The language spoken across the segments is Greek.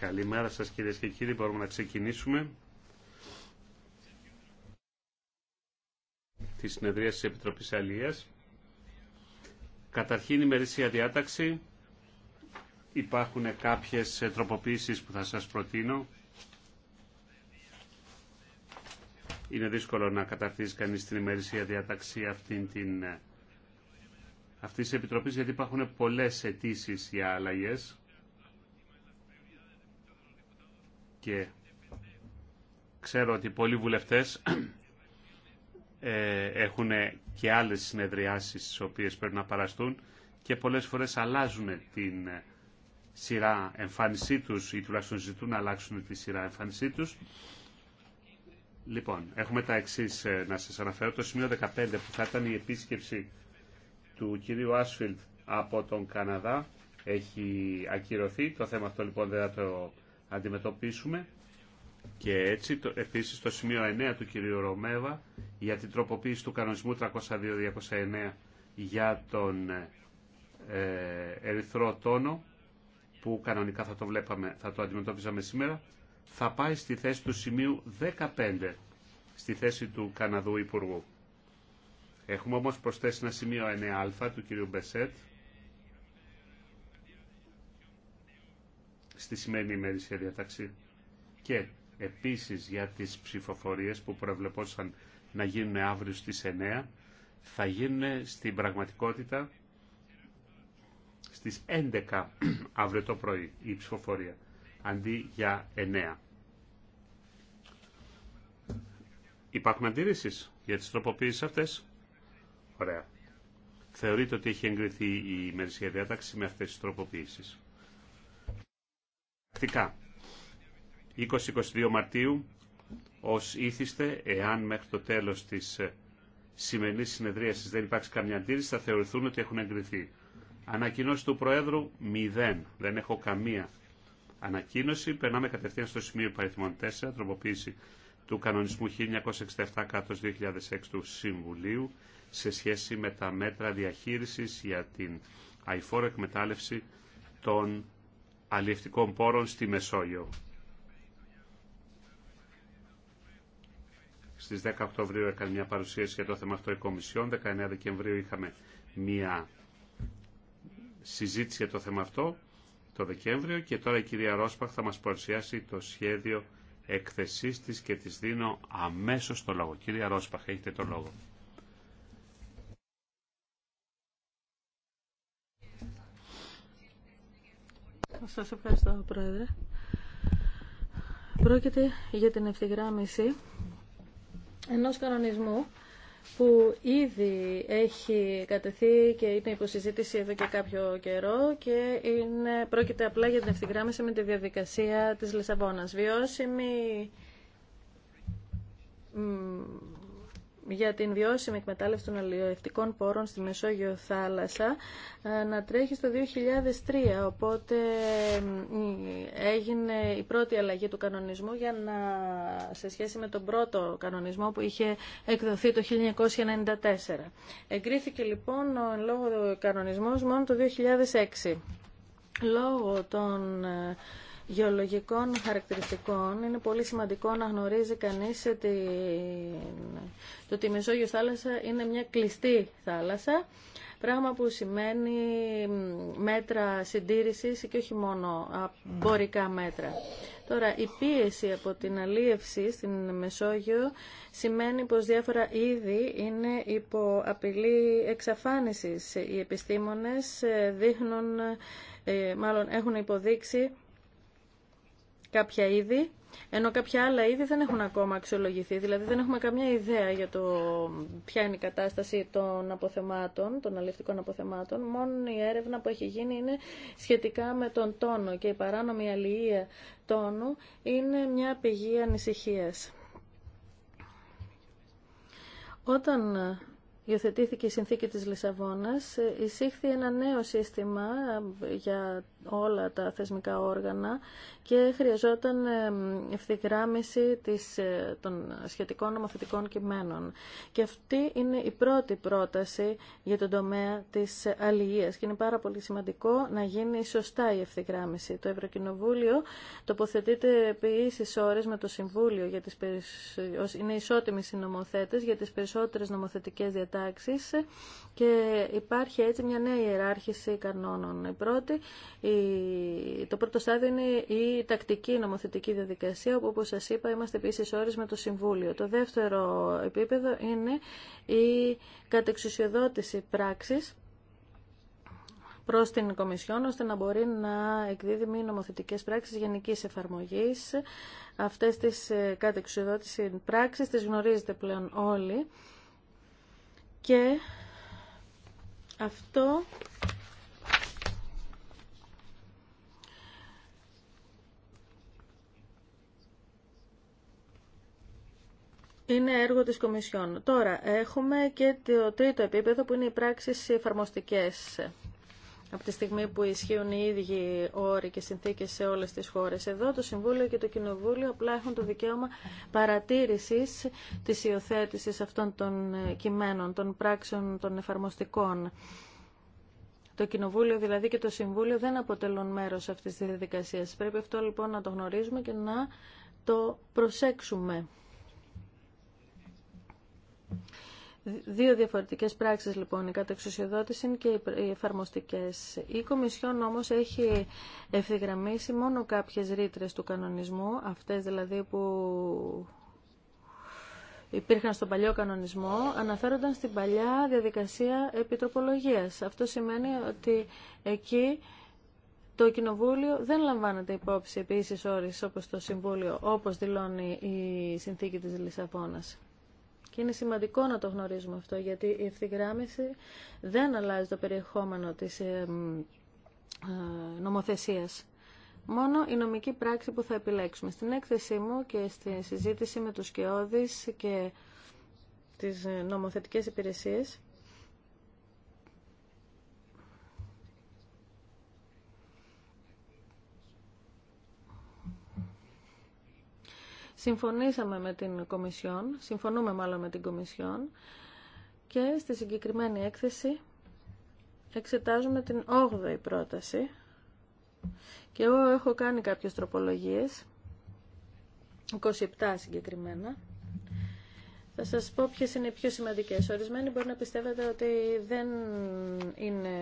Καλημέρα σας κυρίες και κύριοι, μπορούμε να ξεκινήσουμε τη συνεδρία της Επιτροπής Αλίας. Καταρχήν η διάταξη. Υπάρχουν κάποιες τροποποίησεις που θα σας προτείνω. Είναι δύσκολο να καταρτήσει κανείς την ημερήσια διάταξη αυτήν την ε, αυτής της Επιτροπής, γιατί υπάρχουν πολλές αιτήσει για αλλαγέ. Και ξέρω ότι πολλοί βουλευτές ε, έχουν και άλλες συνεδριάσεις τις οποίες πρέπει να παραστούν και πολλές φορές αλλάζουν την ε, σειρά εμφάνισή τους ή τουλάχιστον ζητούν να αλλάξουν τη σειρά εμφάνισή τους. Λοιπόν, έχουμε τα εξή ε, να σας αναφέρω. Το σημείο 15 που θα ήταν η επίσκεψη του κυρίου Άσφιλτ από τον Καναδά έχει ακυρωθεί. Το θέμα αυτό λοιπόν δεν θα το αντιμετωπίσουμε. Και έτσι το, επίσης το σημείο 9 του κυρίου Ρωμέβα για την τροποποίηση του κανονισμού 302-209 για τον ε, ερυθρό τόνο που κανονικά θα το, βλέπαμε, θα το αντιμετώπιζαμε σήμερα θα πάει στη θέση του σημείου 15 στη θέση του Καναδού Υπουργού. Έχουμε όμως προσθέσει ένα σημείο 9α του κυρίου Μπεσέτ στη σημερινή ημερήσια διαταξή και επίσης για τις ψηφοφορίες που προβλεπόταν να γίνουν αύριο στις 9 θα γίνουν στην πραγματικότητα στις 11 αύριο το πρωί η ψηφοφορία αντί για 9. Υπάρχουν αντίρρησεις για τις τροποποιήσεις αυτές. Ωραία. Θεωρείτε ότι έχει εγκριθεί η ημερησία διάταξη με αυτές τις τροποποιήσεις. Πρακτικά. 20-22 Μαρτίου, ως ήθιστε, εάν μέχρι το τέλος της σημερινής συνεδρίασης δεν υπάρξει καμιά αντίρρηση, θα θεωρηθούν ότι έχουν εγκριθεί. Ανακοινώσει του Προέδρου, μηδέν. Δεν έχω καμία ανακοίνωση. Περνάμε κατευθείαν στο σημείο υπαριθμών 4, τροποποίηση του κανονισμού 1967-2006 του Συμβουλίου σε σχέση με τα μέτρα διαχείρισης για την αηφόρο εκμετάλλευση των αλλιευτικών πόρων στη Μεσόγειο. Στις 10 Οκτωβρίου έκανε μια παρουσίαση για το θέμα αυτό η Κομισιόν. 19 Δεκεμβρίου είχαμε μια συζήτηση για το θέμα αυτό το Δεκέμβριο και τώρα η κυρία Ρόσπαχ θα μας παρουσιάσει το σχέδιο εκθεσής της και της δίνω αμέσως το λόγο. Κυρία Ρόσπαχ, έχετε το λόγο. Σας ευχαριστώ, Πρόεδρε. Πρόκειται για την ευθυγράμμιση ενός κανονισμού που ήδη έχει κατεθεί και είναι υποσυζήτηση εδώ και κάποιο καιρό και είναι, πρόκειται απλά για την ευθυγράμμιση με τη διαδικασία της Λισαβόνας. Βιώσιμη για την βιώσιμη εκμετάλλευση των αλληλευτικών πόρων στη Μεσόγειο θάλασσα ε, να τρέχει στο 2003, οπότε έγινε η πρώτη αλλαγή του κανονισμού για να, σε σχέση με τον πρώτο κανονισμό που είχε εκδοθεί το 1994. Εγκρίθηκε λοιπόν ο λόγω κανονισμός μόνο το 2006. Λόγω των ε, γεωλογικών χαρακτηριστικών είναι πολύ σημαντικό να γνωρίζει κανείς το ότι η Μεσόγειο θάλασσα είναι μια κλειστή θάλασσα πράγμα που σημαίνει μέτρα συντήρησης και όχι μόνο μπορικά μέτρα. Τώρα, η πίεση από την αλίευση στην Μεσόγειο σημαίνει πως διάφορα είδη είναι υπό απειλή εξαφάνισης. Οι επιστήμονες ε, δείχνουν, ε, μάλλον έχουν υποδείξει κάποια είδη, ενώ κάποια άλλα είδη δεν έχουν ακόμα αξιολογηθεί. Δηλαδή δεν έχουμε καμιά ιδέα για το ποια είναι η κατάσταση των αποθεμάτων, των αληφτικών αποθεμάτων. Μόνο η έρευνα που έχει γίνει είναι σχετικά με τον τόνο και η παράνομη αλληλεία τόνου είναι μια πηγή ανησυχίας. Όταν υιοθετήθηκε η συνθήκη της Λισαβόνας, εισήχθη ένα νέο σύστημα για όλα τα θεσμικά όργανα και χρειαζόταν ευθυγράμμιση της, ε, των σχετικών νομοθετικών κειμένων. Και αυτή είναι η πρώτη πρόταση για τον τομέα της αλληλείας και είναι πάρα πολύ σημαντικό να γίνει σωστά η ευθυγράμμιση. Το Ευρωκοινοβούλιο τοποθετείται επί ίσης ώρες με το Συμβούλιο για τις περισ... είναι ισότιμοι συνομοθέτες για τις περισσότερες νομοθετικές διατάξεις και υπάρχει έτσι μια νέα ιεράρχηση κανόνων. Η πρώτη, το πρώτο στάδιο είναι η τακτική νομοθετική διαδικασία, όπου όπως σας είπα είμαστε επίση ώρες με το Συμβούλιο. Το δεύτερο επίπεδο είναι η κατεξουσιοδότηση πράξης προς την Κομισιόν, ώστε να μπορεί να εκδίδει μη νομοθετικές πράξεις γενικής εφαρμογής. Αυτές τις ε, κατεξουσιοδότηση πράξεις τις γνωρίζετε πλέον όλοι. Και αυτό είναι έργο της Κομισιόν. Τώρα έχουμε και το τρίτο επίπεδο που είναι οι πράξεις εφαρμοστικέ. Από τη στιγμή που ισχύουν οι ίδιοι όροι και συνθήκε σε όλε τι χώρε Εδώ το Συμβούλιο και το Κοινοβούλιο απλά έχουν το δικαίωμα παρατήρηση τη υιοθέτηση αυτών των κειμένων, των πράξεων των εφαρμοστικών. Το Κοινοβούλιο δηλαδή και το Συμβούλιο δεν αποτελούν μέρο αυτή τη διαδικασία. Πρέπει αυτό λοιπόν να το γνωρίζουμε και να το προσέξουμε. Δύο διαφορετικές πράξεις λοιπόν, η κατεξουσιοδότηση και οι εφαρμοστικές. Η Κομισιόν όμως έχει ευθυγραμμίσει μόνο κάποιες ρήτρε του κανονισμού, αυτές δηλαδή που υπήρχαν στον παλιό κανονισμό, αναφέρονταν στην παλιά διαδικασία επιτροπολογίας. Αυτό σημαίνει ότι εκεί το Κοινοβούλιο δεν λαμβάνεται υπόψη επίσης όρις όπως το Συμβούλιο, όπως δηλώνει η συνθήκη της Λισαβόνας είναι σημαντικό να το γνωρίζουμε αυτό γιατί η ευθυγράμμιση δεν αλλάζει το περιεχόμενο της ε, ε, νομοθεσίας. Μόνο η νομική πράξη που θα επιλέξουμε. Στην έκθεσή μου και στη συζήτηση με τους Κεώδης και τις ε, νομοθετικές υπηρεσίες συμφωνήσαμε με την Κομισιόν, συμφωνούμε μάλλον με την Κομισιόν και στη συγκεκριμένη έκθεση εξετάζουμε την 8η πρόταση και εγώ έχω κάνει κάποιες τροπολογίες, 27 συγκεκριμένα. Θα σας πω ποιες είναι οι πιο σημαντικές. Ορισμένοι μπορεί να πιστεύετε ότι δεν είναι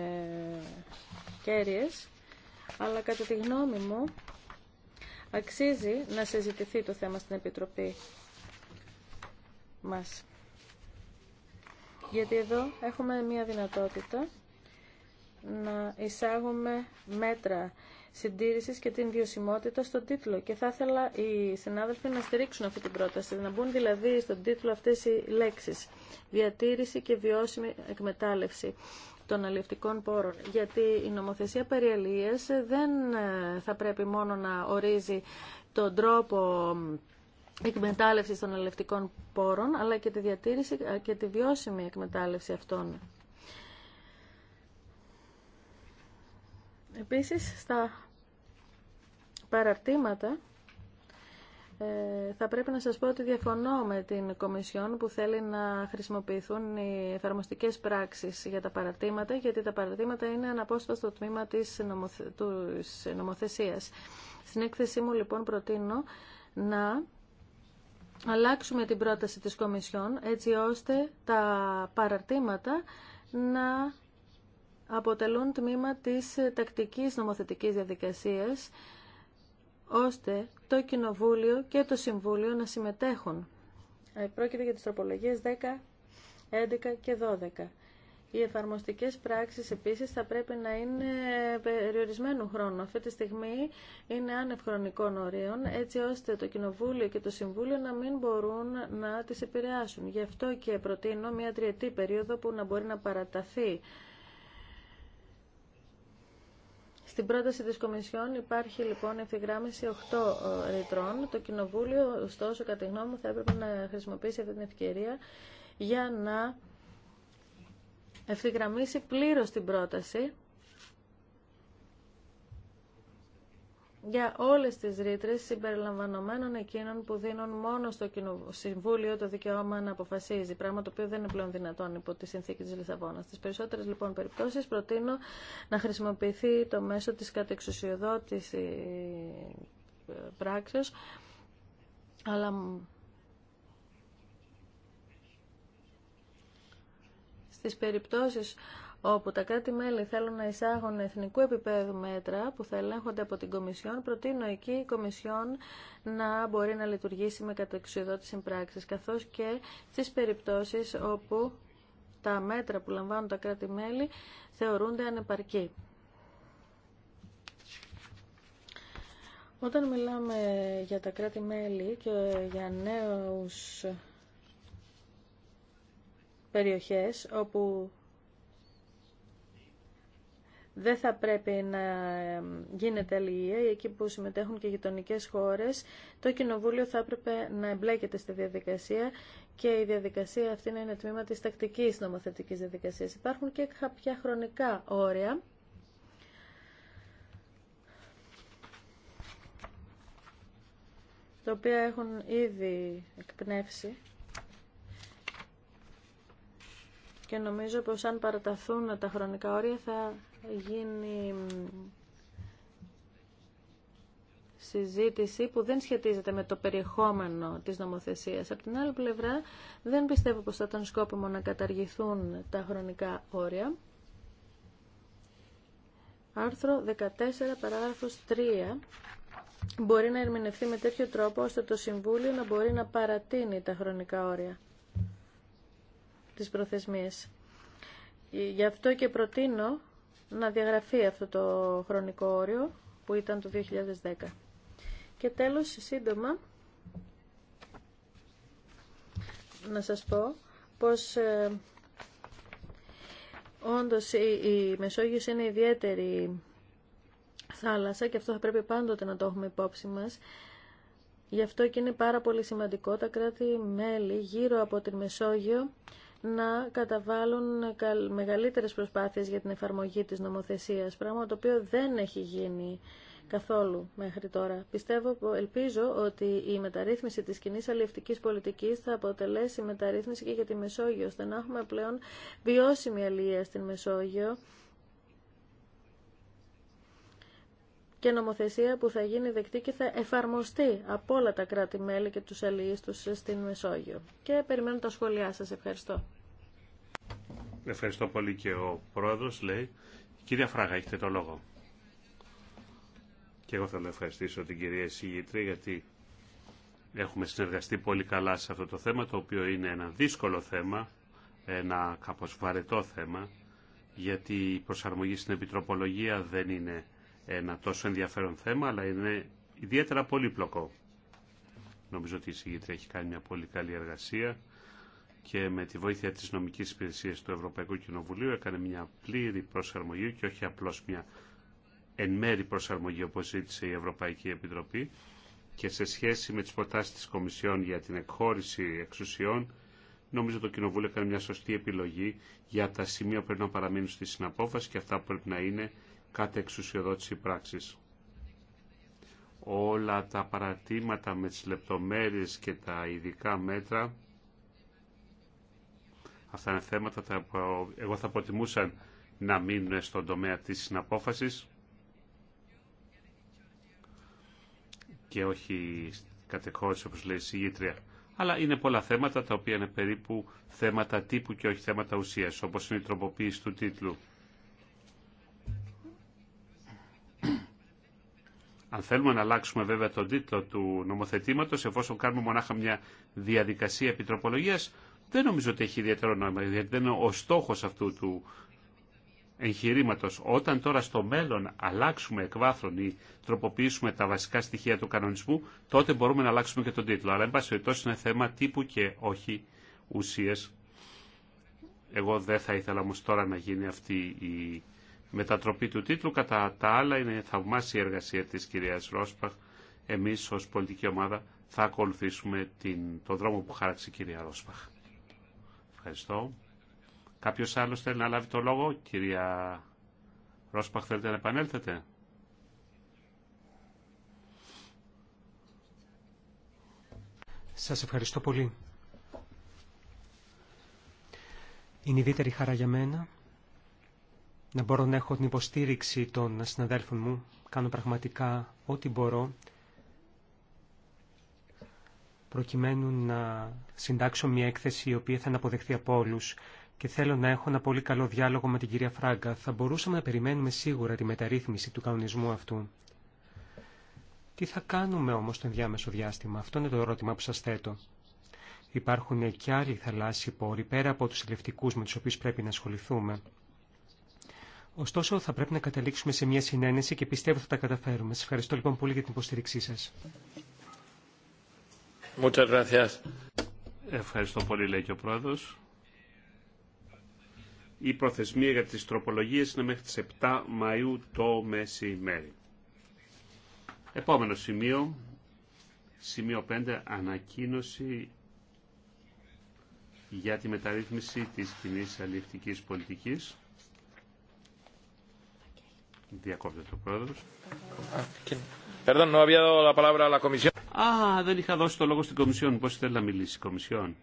κέρυες, αλλά κατά τη γνώμη μου Αξίζει να συζητηθεί το θέμα στην Επιτροπή μας. Γιατί εδώ έχουμε μια δυνατότητα να εισάγουμε μέτρα συντήρησης και την βιωσιμότητα στον τίτλο. Και θα ήθελα οι συνάδελφοι να στηρίξουν αυτή την πρόταση, να μπουν δηλαδή στον τίτλο αυτές οι λέξεις. Διατήρηση και βιώσιμη εκμετάλλευση των αλληλευτικών πόρων. Γιατί η νομοθεσία περί δεν ε, θα πρέπει μόνο να ορίζει τον τρόπο εκμετάλλευση των αλληλευτικών πόρων, αλλά και τη διατήρηση ε, και τη βιώσιμη εκμετάλλευση αυτών. Επίσης, στα παραρτήματα ε, θα πρέπει να σας πω ότι διαφωνώ με την Κομισιόν που θέλει να χρησιμοποιηθούν οι εφαρμοστικές πράξεις για τα παρατήματα, γιατί τα παρατήματα είναι αναπόσπαστο τμήμα της, νομοθε... της νομοθεσίας. Στην έκθεσή μου λοιπόν προτείνω να αλλάξουμε την πρόταση της Κομισιόν έτσι ώστε τα παρατήματα να αποτελούν τμήμα της τακτικής νομοθετικής διαδικασίας ώστε το Κοινοβούλιο και το Συμβούλιο να συμμετέχουν. Ε, πρόκειται για τις τροπολογίες 10, 11 και 12. Οι εφαρμοστικές πράξεις επίσης θα πρέπει να είναι περιορισμένου χρόνου. Αυτή τη στιγμή είναι άνευ χρονικών ορίων, έτσι ώστε το Κοινοβούλιο και το Συμβούλιο να μην μπορούν να τις επηρεάσουν. Γι' αυτό και προτείνω μια τριετή περίοδο που να μπορεί να παραταθεί Στην πρόταση της Κομισιόν υπάρχει λοιπόν ευθυγράμμιση 8 ε, ρητρών. Το Κοινοβούλιο, ωστόσο, κατά τη γνώμη μου, θα έπρεπε να χρησιμοποιήσει αυτή την ευκαιρία για να ευθυγραμμίσει πλήρως την πρόταση για όλες τις ρήτρες συμπεριλαμβανομένων εκείνων που δίνουν μόνο στο Συμβούλιο το δικαίωμα να αποφασίζει, πράγμα το οποίο δεν είναι πλέον δυνατόν υπό τη συνθήκη της Λισαβόνας. Στις περισσότερες λοιπόν περιπτώσεις προτείνω να χρησιμοποιηθεί το μέσο της κατεξουσιοδότηση ε, πράξεως, αλλά στις περιπτώσεις όπου τα κράτη-μέλη θέλουν να εισάγουν εθνικού επίπεδου μέτρα που θα ελέγχονται από την Κομισιόν, προτείνω εκεί η Κομισιόν να μπορεί να λειτουργήσει με κατεξουδότηση πράξης, καθώς και στις περιπτώσεις όπου τα μέτρα που λαμβάνουν τα κράτη-μέλη θεωρούνται ανεπαρκή. Όταν μιλάμε για τα κράτη-μέλη και για νέους περιοχές όπου δεν θα πρέπει να γίνεται αλληλεία ΕΕ. εκεί που συμμετέχουν και γειτονικέ χώρες. Το Κοινοβούλιο θα έπρεπε να εμπλέκεται στη διαδικασία και η διαδικασία αυτή να είναι τμήμα της τακτικής νομοθετικής διαδικασίας. Υπάρχουν και κάποια χρονικά όρια. τα οποία έχουν ήδη εκπνεύσει και νομίζω πως αν παραταθούν τα χρονικά όρια θα γίνει συζήτηση που δεν σχετίζεται με το περιεχόμενο της νομοθεσίας. Από την άλλη πλευρά, δεν πιστεύω πως θα ήταν σκόπιμο να καταργηθούν τα χρονικά όρια. Άρθρο 14, παράγραφος 3 μπορεί να ερμηνευθεί με τέτοιο τρόπο ώστε το Συμβούλιο να μπορεί να παρατείνει τα χρονικά όρια της προθεσμίας. Γι' αυτό και προτείνω να διαγραφεί αυτό το χρονικό όριο που ήταν το 2010. Και τέλος, σύντομα, να σας πω πως ε, όντως η, η Μεσόγειος είναι ιδιαίτερη θάλασσα και αυτό θα πρέπει πάντοτε να το έχουμε υπόψη μας. Γι' αυτό και είναι πάρα πολύ σημαντικό τα κράτη-μέλη γύρω από την Μεσόγειο να καταβάλουν μεγαλύτερες προσπάθειες για την εφαρμογή της νομοθεσίας, πράγμα το οποίο δεν έχει γίνει καθόλου μέχρι τώρα. Πιστεύω, ελπίζω ότι η μεταρρύθμιση της κοινή αλληλευτικής πολιτικής θα αποτελέσει μεταρρύθμιση και για τη Μεσόγειο, ώστε να έχουμε πλέον βιώσιμη αλληλεία στην Μεσόγειο και νομοθεσία που θα γίνει δεκτή και θα εφαρμοστεί από όλα τα κράτη-μέλη και τους αλληλείς τους στην Μεσόγειο. Και περιμένω τα σχόλιά σας. Ευχαριστώ. Ευχαριστώ πολύ και ο πρόεδρος λέει. Κυρία Φράγα, έχετε το λόγο. Και εγώ θέλω να ευχαριστήσω την κυρία Σιγητρή γιατί έχουμε συνεργαστεί πολύ καλά σε αυτό το θέμα το οποίο είναι ένα δύσκολο θέμα, ένα κάπως βαρετό θέμα γιατί η προσαρμογή στην επιτροπολογία δεν είναι ένα τόσο ενδιαφέρον θέμα, αλλά είναι ιδιαίτερα πολύπλοκο. Νομίζω ότι η συγγήτρια έχει κάνει μια πολύ καλή εργασία και με τη βοήθεια της νομικής υπηρεσίας του Ευρωπαϊκού Κοινοβουλίου έκανε μια πλήρη προσαρμογή και όχι απλώς μια εν μέρη προσαρμογή όπως ζήτησε η Ευρωπαϊκή Επιτροπή και σε σχέση με τις προτάσεις της Κομισιόν για την εκχώρηση εξουσιών νομίζω το Κοινοβούλιο έκανε μια σωστή επιλογή για τα σημεία που πρέπει να παραμείνουν στη συναπόφαση και αυτά που πρέπει να είναι εξουσιοδότηση πράξης. Όλα τα παρατήματα με τις λεπτομέρειες και τα ειδικά μέτρα, αυτά είναι θέματα τα εγώ θα προτιμούσα να μείνουν στον τομέα της συναπόφασης και όχι κατεχώρηση όπως λέει η συγγήτρια. Αλλά είναι πολλά θέματα τα οποία είναι περίπου θέματα τύπου και όχι θέματα ουσίας, όπως είναι η τροποποίηση του τίτλου. Αν θέλουμε να αλλάξουμε βέβαια τον τίτλο του νομοθετήματος, εφόσον κάνουμε μονάχα μια διαδικασία επιτροπολογίας, δεν νομίζω ότι έχει ιδιαίτερο νόημα, γιατί δεν είναι ο στόχος αυτού του εγχειρήματο. Όταν τώρα στο μέλλον αλλάξουμε εκβάθρον ή τροποποιήσουμε τα βασικά στοιχεία του κανονισμού, τότε μπορούμε να αλλάξουμε και τον τίτλο. Αλλά, εν πάση περιπτώσει, είναι θέμα τύπου και όχι ουσία. Εγώ δεν θα ήθελα όμω τώρα να γίνει αυτή η μετατροπή του τίτλου. Κατά τα άλλα είναι θαυμάσια η εργασία της κυρίας Ρόσπαχ. Εμείς ως πολιτική ομάδα θα ακολουθήσουμε την, τον δρόμο που χάραξε η κυρία Ρόσπαχ. Ευχαριστώ. Κάποιος άλλος θέλει να λάβει το λόγο. Κυρία Ρόσπαχ θέλετε να επανέλθετε. Σας ευχαριστώ πολύ. Είναι ιδιαίτερη χαρά για μένα να μπορώ να έχω την υποστήριξη των συναδέλφων μου. Κάνω πραγματικά ό,τι μπορώ προκειμένου να συντάξω μια έκθεση η οποία θα αναποδεχθεί από όλου και θέλω να έχω ένα πολύ καλό διάλογο με την κυρία Φράγκα. Θα μπορούσαμε να περιμένουμε σίγουρα τη μεταρρύθμιση του κανονισμού αυτού. Τι θα κάνουμε όμως το ενδιάμεσο διάστημα, αυτό είναι το ερώτημα που σας θέτω. Υπάρχουν και άλλοι θαλάσσιοι πόροι πέρα από τους ελευτικούς με τους οποίους πρέπει να ασχοληθούμε. Ωστόσο, θα πρέπει να καταλήξουμε σε μια συνένεση και πιστεύω θα τα καταφέρουμε. Σας ευχαριστώ λοιπόν πολύ για την υποστήριξή σας. Ευχαριστώ πολύ, λέει και ο πρόεδρο. Η προθεσμία για τι τροπολογίε είναι μέχρι τι 7 Μαου το μεσημέρι. Επόμενο σημείο, σημείο 5, ανακοίνωση για τη μεταρρύθμιση της κοινή αλληλευτικής πολιτικής. Διακόπτεται ο πρόεδρο. Α, δεν είχα δώσει το λόγο στην Κομισιόν. Πώ θέλει να μιλήσει η Κομισιόν.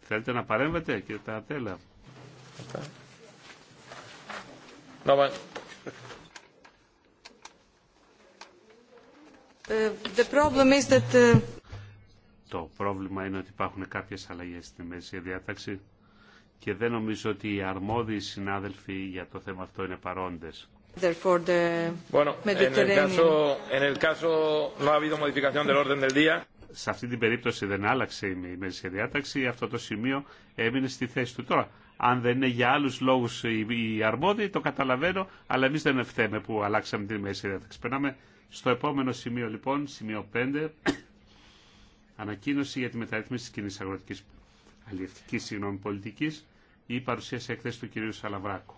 Θέλετε να παρέμβετε, κύριε τα ε, The ε, Το πρόβλημα είναι ότι υπάρχουν κάποιες αλλαγές στη μέση διάταξη και δεν νομίζω ότι οι αρμόδιοι συνάδελφοι για το θέμα αυτό είναι παρόντες. Σε αυτή την περίπτωση δεν άλλαξε η Μέση διάταξη, αυτό το σημείο έμεινε στη θέση του τώρα. Αν δεν είναι για άλλους λόγους οι αρμόδιοι, το καταλαβαίνω, αλλά εμείς δεν ευθέμε που αλλάξαμε την Μέση διάταξη. Περνάμε στο επόμενο σημείο λοιπόν, σημείο 5, ανακοίνωση για τη μεταρρύθμιση της κοινής αγροτικής αλληλευτικής συγγνώμη πολιτικής η παρουσίαση έκθεση του κυρίου Σαλαβράκου.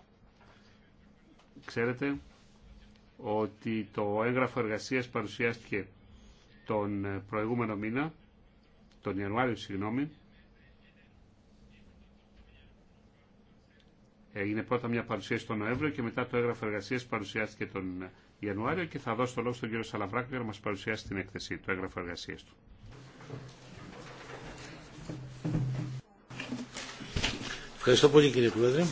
Ξέρετε ότι το έγγραφο εργασίας παρουσιάστηκε τον προηγούμενο μήνα, τον Ιανουάριο συγγνώμη, Έγινε πρώτα μια παρουσίαση τον Νοέμβριο και μετά το έγγραφο εργασία παρουσιάστηκε τον Ιανουάριο και θα δώσω το λόγο στον κύριο Σαλαβράκο για να μα παρουσιάσει την έκθεση, το έγγραφο εργασία του. Ευχαριστώ πολύ κύριε Πρόεδρε.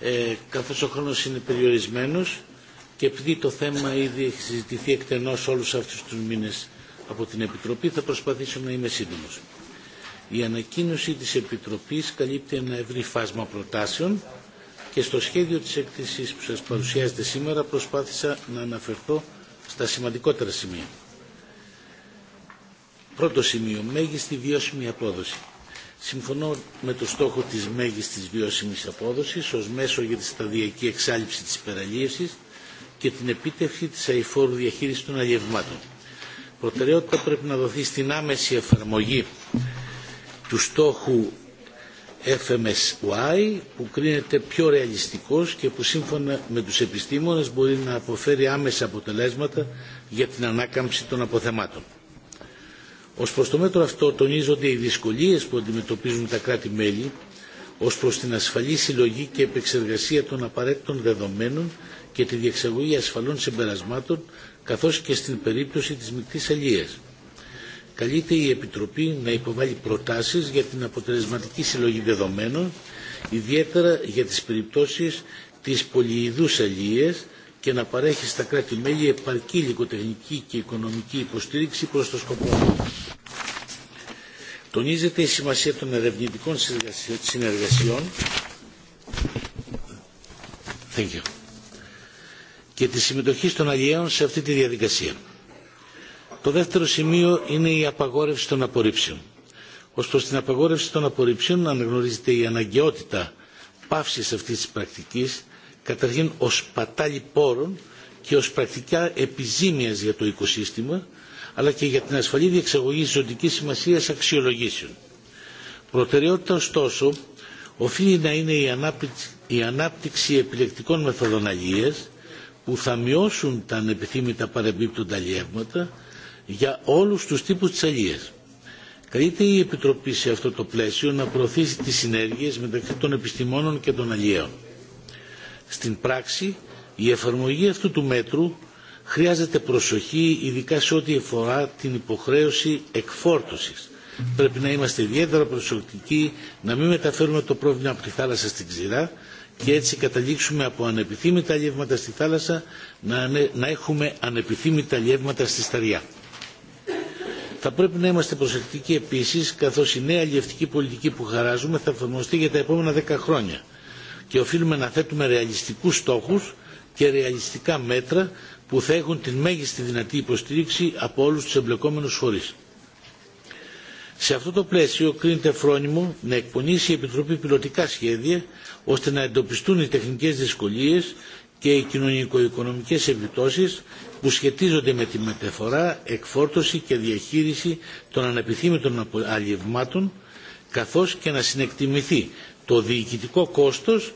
Ε, καθώς ο χρόνος είναι περιορισμένος και επειδή το θέμα ήδη έχει συζητηθεί εκτενώς όλους αυτούς τους μήνες από την Επιτροπή θα προσπαθήσω να είμαι σύντομος. Η ανακοίνωση της Επιτροπής καλύπτει ένα ευρύ φάσμα προτάσεων και στο σχέδιο της έκθεσης που σας παρουσιάζεται σήμερα προσπάθησα να αναφερθώ στα σημαντικότερα σημεία. Πρώτο σημείο, μέγιστη βιώσιμη απόδοση. Συμφωνώ με το στόχο της μέγιστης βιώσιμης απόδοσης ως μέσο για τη σταδιακή εξάλληψη της υπεραλίευσης και την επίτευξη της αηφόρου διαχείρισης των αλλιευμάτων. Προτεραιότητα πρέπει να δοθεί στην άμεση εφαρμογή του στόχου FMSY που κρίνεται πιο ρεαλιστικός και που σύμφωνα με τους επιστήμονες μπορεί να αποφέρει άμεσα αποτελέσματα για την ανάκαμψη των αποθεμάτων. Ως προ το μέτρο αυτό τονίζονται οι δυσκολίε που αντιμετωπίζουν τα κράτη-μέλη ως προς την ασφαλή συλλογή και επεξεργασία των απαραίτητων δεδομένων και τη διεξαγωγή ασφαλών συμπερασμάτων καθώς και στην περίπτωση της μεικτή αλίας. Καλείται η Επιτροπή να υποβάλει προτάσεις για την αποτελεσματική συλλογή δεδομένων ιδιαίτερα για τις περιπτώσεις της πολυειδούς αλίας και να παρέχει στα κράτη-μέλη επαρκή λιγοτεχνική και οικονομική υποστήριξη προς το σκοπό Τονίζεται η σημασία των ερευνητικών συνεργασιών Thank you. και τη συμμετοχή των αλλιέων σε αυτή τη διαδικασία. Το δεύτερο σημείο είναι η απαγόρευση των απορρίψεων. Ως προς την απαγόρευση των απορρίψεων αναγνωρίζεται η αναγκαιότητα παύσης αυτής της πρακτικής καταρχήν ω πατάλη πόρων και ω πρακτικά επιζήμια για το οικοσύστημα, αλλά και για την ασφαλή διεξαγωγή ζωτική σημασία αξιολογήσεων. Προτεραιότητα ωστόσο οφείλει να είναι η ανάπτυξη, η ανάπτυξη επιλεκτικών μεθοδών αλληλείας, που θα μειώσουν τα ανεπιθύμητα παρεμπίπτοντα αλλιεύματα για όλους τους τύπους της αλληλείας. Καλείται η Επιτροπή σε αυτό το πλαίσιο να προωθήσει τις συνέργειες μεταξύ των επιστημόνων και των αλλιέων στην πράξη, η εφαρμογή αυτού του μέτρου χρειάζεται προσοχή, ειδικά σε ό,τι αφορά την υποχρέωση εκφόρτωσης. Πρέπει να είμαστε ιδιαίτερα προσεκτικοί, να μην μεταφέρουμε το πρόβλημα από τη θάλασσα στην ξηρά και έτσι καταλήξουμε από ανεπιθύμητα αλλιεύματα στη θάλασσα να έχουμε ανεπιθύμητα αλλιεύματα στη σταριά. Θα πρέπει να είμαστε προσεκτικοί επίσης, καθώς η νέα αλλιευτική πολιτική που χαράζουμε θα εφαρμοστεί για τα επόμενα 10 χρόνια και οφείλουμε να θέτουμε ρεαλιστικούς στόχους και ρεαλιστικά μέτρα που θα έχουν την μέγιστη δυνατή υποστήριξη από όλους τους εμπλεκόμενους φορείς. Σε αυτό το πλαίσιο κρίνεται φρόνιμο να εκπονήσει η Επιτροπή πιλωτικά σχέδια ώστε να εντοπιστούν οι τεχνικές δυσκολίες και οι κοινωνικο-οικονομικές επιπτώσεις που σχετίζονται με τη μεταφορά, εκφόρτωση και διαχείριση των ανεπιθύμητων αλλιευμάτων καθώς και να συνεκτιμηθεί το διοικητικό κόστος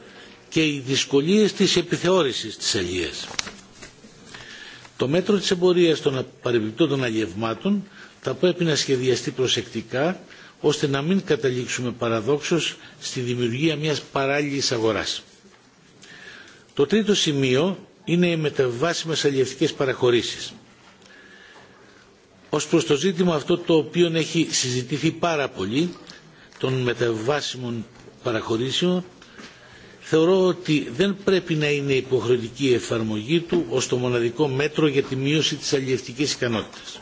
και οι δυσκολίες της επιθεώρησης της αλλιείας. Το μέτρο της εμπορίας των παρεμπιπτόντων αλλιευμάτων θα πρέπει να σχεδιαστεί προσεκτικά ώστε να μην καταλήξουμε παραδόξως στη δημιουργία μιας παράλληλης αγοράς. Το τρίτο σημείο είναι οι μεταβάσιμες αλλιευτικές παραχωρήσεις. Ως προς το ζήτημα αυτό το οποίο έχει συζητηθεί πάρα πολύ των μεταβάσιμων παραχωρήσεων θεωρώ ότι δεν πρέπει να είναι υποχρεωτική η εφαρμογή του ως το μοναδικό μέτρο για τη μείωση της αλλιευτικής ικανότητας.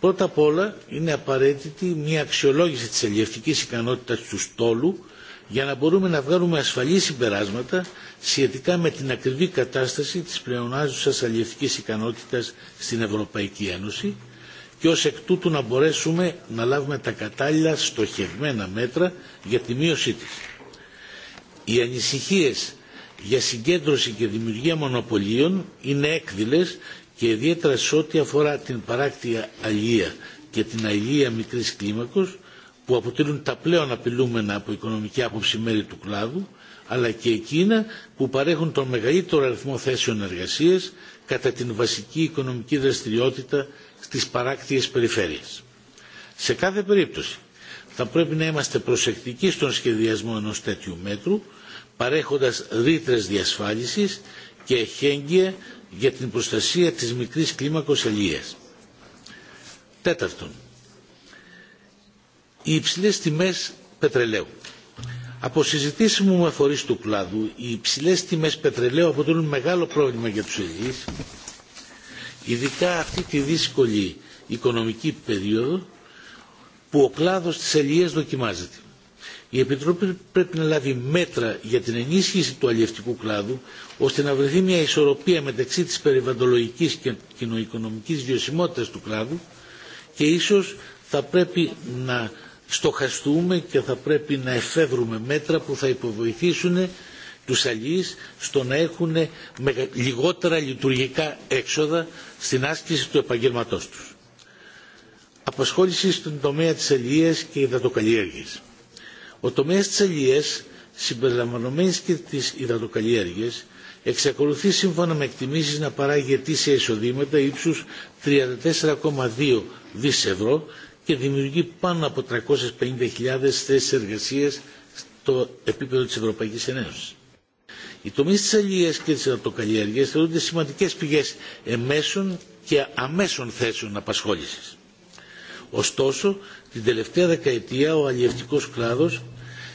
Πρώτα απ' όλα είναι απαραίτητη μια αξιολόγηση της αλλιευτικής ικανότητας του στόλου για να μπορούμε να βγάλουμε ασφαλή συμπεράσματα σχετικά με την ακριβή κατάσταση της πλεονάζουσας αλλιευτικής ικανότητας στην Ευρωπαϊκή Ένωση και ως εκ τούτου να μπορέσουμε να λάβουμε τα κατάλληλα στοχευμένα μέτρα για τη μείωσή της. Οι ανησυχίες για συγκέντρωση και δημιουργία μονοπωλίων είναι έκδηλες και ιδιαίτερα σε ό,τι αφορά την παράκτια αλλία και την αλληλεία μικρής κλίμακος που αποτελούν τα πλέον απειλούμενα από οικονομική άποψη μέρη του κλάδου αλλά και εκείνα που παρέχουν τον μεγαλύτερο αριθμό θέσεων εργασίας κατά την βασική οικονομική δραστηριότητα στις παράκτιες περιφέρειες. Σε κάθε περίπτωση θα πρέπει να είμαστε προσεκτικοί στον σχεδιασμό ενός τέτοιου μέτρου παρέχοντας ρήτρες διασφάλισης και εχέγγυα για την προστασία της μικρής κλίμακος ελίας. Τέταρτον, οι υψηλές τιμές πετρελαίου. Από συζητήσεις μου με φορείς του κλάδου, οι υψηλές τιμές πετρελαίου αποτελούν μεγάλο πρόβλημα για τους ελληνείς ειδικά αυτή τη δύσκολη οικονομική περίοδο που ο κλάδος της αλληλείας δοκιμάζεται. Η Επιτροπή πρέπει να λάβει μέτρα για την ενίσχυση του αλλιευτικού κλάδου ώστε να βρεθεί μια ισορροπία μεταξύ της περιβαλλοντολογικής και κοινοοικονομικής βιωσιμότητας του κλάδου και ίσως θα πρέπει να στοχαστούμε και θα πρέπει να εφεύρουμε μέτρα που θα υποβοηθήσουν τους αλληλείς στο να έχουν λιγότερα λειτουργικά έξοδα στην άσκηση του επαγγελματός τους. Απασχόληση στον τομέα της αλληλείας και υδατοκαλλιέργειας. Ο τομέας της αλληλείας, συμπεριλαμβανομένης και της υδατοκαλλιέργειας, εξακολουθεί σύμφωνα με εκτιμήσεις να παράγει ετήσια εισοδήματα ύψους 34,2 δις ευρώ και δημιουργεί πάνω από 350.000 θέσεις εργασίας στο επίπεδο της Ευρωπαϊκής Ένωσης. Οι τομείς τη αλληλεία και τη ενατοκαλλιέργειας θεωρούνται σημαντικές πηγές εμέσων και αμέσων θέσεων απασχόληση. Ωστόσο, την τελευταία δεκαετία ο αλλιευτικό κλάδος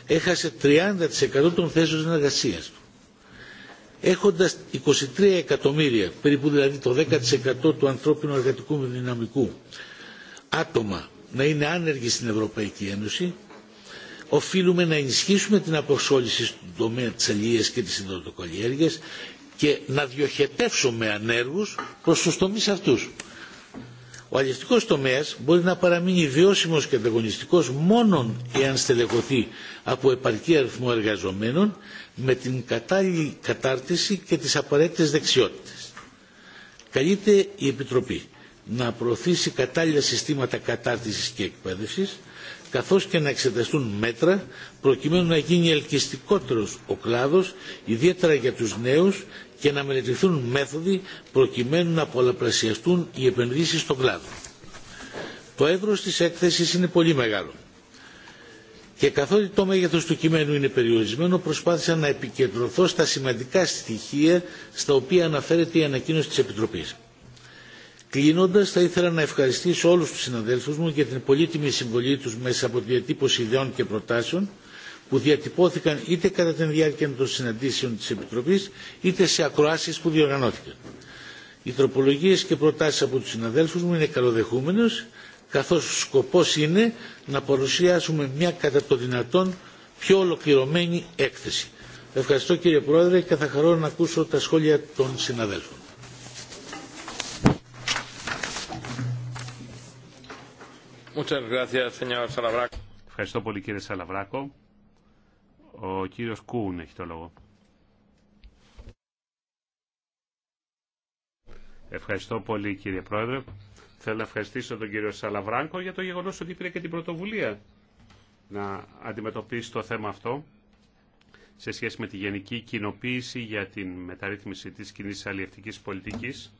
έχασε 30% των θέσεων εργασίας του. Έχοντας 23 εκατομμύρια, περίπου δηλαδή το 10% του ανθρώπινου εργατικού δυναμικού άτομα να είναι άνεργοι στην Ευρωπαϊκή Ένωση, οφείλουμε να ενισχύσουμε την αποσχόληση στον τομέα της αλληλείας και της συντοτοκαλλιέργειας και να διοχετεύσουμε ανέργους προς τους τομείς αυτούς. Ο αλληλευτικός τομέας μπορεί να παραμείνει βιώσιμος και ανταγωνιστικός μόνον εάν στελεχωθεί από επαρκή αριθμό εργαζομένων με την κατάλληλη κατάρτιση και τις απαραίτητες δεξιότητες. Καλείται η Επιτροπή να προωθήσει κατάλληλα συστήματα κατάρτισης και εκπαίδευσης καθώς και να εξεταστούν μέτρα προκειμένου να γίνει ελκυστικότερος ο κλάδος, ιδιαίτερα για τους νέους και να μελετηθούν μέθοδοι προκειμένου να πολλαπλασιαστούν οι επενδύσεις στον κλάδο. Το εύρος της έκθεσης είναι πολύ μεγάλο. Και καθότι το μέγεθος του κειμένου είναι περιορισμένο, προσπάθησα να επικεντρωθώ στα σημαντικά στοιχεία στα οποία αναφέρεται η ανακοίνωση της Επιτροπής. Κλείνοντας, θα ήθελα να ευχαριστήσω όλους τους συναδέλφους μου για την πολύτιμη συμβολή τους μέσα από τη διατύπωση ιδεών και προτάσεων που διατυπώθηκαν είτε κατά την διάρκεια των συναντήσεων της Επιτροπής είτε σε ακροάσεις που διοργανώθηκαν. Οι τροπολογίες και προτάσεις από τους συναδέλφους μου είναι καλοδεχούμενες καθώς σκοπός είναι να παρουσιάσουμε μια κατά το δυνατόν πιο ολοκληρωμένη έκθεση. Ευχαριστώ κύριε Πρόεδρε και θα χαρώ να ακούσω τα σχόλια των συναδέλφων. Ευχαριστώ πολύ κύριε Σαλαβράκο. Ο κύριος Κούν έχει το λόγο. Ευχαριστώ πολύ κύριε Πρόεδρε. Θέλω να ευχαριστήσω τον κύριο Σαλαβράκο για το γεγονός ότι πήρε και την πρωτοβουλία να αντιμετωπίσει το θέμα αυτό σε σχέση με τη γενική κοινοποίηση για την μεταρρύθμιση της κοινής αλληλευτικής πολιτικής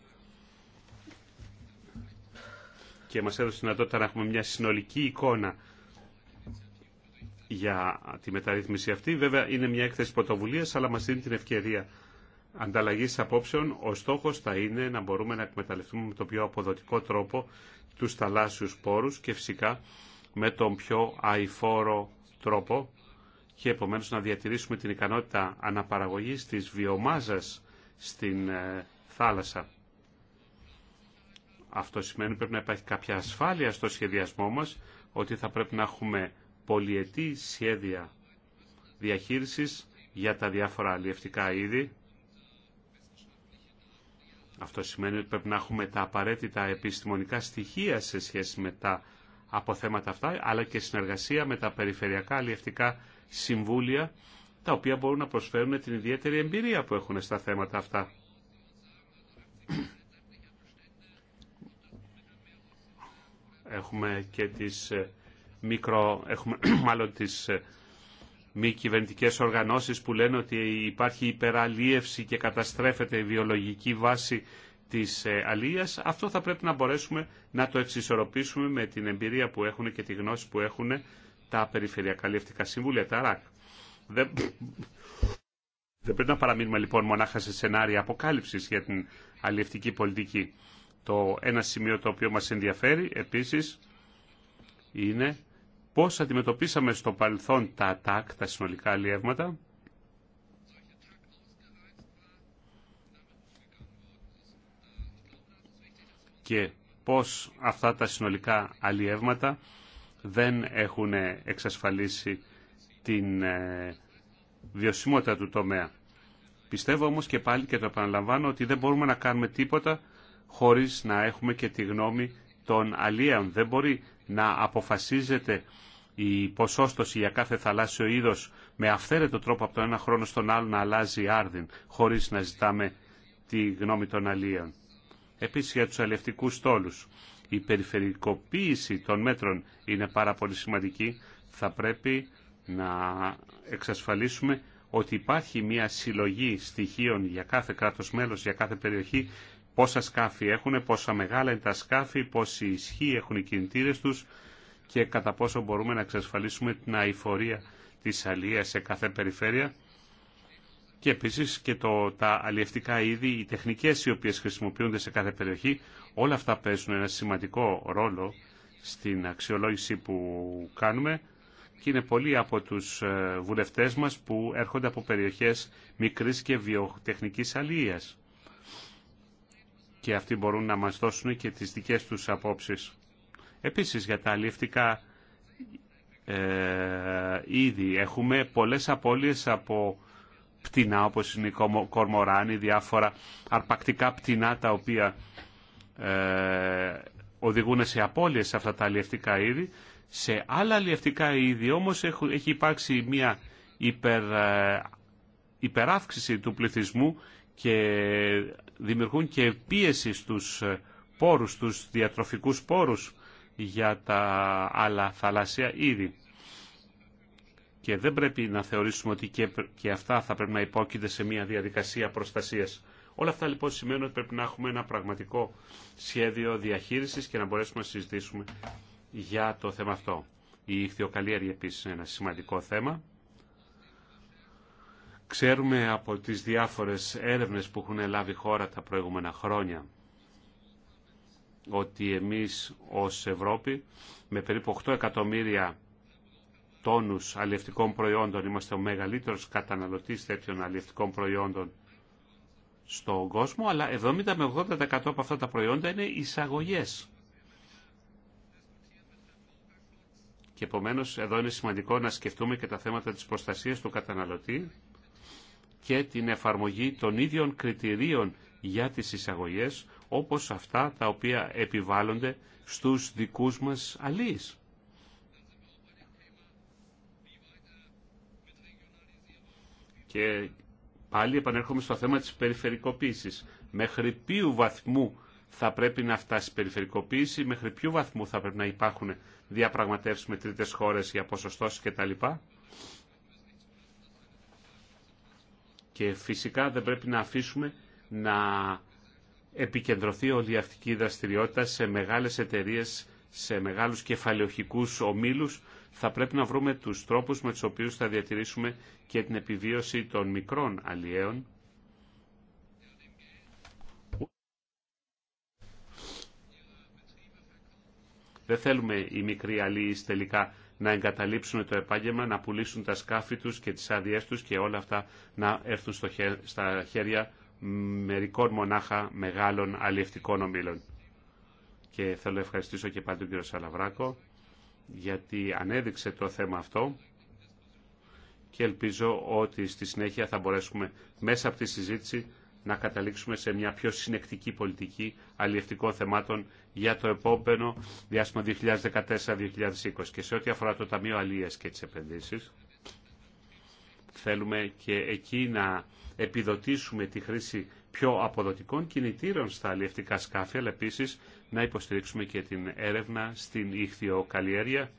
και μας έδωσε τη δυνατότητα να έχουμε μια συνολική εικόνα για τη μεταρρύθμιση αυτή. Βέβαια είναι μια έκθεση πρωτοβουλία, αλλά μας δίνει την ευκαιρία ανταλλαγή απόψεων. Ο στόχος θα είναι να μπορούμε να εκμεταλλευτούμε με το πιο αποδοτικό τρόπο τους θαλάσσιους πόρους και φυσικά με τον πιο αηφόρο τρόπο και επομένως να διατηρήσουμε την ικανότητα αναπαραγωγής της βιομάζας στην ε, θάλασσα. Αυτό σημαίνει πρέπει να υπάρχει κάποια ασφάλεια στο σχεδιασμό μας, ότι θα πρέπει να έχουμε πολυετή σχέδια διαχείρισης για τα διάφορα αλλιευτικά είδη. Αυτό σημαίνει ότι πρέπει να έχουμε τα απαραίτητα επιστημονικά στοιχεία σε σχέση με τα αποθέματα αυτά, αλλά και συνεργασία με τα περιφερειακά αλλιευτικά συμβούλια, τα οποία μπορούν να προσφέρουν την ιδιαίτερη εμπειρία που έχουν στα θέματα αυτά. έχουμε και τις ε, μικρο, έχουμε μάλλον τις ε, μη κυβερνητικέ οργανώσεις που λένε ότι υπάρχει υπεραλίευση και καταστρέφεται η βιολογική βάση της ε, αλίας. Αυτό θα πρέπει να μπορέσουμε να το εξισορροπήσουμε με την εμπειρία που έχουν και τη γνώση που έχουν τα περιφερειακά λιευτικά συμβούλια, τα ΡΑΚ. Δεν... Δεν πρέπει να παραμείνουμε λοιπόν μονάχα σε σενάρια αποκάλυψης για την αλληλευτική πολιτική το ένα σημείο το οποίο μας ενδιαφέρει επίσης είναι πώς αντιμετωπίσαμε στο παρελθόν τα ΑΤΑΚ, τα συνολικά αλλιεύματα, και πώς αυτά τα συνολικά αλλιεύματα δεν έχουν εξασφαλίσει την ε, βιωσιμότητα του τομέα. Πιστεύω όμως και πάλι και το επαναλαμβάνω ότι δεν μπορούμε να κάνουμε τίποτα χωρίς να έχουμε και τη γνώμη των αλλιών. Δεν μπορεί να αποφασίζεται η ποσόστοση για κάθε θαλάσσιο είδος με αυθαίρετο τρόπο από τον ένα χρόνο στον άλλο να αλλάζει άρδιν, χωρίς να ζητάμε τη γνώμη των αλλιέων. Επίσης για τους αλλιευτικούς στόλους. Η περιφερικοποίηση των μέτρων είναι πάρα πολύ σημαντική. Θα πρέπει να εξασφαλίσουμε ότι υπάρχει μια συλλογή στοιχείων για κάθε κράτος μέλος, για κάθε περιοχή πόσα σκάφη έχουν, πόσα μεγάλα είναι τα σκάφη, πόση ισχύ έχουν οι κινητήρες τους και κατά πόσο μπορούμε να εξασφαλίσουμε την αηφορία της αλίας σε κάθε περιφέρεια. Και επίσης και το, τα αλλιευτικά είδη, οι τεχνικές οι οποίες χρησιμοποιούνται σε κάθε περιοχή, όλα αυτά παίζουν ένα σημαντικό ρόλο στην αξιολόγηση που κάνουμε και είναι πολλοί από τους ε, βουλευτές μας που έρχονται από περιοχές μικρής και βιοτεχνικής αλίας και αυτοί μπορούν να μας δώσουν και τις δικές τους απόψεις. Επίσης για τα αλληλευτικά ε, έχουμε πολλές απώλειες από πτηνά όπως είναι η κορμοράνη, διάφορα αρπακτικά πτηνά τα οποία ε, οδηγούν σε απώλειες σε αυτά τα αλληλευτικά είδη. Σε άλλα αλλιευτικά είδη όμως έχει υπάρξει μια υπερ, ε, υπεράυξηση του πληθυσμού και δημιουργούν και πίεση στους ε, πόρους, στους διατροφικούς πόρους για τα άλλα θαλάσσια είδη. Και δεν πρέπει να θεωρήσουμε ότι και, αυτά θα πρέπει να υπόκειται σε μια διαδικασία προστασίας. Όλα αυτά λοιπόν σημαίνουν ότι πρέπει να έχουμε ένα πραγματικό σχέδιο διαχείρισης και να μπορέσουμε να συζητήσουμε για το θέμα αυτό. Η ηχθειοκαλλιέργεια επίσης είναι ένα σημαντικό θέμα. Ξέρουμε από τις διάφορες έρευνες που έχουν λάβει χώρα τα προηγούμενα χρόνια ότι εμείς ως Ευρώπη με περίπου 8 εκατομμύρια τόνους αλλιευτικών προϊόντων είμαστε ο μεγαλύτερος καταναλωτής τέτοιων αλλιευτικών προϊόντων στον κόσμο, αλλά 70 με 80% από αυτά τα προϊόντα είναι εισαγωγές. Και επομένως εδώ είναι σημαντικό να σκεφτούμε και τα θέματα της προστασίας του καταναλωτή και την εφαρμογή των ίδιων κριτηρίων για τις εισαγωγές όπως αυτά τα οποία επιβάλλονται στους δικούς μας αλείς. Και πάλι επανέρχομαι στο θέμα της περιφερικοποίησης. Μέχρι ποιου βαθμού θα πρέπει να φτάσει η περιφερικοποίηση, μέχρι ποιου βαθμού θα πρέπει να υπάρχουν διαπραγματεύσεις με τρίτες χώρες για ποσοστώσεις κτλ. Και φυσικά δεν πρέπει να αφήσουμε να επικεντρωθεί όλη αυτή η δραστηριότητα σε μεγάλες εταιρείες, σε μεγάλους κεφαλαιοχικούς ομίλους. Θα πρέπει να βρούμε τους τρόπους με τους οποίους θα διατηρήσουμε και την επιβίωση των μικρών αλλιέων. Δεν θέλουμε οι μικροί αλλοίς τελικά να εγκαταλείψουν το επάγγελμα, να πουλήσουν τα σκάφη τους και τις άδειέ τους και όλα αυτά να έρθουν στα χέρια μερικών μονάχα μεγάλων αλληλευτικών ομήλων. Και θέλω να ευχαριστήσω και πάλι τον κύριο Σαλαβράκο γιατί ανέδειξε το θέμα αυτό και ελπίζω ότι στη συνέχεια θα μπορέσουμε μέσα από τη συζήτηση να καταλήξουμε σε μια πιο συνεκτική πολιτική αλλιευτικών θεμάτων για το επόμενο διάστημα 2014-2020. Και σε ό,τι αφορά το Ταμείο Αλίας και τις επενδύσεις, θέλουμε και εκεί να επιδοτήσουμε τη χρήση πιο αποδοτικών κινητήρων στα αλλιευτικά σκάφη, αλλά επίση να υποστηρίξουμε και την έρευνα στην ηχθειοκαλλιέργεια,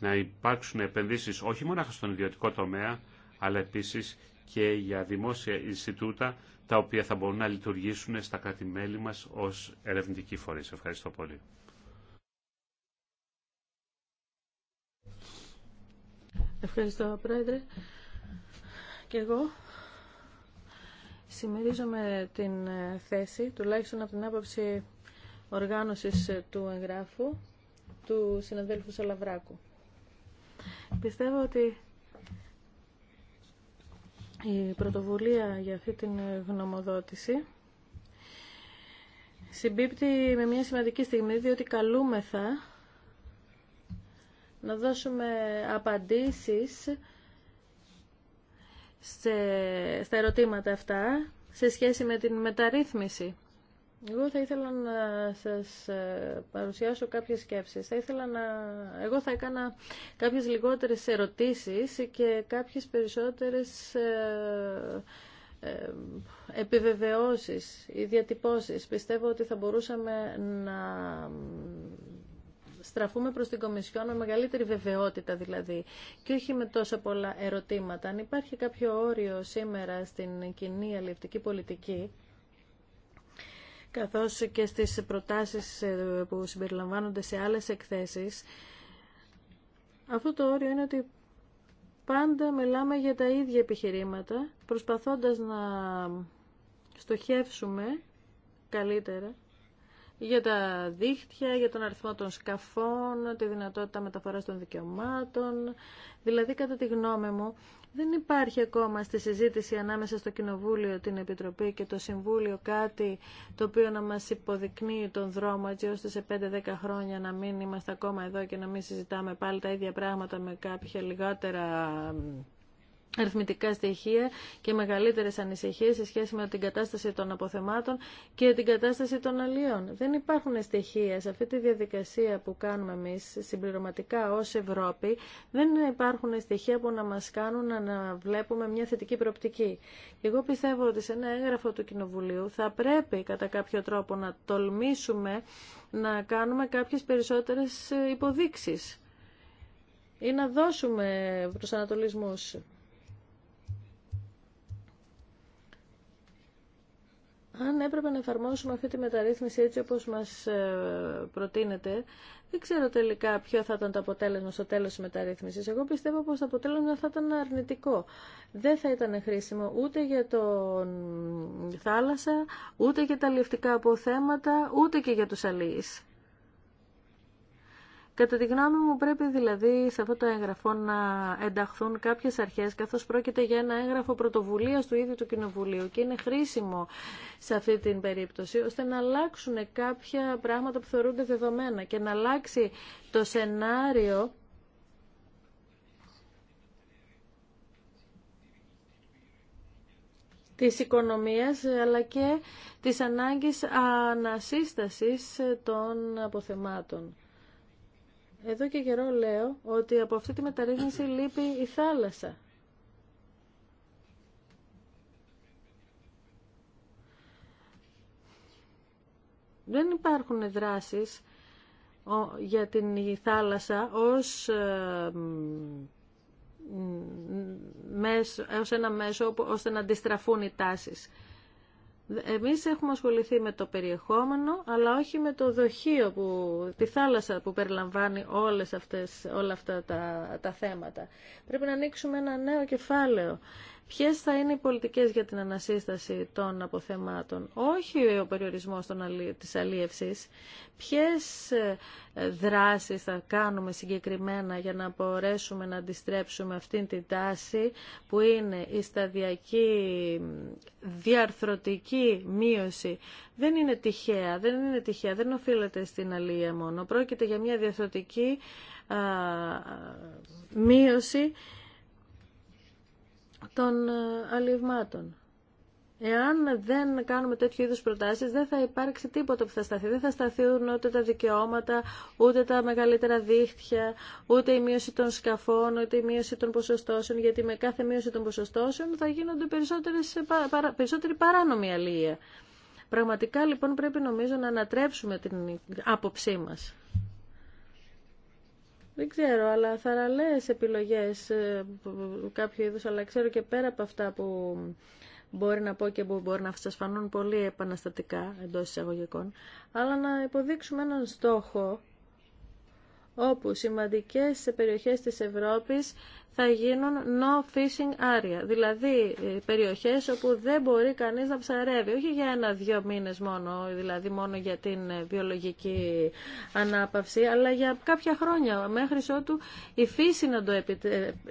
να υπάρξουν επενδύσεις όχι μόνο στον ιδιωτικό τομέα, αλλά επίσης και για δημόσια Ινστιτούτα τα οποία θα μπορούν να λειτουργήσουν στα κράτη-μέλη μας ως ερευνητικοί φορείς. Ευχαριστώ πολύ. Ευχαριστώ, Πρόεδρε. Και εγώ συμμερίζομαι την ε, θέση, τουλάχιστον από την άποψη οργάνωσης ε, του εγγράφου του συναδέλφου Σαλαβράκου. Πιστεύω ότι η πρωτοβουλία για αυτή την γνωμοδότηση συμπίπτει με μια σημαντική στιγμή διότι καλούμεθα να δώσουμε απαντήσεις σε, στα ερωτήματα αυτά σε σχέση με την μεταρρύθμιση εγώ θα ήθελα να σας ε, παρουσιάσω κάποιες σκέψεις. Θα ήθελα να... Εγώ θα έκανα κάποιες λιγότερες ερωτήσεις και κάποιες περισσότερες ε, ε, επιβεβαιώσεις ή διατυπώσεις. Πιστεύω ότι θα μπορούσαμε να στραφούμε προς την Κομισιόν με μεγαλύτερη βεβαιότητα δηλαδή και όχι με τόσα πολλά ερωτήματα. Αν υπάρχει κάποιο όριο σήμερα στην κοινή αλληλευτική πολιτική, καθώς και στις προτάσεις ε, που συμπεριλαμβάνονται σε άλλες εκθέσεις. Αυτό το όριο είναι ότι πάντα μιλάμε για τα ίδια επιχειρήματα, προσπαθώντας να στοχεύσουμε καλύτερα για τα δίχτυα, για τον αριθμό των σκαφών, τη δυνατότητα μεταφοράς των δικαιωμάτων. Δηλαδή, κατά τη γνώμη μου, δεν υπάρχει ακόμα στη συζήτηση ανάμεσα στο Κοινοβούλιο, την Επιτροπή και το Συμβούλιο κάτι το οποίο να μας υποδεικνύει τον δρόμο έτσι ώστε σε 5-10 χρόνια να μην είμαστε ακόμα εδώ και να μην συζητάμε πάλι τα ίδια πράγματα με κάποια λιγότερα αριθμητικά στοιχεία και μεγαλύτερες ανησυχίες σε σχέση με την κατάσταση των αποθεμάτων και την κατάσταση των αλλιών. Δεν υπάρχουν στοιχεία σε αυτή τη διαδικασία που κάνουμε εμείς συμπληρωματικά ως Ευρώπη, δεν υπάρχουν στοιχεία που να μας κάνουν να βλέπουμε μια θετική προοπτική. Εγώ πιστεύω ότι σε ένα έγγραφο του Κοινοβουλίου θα πρέπει κατά κάποιο τρόπο να τολμήσουμε να κάνουμε κάποιες περισσότερες υποδείξεις ή να δώσουμε προσανατολισμούς. Αν έπρεπε να εφαρμόσουμε αυτή τη μεταρρύθμιση έτσι όπως μας ε, προτείνεται, δεν ξέρω τελικά ποιο θα ήταν το αποτέλεσμα στο τέλος της μεταρρύθμισης. Εγώ πιστεύω πως το αποτέλεσμα θα ήταν αρνητικό. Δεν θα ήταν χρήσιμο ούτε για τον θάλασσα, ούτε για τα λιευτικά αποθέματα, ούτε και για τους αλείς. Κατά τη γνώμη μου πρέπει δηλαδή σε αυτό το έγγραφο να ενταχθούν κάποιες αρχές καθώς πρόκειται για ένα έγγραφο πρωτοβουλίας του ίδιου του Κοινοβουλίου και είναι χρήσιμο σε αυτή την περίπτωση ώστε να αλλάξουν κάποια πράγματα που θεωρούνται δεδομένα και να αλλάξει το σενάριο της οικονομίας αλλά και της ανάγκης ανασύστασης των αποθεμάτων. Εδώ και καιρό λέω ότι από αυτή τη μεταρρύθμιση λείπει η θάλασσα. Δεν υπάρχουν δράσεις για την θάλασσα ως, ως ένα μέσο ώστε να αντιστραφούν οι τάσεις. Εμείς έχουμε ασχοληθεί με το περιεχόμενο, αλλά όχι με το δοχείο, που, τη θάλασσα που περιλαμβάνει όλες αυτές, όλα αυτά τα, τα θέματα. Πρέπει να ανοίξουμε ένα νέο κεφάλαιο. Ποιες θα είναι οι πολιτικές για την ανασύσταση των αποθεμάτων, όχι ο περιορισμός των, της αλίευσης. Ποιες ε, δράσεις θα κάνουμε συγκεκριμένα για να μπορέσουμε να αντιστρέψουμε αυτήν την τάση που είναι η σταδιακή διαρθρωτική μείωση. Δεν είναι τυχαία, δεν είναι τυχαία, δεν οφείλεται στην αλία μόνο. Πρόκειται για μια διαρθρωτική μείωση των ε, αλλιευμάτων. Εάν δεν κάνουμε τέτοιου είδου προτάσει, δεν θα υπάρξει τίποτα που θα σταθεί. Δεν θα σταθούν ούτε τα δικαιώματα, ούτε τα μεγαλύτερα δίχτυα, ούτε η μείωση των σκαφών, ούτε η μείωση των ποσοστώσεων. Γιατί με κάθε μείωση των ποσοστώσεων θα γίνονται ε, περισσότεροι παράνομη αλληλεία. Πραγματικά λοιπόν πρέπει νομίζω να ανατρέψουμε την άποψή μας δεν ξέρω, αλλά θαραλέες επιλογές ε, κάποιο είδους, αλλά ξέρω και πέρα από αυτά που μπορεί να πω και που μπορεί να σας φανούν πολύ επαναστατικά εντός εισαγωγικών, αλλά να υποδείξουμε έναν στόχο όπου σημαντικές περιοχές της Ευρώπης θα γίνουν no fishing area, δηλαδή ε, περιοχές όπου δεν μπορεί κανείς να ψαρεύει, όχι για ένα-δυο μήνες μόνο, δηλαδή μόνο για την ε, βιολογική ανάπαυση, αλλά για κάποια χρόνια, μέχρι ότου η φύση να, το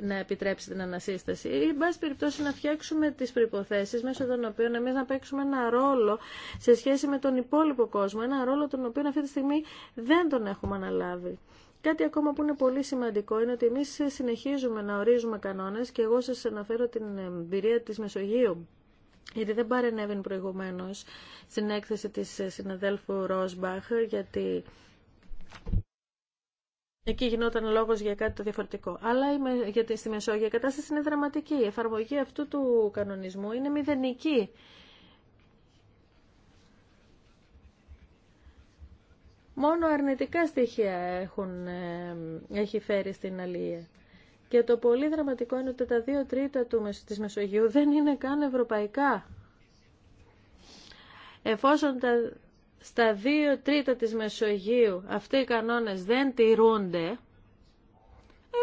να επιτρέψει την ανασύσταση. Ή, εν περιπτώσει, να φτιάξουμε τις προϋποθέσεις μέσω των οποίων εμείς να παίξουμε ένα ρόλο σε σχέση με τον υπόλοιπο κόσμο, ένα ρόλο τον οποίο αυτή τη στιγμή δεν τον έχουμε αναλάβει. Κάτι ακόμα που είναι πολύ σημαντικό είναι ότι εμείς συνεχίζουμε να ορίζουμε κανόνες και εγώ σας αναφέρω την εμπειρία της Μεσογείου γιατί δεν παρενέβαινε προηγουμένω στην έκθεση της συναδέλφου Ρόσμπαχ γιατί Εκεί γινόταν λόγος για κάτι το διαφορετικό. Αλλά γιατί στη Μεσόγειο η κατάσταση είναι δραματική. Η εφαρμογή αυτού του κανονισμού είναι μηδενική. Μόνο αρνητικά στοιχεία έχουν, ε, έχει φέρει στην Αλία. Και το πολύ δραματικό είναι ότι τα δύο τρίτα του, της Μεσογείου δεν είναι καν ευρωπαϊκά. Εφόσον τα, στα δύο τρίτα της Μεσογείου αυτοί οι κανόνες δεν τηρούνται, ε,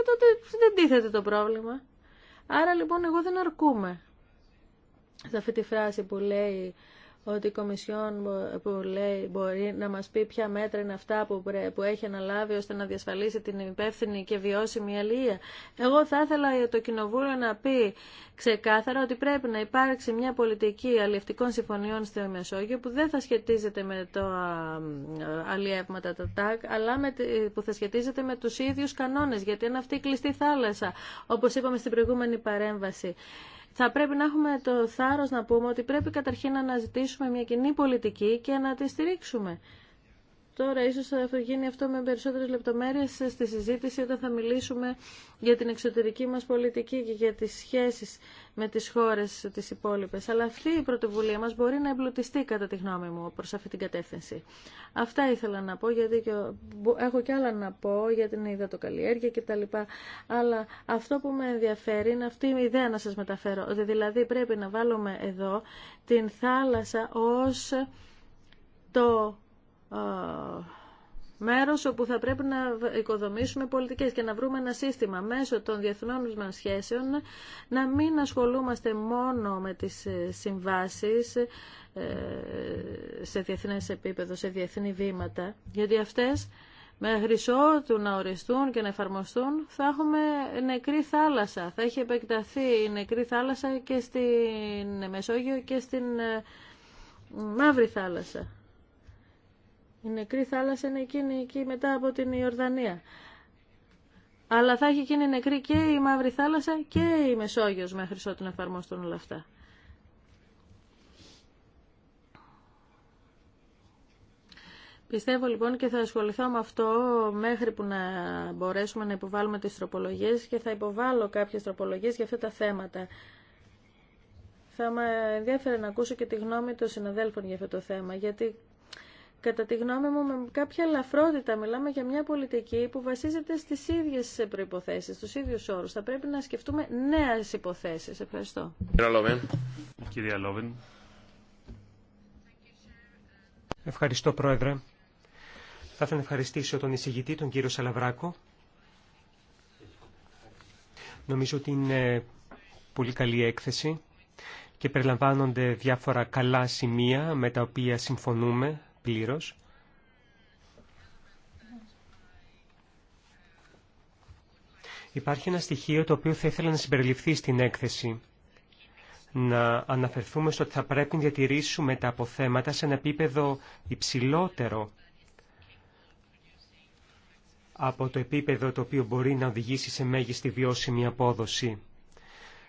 τότε δεν τίθεται το πρόβλημα. Άρα λοιπόν εγώ δεν αρκούμε σε αυτή τη φράση που λέει ότι η Κομισιόν που λέει, μπορεί να μας πει ποια μέτρα είναι αυτά που, που έχει αναλάβει ώστε να διασφαλίσει την υπεύθυνη και βιώσιμη αλληλεία. Εγώ θα ήθελα το Κοινοβούλιο να πει ξεκάθαρα ότι πρέπει να υπάρξει μια πολιτική αλληλευτικών συμφωνιών στη Μεσόγειο που δεν θα σχετίζεται με το αλληλεύματα τα ΤΑΚ αλλά με, που θα σχετίζεται με τους ίδιους κανόνες γιατί είναι αυτή η κλειστή θάλασσα όπως είπαμε στην προηγούμενη παρέμβαση θα πρέπει να έχουμε το θάρρος να πούμε ότι πρέπει καταρχήν να αναζητήσουμε μια κοινή πολιτική και να τη στηρίξουμε. Τώρα ίσως θα γίνει αυτό με περισσότερες λεπτομέρειες στη συζήτηση όταν θα μιλήσουμε για την εξωτερική μας πολιτική και για τις σχέσεις με τις χώρες τις υπόλοιπες. Αλλά αυτή η πρωτοβουλία μας μπορεί να εμπλουτιστεί κατά τη γνώμη μου προς αυτή την κατεύθυνση. Αυτά ήθελα να πω γιατί και έχω και άλλα να πω για την υδατοκαλλιέργεια κτλ. Αλλά αυτό που με ενδιαφέρει είναι αυτή η ιδέα να σας μεταφέρω. Ότι δηλαδή πρέπει να βάλουμε εδώ την θάλασσα ως το μέρος όπου θα πρέπει να οικοδομήσουμε πολιτικές και να βρούμε ένα σύστημα μέσω των διεθνών μας σχέσεων να μην ασχολούμαστε μόνο με τις ε, συμβάσεις ε, σε διεθνές επίπεδο, σε διεθνή βήματα, γιατί αυτές χρυσό του να οριστούν και να εφαρμοστούν θα έχουμε νεκρή θάλασσα. Θα έχει επεκταθεί η νεκρή θάλασσα και στην Μεσόγειο και στην ε, Μαύρη θάλασσα. Η νεκρή θάλασσα είναι εκείνη εκεί μετά από την Ιορδανία. Αλλά θα έχει γίνει νεκρή και η Μαύρη Θάλασσα και η Μεσόγειος μέχρι ότου να εφαρμόσουν όλα αυτά. Πιστεύω λοιπόν και θα ασχοληθώ με αυτό μέχρι που να μπορέσουμε να υποβάλουμε τις τροπολογίες και θα υποβάλω κάποιες τροπολογίες για αυτά τα θέματα. Θα με ενδιαφέρει να ακούσω και τη γνώμη των συναδέλφων για αυτό το θέμα, γιατί κατά τη γνώμη μου με κάποια ελαφρότητα μιλάμε για μια πολιτική που βασίζεται στις ίδιες προϋποθέσεις, στους ίδιους όρους. Θα πρέπει να σκεφτούμε νέες υποθέσεις. Ευχαριστώ. Κυρία Λόβεν. Ευχαριστώ Πρόεδρε. Θα ήθελα να ευχαριστήσω τον εισηγητή, τον κύριο Σαλαβράκο. Νομίζω ότι είναι πολύ καλή έκθεση και περιλαμβάνονται διάφορα καλά σημεία με τα οποία συμφωνούμε Υπάρχει ένα στοιχείο το οποίο θα ήθελα να συμπεριληφθεί στην έκθεση. Να αναφερθούμε στο ότι θα πρέπει να διατηρήσουμε τα αποθέματα σε ένα επίπεδο υψηλότερο από το επίπεδο το οποίο μπορεί να οδηγήσει σε μέγιστη βιώσιμη απόδοση.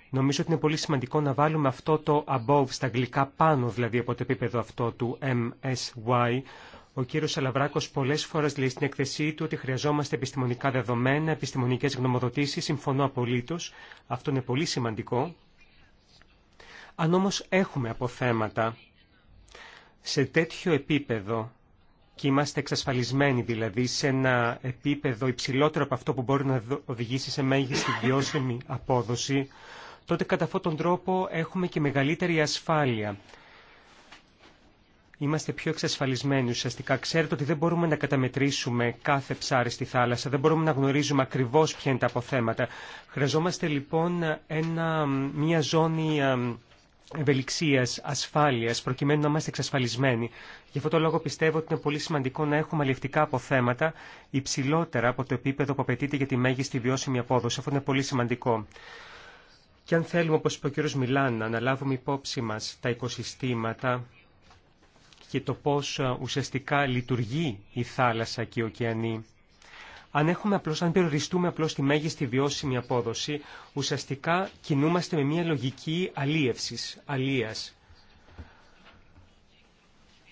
Νομίζω ότι είναι πολύ σημαντικό να βάλουμε αυτό το above στα αγγλικά πάνω, δηλαδή από το επίπεδο αυτό του MSY. Ο κύριος Αλαβράκος πολλές φορές λέει στην εκθεσή του ότι χρειαζόμαστε επιστημονικά δεδομένα, επιστημονικές γνωμοδοτήσεις, συμφωνώ απολύτως. Αυτό είναι πολύ σημαντικό. Αν όμως έχουμε αποθέματα σε τέτοιο επίπεδο και είμαστε εξασφαλισμένοι δηλαδή σε ένα επίπεδο υψηλότερο από αυτό που μπορεί να οδηγήσει σε μέγιστη βιώσιμη απόδοση, τότε κατά αυτόν τον τρόπο έχουμε και μεγαλύτερη ασφάλεια. Είμαστε πιο εξασφαλισμένοι ουσιαστικά. Ξέρετε ότι δεν μπορούμε να καταμετρήσουμε κάθε ψάρι στη θάλασσα, δεν μπορούμε να γνωρίζουμε ακριβώς ποια είναι τα αποθέματα. Χρειαζόμαστε λοιπόν ένα, μια ζώνη ευελιξία, ασφάλεια, προκειμένου να είμαστε εξασφαλισμένοι. Γι' αυτό το λόγο πιστεύω ότι είναι πολύ σημαντικό να έχουμε αλληλευτικά αποθέματα υψηλότερα από το επίπεδο που απαιτείται για τη μέγιστη βιώσιμη απόδοση. Αυτό είναι πολύ σημαντικό. Και αν θέλουμε, όπως είπε ο κύριος Μιλάν, να αναλάβουμε υπόψη μας τα οικοσυστήματα και το πώς ε, ουσιαστικά λειτουργεί η θάλασσα και οι ωκεανοί, αν, έχουμε απλώς, αν περιοριστούμε απλώς τη μέγιστη βιώσιμη απόδοση, ουσιαστικά κινούμαστε με μια λογική αλίευσης, αλίας.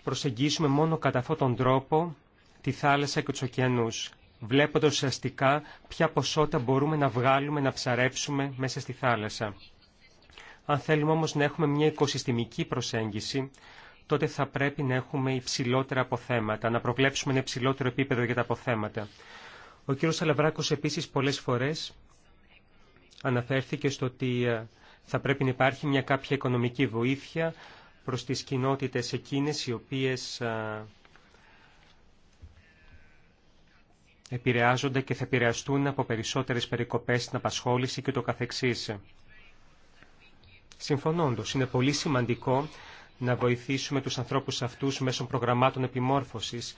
Προσεγγίσουμε μόνο κατά αυτόν τον τρόπο τη θάλασσα και τους ωκεανούς βλέποντας ουσιαστικά ποια ποσότητα μπορούμε να βγάλουμε, να ψαρέψουμε μέσα στη θάλασσα. Αν θέλουμε όμως να έχουμε μια οικοσυστημική προσέγγιση, τότε θα πρέπει να έχουμε υψηλότερα αποθέματα, να προβλέψουμε ένα υψηλότερο επίπεδο για τα αποθέματα. Ο κ. Σαλαβράκος επίσης πολλές φορές αναφέρθηκε στο ότι ε, θα πρέπει να υπάρχει μια κάποια οικονομική βοήθεια προς τις κοινότητες εκείνες οι οποίες ε, επηρεάζονται και θα επηρεαστούν από περισσότερες περικοπές στην απασχόληση και το καθεξής. Συμφωνώ είναι πολύ σημαντικό να βοηθήσουμε τους ανθρώπους αυτούς μέσω προγραμμάτων επιμόρφωσης.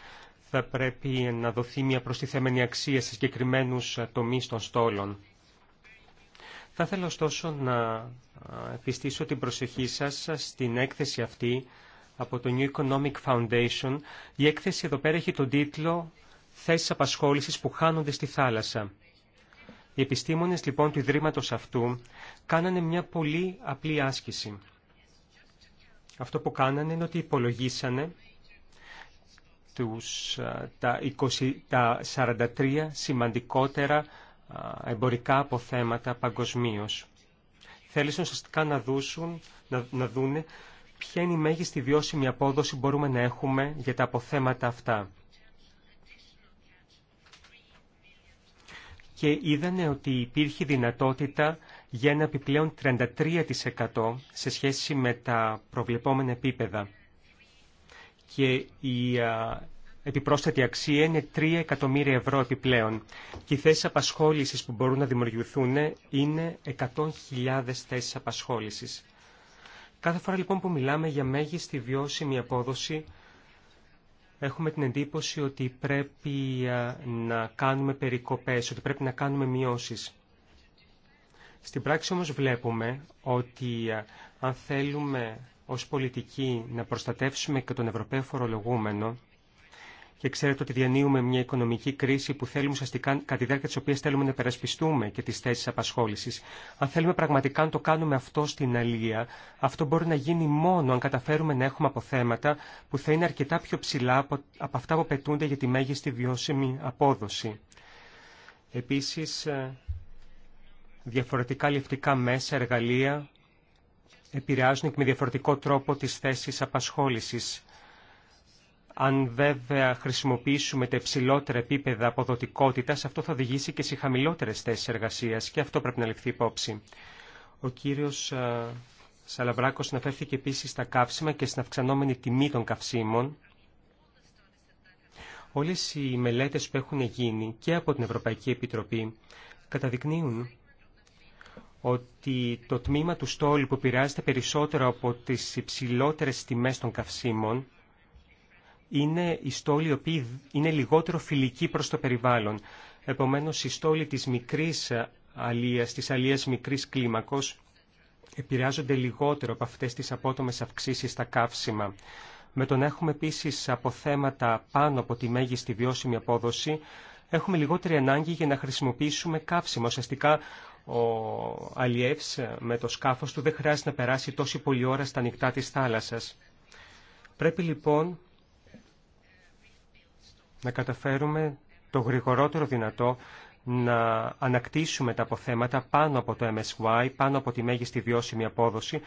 Θα πρέπει να δοθεί μια προστιθέμενη αξία σε συγκεκριμένου τομείς των στόλων. Θα ήθελα ωστόσο να επιστήσω την προσοχή σας στην έκθεση αυτή από το New Economic Foundation. Η έκθεση εδώ πέρα έχει τον τίτλο θέσεις απασχόλησης που χάνονται στη θάλασσα. Οι επιστήμονες λοιπόν του Ιδρύματος αυτού κάνανε μια πολύ απλή άσκηση. Αυτό που κάνανε είναι ότι υπολογίσανε τους, τα, 20, τα 43 σημαντικότερα εμπορικά αποθέματα παγκοσμίω. Θέλησαν ουσιαστικά να, δούσουν, να, να δούνε ποια είναι η μέγιστη βιώσιμη απόδοση μπορούμε να έχουμε για τα αποθέματα αυτά. και είδανε ότι υπήρχε δυνατότητα για ένα επιπλέον 33% σε σχέση με τα προβλεπόμενα επίπεδα. Και η επιπρόσθετη αξία είναι 3 εκατομμύρια ευρώ επιπλέον. Και οι θέσει απασχόλησης που μπορούν να δημιουργηθούν είναι 100.000 θέσεις απασχόλησης. Κάθε φορά λοιπόν που μιλάμε για μέγιστη βιώσιμη απόδοση, έχουμε την εντύπωση ότι πρέπει ε, να κάνουμε περικοπές, ότι πρέπει να κάνουμε μειώσεις. Στην πράξη όμως βλέπουμε ότι ε, αν θέλουμε ως πολιτικοί να προστατεύσουμε και τον Ευρωπαίο φορολογούμενο, και ξέρετε ότι διανύουμε μια οικονομική κρίση που θέλουμε ουσιαστικά κατά τη διάρκεια τη οποία θέλουμε να περασπιστούμε και τι θέσει απασχόληση. Αν θέλουμε πραγματικά να το κάνουμε αυτό στην Αλία, αυτό μπορεί να γίνει μόνο αν καταφέρουμε να έχουμε αποθέματα που θα είναι αρκετά πιο ψηλά από, αυτά που απαιτούνται για τη μέγιστη βιώσιμη απόδοση. Επίση, ε, διαφορετικά ληφτικά μέσα, εργαλεία επηρεάζουν και με διαφορετικό τρόπο τις θέσεις απασχόλησης. Αν βέβαια χρησιμοποιήσουμε τα υψηλότερα επίπεδα αποδοτικότητα, αυτό θα οδηγήσει και σε χαμηλότερε θέσει εργασία και αυτό πρέπει να ληφθεί υπόψη. Ο κύριο Σαλαμπράκο αναφέρθηκε επίση στα καύσιμα και στην αυξανόμενη τιμή των καυσίμων. Όλε οι μελέτε που έχουν γίνει και από την Ευρωπαϊκή Επιτροπή καταδεικνύουν ότι το τμήμα του στόλου που πειράζεται περισσότερο από τις υψηλότερες τιμές των καυσίμων είναι οι στόλοι οι οποίοι είναι λιγότερο φιλικοί προς το περιβάλλον. Επομένως, οι στόλοι της μικρής ε, αλίας, της αλίας μικρής κλίμακος, επηρεάζονται λιγότερο από αυτές τις απότομες αυξήσεις στα καύσιμα. Με το να έχουμε επίσης αποθέματα πάνω από τη μέγιστη βιώσιμη απόδοση, έχουμε λιγότερη ανάγκη για να χρησιμοποιήσουμε καύσιμα. Ουσιαστικά ο Αλιεύς ε, με το σκάφος του δεν χρειάζεται να περάσει τόση πολλή ώρα στα νυχτά της θάλασσας. Πρέπει λοιπόν να καταφέρουμε το γρηγορότερο δυνατό να ανακτήσουμε τα αποθέματα πάνω από το MSY, πάνω από τη μέγιστη βιώσιμη απόδοση.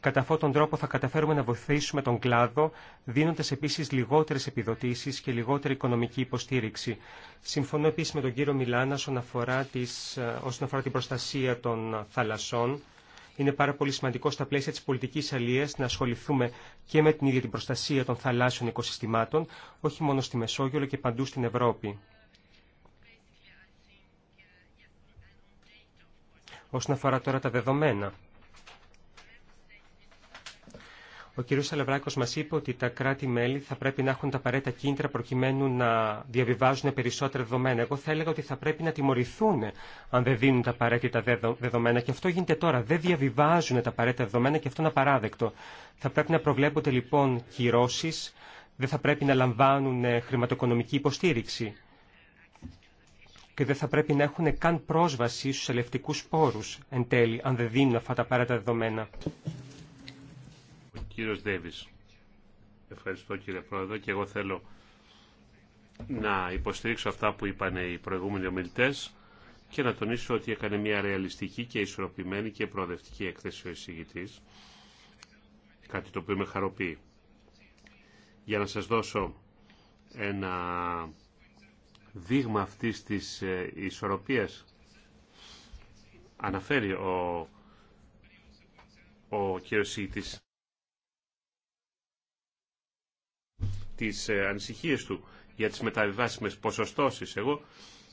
Κατά αυτόν τον τρόπο θα καταφέρουμε να βοηθήσουμε τον κλάδο, δίνοντας επίσης λιγότερες επιδοτήσεις και λιγότερη οικονομική υποστήριξη. Συμφωνώ επίσης με τον κύριο Μιλάνα όσον αφορά, τις, ε, όσον αφορά την προστασία των θαλασσών είναι πάρα πολύ σημαντικό στα πλαίσια της πολιτικής αλίας να ασχοληθούμε και με την ίδια την προστασία των θαλάσσιων οικοσυστημάτων, όχι μόνο στη Μεσόγειο, αλλά και παντού στην Ευρώπη. Όσον αφορά τώρα τα δεδομένα, Ο κ. Σαλαβράκο μα είπε ότι τα κράτη-μέλη θα πρέπει να έχουν τα απαραίτητα κίνητρα προκειμένου να διαβιβάζουν περισσότερα δεδομένα. Εγώ θα έλεγα ότι θα πρέπει να τιμωρηθούν αν δεν δίνουν τα απαραίτητα δεδομένα. Και αυτό γίνεται τώρα. Δεν διαβιβάζουν τα απαραίτητα δεδομένα και αυτό είναι απαράδεκτο. Θα πρέπει να προβλέπονται λοιπόν κυρώσει. Δεν θα πρέπει να λαμβάνουν ε, χρηματοοικονομική υποστήριξη και δεν θα πρέπει να έχουν καν πρόσβαση στου ελευτικού πόρου εν τέλει, αν δεν δίνουν αυτά τα απαραίτητα δεδομένα κύριος Ντέβις. Ευχαριστώ κύριε Πρόεδρο και εγώ θέλω να υποστηρίξω αυτά που είπαν οι προηγούμενοι ομιλητές και να τονίσω ότι έκανε μια ρεαλιστική και ισορροπημένη και προοδευτική έκθεση ο εισηγητής, κάτι το οποίο με χαροποιεί. Για να σας δώσω ένα δείγμα αυτής της ε, ισορροπίας, αναφέρει ο, ο κύριος Σίτης. τις ε, ανησυχίες του για τις μεταβιβάσιμες ποσοστώσεις. Εγώ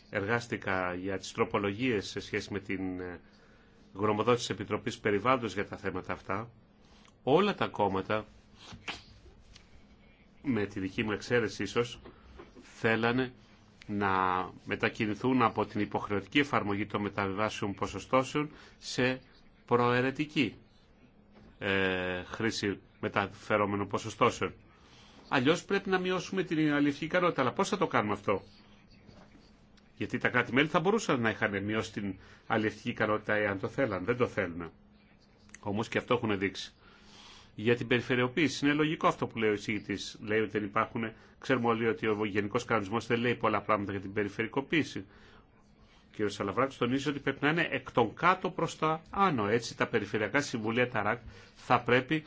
εργάστηκα για τις τροπολογίες σε σχέση με την ε, γνωμοδότηση τη Επιτροπής Περιβάλλοντος για τα θέματα αυτά. Όλα τα κόμματα, με τη δική μου εξαίρεση ίσως, θέλανε να μετακινηθούν από την υποχρεωτική εφαρμογή των μεταβιβάσιων ποσοστώσεων σε προαιρετική ε, χρήση μεταφερόμενων ποσοστώσεων. Αλλιώ πρέπει να μειώσουμε την αλληλευτική ικανότητα. Αλλά πώ θα το κάνουμε αυτό. Γιατί τα κράτη-μέλη θα μπορούσαν να είχαν μειώσει την αλληλευτική ικανότητα εάν το θέλαν. Δεν το θέλουν. Όμω και αυτό έχουν δείξει. Για την περιφερειοποίηση είναι λογικό αυτό που λέει ο εισηγητή. Λέει ότι δεν υπάρχουν. Ξέρουμε όλοι ότι ο Γενικό Κανονισμό δεν λέει πολλά πράγματα για την περιφερειοποίηση. Ο κ. Σαλαβράκη τονίζει ότι πρέπει να είναι εκ των κάτω προ τα άνω. Έτσι τα περιφερειακά συμβουλία τα ΡΑΚ θα πρέπει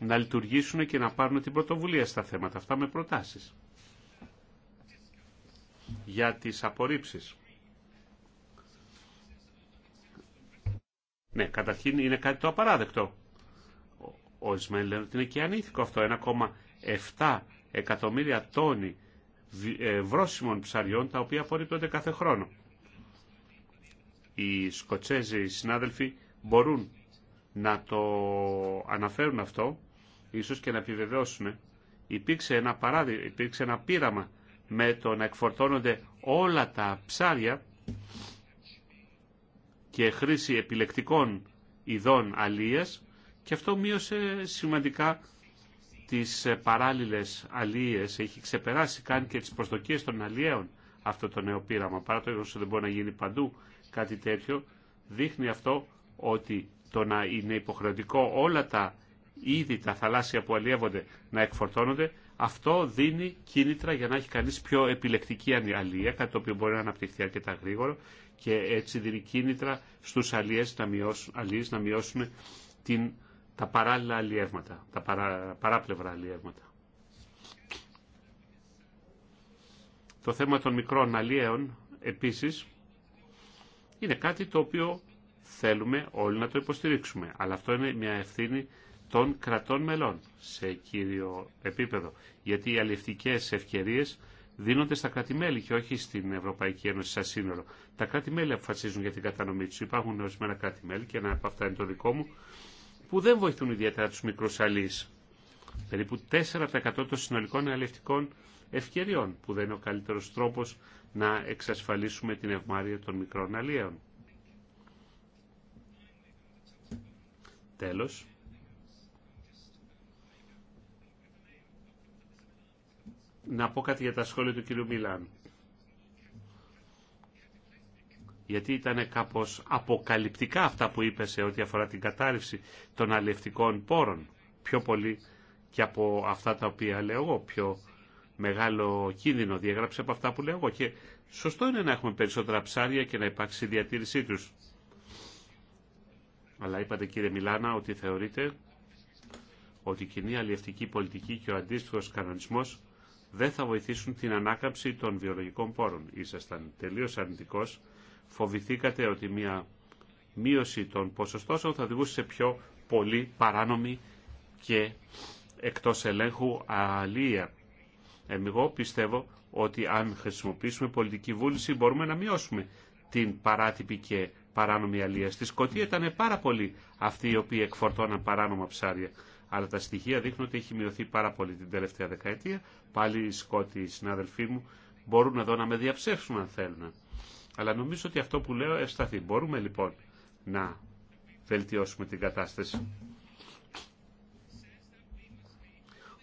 να λειτουργήσουν και να πάρουν την πρωτοβουλία στα θέματα αυτά με προτάσεις. Για τις απορρίψεις. Ναι, καταρχήν είναι κάτι το απαράδεκτο. Ισμαήλ λένε ότι είναι και ανήθικο αυτό. 1,7 εκατομμύρια τόνοι ε, βρόσιμων ψαριών τα οποία απορρίπτονται κάθε χρόνο. Οι Σκοτσέζοι συνάδελφοι μπορούν να το αναφέρουν αυτό ίσως και να επιβεβαιώσουμε, υπήρξε ένα, ένα πείραμα με το να εκφορτώνονται όλα τα ψάρια και χρήση επιλεκτικών ειδών αλίας και αυτό μείωσε σημαντικά τις παράλληλες αλίες. Έχει ξεπεράσει καν και τις προσδοκίες των αλιέων αυτό το νέο πείραμα. Παρά το ότι δεν μπορεί να γίνει παντού κάτι τέτοιο, δείχνει αυτό ότι το να είναι υποχρεωτικό όλα τα ήδη τα θαλάσσια που αλλιεύονται να εκφορτώνονται, αυτό δίνει κίνητρα για να έχει κανείς πιο επιλεκτική αλληλεία, κάτι το οποίο μπορεί να αναπτυχθεί αρκετά γρήγορο και έτσι δίνει κίνητρα στους αλλιεί να μειώσουν, να την, τα παράλληλα αλλιεύματα, τα παρά, παράπλευρα αλλιεύματα. Το θέμα των μικρών αλλιέων επίσης είναι κάτι το οποίο θέλουμε όλοι να το υποστηρίξουμε, αλλά αυτό είναι μια ευθύνη των κρατών μελών σε κύριο επίπεδο. Γιατί οι αλληλευτικές ευκαιρίες δίνονται στα κράτη-μέλη και όχι στην Ευρωπαϊκή Ένωση σαν σύνολο. Τα κράτη-μέλη αποφασίζουν για την κατανομή του. Υπάρχουν ορισμένα κράτη-μέλη και ένα από αυτά είναι το δικό μου που δεν βοηθούν ιδιαίτερα του μικρού αλείς. Περίπου 4% των συνολικών αλληλευτικών ευκαιριών που δεν είναι ο καλύτερο τρόπο να εξασφαλίσουμε την ευμάρεια των μικρών αλλιών. Τέλος, να πω κάτι για τα σχόλια του κυρίου Μιλάν. Γιατί ήταν κάπως αποκαλυπτικά αυτά που είπε σε ό,τι αφορά την κατάρρευση των αλληλευτικών πόρων. Πιο πολύ και από αυτά τα οποία λέω εγώ, πιο μεγάλο κίνδυνο διέγραψε από αυτά που λέω εγώ. Και σωστό είναι να έχουμε περισσότερα ψάρια και να υπάρξει διατήρησή τους. Αλλά είπατε κύριε Μιλάνα ότι θεωρείτε ότι η κοινή αλληλευτική πολιτική και ο αντίστοιχο κανονισμός δεν θα βοηθήσουν την ανάκαμψη των βιολογικών πόρων. Ήσασταν τελείως αρνητικός. Φοβηθήκατε ότι μια μείωση των ποσοστώσεων θα οδηγούσε σε πιο πολύ παράνομη και εκτός ελέγχου αλία. Εγώ πιστεύω ότι αν χρησιμοποιήσουμε πολιτική βούληση μπορούμε να μειώσουμε την παράτυπη και παράνομη αλία. Στη Σκωτία ήταν πάρα πολλοί αυτοί οι οποίοι εκφορτώναν παράνομα ψάρια αλλά τα στοιχεία δείχνουν ότι έχει μειωθεί πάρα πολύ την τελευταία δεκαετία. Πάλι οι Σκότοι, οι συνάδελφοί μου, μπορούν εδώ να με διαψεύσουν αν θέλουν. Αλλά νομίζω ότι αυτό που λέω ευσταθεί. Μπορούμε λοιπόν να βελτιώσουμε την κατάσταση.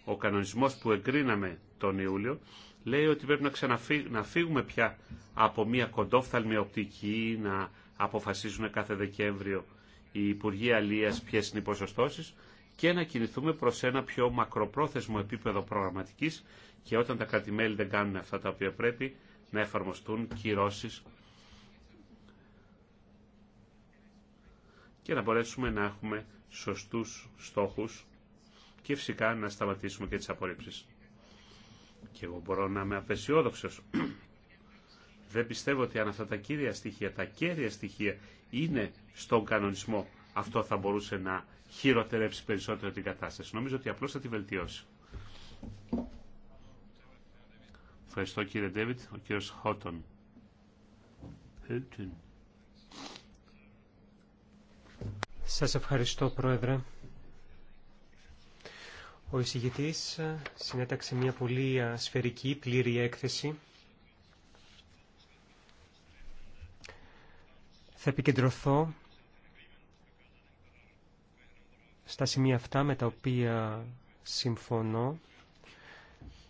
Ο κανονισμός που εγκρίναμε τον Ιούλιο λέει ότι πρέπει να, ξαναφύγουμε, πια από μια κοντόφθαλμη οπτική, να αποφασίζουν κάθε Δεκέμβριο οι Υπουργοί Αλίας ποιες είναι οι ποσοστώσεις, και να κινηθούμε προς ένα πιο μακροπρόθεσμο επίπεδο προγραμματικής και όταν τα κρατημέλη δεν κάνουν αυτά τα οποία πρέπει να εφαρμοστούν κυρώσει. και να μπορέσουμε να έχουμε σωστούς στόχους και φυσικά να σταματήσουμε και τις απορρίψεις. Και εγώ μπορώ να είμαι απεσιόδοξο. Δεν πιστεύω ότι αν αυτά τα κύρια στοιχεία, τα κέρια στοιχεία είναι στον κανονισμό, αυτό θα μπορούσε να χειροτερέψει περισσότερο την κατάσταση. Νομίζω ότι απλώς θα τη βελτιώσει. Ευχαριστώ κύριε Ντέβιτ. Ο κύριος Χότον. Σας ευχαριστώ Πρόεδρε. Ο εισηγητής συνέταξε μια πολύ σφαιρική, πλήρη έκθεση. Θα επικεντρωθώ στα σημεία αυτά με τα οποία συμφωνώ.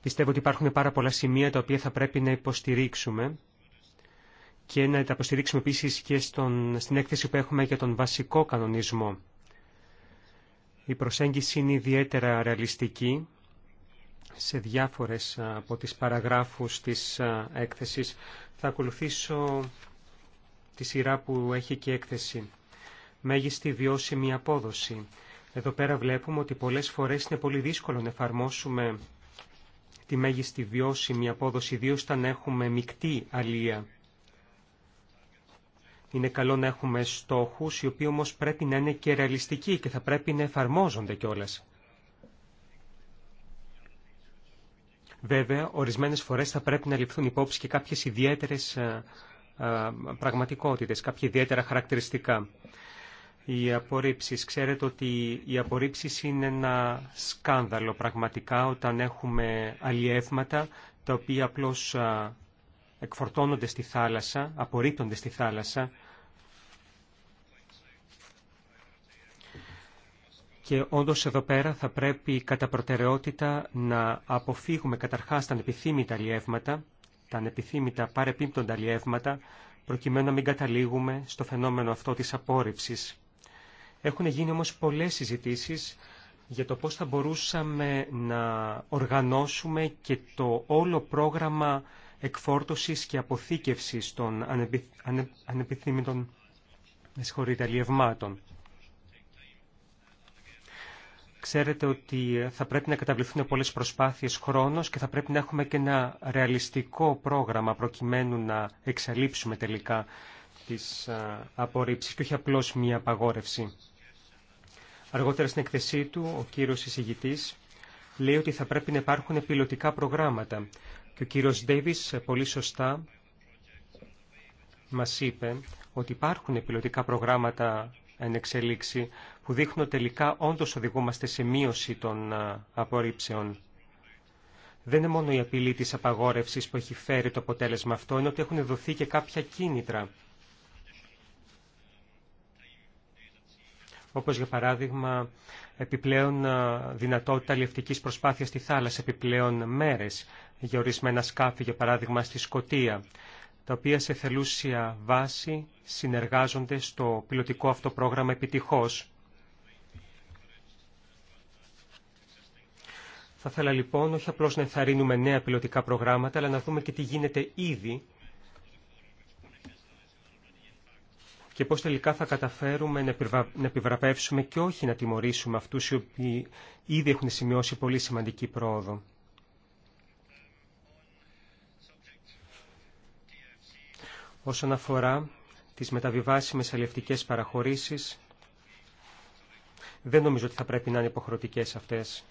Πιστεύω ότι υπάρχουν πάρα πολλά σημεία τα οποία θα πρέπει να υποστηρίξουμε και να τα υποστηρίξουμε επίση και στον, στην έκθεση που έχουμε για τον βασικό κανονισμό. Η προσέγγιση είναι ιδιαίτερα ρεαλιστική σε διάφορες από τις παραγράφους της έκθεσης. Θα ακολουθήσω τη σειρά που έχει και έκθεση. Μέγιστη βιώσιμη απόδοση. Εδώ πέρα βλέπουμε ότι πολλές φορές είναι πολύ δύσκολο να εφαρμόσουμε τη μέγιστη βιώσιμη απόδοση, ιδίως όταν έχουμε μεικτή αλία. Είναι καλό να έχουμε στόχους, οι οποίοι όμως πρέπει να είναι και ρεαλιστικοί και θα πρέπει να εφαρμόζονται κιόλας. Βέβαια, ορισμένες φορές θα πρέπει να ληφθούν υπόψη και κάποιες ιδιαίτερες ε, ε, πραγματικότητες, κάποια ιδιαίτερα χαρακτηριστικά οι απορρίψεις. Ξέρετε ότι οι απορρίψεις είναι ένα σκάνδαλο πραγματικά όταν έχουμε αλλιεύματα τα οποία απλώς εκφορτώνονται στη θάλασσα, απορρίπτονται στη θάλασσα Και όντως εδώ πέρα θα πρέπει κατά προτεραιότητα να αποφύγουμε καταρχάς τα ανεπιθύμητα αλλιεύματα, τα ανεπιθύμητα παρεπίπτοντα αλλιεύματα, προκειμένου να μην καταλήγουμε στο φαινόμενο αυτό της απόρριψης. Έχουν γίνει όμως πολλές συζητήσεις για το πώς θα μπορούσαμε να οργανώσουμε και το όλο πρόγραμμα εκφόρτωσης και αποθήκευσης των ανεπιθύμητων αλλιευμάτων. Ξέρετε ότι θα πρέπει να καταβληθούν πολλές προσπάθειες χρόνος και θα πρέπει να έχουμε και ένα ρεαλιστικό πρόγραμμα προκειμένου να εξαλείψουμε τελικά τις απορρίψεις και όχι απλώς μία απαγόρευση. Αργότερα στην εκθεσή του, ο κύριος εισηγητής λέει ότι θα πρέπει να υπάρχουν πιλωτικά προγράμματα. Και ο κύριος Ντέιβις πολύ σωστά μας είπε ότι υπάρχουν πιλωτικά προγράμματα εν εξελίξη που δείχνουν τελικά όντως οδηγούμαστε σε μείωση των απορρίψεων. Δεν είναι μόνο η απειλή της απαγόρευσης που έχει φέρει το αποτέλεσμα αυτό, είναι ότι έχουν δοθεί και κάποια κίνητρα. όπως για παράδειγμα επιπλέον δυνατότητα λιευτικής προσπάθειας στη θάλασσα, επιπλέον μέρες για ορισμένα σκάφη, για παράδειγμα στη Σκοτία, τα οποία σε θελούσια βάση συνεργάζονται στο πιλωτικό αυτό πρόγραμμα επιτυχώς. Θα ήθελα λοιπόν όχι απλώς να ενθαρρύνουμε νέα πιλωτικά προγράμματα, αλλά να δούμε και τι γίνεται ήδη και πώς τελικά θα καταφέρουμε να επιβραπεύσουμε και όχι να τιμωρήσουμε αυτούς οι οποίοι ήδη έχουν σημειώσει πολύ σημαντική πρόοδο. Όσον αφορά τις μεταβιβάσιμες αλληλευτικές παραχωρήσεις, δεν νομίζω ότι θα πρέπει να είναι υποχρεωτικές αυτές.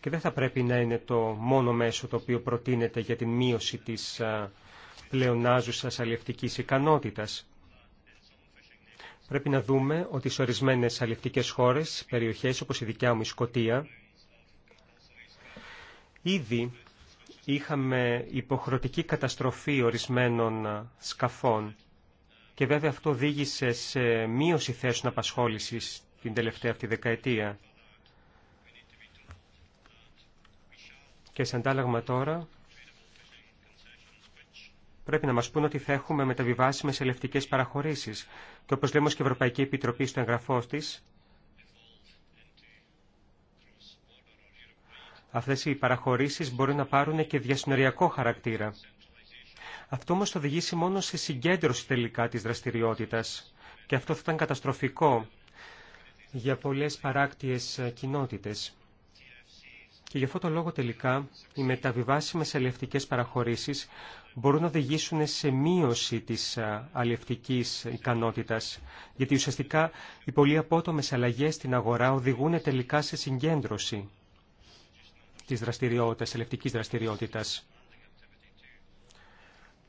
Και δεν θα πρέπει να είναι το μόνο μέσο το οποίο προτείνεται για την μείωση της πλεονάζουσας αλλιευτικής ικανότητας. Πρέπει να δούμε ότι σε ορισμένες αλλιευτικές χώρες, περιοχές όπως η δικιά μου η Σκωτία, ήδη είχαμε υποχρεωτική καταστροφή ορισμένων σκαφών και βέβαια αυτό οδήγησε σε μείωση θέσεων απασχόλησης την τελευταία αυτή δεκαετία. Και σε αντάλλαγμα τώρα πρέπει να μας πούν ότι θα έχουμε μεταβιβάσιμε ελευτικέ παραχωρήσεις. Και όπως λέμε και η Ευρωπαϊκή Επιτροπή στο εγγραφό τη, αυτέ οι παραχωρήσεις μπορούν να πάρουν και διασυνοριακό χαρακτήρα. Αυτό όμως θα οδηγήσει μόνο σε συγκέντρωση τελικά της δραστηριότητας και αυτό θα ήταν καταστροφικό για πολλές παράκτιες κοινότητες. Και γι' αυτό το λόγο τελικά οι μεταβιβάσιμες αλληλευτικές παραχωρήσεις μπορούν να οδηγήσουν σε μείωση της αλληλευτικής ικανότητας. Γιατί ουσιαστικά οι πολύ απότομες αλλαγές στην αγορά οδηγούν τελικά σε συγκέντρωση της δραστηριότητας, αλληλευτικής δραστηριότητας.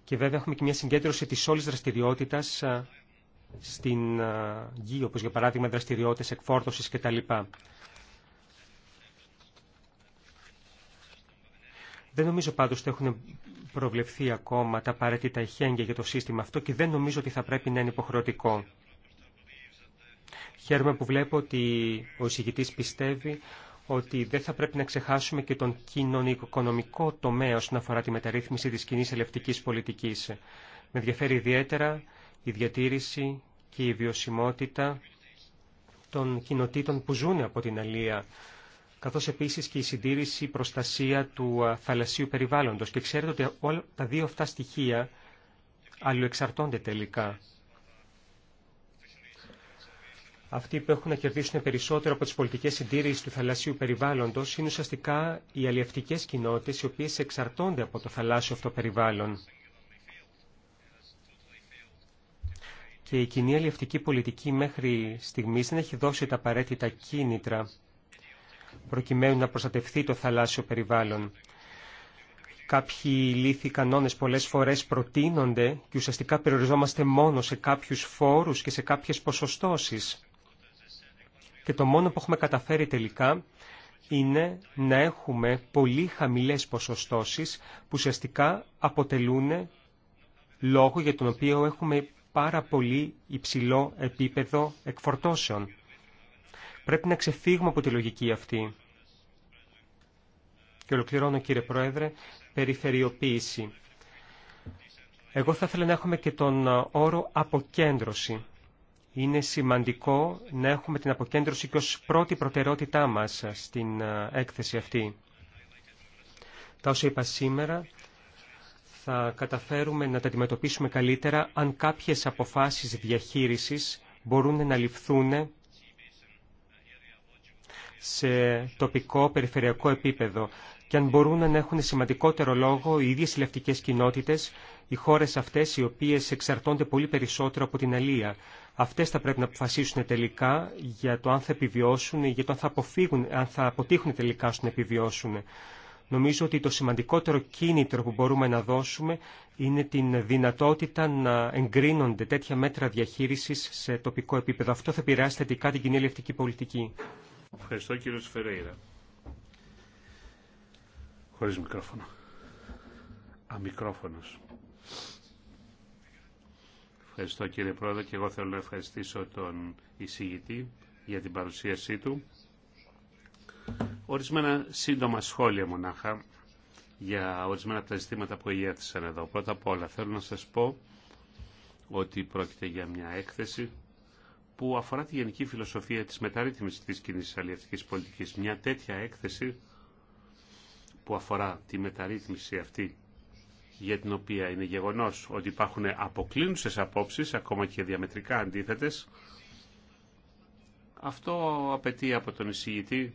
Και βέβαια έχουμε και μια συγκέντρωση της όλης δραστηριότητας στην γη, όπως για παράδειγμα δραστηριότητες εκφόρτωσης κτλ. Δεν νομίζω πάντως ότι έχουν προβλεφθεί ακόμα τα απαραίτητα ειχέγγια για το σύστημα αυτό και δεν νομίζω ότι θα πρέπει να είναι υποχρεωτικό. Χαίρομαι που βλέπω ότι ο εισηγητή πιστεύει ότι δεν θα πρέπει να ξεχάσουμε και τον κοινωνικο-οικονομικό τομέα όσον αφορά τη μεταρρύθμιση της κοινή ελευτική πολιτικής. Με ενδιαφέρει ιδιαίτερα η διατήρηση και η βιωσιμότητα των κοινοτήτων που ζουν από την αλία καθώς επίσης και η συντήρηση προστασία του θαλασσίου περιβάλλοντος. Και ξέρετε ότι όλα τα δύο αυτά στοιχεία αλληλοεξαρτώνται τελικά. Αυτοί που έχουν να κερδίσουν περισσότερο από τις πολιτικές συντήρησης του θαλασσίου περιβάλλοντος είναι ουσιαστικά οι αλλιευτικές κοινότητες οι οποίες εξαρτώνται από το θαλάσσιο αυτό περιβάλλον. Και η κοινή αλλιευτική πολιτική μέχρι στιγμής δεν έχει δώσει τα απαραίτητα κίνητρα προκειμένου να προστατευτεί το θαλάσσιο περιβάλλον. Κάποιοι λύθοι κανόνες πολλές φορές προτείνονται και ουσιαστικά περιοριζόμαστε μόνο σε κάποιους φόρους και σε κάποιες ποσοστώσεις. Και το μόνο που έχουμε καταφέρει τελικά είναι να έχουμε πολύ χαμηλές ποσοστώσεις που ουσιαστικά αποτελούν λόγο για τον οποίο έχουμε πάρα πολύ υψηλό επίπεδο εκφορτώσεων. Πρέπει να ξεφύγουμε από τη λογική αυτή. Και ολοκληρώνω κύριε Πρόεδρε, περιφερειοποίηση. Εγώ θα ήθελα να έχουμε και τον όρο αποκέντρωση. Είναι σημαντικό να έχουμε την αποκέντρωση και ως πρώτη προτεραιότητά μας στην έκθεση αυτή. Τα όσα είπα σήμερα θα καταφέρουμε να τα αντιμετωπίσουμε καλύτερα αν κάποιες αποφάσεις διαχείρισης μπορούν να ληφθούν σε τοπικό, περιφερειακό επίπεδο και αν μπορούν να έχουν σημαντικότερο λόγο οι ίδιες ηλεκτρικές κοινότητες, οι χώρες αυτές οι οποίες εξαρτώνται πολύ περισσότερο από την αλία. Αυτές θα πρέπει να αποφασίσουν τελικά για το αν θα επιβιώσουν ή για το αν θα, αποφύγουν, αν θα αποτύχουν τελικά στο να επιβιώσουν. Νομίζω ότι το σημαντικότερο κίνητρο που μπορούμε να δώσουμε είναι την δυνατότητα να εγκρίνονται τέτοια μέτρα διαχείρισης σε τοπικό επίπεδο. Αυτό θα επηρεάσει θετικά την κοινή ελευτική πολιτική. Ευχαριστώ κύριο Φερέιρα. Χωρίς μικρόφωνο. Αμικρόφωνος. Ευχαριστώ κύριε Πρόεδρε και εγώ θέλω να ευχαριστήσω τον εισηγητή για την παρουσίασή του. Ορισμένα σύντομα σχόλια μονάχα για ορισμένα από τα ζητήματα που ηγέθησαν εδώ. Πρώτα απ' όλα θέλω να σας πω ότι πρόκειται για μια έκθεση που αφορά τη γενική φιλοσοφία της μεταρρύθμισης της κοινή αλληλευτικής πολιτικής. Μια τέτοια έκθεση που αφορά τη μεταρρύθμιση αυτή για την οποία είναι γεγονός ότι υπάρχουν αποκλίνουσες απόψεις, ακόμα και διαμετρικά αντίθετες, αυτό απαιτεί από τον εισηγητή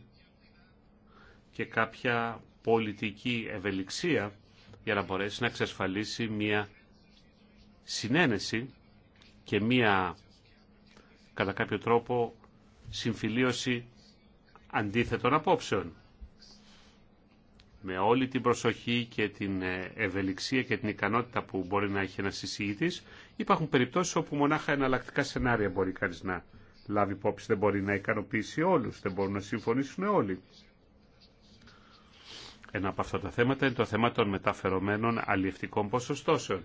και κάποια πολιτική ευελιξία για να μπορέσει να εξασφαλίσει μια συνένεση και μια κατά κάποιο τρόπο συμφιλίωση αντίθετων απόψεων. Με όλη την προσοχή και την ε, ευελιξία και την ικανότητα που μπορεί να έχει ένας εισηγητής, υπάρχουν περιπτώσεις όπου μονάχα εναλλακτικά σενάρια μπορεί κανείς να λάβει υπόψη. Δεν μπορεί να ικανοποιήσει όλους, δεν μπορούν να συμφωνήσουν όλοι. Ένα από αυτά τα θέματα είναι το θέμα των μεταφερομένων αλληλευτικών ποσοστώσεων.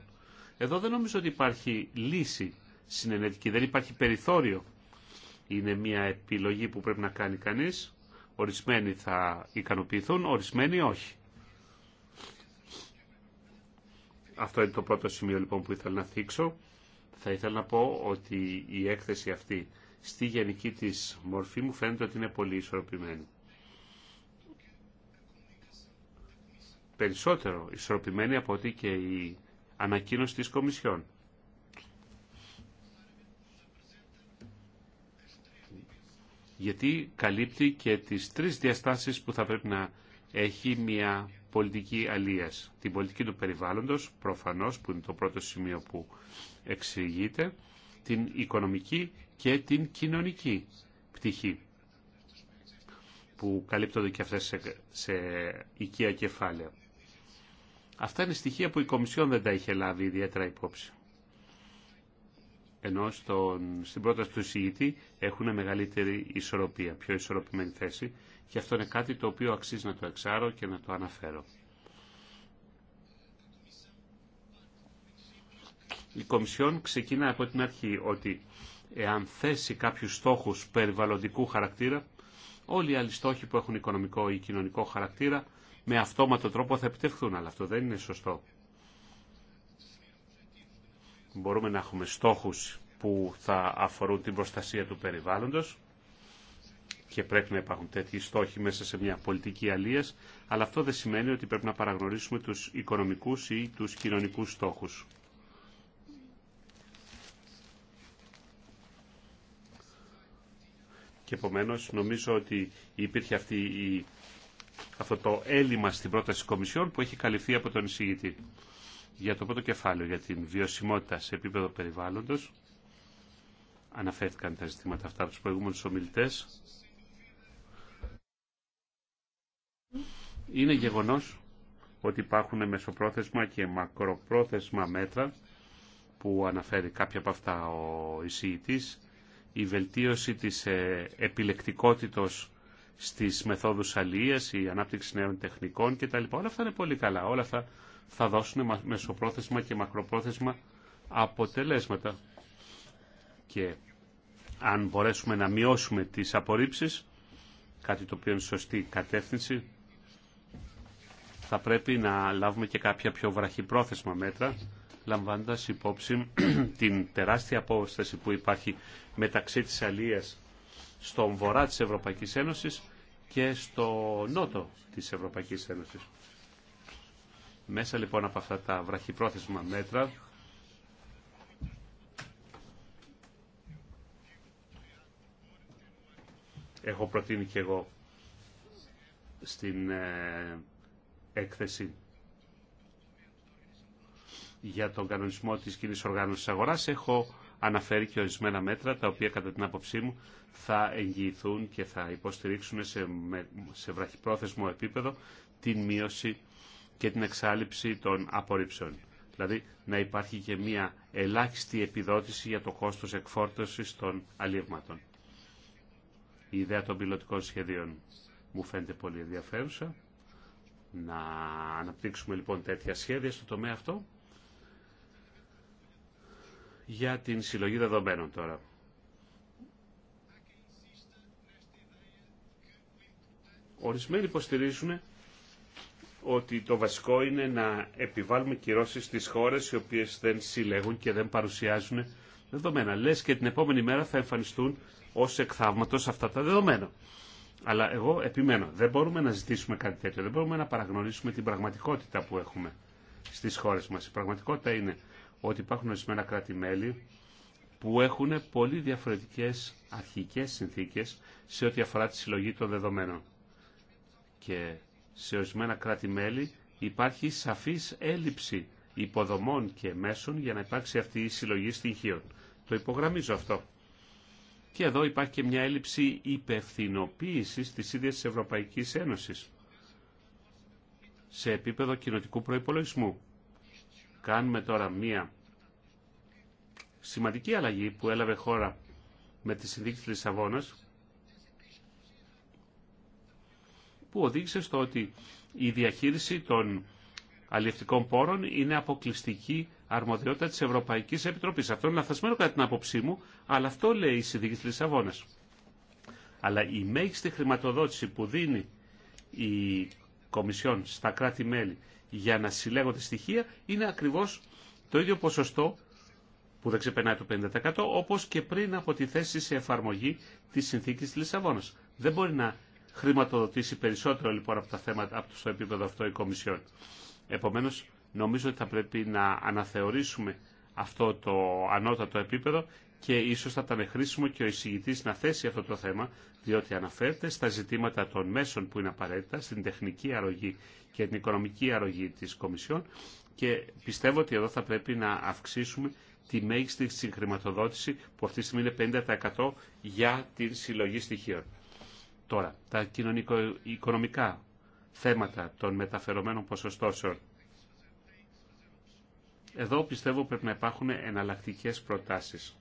Εδώ δεν νομίζω ότι υπάρχει λύση συνενετική. Δεν υπάρχει περιθώριο. Είναι μια επιλογή που πρέπει να κάνει κανείς. Ορισμένοι θα ικανοποιηθούν, ορισμένοι όχι. Αυτό είναι το πρώτο σημείο λοιπόν που ήθελα να θίξω. Θα ήθελα να πω ότι η έκθεση αυτή στη γενική της μορφή μου φαίνεται ότι είναι πολύ ισορροπημένη. Περισσότερο ισορροπημένη από ότι και η ανακοίνωση της Κομισιόν. γιατί καλύπτει και τις τρεις διαστάσεις που θα πρέπει να έχει μια πολιτική αλίας. Την πολιτική του περιβάλλοντος, προφανώς, που είναι το πρώτο σημείο που εξηγείται, την οικονομική και την κοινωνική πτυχή που καλύπτονται και αυτές σε, σε οικία κεφάλαια. Αυτά είναι στοιχεία που η Κομισιόν δεν τα είχε λάβει ιδιαίτερα υπόψη ενώ στον, στην πρόταση του εισηγητή έχουν μεγαλύτερη ισορροπία, πιο ισορροπημένη θέση και αυτό είναι κάτι το οποίο αξίζει να το εξάρω και να το αναφέρω. Η Κομισιόν ξεκινά από την αρχή ότι εάν θέσει κάποιους στόχους περιβαλλοντικού χαρακτήρα, όλοι οι άλλοι στόχοι που έχουν οικονομικό ή κοινωνικό χαρακτήρα με αυτόματο τρόπο θα επιτευχθούν, αλλά αυτό δεν είναι σωστό μπορούμε να έχουμε στόχους που θα αφορούν την προστασία του περιβάλλοντος και πρέπει να υπάρχουν τέτοιοι στόχοι μέσα σε μια πολιτική αλίας, αλλά αυτό δεν σημαίνει ότι πρέπει να παραγνωρίσουμε τους οικονομικούς ή τους κοινωνικούς στόχους. Και επομένω νομίζω ότι υπήρχε αυτή η, αυτό το έλλειμμα στην πρόταση της που έχει καλυφθεί από τον εισηγητή. Για το πρώτο κεφάλαιο, για την βιωσιμότητα σε επίπεδο περιβάλλοντος, αναφέρθηκαν τα ζητήματα αυτά από τους προηγούμενους ομιλητές. Είναι γεγονός ότι υπάρχουν μεσοπρόθεσμα και μακροπρόθεσμα μέτρα που αναφέρει κάποια από αυτά ο εισηγητής, η βελτίωση της ε, επιλεκτικότητος στις μεθόδους αλίας, η ανάπτυξη νέων τεχνικών κτλ. Όλα αυτά είναι πολύ καλά. Όλα αυτά θα δώσουν μεσοπρόθεσμα και μακροπρόθεσμα αποτελέσματα. Και αν μπορέσουμε να μειώσουμε τις απορρίψεις, κάτι το οποίο είναι σωστή κατεύθυνση, θα πρέπει να λάβουμε και κάποια πιο βραχυπρόθεσμα μέτρα, λαμβάνοντας υπόψη την τεράστια απόσταση που υπάρχει μεταξύ της αλίας στον βορρά της Ευρωπαϊκής Ένωσης και στο νότο της Ευρωπαϊκής Ένωσης. Μέσα λοιπόν από αυτά τα βραχυπρόθεσμα μέτρα έχω προτείνει και εγώ στην ε, έκθεση για τον κανονισμό της κοινή οργάνωσης αγοράς έχω αναφέρει και ορισμένα μέτρα τα οποία κατά την άποψή μου θα εγγυηθούν και θα υποστηρίξουν σε, σε βραχυπρόθεσμο επίπεδο την μείωση και την εξάλληψη των απορρίψεων. Δηλαδή να υπάρχει και μια ελάχιστη επιδότηση για το κόστος εκφόρτωσης των αλλιευμάτων. Η ιδέα των πιλωτικών σχεδίων μου φαίνεται πολύ ενδιαφέρουσα. Να αναπτύξουμε λοιπόν τέτοια σχέδια στο τομέα αυτό. Για την συλλογή δεδομένων τώρα. Ορισμένοι υποστηρίζουν ότι το βασικό είναι να επιβάλλουμε κυρώσεις στις χώρες οι οποίες δεν συλλέγουν και δεν παρουσιάζουν δεδομένα. Λες και την επόμενη μέρα θα εμφανιστούν ως εκθαύματος αυτά τα δεδομένα. Αλλά εγώ επιμένω, δεν μπορούμε να ζητήσουμε κάτι τέτοιο, δεν μπορούμε να παραγνωρίσουμε την πραγματικότητα που έχουμε στις χώρες μας. Η πραγματικότητα είναι ότι υπάρχουν ορισμένα κράτη-μέλη που έχουν πολύ διαφορετικές αρχικές συνθήκες σε ό,τι αφορά τη συλλογή των δεδομένων. Και σε ορισμένα κράτη-μέλη υπάρχει σαφής έλλειψη υποδομών και μέσων για να υπάρξει αυτή η συλλογή στοιχείων. Το υπογραμμίζω αυτό. Και εδώ υπάρχει και μια έλλειψη υπευθυνοποίηση τη ίδια τη Ευρωπαϊκή Ένωση σε επίπεδο κοινοτικού προπολογισμού. Κάνουμε τώρα μια σημαντική αλλαγή που έλαβε χώρα με τη συνδίκη τη Λισαβόνα που οδήγησε στο ότι η διαχείριση των αλληλευτικών πόρων είναι αποκλειστική αρμοδιότητα της Ευρωπαϊκής Επιτροπής. Αυτό είναι λαθασμένο κατά την άποψή μου, αλλά αυτό λέει η Συνθήκη της Λισαβόνας. Αλλά η μέγιστη χρηματοδότηση που δίνει η Κομισιόν στα κράτη-μέλη για να συλλέγονται στοιχεία είναι ακριβώς το ίδιο ποσοστό που δεν ξεπερνάει το 50% όπως και πριν από τη θέση σε εφαρμογή της συνθήκης της Λισαβόνας. Δεν μπορεί να χρηματοδοτήσει περισσότερο λοιπόν από τα θέματα από το επίπεδο αυτό η Κομισιόν. Επομένως, νομίζω ότι θα πρέπει να αναθεωρήσουμε αυτό το ανώτατο επίπεδο και ίσως θα ήταν χρήσιμο και ο εισηγητής να θέσει αυτό το θέμα, διότι αναφέρεται στα ζητήματα των μέσων που είναι απαραίτητα, στην τεχνική αρρωγή και την οικονομική αρρωγή της Κομισιόν και πιστεύω ότι εδώ θα πρέπει να αυξήσουμε τη μέγιστη συγχρηματοδότηση που αυτή τη στιγμή είναι 50% για την συλλογή στοιχείων. Τώρα, τα κοινωνικο-οικονομικά θέματα των μεταφερομένων ποσοστώσεων. Εδώ πιστεύω πρέπει να υπάρχουν εναλλακτικέ προτάσεις.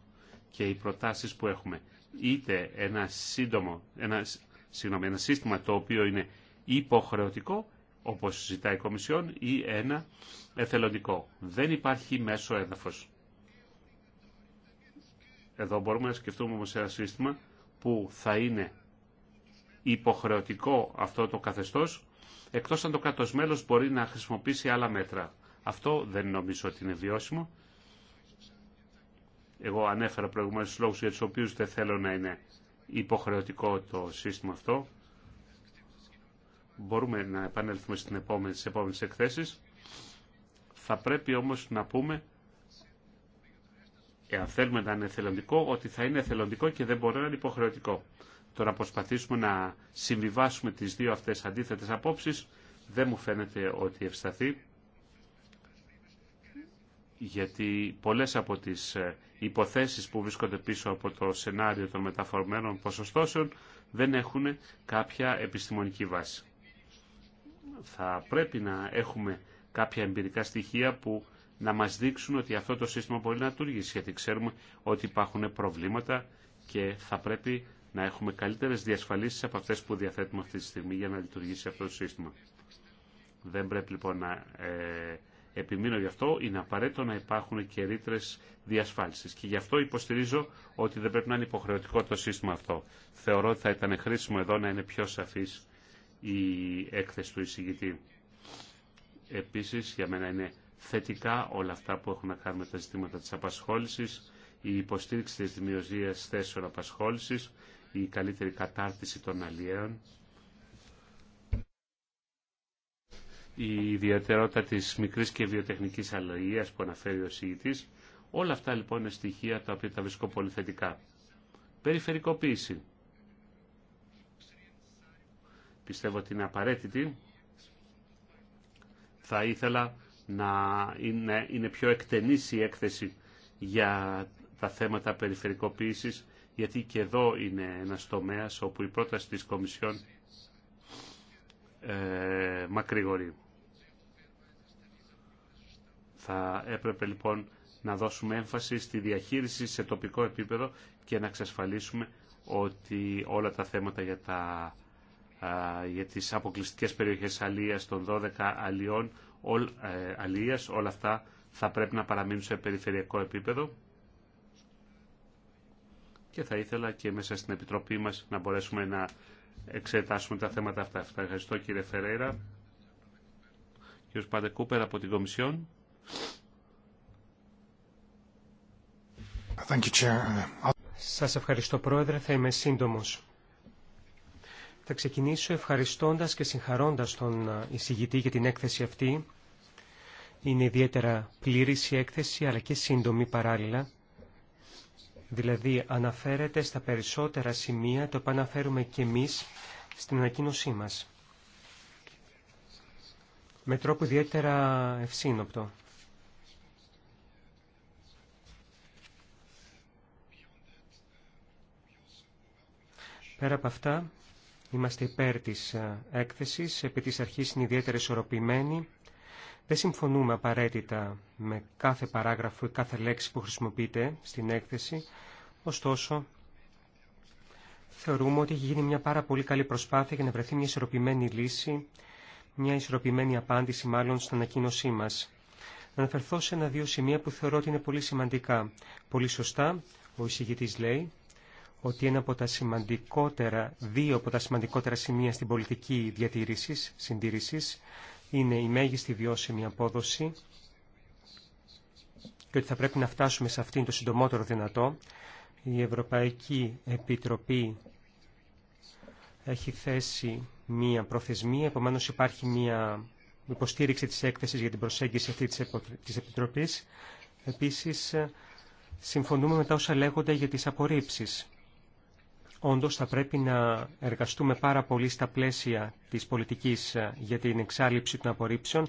Και οι προτάσεις που έχουμε, είτε ένα, σύντομο, ένα, συγγνώμη, σύστημα το οποίο είναι υποχρεωτικό, όπως ζητάει η Κομισιόν, ή ένα εθελοντικό. Δεν υπάρχει μέσο έδαφος. Εδώ μπορούμε να σκεφτούμε όμως ένα σύστημα που θα είναι υποχρεωτικό αυτό το καθεστώς, εκτός αν το κράτος μέλος μπορεί να χρησιμοποιήσει άλλα μέτρα. Αυτό δεν νομίζω ότι είναι βιώσιμο. Εγώ ανέφερα προηγουμένως λόγους για τους οποίους δεν θέλω να είναι υποχρεωτικό το σύστημα αυτό. Μπορούμε να επανέλθουμε στην επόμενη, στις επόμενες εκθέσεις. Θα πρέπει όμως να πούμε, εάν θέλουμε να είναι εθελοντικό, ότι θα είναι εθελοντικό και δεν μπορεί να είναι υποχρεωτικό το να προσπαθήσουμε να συμβιβάσουμε τις δύο αυτές αντίθετες απόψεις δεν μου φαίνεται ότι ευσταθεί γιατί πολλές από τις ε, υποθέσεις που βρίσκονται πίσω από το σενάριο των μεταφορμένων ποσοστώσεων δεν έχουν κάποια επιστημονική βάση. Θα πρέπει να έχουμε κάποια εμπειρικά στοιχεία που να μας δείξουν ότι αυτό το σύστημα μπορεί να λειτουργήσει, γιατί ξέρουμε ότι υπάρχουν προβλήματα και θα πρέπει να έχουμε καλύτερες διασφαλίσεις από αυτές που διαθέτουμε αυτή τη στιγμή για να λειτουργήσει αυτό το σύστημα. Δεν πρέπει λοιπόν να ε, επιμείνω γι' αυτό, είναι απαραίτητο να υπάρχουν και ρήτρες διασφάλισης. Και γι' αυτό υποστηρίζω ότι δεν πρέπει να είναι υποχρεωτικό το σύστημα αυτό. Θεωρώ ότι θα ήταν χρήσιμο εδώ να είναι πιο σαφής η έκθεση του εισηγητή. Επίσης, για μένα είναι θετικά όλα αυτά που έχουν να κάνουν με τα ζητήματα της απασχόλησης, η υποστήριξη της δημιουργίας θέσεων απασχόλησης, η καλύτερη κατάρτιση των αλλιέων, η ιδιαιτερότητα της μικρής και βιοτεχνικής αλλαγίας που αναφέρει ο Όλα αυτά λοιπόν είναι στοιχεία τα οποία τα βρίσκω πολύ Περιφερικοποίηση. Πιστεύω ότι είναι απαραίτητη. Θα ήθελα να είναι, είναι πιο εκτενής η έκθεση για τα θέματα περιφερικοποίησης γιατί και εδώ είναι ένας τομέας όπου η πρόταση της Κομισιόν ε, μακρηγορεί. Θα έπρεπε λοιπόν να δώσουμε έμφαση στη διαχείριση σε τοπικό επίπεδο και να εξασφαλίσουμε ότι όλα τα θέματα για, τα, για τις αποκλειστικές περιοχές αλίας των 12 αλιών, όλ, ε, όλα αυτά θα πρέπει να παραμείνουν σε περιφερειακό επίπεδο και θα ήθελα και μέσα στην Επιτροπή μας να μπορέσουμε να εξετάσουμε τα θέματα αυτά. Ευχαριστώ κύριε Φεραίρα. Κύριος Παντεκούπερ από την Κομισιόν. Thank you, Chair. Σας ευχαριστώ Πρόεδρε, θα είμαι σύντομος. Θα ξεκινήσω ευχαριστώντας και συγχαρώντας τον ε, εισηγητή για την έκθεση αυτή. Είναι ιδιαίτερα πλήρης η έκθεση αλλά και σύντομη παράλληλα. Δηλαδή αναφέρεται στα περισσότερα σημεία το οποία αναφέρουμε και εμείς στην ανακοίνωσή μας. Με τρόπο ιδιαίτερα ευσύνοπτο. Πέρα από αυτά, είμαστε υπέρ της ε, έκθεσης, επί της αρχής είναι ιδιαίτερα ισορροπημένη, δεν συμφωνούμε απαραίτητα με κάθε παράγραφο ή κάθε λέξη που χρησιμοποιείται στην έκθεση, ωστόσο θεωρούμε ότι έχει γίνει μια πάρα πολύ καλή προσπάθεια για να βρεθεί μια ισορροπημένη λύση, μια ισορροπημένη απάντηση μάλλον στην ανακοίνωσή μας. Να αναφερθώ σε ένα-δύο σημεία που θεωρώ ότι είναι πολύ σημαντικά. Πολύ σωστά, ο εισηγητής λέει ότι ένα από τα σημαντικότερα, δύο από τα σημαντικότερα σημεία στην πολιτική διατήρησης, συντήρησης, είναι η μέγιστη βιώσιμη απόδοση και ότι θα πρέπει να φτάσουμε σε αυτήν το συντομότερο δυνατό. Η Ευρωπαϊκή Επιτροπή έχει θέσει μία προθεσμία, επομένως υπάρχει μία υποστήριξη της έκθεσης για την προσέγγιση αυτή της Επιτροπής. Επίσης, συμφωνούμε με τα όσα λέγονται για τις απορρίψεις. Όντως θα πρέπει να εργαστούμε πάρα πολύ στα πλαίσια της πολιτικής ε, για την εξάλληψη των απορρίψεων.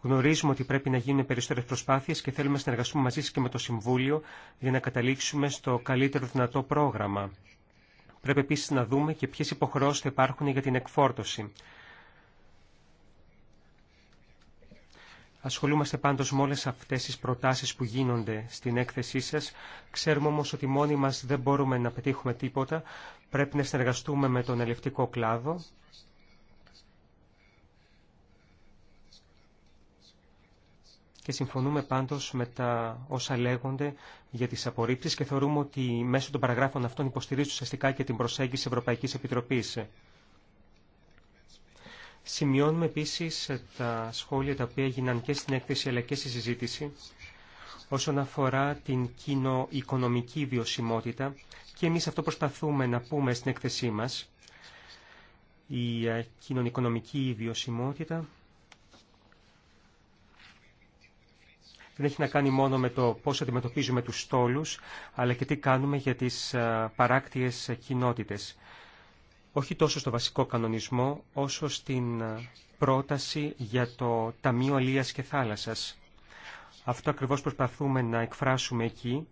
Γνωρίζουμε ότι πρέπει να γίνουν περισσότερες προσπάθειες και θέλουμε να συνεργαστούμε μαζί και με το Συμβούλιο για να καταλήξουμε στο καλύτερο δυνατό πρόγραμμα. Πρέπει επίσης να δούμε και ποιες υποχρεώσεις θα υπάρχουν για την εκφόρτωση. Ασχολούμαστε πάντως με όλες αυτές τις προτάσεις που γίνονται στην έκθεσή σας. Ξέρουμε όμως ότι μόνοι μας δεν μπορούμε να πετύχουμε τίποτα. Πρέπει να συνεργαστούμε με τον ελευτικό κλάδο. Και συμφωνούμε πάντως με τα όσα λέγονται για τις απορρίψεις και θεωρούμε ότι μέσω των παραγράφων αυτών υποστηρίζει ουσιαστικά και την προσέγγιση Ευρωπαϊκής Επιτροπής. Σημειώνουμε επίσης τα σχόλια τα οποία έγιναν και στην έκθεση αλλά και στη συζήτηση όσον αφορά την κοινοοικονομική βιωσιμότητα και εμείς αυτό προσπαθούμε να πούμε στην έκθεσή μας. Η ε, κοινωνικονομική βιωσιμότητα δεν έχει να κάνει μόνο με το πώς αντιμετωπίζουμε τους στόλους, αλλά και τι κάνουμε για τις ε, παράκτιες κοινότητες όχι τόσο στο βασικό κανονισμό, όσο στην ε, πρόταση για το Ταμείο Αλίας και Θάλασσας. Αυτό ακριβώς προσπαθούμε να εκφράσουμε εκεί,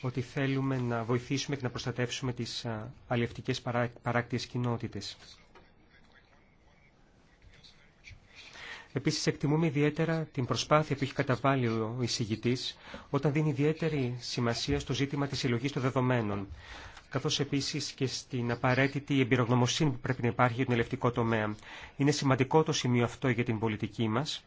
ότι θέλουμε να βοηθήσουμε και να προστατεύσουμε τις ε, αλλιευτικές παράκτιες κοινότητες. Επίσης εκτιμούμε ιδιαίτερα την προσπάθεια που έχει καταβάλει ο εισηγητής όταν δίνει ιδιαίτερη σημασία στο ζήτημα της συλλογής των δεδομένων καθώς επίσης και στην απαραίτητη εμπειρογνωμοσύνη που πρέπει να υπάρχει για τον ελευτικό τομέα. Είναι σημαντικό το σημείο αυτό για την πολιτική μας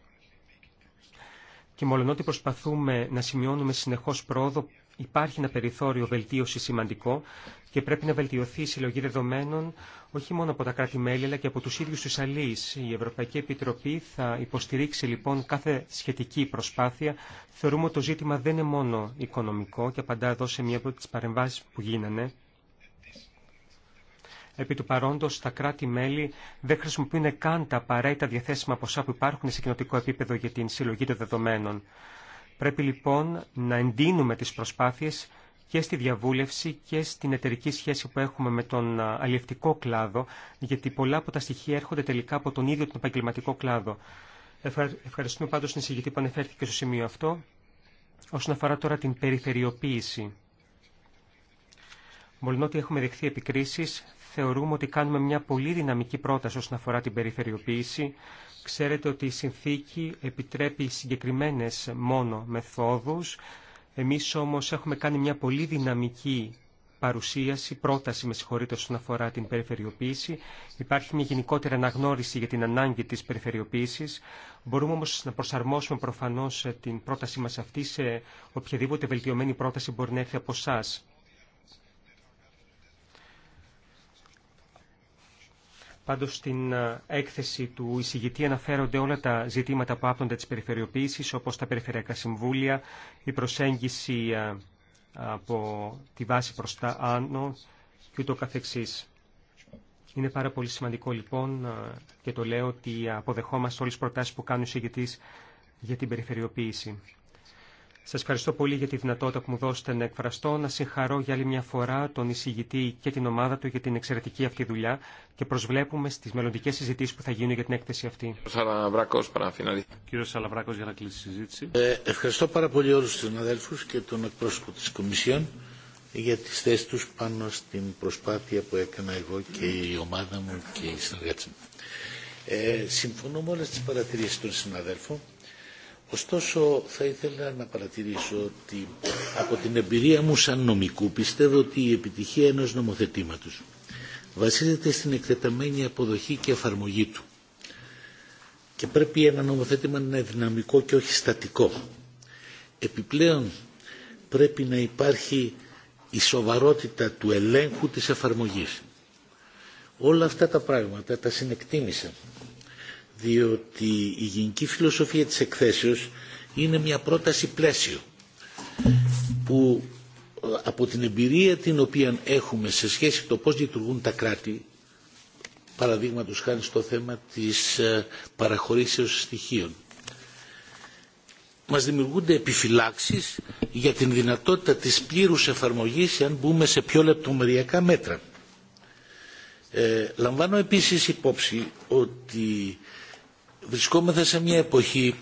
και ό,τι προσπαθούμε να σημειώνουμε συνεχώς πρόοδο, υπάρχει ένα περιθώριο βελτίωση σημαντικό και πρέπει να βελτιωθεί η συλλογή δεδομένων όχι μόνο από τα κράτη-μέλη αλλά και από τους ίδιους τους αλείς. Η Ευρωπαϊκή Επιτροπή θα υποστηρίξει λοιπόν κάθε σχετική προσπάθεια. Θεωρούμε ότι το ζήτημα δεν είναι μόνο οικονομικό και απαντά εδώ σε μία από τις παρεμβάσεις που γίνανε. Επί του παρόντο, τα κράτη-μέλη δεν χρησιμοποιούν καν τα απαραίτητα διαθέσιμα ποσά που υπάρχουν σε κοινοτικό επίπεδο για την συλλογή των δεδομένων. Πρέπει λοιπόν να εντείνουμε τι προσπάθειε και στη διαβούλευση και στην εταιρική σχέση που έχουμε με τον αλληλευτικό κλάδο, γιατί πολλά από τα στοιχεία έρχονται τελικά από τον ίδιο τον επαγγελματικό κλάδο. Ευχαριστούμε πάντως την εισηγητή που ανεφέρθηκε στο σημείο αυτό. Όσον αφορά τώρα την περιφερειοποίηση. Μόλις έχουμε δεχθεί επικρίσεις, θεωρούμε ότι κάνουμε μια πολύ δυναμική πρόταση όσον αφορά την περιφερειοποίηση. Ξέρετε ότι η συνθήκη επιτρέπει συγκεκριμένες μόνο μεθόδους. Εμείς όμως έχουμε κάνει μια πολύ δυναμική παρουσίαση, πρόταση με συγχωρείτε όσον αφορά την περιφερειοποίηση. Υπάρχει μια γενικότερη αναγνώριση για την ανάγκη της περιφερειοποίησης. Μπορούμε όμως να προσαρμόσουμε προφανώς την πρότασή μας αυτή σε οποιαδήποτε βελτιωμένη πρόταση μπορεί να έρθει από εσά. Πάντως στην ε, έκθεση του εισηγητή αναφέρονται όλα τα ζητήματα που άπτονται της περιφερειοποίησης, όπως τα περιφερειακά συμβούλια, η προσέγγιση ε, από τη βάση προς τα άνω και ούτω καθεξής. Είναι πάρα πολύ σημαντικό λοιπόν ε, και το λέω ότι αποδεχόμαστε όλες τις προτάσεις που κάνει ο εισηγητή για την περιφερειοποίηση. Σα ευχαριστώ πολύ για τη δυνατότητα που μου δώσετε να εκφραστώ, να συγχαρώ για άλλη μια φορά τον εισηγητή και την ομάδα του για την εξαιρετική αυτή δουλειά και προσβλέπουμε στι μελλοντικέ συζητήσει που θα γίνουν για την έκθεση αυτή. Κύριο Σαλαβράκο, για να κλείσει τη συζήτηση. Ε, ευχαριστώ πάρα πολύ όλου του συναδέλφου και τον εκπρόσωπο τη Κομισιόν για τι θέσει του πάνω στην προσπάθεια που έκανα εγώ και η ομάδα μου και οι συνεργάτες μου. Ε, συμφωνώ με όλε τις παρατηρήσεις των συναδέλφων. Ωστόσο θα ήθελα να παρατηρήσω ότι από την εμπειρία μου σαν νομικού πιστεύω ότι η επιτυχία ενός νομοθετήματος βασίζεται στην εκτεταμένη αποδοχή και εφαρμογή του. Και πρέπει ένα νομοθέτημα να είναι δυναμικό και όχι στατικό. Επιπλέον πρέπει να υπάρχει η σοβαρότητα του ελέγχου της εφαρμογής. Όλα αυτά τα πράγματα τα συνεκτίμησα διότι η γενική φιλοσοφία της εκθέσεως είναι μια πρόταση πλαίσιο που από την εμπειρία την οποία έχουμε σε σχέση με το πώς λειτουργούν τα κράτη παραδείγματο χάρη στο θέμα της ε, παραχωρήσεως στοιχείων μας δημιουργούνται επιφυλάξεις για την δυνατότητα της πλήρους εφαρμογής αν μπούμε σε πιο λεπτομεριακά μέτρα. Ε, λαμβάνω επίσης υπόψη ότι Βρισκόμαστε σε μια εποχή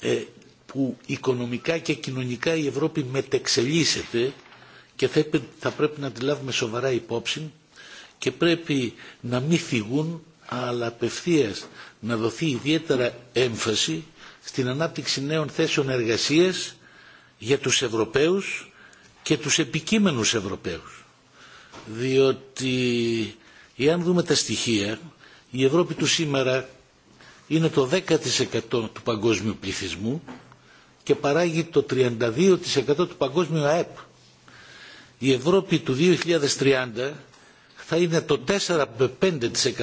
ε, που οικονομικά και κοινωνικά η Ευρώπη μετεξελίσσεται και θα πρέπει να τη λάβουμε σοβαρά υπόψη και πρέπει να μην φυγούν αλλά απευθεία να δοθεί ιδιαίτερα έμφαση στην ανάπτυξη νέων θέσεων εργασίας για τους Ευρωπαίους και τους επικείμενους Ευρωπαίους. Διότι, εάν δούμε τα στοιχεία, η Ευρώπη του σήμερα είναι το 10% του παγκόσμιου πληθυσμού και παράγει το 32% του παγκόσμιου ΑΕΠ. Η Ευρώπη του 2030 θα είναι το 4-5%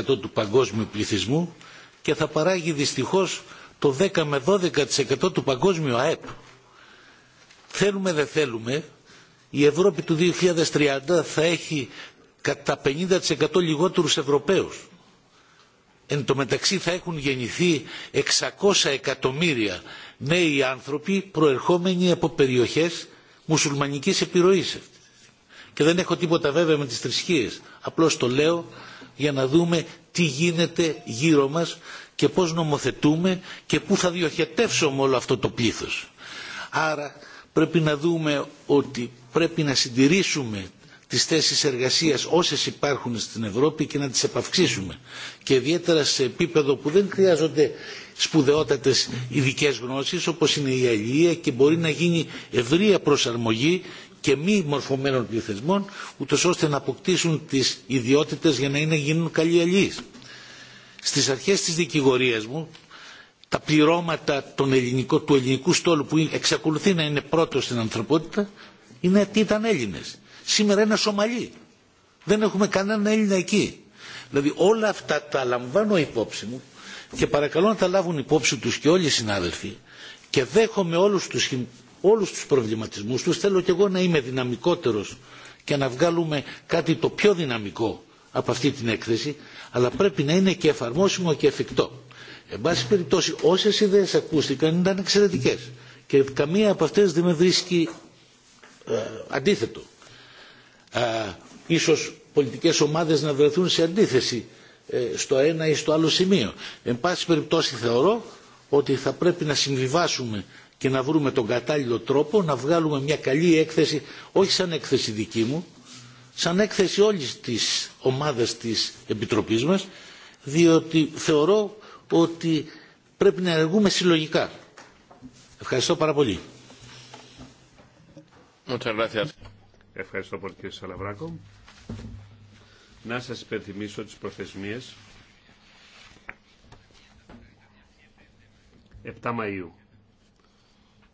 του παγκόσμιου πληθυσμού και θα παράγει δυστυχώς το 10 με 12% του παγκόσμιου ΑΕΠ. Θέλουμε δεν θέλουμε, η Ευρώπη του 2030 θα έχει κατά 50% λιγότερους Ευρωπαίους. Εν τω μεταξύ θα έχουν γεννηθεί 600 εκατομμύρια νέοι άνθρωποι προερχόμενοι από περιοχές μουσουλμανικής επιρροής. Και δεν έχω τίποτα βέβαια με τις θρησκείες. Απλώς το λέω για να δούμε τι γίνεται γύρω μας και πώς νομοθετούμε και πού θα διοχετεύσουμε όλο αυτό το πλήθος. Άρα πρέπει να δούμε ότι πρέπει να συντηρήσουμε τις θέσεις εργασίας όσες υπάρχουν στην Ευρώπη και να τις επαυξήσουμε. Και ιδιαίτερα σε επίπεδο που δεν χρειάζονται σπουδαιότατες ειδικέ γνώσεις όπως είναι η αλληλεία και μπορεί να γίνει ευρεία προσαρμογή και μη μορφωμένων πληθυσμών ούτως ώστε να αποκτήσουν τις ιδιότητες για να είναι, γίνουν καλοί αλληλείς. Στις αρχές της δικηγορίας μου τα πληρώματα των του ελληνικού στόλου που εξακολουθεί να είναι πρώτο στην ανθρωπότητα είναι ότι ήταν Έλληνες Σήμερα είναι Σομαλί. Δεν έχουμε κανένα Έλληνα εκεί. Δηλαδή όλα αυτά τα λαμβάνω υπόψη μου και παρακαλώ να τα λάβουν υπόψη τους και όλοι οι συνάδελφοι και δέχομαι όλους τους, όλους τους προβληματισμούς τους. Θέλω κι εγώ να είμαι δυναμικότερος και να βγάλουμε κάτι το πιο δυναμικό από αυτή την έκθεση, αλλά πρέπει να είναι και εφαρμόσιμο και εφικτό. Εν πάση περιπτώσει, όσες ιδέες ακούστηκαν ήταν εξαιρετικές και καμία από αυτές δεν με βρίσκει ε, αντίθετο ίσως πολιτικές ομάδες να βρεθούν σε αντίθεση ε, στο ένα ή στο άλλο σημείο. Εν πάση περιπτώσει θεωρώ ότι θα πρέπει να συμβιβάσουμε και να βρούμε τον κατάλληλο τρόπο να βγάλουμε μια καλή έκθεση, όχι σαν έκθεση δική μου, σαν έκθεση όλης της ομάδας της Επιτροπής μας, διότι θεωρώ ότι πρέπει να εργούμε συλλογικά. Ευχαριστώ πάρα πολύ. Ευχαριστώ πολύ κύριε Σαλαβράκο. Να σας υπενθυμίσω τις προθεσμίες. 7 Μαΐου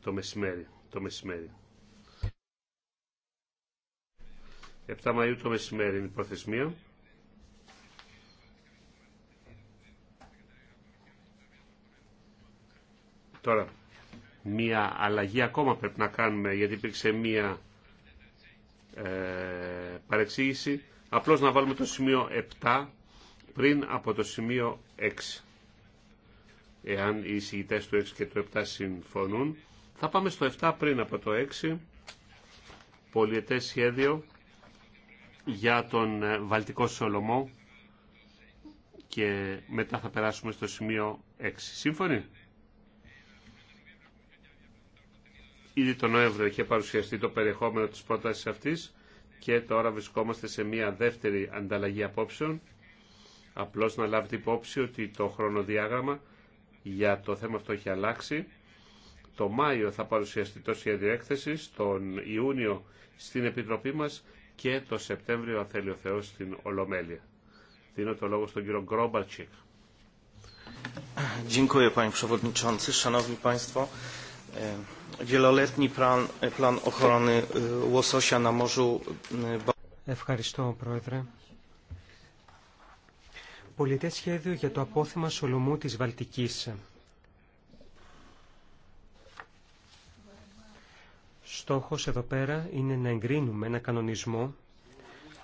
το μεσημέρι. Το μεσημέρι. 7 Μαΐου το μεσημέρι είναι η προθεσμία. Τώρα, μία αλλαγή ακόμα πρέπει να κάνουμε, γιατί υπήρξε μία ε, παρεξήγηση. Απλώς να βάλουμε το σημείο 7 πριν από το σημείο 6. Εάν οι εισηγητές του 6 και του 7 συμφωνούν, θα πάμε στο 7 πριν από το 6, πολιετές σχέδιο για τον ε, Βαλτικό Σολομό και μετά θα περάσουμε στο σημείο 6. Σύμφωνοι. Ήδη τον Νοέμβριο είχε παρουσιαστεί το περιεχόμενο της πρότασης αυτής και τώρα βρισκόμαστε σε μια δεύτερη ανταλλαγή απόψεων. Απλώς να λάβετε υπόψη ότι το χρονοδιάγραμμα για το θέμα αυτό έχει αλλάξει. Το Μάιο θα παρουσιαστεί το σχέδιο έκθεση, τον Ιούνιο στην Επιτροπή μας και το Σεπτέμβριο, αν θέλει ο Θεός, στην Ολομέλεια. Δίνω το λόγο στον κύριο Γκρόμπαρτσικ. Ευχαριστώ, Πρόεδρε. Πολιτές σχέδιο για το απόθεμα Σολομού της Βαλτικής. Στόχος εδώ πέρα είναι να εγκρίνουμε ένα κανονισμό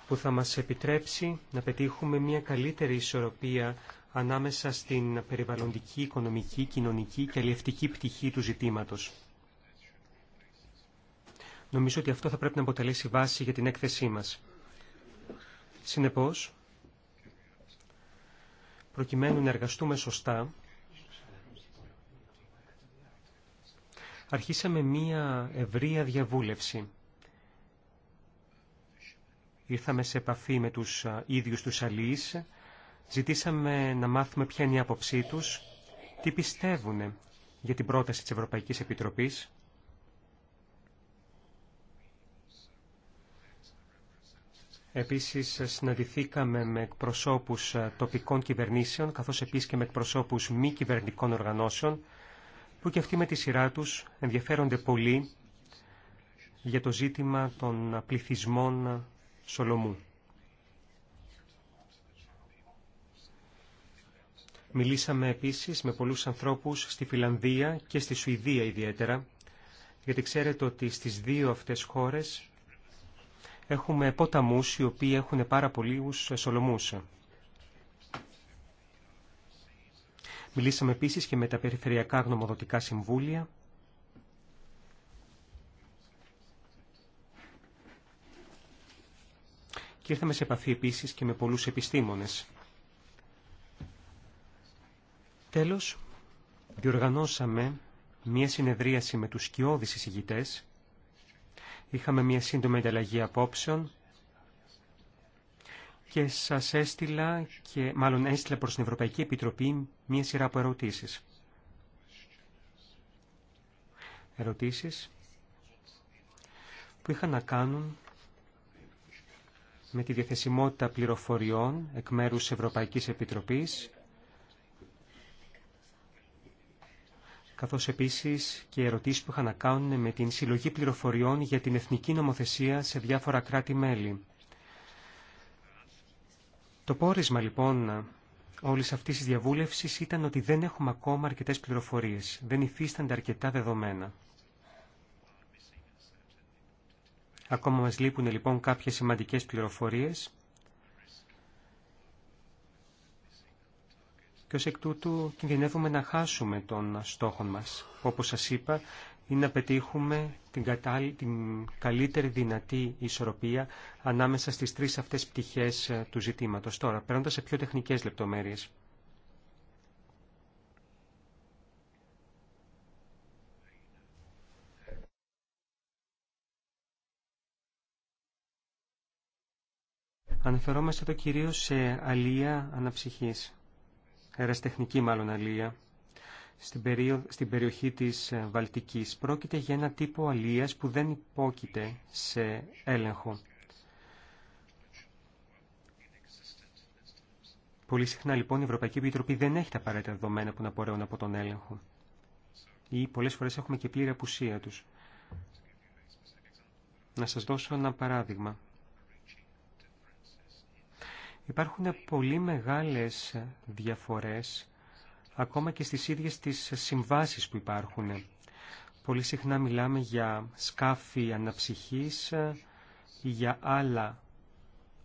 που θα μας επιτρέψει να πετύχουμε μια καλύτερη ισορροπία ανάμεσα στην περιβαλλοντική, οικονομική, κοινωνική και αλληλευτική πτυχή του ζητήματος. Νομίζω ότι αυτό θα πρέπει να αποτελέσει βάση για την έκθεσή μας. Συνεπώς, προκειμένου να εργαστούμε σωστά, αρχίσαμε μία ευρεία διαβούλευση. Ήρθαμε σε επαφή με τους ίδιους τους αλείς, Ζητήσαμε να μάθουμε ποια είναι η άποψή τους, τι πιστεύουν για την πρόταση της Ευρωπαϊκής Επιτροπής. Επίσης συναντηθήκαμε με εκπροσώπους τοπικών κυβερνήσεων, καθώς επίσης και με εκπροσώπους μη κυβερνητικών οργανώσεων, που και αυτοί με τη σειρά τους ενδιαφέρονται πολύ για το ζήτημα των πληθυσμών Σολομού. Μιλήσαμε επίσης με πολλούς ανθρώπους στη Φιλανδία και στη Σουηδία ιδιαίτερα, γιατί ξέρετε ότι στις δύο αυτές χώρες έχουμε ποταμούς οι οποίοι έχουν πάρα πολλούς σολομούς. Μιλήσαμε επίσης και με τα περιφερειακά γνωμοδοτικά συμβούλια. Και ήρθαμε σε επαφή επίσης και με πολλούς επιστήμονες. Τέλος, διοργανώσαμε μία συνεδρίαση με τους σκιώδεις εισηγητές. Είχαμε μία σύντομη ανταλλαγή απόψεων και σας έστειλα και μάλλον έστειλα προς την Ευρωπαϊκή Επιτροπή μία σειρά από ερωτήσεις. Ερωτήσεις που είχαν να κάνουν με τη διαθεσιμότητα πληροφοριών εκ μέρους Ευρωπαϊκής Επιτροπής καθώς επίσης και ερωτήσεις που είχαν να κάνουν με την συλλογή πληροφοριών για την εθνική νομοθεσία σε διάφορα κράτη-μέλη. Το πόρισμα λοιπόν όλης αυτής της διαβούλευσης ήταν ότι δεν έχουμε ακόμα αρκετές πληροφορίες, δεν υφίστανται αρκετά δεδομένα. Ακόμα μας λείπουν λοιπόν κάποιες σημαντικές πληροφορίες και ως εκ τούτου κινδυνεύουμε να χάσουμε τον στόχο μας. Όπως σας είπα, είναι να πετύχουμε την, την καλύτερη δυνατή ισορροπία ανάμεσα στις τρεις αυτές πτυχές ε, του ζητήματος. Τώρα, παίρνοντας σε πιο τεχνικές λεπτομέρειες. Αναφερόμαστε το κυρίως σε αλία αναψυχής αεραστεχνική μάλλον αλία, στην, περιοχή της ε, Βαλτικής. Πρόκειται για ένα τύπο αλίας που δεν υπόκειται σε έλεγχο. Πολύ συχνά λοιπόν η Ευρωπαϊκή Επιτροπή δεν έχει τα απαραίτητα δεδομένα που να πορεύουν από τον έλεγχο. Ή πολλές φορές έχουμε και πλήρη απουσία τους. Να σας δώσω ένα παράδειγμα. Υπάρχουν πολύ μεγάλες διαφορές ακόμα και στις ίδιες τις συμβάσεις που υπάρχουν. Πολύ συχνά μιλάμε για σκάφη αναψυχής ή για άλλα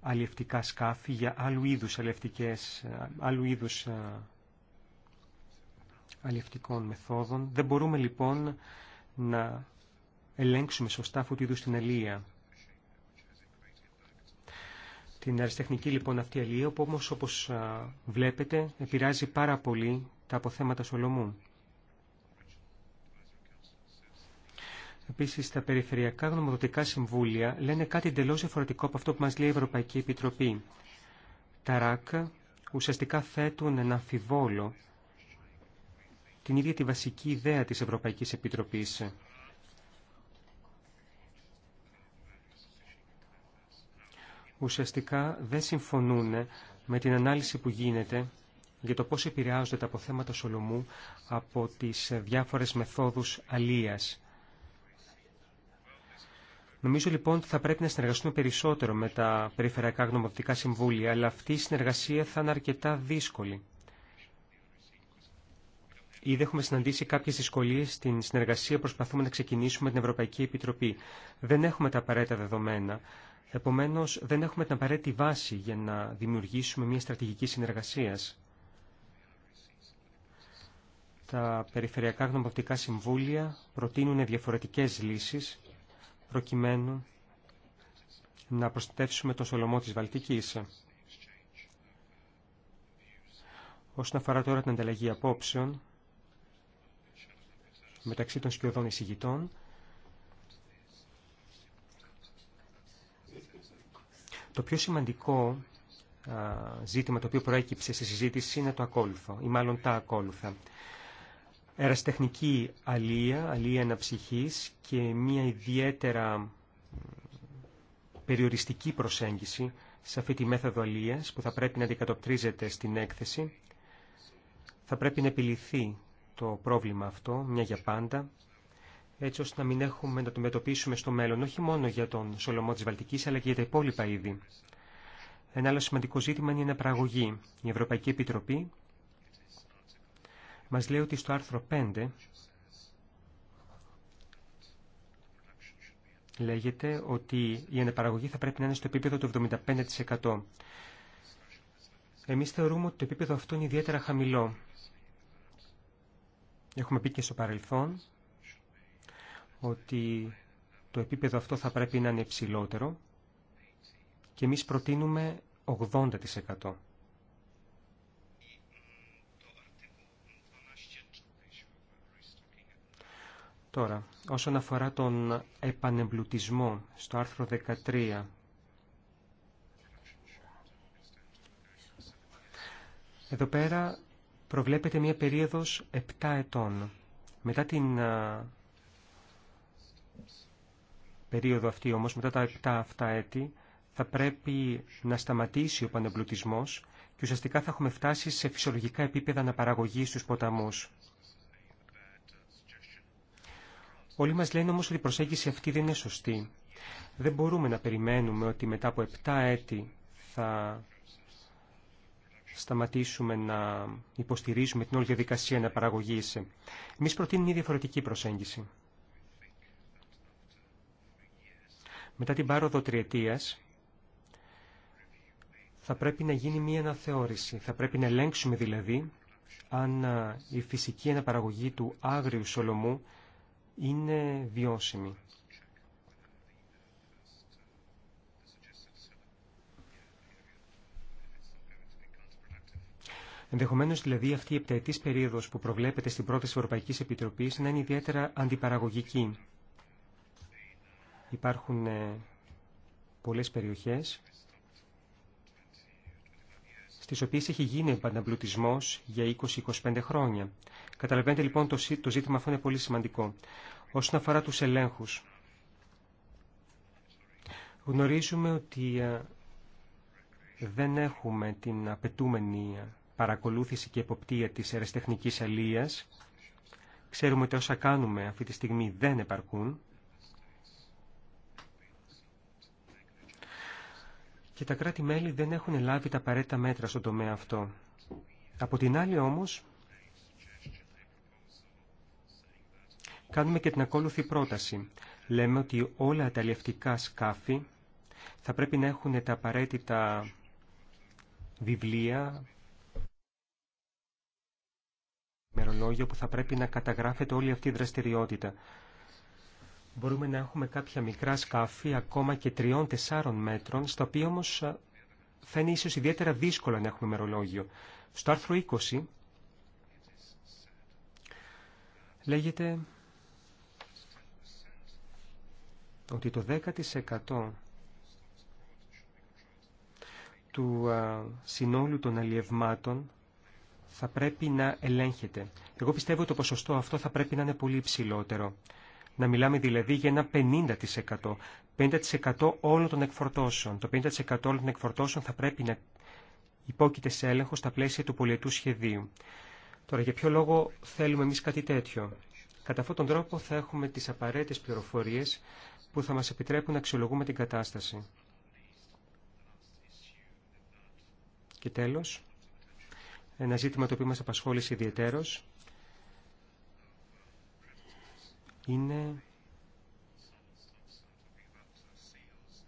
αλλιευτικά σκάφη, για άλλου είδους αλλιευτικές, άλλου είδους ε, αλλιευτικών μεθόδων. Δεν μπορούμε λοιπόν να ελέγξουμε σωστά αυτού του είδους την αλληλεία την αριστεχνική λοιπόν αυτή αλληλεία, όπου όμως όπως βλέπετε επηρεάζει πάρα πολύ τα αποθέματα Σολομού. Επίσης, τα περιφερειακά γνωμοδοτικά συμβούλια λένε κάτι εντελώ διαφορετικό από αυτό που μας λέει η Ευρωπαϊκή Επιτροπή. Τα ΡΑΚ ουσιαστικά θέτουν ένα αμφιβόλο την ίδια τη βασική ιδέα της Ευρωπαϊκής Επιτροπής. ουσιαστικά δεν συμφωνούν με την ανάλυση που γίνεται για το πώς επηρεάζονται τα αποθέματα Σολομού από τις διάφορες μεθόδους αλίας. Νομίζω λοιπόν ότι θα πρέπει να συνεργαστούμε περισσότερο με τα περιφερειακά γνωμοτικά συμβούλια, αλλά αυτή η συνεργασία θα είναι αρκετά δύσκολη. Ήδη έχουμε συναντήσει κάποιε δυσκολίε στην συνεργασία που προσπαθούμε να ξεκινήσουμε με την Ευρωπαϊκή Επιτροπή. Δεν έχουμε τα απαραίτητα δεδομένα. Επομένως, δεν έχουμε την απαραίτητη βάση για να δημιουργήσουμε μια στρατηγική συνεργασίας. Τα περιφερειακά γνωμοτικά συμβούλια προτείνουν διαφορετικές λύσεις προκειμένου να προστατεύσουμε το σολομό της Βαλτικής. Όσον αφορά τώρα την ανταλλαγή απόψεων μεταξύ των σκιωδών εισηγητών, Το πιο σημαντικό ζήτημα το οποίο προέκυψε στη συζήτηση είναι το ακόλουθο, ή μάλλον τα ακόλουθα. Εραστεχνική αλία, αλία αναψυχής και μια ιδιαίτερα περιοριστική προσέγγιση σε αυτή τη μέθοδο αλίας που θα πρέπει να αντικατοπτρίζεται στην έκθεση. Θα πρέπει να επιληθεί το πρόβλημα αυτό, μια για πάντα, έτσι ώστε να μην έχουμε να το μετωπίσουμε στο μέλλον, όχι μόνο για τον σολομό της Βαλτικής, αλλά και για τα υπόλοιπα είδη. Ένα άλλο σημαντικό ζήτημα είναι η αναπραγωγή. Η Ευρωπαϊκή Επιτροπή μας λέει ότι στο άρθρο 5 λέγεται ότι η αναπαραγωγή θα πρέπει να είναι στο επίπεδο του 75%. Εμείς θεωρούμε ότι το επίπεδο αυτό είναι ιδιαίτερα χαμηλό. Έχουμε πει και στο παρελθόν ότι το επίπεδο αυτό θα πρέπει να είναι υψηλότερο και εμείς προτείνουμε 80%. Τώρα, όσον αφορά τον επανεμπλουτισμό στο άρθρο 13 Εδώ πέρα προβλέπεται μία περίοδος 7 ετών. Μετά την περίοδο αυτή όμως, μετά τα 7 αυτά έτη, θα πρέπει να σταματήσει ο πανεμπλουτισμός και ουσιαστικά θα έχουμε φτάσει σε φυσιολογικά επίπεδα αναπαραγωγή στους ποταμούς. Όλοι μας λένε όμως ότι η προσέγγιση αυτή δεν είναι σωστή. Δεν μπορούμε να περιμένουμε ότι μετά από 7 έτη θα σταματήσουμε να υποστηρίζουμε την όλη διαδικασία αναπαραγωγής. Εμείς προτείνουμε μια διαφορετική προσέγγιση. μετά την πάροδο τριετίας, θα πρέπει να γίνει μία αναθεώρηση. Θα πρέπει να ελέγξουμε δηλαδή αν ε, η φυσική αναπαραγωγή του άγριου σολομού είναι βιώσιμη. Ενδεχομένω δηλαδή αυτή η επταετή περίοδο που προβλέπεται στην πρόταση Ευρωπαϊκή Επιτροπή να είναι ιδιαίτερα αντιπαραγωγική. Υπάρχουν ε, πολλές περιοχές στις οποίες έχει γίνει επαναπλουτισμός για 20-25 χρόνια. Καταλαβαίνετε λοιπόν το ζήτημα αυτό είναι πολύ σημαντικό. Όσον αφορά τους ελέγχους, γνωρίζουμε ότι ε, δεν έχουμε την απαιτούμενη παρακολούθηση και εποπτεία της αεραστεχνικής αλίας. Ξέρουμε ότι όσα κάνουμε αυτή τη στιγμή δεν επαρκούν. και τα κράτη-μέλη δεν έχουν λάβει τα απαραίτητα μέτρα στον τομέα αυτό. Από την άλλη όμως, κάνουμε και την ακόλουθη πρόταση. Λέμε ότι όλα τα λευτικά σκάφη θα πρέπει να έχουν τα απαραίτητα βιβλία, μερολογίο που θα πρέπει να καταγράφεται όλη αυτή η δραστηριότητα. Μπορούμε να έχουμε κάποια μικρά σκάφη, ακόμα και τριών-τεσσάρων μέτρων, στα οποία όμω ε, θα είναι ίσω ιδιαίτερα δύσκολο να έχουμε μερολόγιο. Στο άρθρο 20 λέγεται ότι το 10% του ε, συνόλου των αλλιευμάτων θα πρέπει να ελέγχεται. Εγώ πιστεύω ότι το ποσοστό αυτό θα πρέπει να είναι πολύ ψηλότερο. Να μιλάμε δηλαδή για ένα 50%. 50% όλων των εκφορτώσεων. Το 50% όλων των εκφορτώσεων θα πρέπει να υπόκειται σε έλεγχο στα πλαίσια του πολιετού σχεδίου. Τώρα, για ποιο λόγο θέλουμε εμεί κάτι τέτοιο. Κατά αυτόν τον τρόπο θα έχουμε τις απαραίτητες πληροφορίες που θα μας επιτρέπουν να αξιολογούμε την κατάσταση. Και τέλος, ένα ζήτημα το οποίο μας απασχόλησε ιδιαιτέρως είναι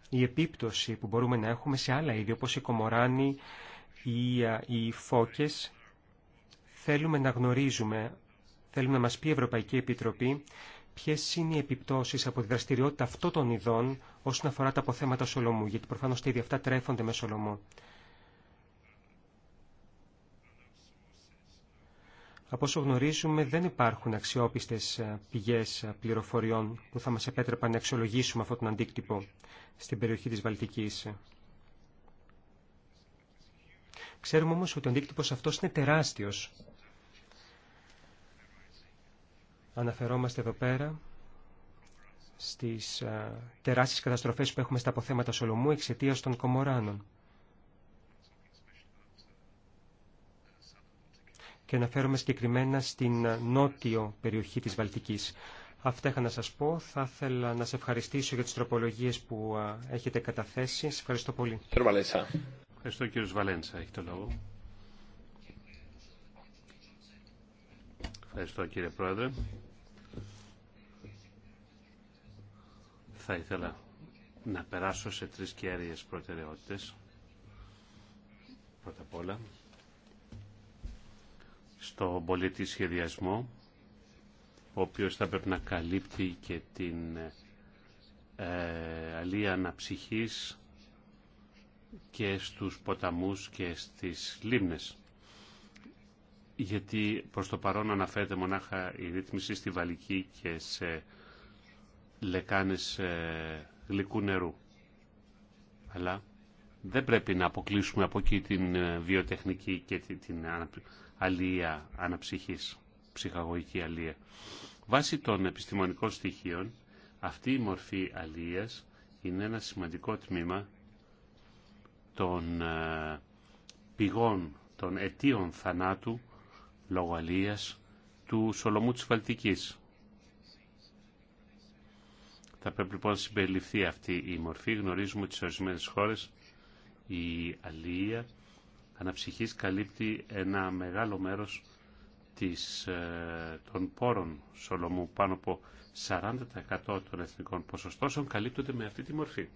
η επίπτωση που μπορούμε να έχουμε σε άλλα είδη, όπως η κομοράνοι ή οι φώκες. Θέλουμε να γνωρίζουμε, θέλουμε να μας πει η Ευρωπαϊκή Επιτροπή ποιε είναι οι επιπτώσει από τη δραστηριότητα αυτών των ειδών όσον αφορά τα αποθέματα σολομού, γιατί προφανώ τα ίδια αυτά τρέφονται με σολομό. Από όσο γνωρίζουμε δεν υπάρχουν αξιόπιστες ε, πηγές ε, πληροφοριών που θα μας επέτρεπαν να αξιολογήσουμε αυτόν τον αντίκτυπο στην περιοχή της Βαλτικής. Ξέρουμε όμως ότι ο αντίκτυπος αυτός είναι τεράστιος. Αναφερόμαστε εδώ πέρα στις ε, τεράστιες καταστροφές που έχουμε στα αποθέματα Σολομού εξαιτίας των Κομοράνων. και αναφέρομαι συγκεκριμένα στην νότιο περιοχή της Βαλτικής. Αυτά είχα να σας πω. Θα ήθελα να σε ευχαριστήσω για τις τροπολογίες που έχετε καταθέσει. Σας ευχαριστώ πολύ. Ευχαριστώ κύριο Βαλέντσα. Έχει το λόγο. Ευχαριστώ κύριε Πρόεδρε. Θα ήθελα να περάσω σε τρεις κέρδιες προτεραιότητες. Πρώτα απ' όλα, στο πολιτή σχεδιασμό, ο οποίος θα πρέπει να καλύπτει και την ε, αλία αναψυχής και στους ποταμούς και στις λίμνες. Γιατί προς το παρόν αναφέρεται μονάχα η ρύθμιση στη Βαλική και σε λεκάνες ε, γλυκού νερού. Αλλά δεν πρέπει να αποκλείσουμε από εκεί την ε, βιοτεχνική και την αλία αναψυχής, ψυχαγωγική αλία. Βάσει των επιστημονικών στοιχείων, αυτή η μορφή αλίας είναι ένα σημαντικό τμήμα των ε, πηγών, των αιτίων θανάτου λόγω αλίας του Σολομού της Βαλτικής. Θα πρέπει λοιπόν να συμπεριληφθεί αυτή η μορφή. Γνωρίζουμε ότι σε ορισμένε χώρες η αλία αναψυχής καλύπτει ένα μεγάλο μέρος της, ε, των πόρων Σολομού. Πάνω από 40% των εθνικών ποσοστώσεων καλύπτονται με αυτή τη μορφή.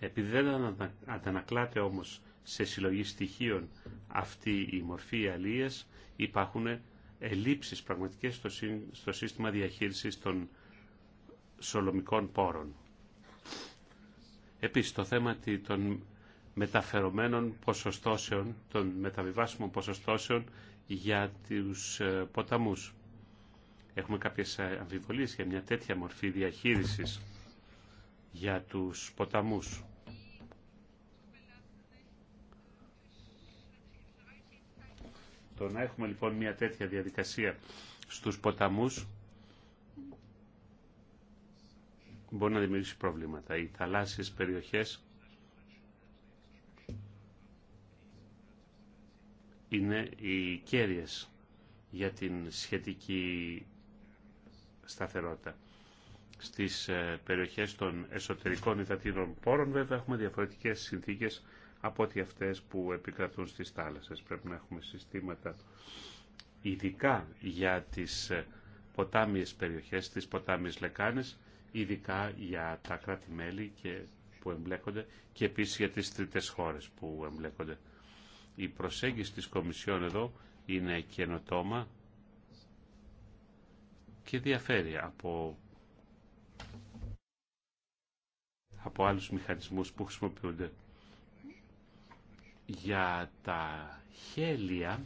Επειδή δεν αντανακλάται όμως σε συλλογή στοιχείων αυτή η μορφή αλίας, υπάρχουν ελλείψεις πραγματικές στο σύστημα διαχείρισης των σολομικών πόρων. Επίσης το θέμα των μεταφερομένων ποσοστώσεων, των μεταβιβάσιμων ποσοστώσεων για τους ε, ποταμούς. Έχουμε κάποιες ε, αμφιβολίες για μια τέτοια μορφή διαχείρισης για τους ποταμούς. Το να έχουμε λοιπόν μια τέτοια διαδικασία στους ποταμούς μπορεί να δημιουργήσει προβλήματα. Οι θαλάσσιες περιοχές είναι οι κέρυες για την σχετική σταθερότητα. Στις ε, περιοχές των εσωτερικών υδατήρων πόρων βέβαια έχουμε διαφορετικές συνθήκες από ό,τι αυτές που επικρατούν στις θάλασσες. Πρέπει να έχουμε συστήματα ειδικά για τις ε, ποτάμιες περιοχές, τις ποτάμιες λεκάνες ειδικά για τα κράτη-μέλη και που εμπλέκονται και επίσης για τις τρίτες χώρες που εμπλέκονται. Η προσέγγιση της Κομισιόν εδώ είναι καινοτόμα και διαφέρει από, από άλλους μηχανισμούς που χρησιμοποιούνται για τα χέλια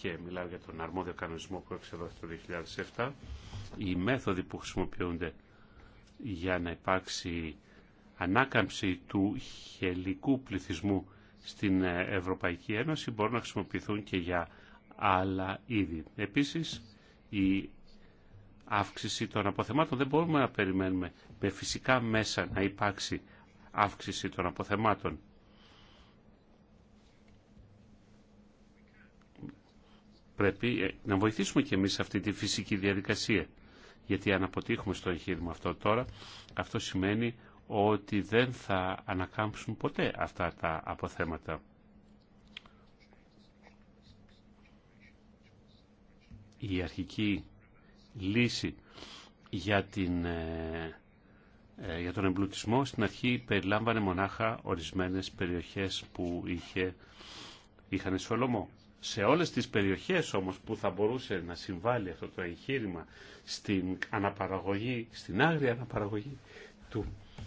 και μιλάω για τον αρμόδιο κανονισμό που έξερε το 2007 οι μέθοδοι που χρησιμοποιούνται για να υπάρξει ανάκαμψη του χελικού πληθυσμού στην Ευρωπαϊκή Ένωση μπορούν να χρησιμοποιηθούν και για άλλα είδη. Επίσης, η αύξηση των αποθεμάτων δεν μπορούμε να περιμένουμε με φυσικά μέσα να υπάρξει αύξηση των αποθεμάτων. πρέπει ε, να βοηθήσουμε και εμείς αυτή τη φυσική διαδικασία. Γιατί αν αποτύχουμε στο εγχείρημα αυτό τώρα, αυτό σημαίνει ότι δεν θα ανακάμψουν ποτέ αυτά τα αποθέματα. Η αρχική λύση για, την, ε, ε, για τον εμπλουτισμό στην αρχή περιλάμβανε μονάχα ορισμένες περιοχές που είχε, είχαν σολομό. Σε όλες τις περιοχές όμως που θα μπορούσε να συμβάλλει αυτό το εγχείρημα στην αναπαραγωγή, στην άγρια αναπαραγωγή του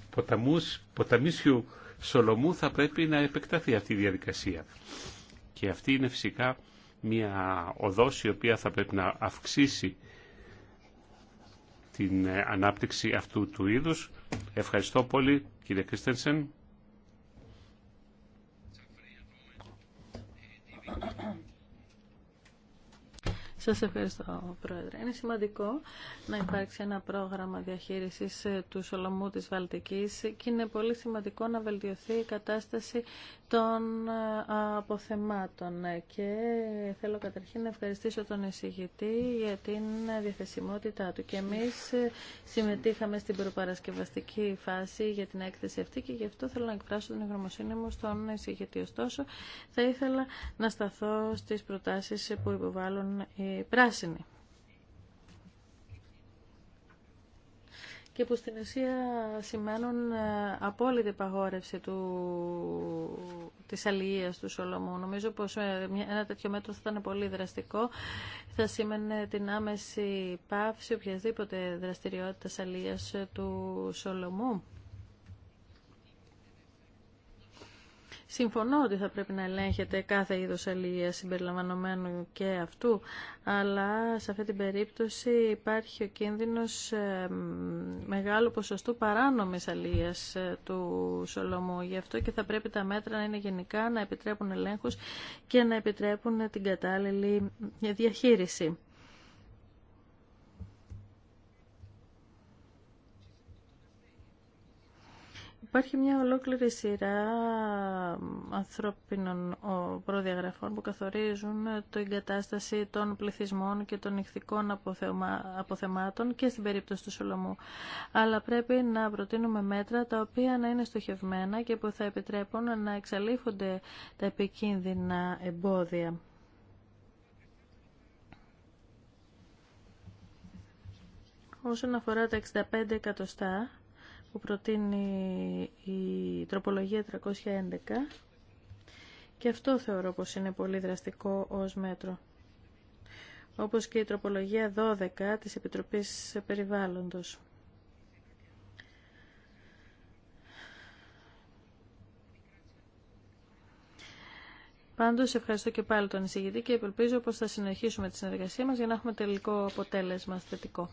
ποταμούς, ποταμίσιου Σολομού θα πρέπει να επεκταθεί αυτή η διαδικασία. Και αυτή είναι φυσικά μια οδός η οποία θα πρέπει να αυξήσει την ανάπτυξη αυτού του είδους. Ευχαριστώ πολύ κύριε Κρίστενσεν. Σας ευχαριστώ, Πρόεδρε. Είναι σημαντικό να υπάρξει ένα πρόγραμμα διαχείρισης ε, του Σολομού της Βαλτικής και είναι πολύ σημαντικό να βελτιωθεί η κατάσταση των ε, αποθεμάτων ε, και θέλω καταρχήν να ευχαριστήσω τον εισηγητή για την διαθεσιμότητά του και εμείς ε, συμμετείχαμε στην προπαρασκευαστική φάση για την έκθεση αυτή και γι' αυτό θέλω να εκφράσω την ευγνωμοσύνη μου στον εισηγητή. Ωστόσο θα ήθελα να σταθώ στις προτάσεις που υποβάλλουν οι πράσινοι. και που στην ουσία σημαίνουν ε, απόλυτη παγόρευση του, της αλληλείας του Σολομού. Νομίζω πως ε, ένα τέτοιο μέτρο θα ήταν πολύ δραστικό. Θα σήμαινε την άμεση πάυση οποιασδήποτε δραστηριότητας αλληλείας ε, του Σολομού. Συμφωνώ ότι θα πρέπει να ελέγχεται κάθε είδος αλληλεία συμπεριλαμβανομένου και αυτού, αλλά σε αυτή την περίπτωση υπάρχει ο κίνδυνος ε, μεγάλου ποσοστού παράνομης αλληλεία ε, του Σολομού. Γι' αυτό και θα πρέπει τα μέτρα να είναι γενικά, να επιτρέπουν ελέγχους και να επιτρέπουν την κατάλληλη διαχείριση. Υπάρχει μια ολόκληρη σειρά ανθρώπινων προδιαγραφών που καθορίζουν ε, την εγκατάσταση των πληθυσμών και των ηχθικών αποθεμάτων και στην περίπτωση του Σολομού. Αλλά πρέπει να προτείνουμε μέτρα τα οποία να είναι στοχευμένα και που θα επιτρέπουν να εξαλείφονται τα επικίνδυνα εμπόδια. Όσον αφορά τα 65 εκατοστά, που προτείνει η τροπολογία 311 και αυτό θεωρώ πως είναι πολύ δραστικό ως μέτρο όπως και η τροπολογία 12 της Επιτροπής Περιβάλλοντος. Πάντως ευχαριστώ και πάλι τον εισηγητή και ελπίζω πως θα συνεχίσουμε τη συνεργασία μας για να έχουμε τελικό αποτέλεσμα θετικό.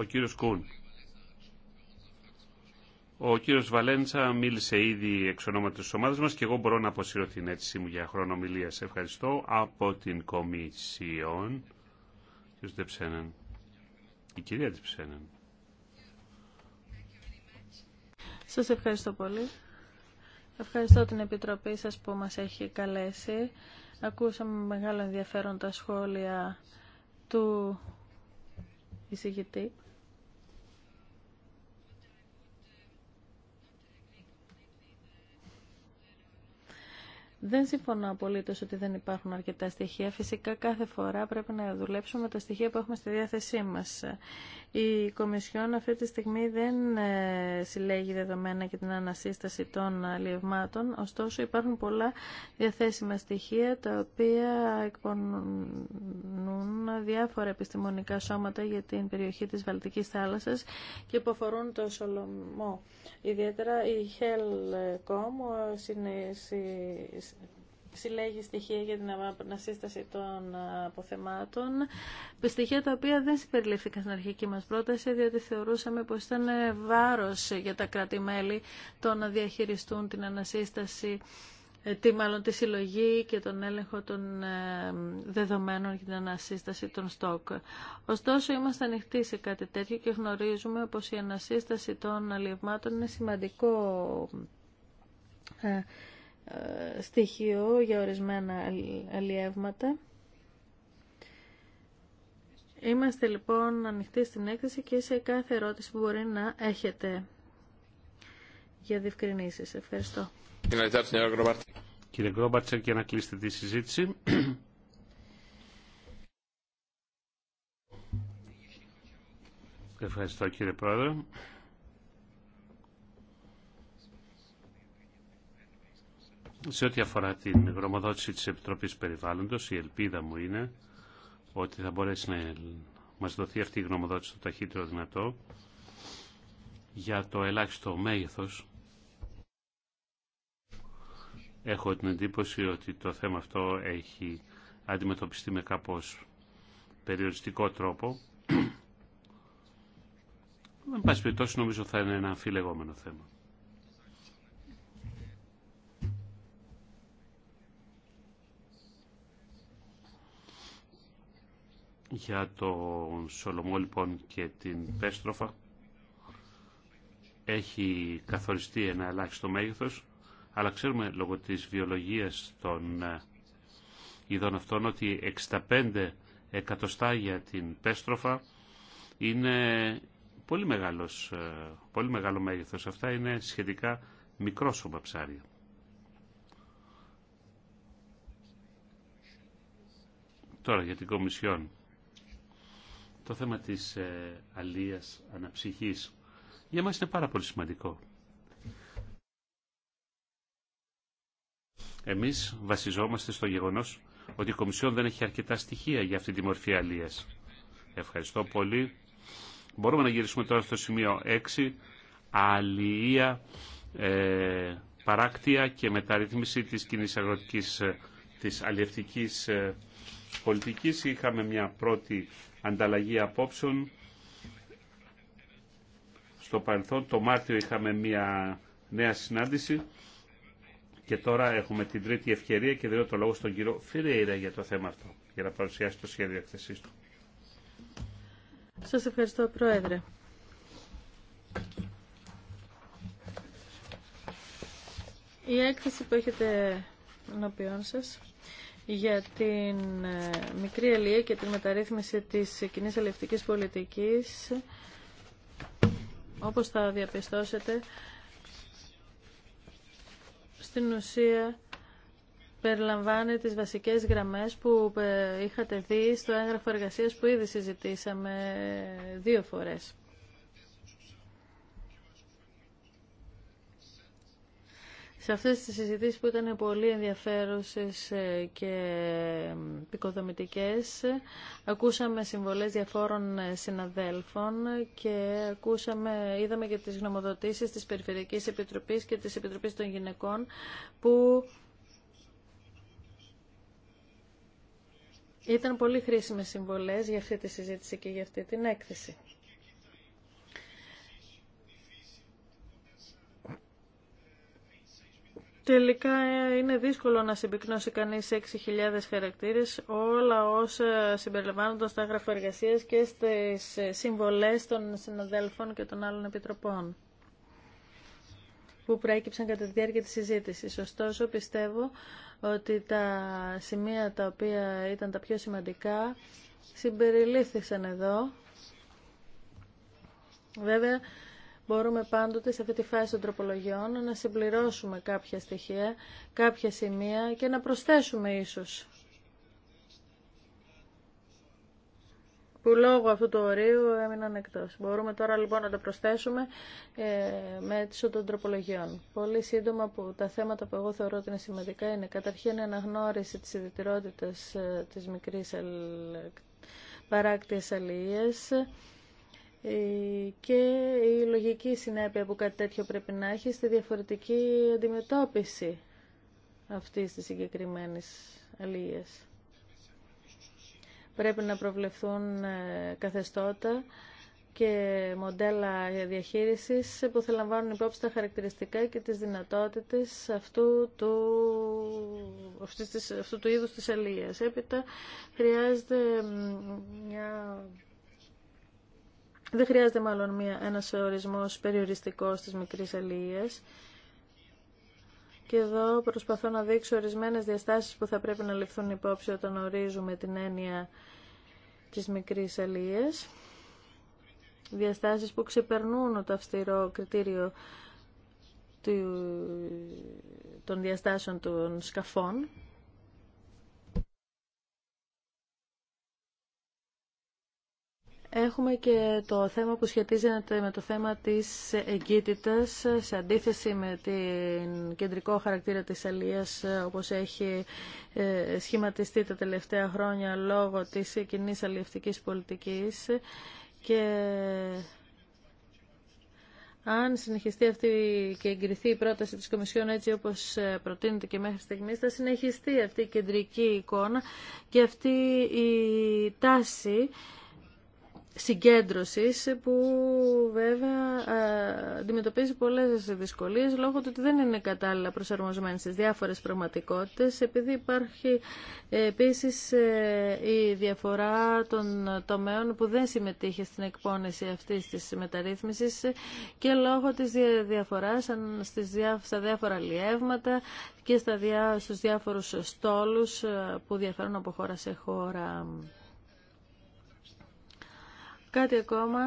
ο κύριος Κούν. Ο κύριος Βαλέντσα μίλησε ήδη εξ ονόματος της ομάδας μας και εγώ μπορώ να αποσύρω την αίτησή μου για χρόνο ομιλίας. Ευχαριστώ από την Κομισιόν. Κύριος Η κυρία Σας ευχαριστώ πολύ. Ευχαριστώ την Επιτροπή σας που μας έχει καλέσει. Ακούσαμε μεγάλο ενδιαφέρον τα σχόλια του εισηγητή. Δεν συμφωνώ απολύτως ότι δεν υπάρχουν αρκετά στοιχεία. Φυσικά κάθε φορά πρέπει να δουλέψουμε τα στοιχεία που έχουμε στη διάθεσή μας. Η Κομισιόν αυτή τη στιγμή δεν ε, συλλέγει δεδομένα για την ανασύσταση των αλλιευμάτων, ε, ωστόσο υπάρχουν πολλά διαθέσιμα στοιχεία τα οποία εκπονούν διάφορα επιστημονικά σώματα για την περιοχή της Βαλτικής θάλασσας και που αφορούν το Σολομό. Ιδιαίτερα η Helcom συλλέγει στοιχεία για την ανασύσταση των ε, αποθεμάτων, στοιχεία τα οποία δεν συμπεριληφθήκαν στην αρχική μα πρόταση, διότι θεωρούσαμε πως ήταν βάρο για τα κράτη-μέλη το να διαχειριστούν την ανασύσταση ε, τι μάλλον τη συλλογή και τον έλεγχο των ε, δεδομένων για την ανασύσταση των στόκ. Ωστόσο, είμαστε ανοιχτοί σε κάτι τέτοιο και γνωρίζουμε πως η ανασύσταση των αλλιευμάτων είναι σημαντικό ε, στοιχείο για ορισμένα αλλιεύματα. Είμαστε λοιπόν ανοιχτοί στην έκθεση και σε κάθε ερώτηση που μπορεί να έχετε για διευκρινήσεις. Ευχαριστώ. Κύριε Γκρόμπατσερ, για να κλείσετε τη συζήτηση. Ευχαριστώ κύριε Πρόεδρε. Σε ό,τι αφορά την γνωμοδότηση της Επιτροπής Περιβάλλοντος, η ελπίδα μου είναι ότι θα μπορέσει να μας δοθεί αυτή η γνωμοδότηση το ταχύτερο δυνατό για το ελάχιστο μέγεθος. Έχω την εντύπωση ότι το θέμα αυτό έχει αντιμετωπιστεί με κάπως περιοριστικό τρόπο. Με πάση περιπτώσει νομίζω θα είναι ένα αμφιλεγόμενο θέμα. Για τον Σολομό λοιπόν και την Πέστροφα έχει καθοριστεί ένα ελάχιστο μέγεθος αλλά ξέρουμε λόγω της βιολογίας των ε, ειδών αυτών ότι 65 εκατοστά για την Πέστροφα είναι πολύ, μεγάλος, ε, πολύ μεγάλο μέγεθος. Αυτά είναι σχετικά μικρόσωμα ψάρια. Τώρα για την Κομισιόν το θέμα της ε, αλίας αναψυχής για μας είναι πάρα πολύ σημαντικό. Εμείς βασιζόμαστε στο γεγονός ότι η Κομισιόν δεν έχει αρκετά στοιχεία για αυτή τη μορφή αλίας. Ευχαριστώ πολύ. Μπορούμε να γυρίσουμε τώρα στο σημείο 6. Αλληλεία, ε, και μεταρρύθμιση της κοινή αγροτικής, ε, της αλληλευτικής ε, πολιτικής. Είχαμε μια πρώτη ανταλλαγή απόψεων. Στο παρελθόν, το Μάρτιο είχαμε μια νέα συνάντηση και τώρα έχουμε την τρίτη ευκαιρία και δίνω το λόγο στον κύριο Φιρέιρα για το θέμα αυτό, για να παρουσιάσει το σχέδιο εκθεσή του. Σας ευχαριστώ, Πρόεδρε. Η έκθεση που έχετε ενώπιόν σας για την ε, μικρή αλληλεία και τη μεταρρύθμιση της κοινή αλληλευτικής πολιτικής. Όπως θα διαπιστώσετε, στην ουσία περιλαμβάνει τις βασικές γραμμές που ε, είχατε δει στο έγγραφο εργασίας που ήδη συζητήσαμε δύο φορές. Σε αυτές τις συζητήσεις που ήταν πολύ ενδιαφέρουσες ε, και πικοδομητικές, ακούσαμε συμβολές διαφόρων ε, συναδέλφων και ακούσαμε, είδαμε και τις γνωμοδοτήσεις της Περιφερειακής Επιτροπής και της Επιτροπής των Γυναικών που ήταν πολύ χρήσιμες συμβολές για αυτή τη συζήτηση και για αυτή την έκθεση. Τελικά ε, είναι δύσκολο να συμπυκνώσει κανείς 6.000 χαρακτήρες όλα όσα συμπεριλαμβάνονται στα έγγραφα εργασία και στις ε, συμβολές των συναδέλφων και των άλλων επιτροπών που προέκυψαν κατά τη διάρκεια της συζήτησης. Ωστόσο, πιστεύω ότι τα σημεία τα οποία ήταν τα πιο σημαντικά συμπεριλήφθησαν εδώ. Βέβαια, μπορούμε πάντοτε σε αυτή τη φάση των τροπολογιών να συμπληρώσουμε κάποια στοιχεία, κάποια σημεία και να προσθέσουμε ίσως. που λόγω αυτού του ορίου έμειναν εκτός. Μπορούμε τώρα λοιπόν να τα προσθέσουμε ε, με έτσι των τροπολογιών. Πολύ σύντομα που τα θέματα που εγώ θεωρώ ότι είναι σημαντικά είναι καταρχήν η αναγνώριση της ιδιαιτερότητας ε, της μικρής αλ... παράκτης ε, και η λογική συνέπεια που κάτι τέτοιο πρέπει να έχει στη διαφορετική αντιμετώπιση αυτής της συγκεκριμένης αλληλείας. Πρέπει να προβλεφθούν ε, καθεστώτα και μοντέλα διαχείρισης που θα λαμβάνουν υπόψη τα χαρακτηριστικά και τις δυνατότητες αυτού του, αυτού του είδους της αλληλείας. Έπειτα χρειάζεται μια δεν χρειάζεται μάλλον μια, ένας ορισμός περιοριστικός στις μικρές αλληλίες Και εδώ προσπαθώ να δείξω ορισμένες διαστάσεις που θα πρέπει να ληφθούν υπόψη όταν ορίζουμε την έννοια της μικρής αλληλίες. Διαστάσεις που ξεπερνούν το αυστηρό κριτήριο των διαστάσεων των σκαφών. Έχουμε και το θέμα που σχετίζεται με το θέμα της εγκύτητας σε αντίθεση με την κεντρικό χαρακτήρα της αλίας όπως έχει ε, σχηματιστεί τα τελευταία χρόνια λόγω της κοινή αλληλευτικής πολιτικής και αν συνεχιστεί αυτή και εγκριθεί η πρόταση της Κομισιόν έτσι όπως ε, προτείνεται και μέχρι στιγμής, θα συνεχιστεί αυτή η κεντρική εικόνα και αυτή η τάση συγκέντρωσης που βέβαια αντιμετωπίζει πολλές δυσκολίες λόγω του ότι δεν είναι κατάλληλα προσαρμοσμένη στις διάφορες πραγματικότητες επειδή υπάρχει ε, επίσης ε, η διαφορά των τομέων που δεν συμμετείχε στην εκπόνηση αυτής της μεταρρύθμισης και λόγω της διαφοράς στις στα διάφορα λιεύματα και στα διά, στους διάφορους στόλους ε, που διαφέρουν από χώρα σε χώρα. Κάτι ακόμα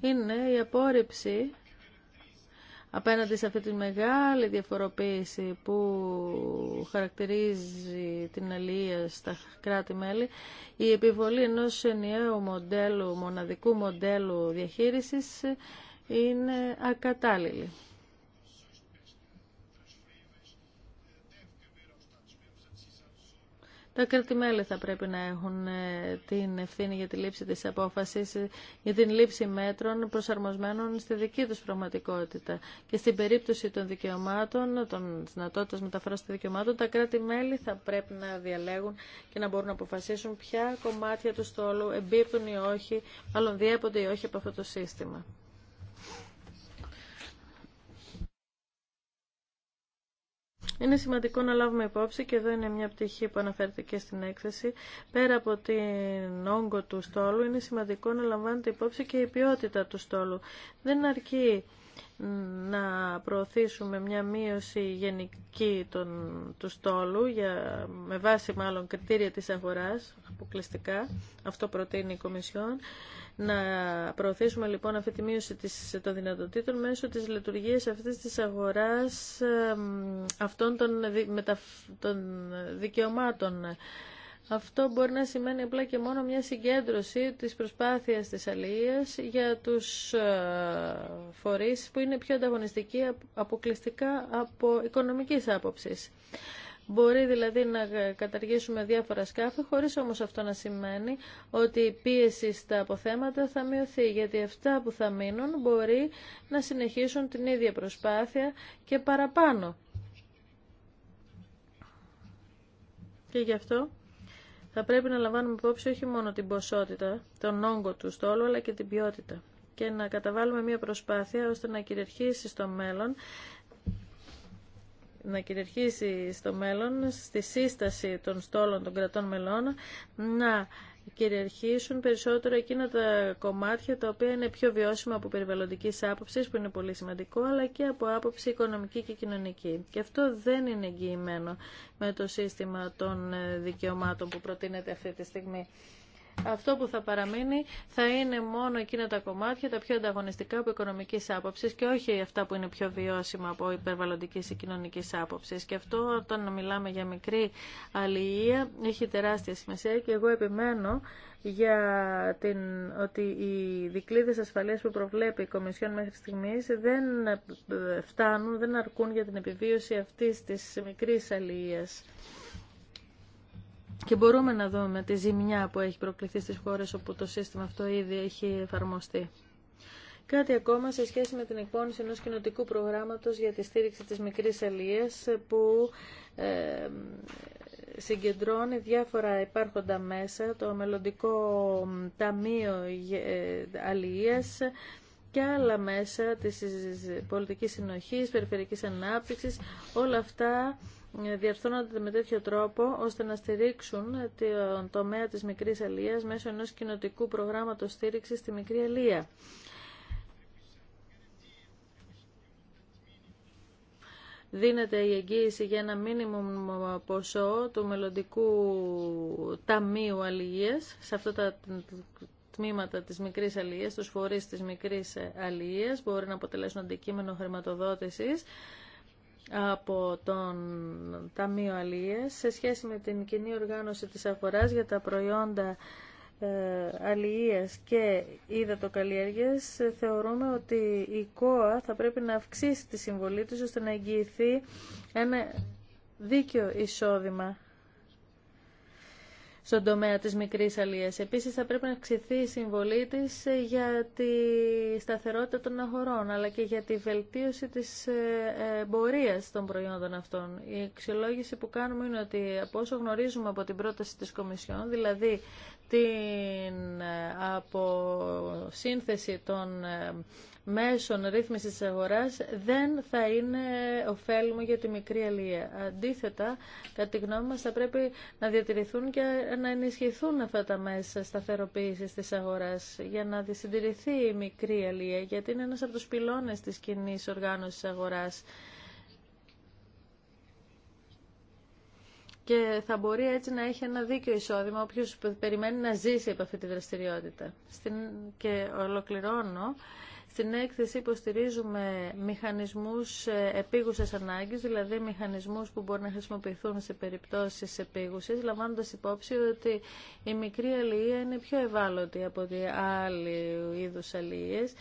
είναι η απόρριψη απέναντι σε αυτή τη μεγάλη διαφοροποίηση που χαρακτηρίζει την αλληλεία στα κράτη-μέλη, η επιβολή ενός ενιαίου μοντέλου, μοναδικού μοντέλου διαχείρισης είναι ακατάλληλη. Τα κράτη-μέλη θα πρέπει να έχουν ε, την ευθύνη για τη λήψη της απόφασης, ε, για την λήψη μέτρων προσαρμοσμένων στη δική τους πραγματικότητα. Και στην περίπτωση των δικαιωμάτων, των δυνατότητα μεταφοράς των δικαιωμάτων, τα κράτη-μέλη θα πρέπει να διαλέγουν και να μπορούν να αποφασίσουν ποια κομμάτια του στόλου εμπίπτουν ή όχι, μάλλον διέπονται ή όχι από αυτό το σύστημα. Είναι σημαντικό να λάβουμε υπόψη και εδώ είναι μια πτυχή που αναφέρθηκε στην έκθεση. Πέρα από την όγκο του στόλου, είναι σημαντικό να λαμβάνεται υπόψη και η ποιότητα του στόλου. Δεν αρκεί να προωθήσουμε μια μείωση γενική των, του στόλου για, με βάση μάλλον κριτήρια της αγοράς αποκλειστικά, αυτό προτείνει η Κομισιόν να προωθήσουμε λοιπόν αυτή τη μείωση της, των δυνατοτήτων μέσω της λειτουργίας αυτής της αγοράς αυτών των, των δικαιωμάτων. Αυτό μπορεί να σημαίνει απλά και μόνο μια συγκέντρωση της προσπάθειας της αλληλείας για τους ε, φορείς που είναι πιο ανταγωνιστικοί αποκλειστικά από οικονομικής άποψης. Μπορεί δηλαδή να καταργήσουμε διάφορα σκάφη, χωρίς όμως αυτό να σημαίνει ότι η πίεση στα αποθέματα θα μειωθεί, γιατί αυτά που θα μείνουν μπορεί να συνεχίσουν την ίδια προσπάθεια και παραπάνω. Και γι' αυτό θα πρέπει να λαμβάνουμε υπόψη όχι μόνο την ποσότητα, τον όγκο του στόλου, αλλά και την ποιότητα και να καταβάλουμε μια προσπάθεια ώστε να κυριαρχήσει στο μέλλον να κυριαρχήσει στο μέλλον στη σύσταση των στόλων των κρατών μελών να κυριαρχήσουν περισσότερο εκείνα τα κομμάτια τα οποία είναι πιο βιώσιμα από περιβαλλοντική άποψη, που είναι πολύ σημαντικό, αλλά και από άποψη οικονομική και κοινωνική. Και αυτό δεν είναι εγγυημένο με το σύστημα των δικαιωμάτων που προτείνεται αυτή τη στιγμή. Αυτό που θα παραμείνει θα είναι μόνο εκείνα τα κομμάτια, τα πιο ανταγωνιστικά από οικονομική άποψη και όχι αυτά που είναι πιο βιώσιμα από υπερβαλλοντική ή κοινωνική άποψη. Και αυτό όταν μιλάμε για μικρή αλληλεία έχει τεράστια σημασία και εγώ επιμένω για την, ότι οι δικλείδες ασφαλείας που προβλέπει η Κομισιόν μέχρι στιγμής δεν φτάνουν, δεν αρκούν για την επιβίωση αυτής της μικρής αλληλείας και μπορούμε να δούμε τη ζημιά που έχει προκληθεί στις χώρες όπου το σύστημα αυτό ήδη έχει εφαρμοστεί. Κάτι ακόμα σε σχέση με την εκπόνηση ενός κοινοτικού προγράμματος για τη στήριξη της μικρής αλίας που ε, συγκεντρώνει διάφορα υπάρχοντα μέσα, το μελλοντικό Ταμείο ε, Αλίας και άλλα μέσα της πολιτικής συνοχής, περιφερειακής ανάπτυξης, όλα αυτά διαρθώνονται με τέτοιο τρόπο ώστε να στηρίξουν τον τομέα της μικρής αλίας μέσω ενός κοινοτικού προγράμματος στήριξης στη μικρή αλία. δίνεται η εγγύηση για ένα μίνιμουμ ποσό του μελλοντικού ταμείου αλληλείας σε αυτά τα τμήματα της μικρής αλληλείας, τους φορείς της μικρής αλληλείας, μπορεί να αποτελέσουν αντικείμενο χρηματοδότησης από τον Ταμείο Αλίες σε σχέση με την κοινή οργάνωση της αγοράς για τα προϊόντα ε, αλίες και υδατοκαλλιέργειας θεωρούμε ότι η ΚΟΑ θα πρέπει να αυξήσει τη συμβολή της ώστε να εγγυηθεί ένα δίκαιο εισόδημα στον τομέα της μικρής αλίας. Επίσης θα πρέπει να αυξηθεί η συμβολή της ε, για τη σταθερότητα των αγορών αλλά και για τη βελτίωση της ε, ε, πορεία των προϊόντων αυτών. Η αξιολόγηση που κάνουμε είναι ότι από όσο γνωρίζουμε από την πρόταση της Κομισιόν, δηλαδή την αποσύνθεση των μέσων ρύθμισης της αγοράς δεν θα είναι ωφέλιμο για τη μικρή αλληλεία. Αντίθετα, κατά τη γνώμη μας θα πρέπει να διατηρηθούν και να ενισχυθούν αυτά τα μέσα σταθεροποίησης της αγοράς για να συντηρηθεί η μικρή αλληλεία, γιατί είναι ένας από τους πυλώνες της κοινή οργάνωσης αγοράς και θα μπορεί έτσι να έχει ένα δίκαιο εισόδημα όποιο περιμένει να ζήσει από αυτή τη δραστηριότητα. Στην... Και ολοκληρώνω. Στην έκθεση υποστηρίζουμε μηχανισμούς ε, επίγουσας ανάγκης, δηλαδή μηχανισμούς που μπορεί να χρησιμοποιηθούν σε περιπτώσεις επίγουσης, λαμβάνοντας υπόψη ότι η μικρή αλληλεία είναι πιο ευάλωτη από ότι άλλοι είδους αλληλείες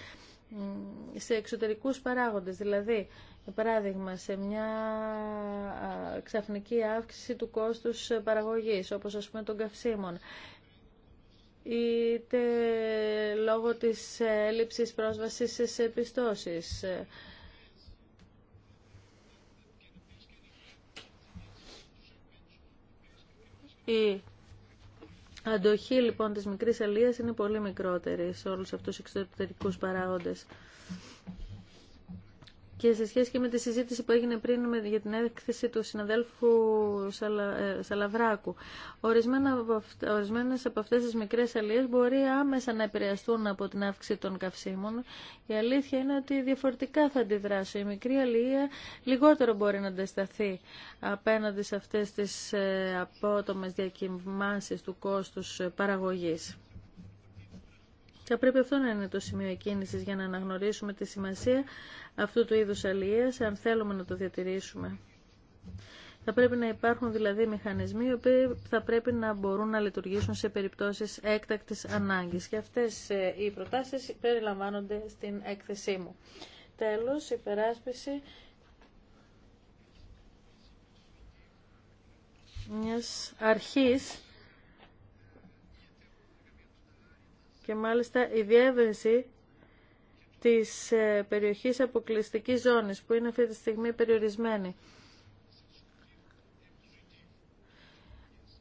σε εξωτερικούς παράγοντες, δηλαδή για παράδειγμα σε μια ξαφνική αύξηση του κόστους παραγωγής, όπως ας πούμε των καυσίμων, είτε λόγω της έλλειψης πρόσβασης σε πιστώσεις. Η αντοχή λοιπόν της μικρής αλίας είναι πολύ μικρότερη σε όλους αυτούς τους εξωτερικούς παράγοντες και σε σχέση και με τη συζήτηση που έγινε πριν για την έκθεση του συναδέλφου Σαλα, ε, Σαλαβράκου. Ορισμένα, ορισμένες από αυτές τις μικρές αλίες μπορεί άμεσα να επηρεαστούν από την αύξηση των καυσίμων. Η αλήθεια είναι ότι διαφορετικά θα αντιδράσει. Η μικρή αλία λιγότερο μπορεί να αντισταθεί απέναντι σε αυτές τις ε, απότομες διακυμάνσεις του κόστους παραγωγής. Θα πρέπει αυτό να είναι το σημείο εκκίνηση για να αναγνωρίσουμε τη σημασία αυτού του είδου αλληλεία, αν θέλουμε να το διατηρήσουμε. Θα πρέπει να υπάρχουν δηλαδή μηχανισμοί οι οποίοι θα πρέπει να μπορούν να λειτουργήσουν σε περιπτώσεις έκτακτης ανάγκης. Και αυτές ε, οι προτάσεις περιλαμβάνονται στην έκθεσή μου. Τέλο η περάσπιση μιας αρχής και μάλιστα η διεύρυνση της ε, περιοχής αποκλειστικής ζώνης που είναι αυτή τη στιγμή περιορισμένη.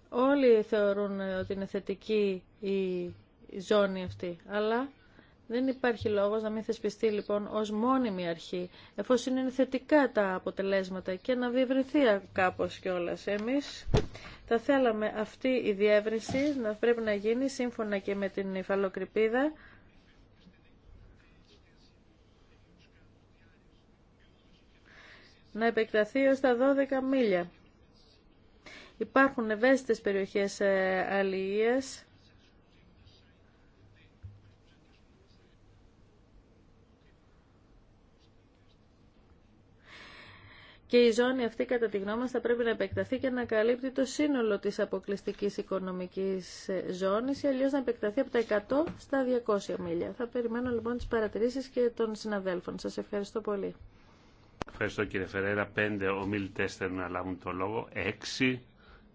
Όλοι θεωρούν ότι είναι θετική η ζώνη αυτή, αλλά δεν υπάρχει λόγος να μην θεσπιστεί λοιπόν ω μόνιμη αρχή, εφόσον είναι θετικά τα αποτελέσματα και να διευρυνθεί κάπω κιόλα. Εμείς θα θέλαμε αυτή η διεύρυνση να πρέπει να γίνει σύμφωνα και με την υφαλοκρηπίδα, να επεκταθεί ως τα 12 μίλια. Υπάρχουν ευαίσθητες περιοχές ε, αλληλείας και η ζώνη αυτή κατά τη γνώμη μας θα πρέπει να επεκταθεί και να καλύπτει το σύνολο της αποκλειστικής οικονομικής ε, ζώνης ή αλλιώς να επεκταθεί από τα 100 στα 200 μίλια. Θα περιμένω λοιπόν τις παρατηρήσεις και των συναδέλφων. Σας ευχαριστώ πολύ. Ευχαριστώ κύριε Φερέρα. Πέντε ομιλητέ θέλουν να λάβουν το λόγο. Έξι.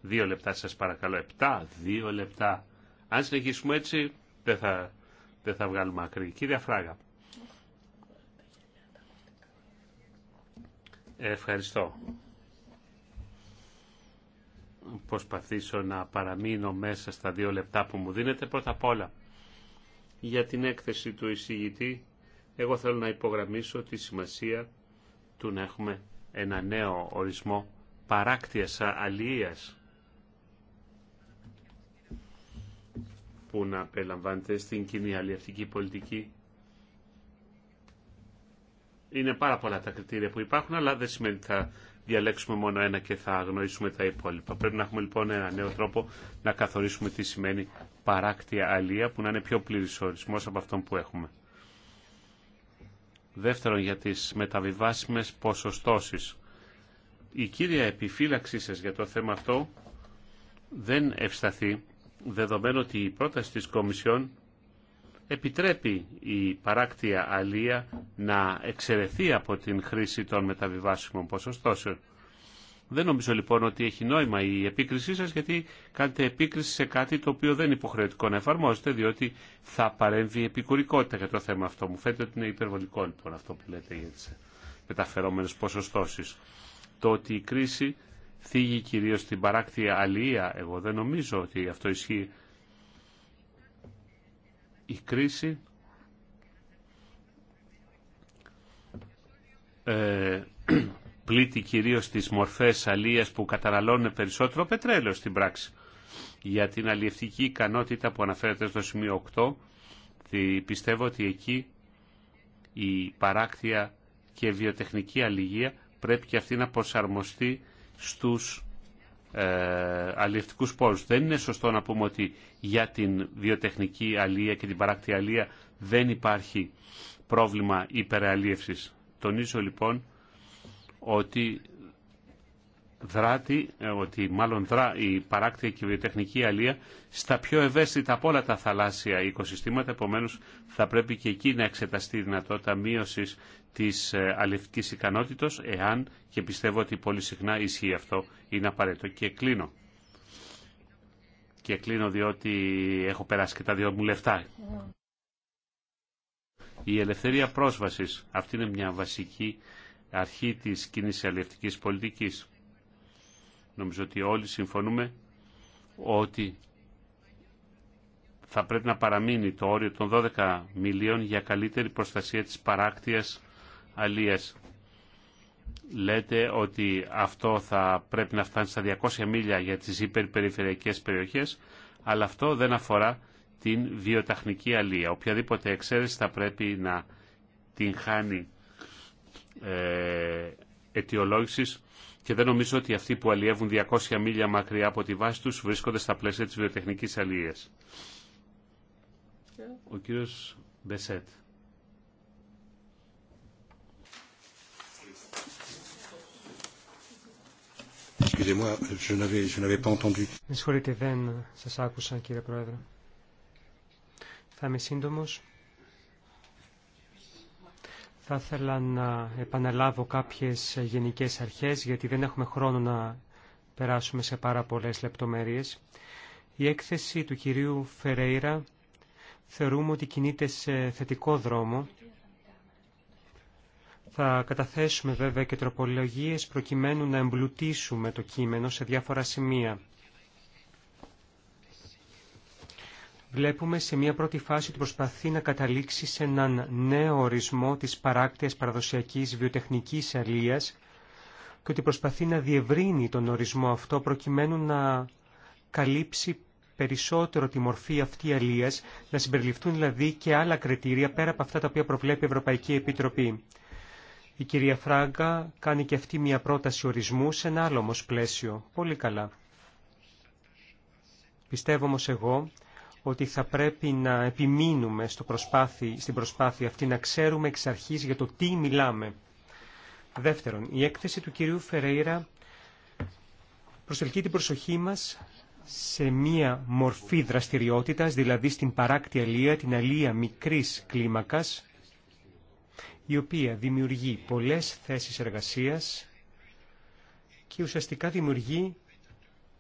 Δύο λεπτά σας παρακαλώ. Επτά. Δύο λεπτά. Αν συνεχίσουμε έτσι δεν θα, βγάλουμε ακριβή. Κύριε Φράγα. Ευχαριστώ. Προσπαθήσω να παραμείνω μέσα στα δύο λεπτά που μου δίνετε. Πρώτα απ' όλα, για την έκθεση του εισηγητή, εγώ θέλω να υπογραμμίσω τη σημασία του να έχουμε ένα νέο ορισμό παράκτιας αλίας που να περιλαμβάνεται στην κοινή αλλιευτική πολιτική είναι πάρα πολλά τα κριτήρια που υπάρχουν, αλλά δεν σημαίνει ότι θα διαλέξουμε μόνο ένα και θα αγνοήσουμε τα υπόλοιπα. Πρέπει να έχουμε λοιπόν ένα νέο τρόπο να καθορίσουμε τι σημαίνει παράκτια αλία, που να είναι πιο πλήρη ορισμό από αυτόν που έχουμε. Δεύτερον, για τις μεταβιβάσιμες ποσοστώσεις. Η κύρια επιφύλαξή σας για το θέμα αυτό δεν ευσταθεί, δεδομένου ότι η πρόταση της Κομισιόν επιτρέπει η παράκτια αλία να εξαιρεθεί από την χρήση των μεταβιβάσιμων ποσοστώσεων. Δεν νομίζω λοιπόν ότι έχει νόημα η επίκρισή σας γιατί κάνετε επίκριση σε κάτι το οποίο δεν είναι υποχρεωτικό να εφαρμόσετε διότι θα παρέμβει επικουρικότητα για το θέμα αυτό. Μου φαίνεται ότι είναι υπερβολικό λοιπόν αυτό που λέτε για τις μεταφερόμενες ποσοστώσεις. Το ότι η κρίση θίγει κυρίως την παράκτια αλία, εγώ δεν νομίζω ότι αυτό ισχύει η κρίση ε, πλήττει κυρίως τις μορφές αλίας που καταναλώνουν περισσότερο πετρέλαιο στην πράξη. Για την αλλιευτική ικανότητα που αναφέρεται στο σημείο 8, πιστεύω ότι εκεί η παράκτεια και βιοτεχνική αλληλεία πρέπει και αυτή να προσαρμοστεί στους ε, αλλιευτικούς πόρους. Δεν είναι σωστό να πούμε ότι για την βιοτεχνική αλία και την παράκτη αλία δεν υπάρχει πρόβλημα υπεραλίευσης. Τονίζω λοιπόν ότι δράτη, ε, ότι μάλλον δρά η παράκτη και η βιοτεχνική αλία στα πιο ευαίσθητα από όλα τα θαλάσσια οικοσυστήματα, επομένως θα πρέπει και εκεί να εξεταστεί η δυνατότητα μείωσης της ε, αλευτικής ικανότητος, εάν και πιστεύω ότι πολύ συχνά ισχύει αυτό, είναι απαραίτητο. Και κλείνω. Και κλείνω διότι έχω περάσει και τα δυο μου λεφτά. Η ελευθερία πρόσβασης, αυτή είναι μια βασική αρχή της κοινή αλληλευτικής πολιτικής. Νομίζω ότι όλοι συμφωνούμε ότι θα πρέπει να παραμείνει το όριο των 12 μιλίων για καλύτερη προστασία της παράκτειας Αλίες Λέτε ότι αυτό θα πρέπει να φτάνει στα 200 μίλια για τις υπερπεριφερειακές περιοχές, αλλά αυτό δεν αφορά την βιοταχνική αλία. Οποιαδήποτε εξαίρεση θα πρέπει να την χάνει ε, αιτιολόγησης και δεν νομίζω ότι αυτοί που αλλιεύουν 200 μίλια μακριά από τη βάση τους βρίσκονται στα πλαίσια της βιοτεχνικής αλίας. Ο κύριος Μπεσέτ. συγχωρείτε, δεν σας άκουσα, κύριε Πρόεδρε. Θα είμαι σύντομο. Θα ήθελα να επαναλάβω κάποιες γενικές αρχές, γιατί δεν έχουμε χρόνο να περάσουμε σε πάρα πολλές λεπτομέρειες. Η έκθεση του κυρίου Φερέιρα θεωρούμε ότι κινείται σε θετικό δρόμο θα καταθέσουμε βέβαια και τροπολογίες προκειμένου να εμπλουτίσουμε το κείμενο σε διάφορα σημεία. Βλέπουμε σε μια πρώτη φάση ότι προσπαθεί να καταλήξει σε έναν νέο ορισμό της παράκτειας παραδοσιακής βιοτεχνικής αλίας και ότι προσπαθεί να διευρύνει τον ορισμό αυτό προκειμένου να καλύψει περισσότερο τη μορφή αυτή αλίας, να συμπεριληφθούν δηλαδή και άλλα κριτήρια πέρα από αυτά τα οποία προβλέπει η Ευρωπαϊκή Επιτροπή. Η κυρία Φράγκα κάνει και αυτή μια πρόταση ορισμού σε ένα άλλο όμως πλαίσιο. Πολύ καλά. Πιστεύω όμως εγώ ότι θα πρέπει να επιμείνουμε στο στην προσπάθεια αυτή να ξέρουμε εξ αρχής για το τι μιλάμε. Δεύτερον, η έκθεση του κυρίου Φερέιρα προσελκύει την προσοχή μας σε μία μορφή δραστηριότητας, δηλαδή στην παράκτη αλία, την αλία μικρής κλίμακας, η οποία δημιουργεί πολλές θέσεις εργασίας και ουσιαστικά δημιουργεί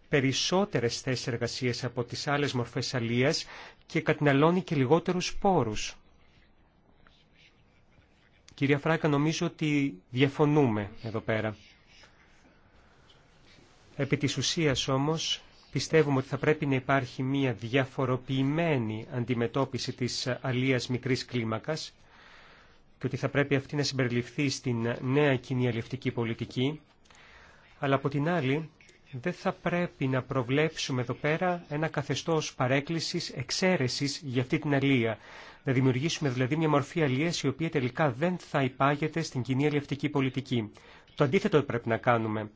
περισσότερες θέσεις εργασίας από τις άλλες μορφές αλίας και καταναλώνει και λιγότερους πόρους. Κυρία Φράκα, νομίζω ότι διαφωνούμε εδώ πέρα. Επί της ουσίας όμως πιστεύουμε ότι θα πρέπει να υπάρχει μια διαφοροποιημένη αντιμετώπιση της αλίας μικρής κλίμακας και ότι θα πρέπει αυτή να συμπεριληφθεί στην νέα κοινή αλληλευτική πολιτική, αλλά από την άλλη δεν θα πρέπει να προβλέψουμε εδώ πέρα ένα καθεστώς παρέκκλησης, εξαίρεσης για αυτή την αλλία. Να δημιουργήσουμε δηλαδή μια μορφή αλίας η οποία τελικά δεν θα υπάγεται στην κοινή αλληλευτική πολιτική. Το αντίθετο πρέπει να κάνουμε.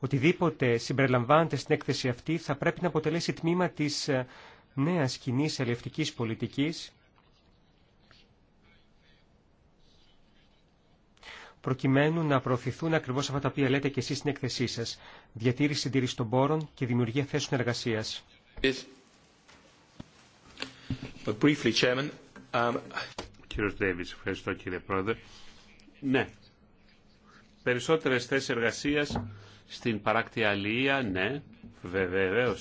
Οτιδήποτε συμπεριλαμβάνεται στην έκθεση αυτή θα πρέπει να αποτελέσει τμήμα της ε, νέας κοινή αλληλευτικής πολιτικής προκειμένου να προωθηθούν ακριβώς αυτά τα οποία λέτε και εσείς στην εκθεσή σας. Διατήρηση συντήρηση των πόρων και δημιουργία θέσεων εργασίας. Κύριο briefly, um, Κύριος ευχαριστώ κύριε Πρόεδρε. Ναι, περισσότερες θέσεις εργασίας στην παράκτη αλληλεία, ναι, βεβαίω.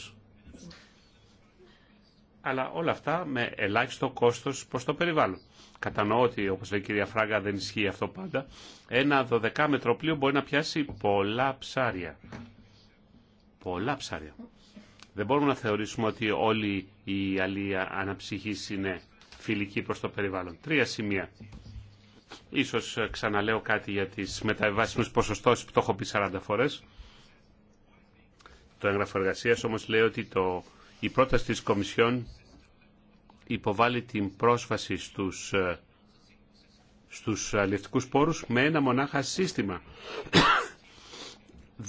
Αλλά όλα αυτά με ελάχιστο κόστος προς το περιβάλλον κατανοώ ότι όπως λέει η κυρία Φράγκα δεν ισχύει αυτό πάντα, ένα 12 μέτρο πλοίο μπορεί να πιάσει πολλά ψάρια. Πολλά ψάρια. Δεν μπορούμε να θεωρήσουμε ότι όλη η αλία αναψυχής είναι φιλική προ το περιβάλλον. Τρία σημεία. Ίσως ξαναλέω κάτι για τι μεταβάσιμες ποσοστώσει που το έχω πει 40 φορέ. Το έγγραφο εργασία όμω λέει ότι το, η πρόταση τη Κομισιόν υποβάλει την πρόσβαση στους, ε, στους αλληλευτικούς πόρους με ένα μονάχα σύστημα.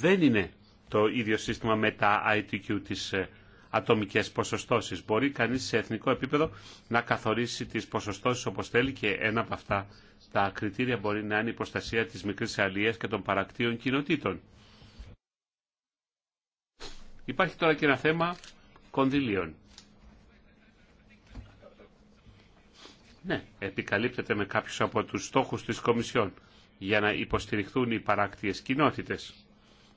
Δεν είναι το ίδιο σύστημα με τα ITQ της ε, ατομικές ποσοστώσεις. Μπορεί κανείς σε εθνικό επίπεδο να καθορίσει τις ποσοστώσεις όπως θέλει και ένα από αυτά τα κριτήρια μπορεί να είναι η προστασία της μικρής αλλίας και των παρακτήων κοινοτήτων. Υπάρχει τώρα και ένα θέμα κονδυλίων. Ναι, επικαλύπτεται με κάποιους από τους στόχους της Κομισιόν για να υποστηριχθούν οι παράκτιες κοινότητε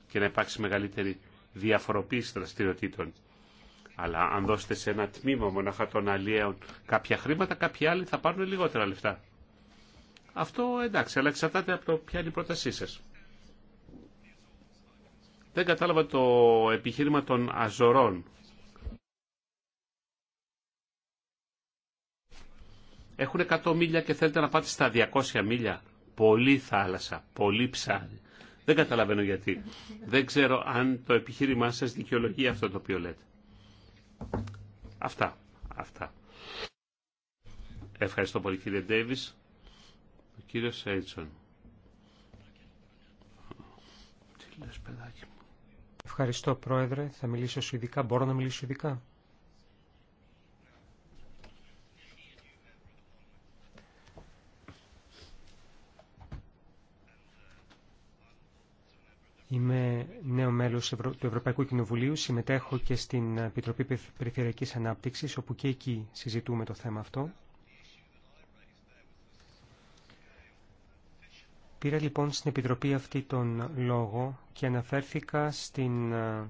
και να υπάρξει μεγαλύτερη διαφοροποίηση δραστηριοτήτων. Αλλά αν δώσετε σε ένα τμήμα μοναχα των αλλιέων κάποια χρήματα, κάποιοι άλλοι θα πάρουν λιγότερα λεφτά. Αυτό εντάξει, αλλά εξαρτάται από το ποια είναι η πρότασή σα. Δεν κατάλαβα το επιχείρημα των αζωρών έχουν 100 μίλια και θέλετε να πάτε στα 200 μίλια. Πολύ θάλασσα, πολύ ψάρι. Δεν καταλαβαίνω γιατί. Δεν ξέρω αν το επιχείρημά σας δικαιολογεί αυτό το οποίο λέτε. Αυτά. Αυτά. Ευχαριστώ πολύ κύριε Ντέιβις. Ο κύριος Ευχαριστώ πρόεδρε. Θα μιλήσω σου ειδικά. Μπορώ να μιλήσω ειδικά. Είμαι νέο μέλος του Ευρωπαϊκού Κοινοβουλίου, συμμετέχω και στην Επιτροπή Περιφερειακής Ανάπτυξης, όπου και εκεί συζητούμε το θέμα αυτό. Πήρα λοιπόν στην Επιτροπή αυτή τον λόγο και αναφέρθηκα στην ε,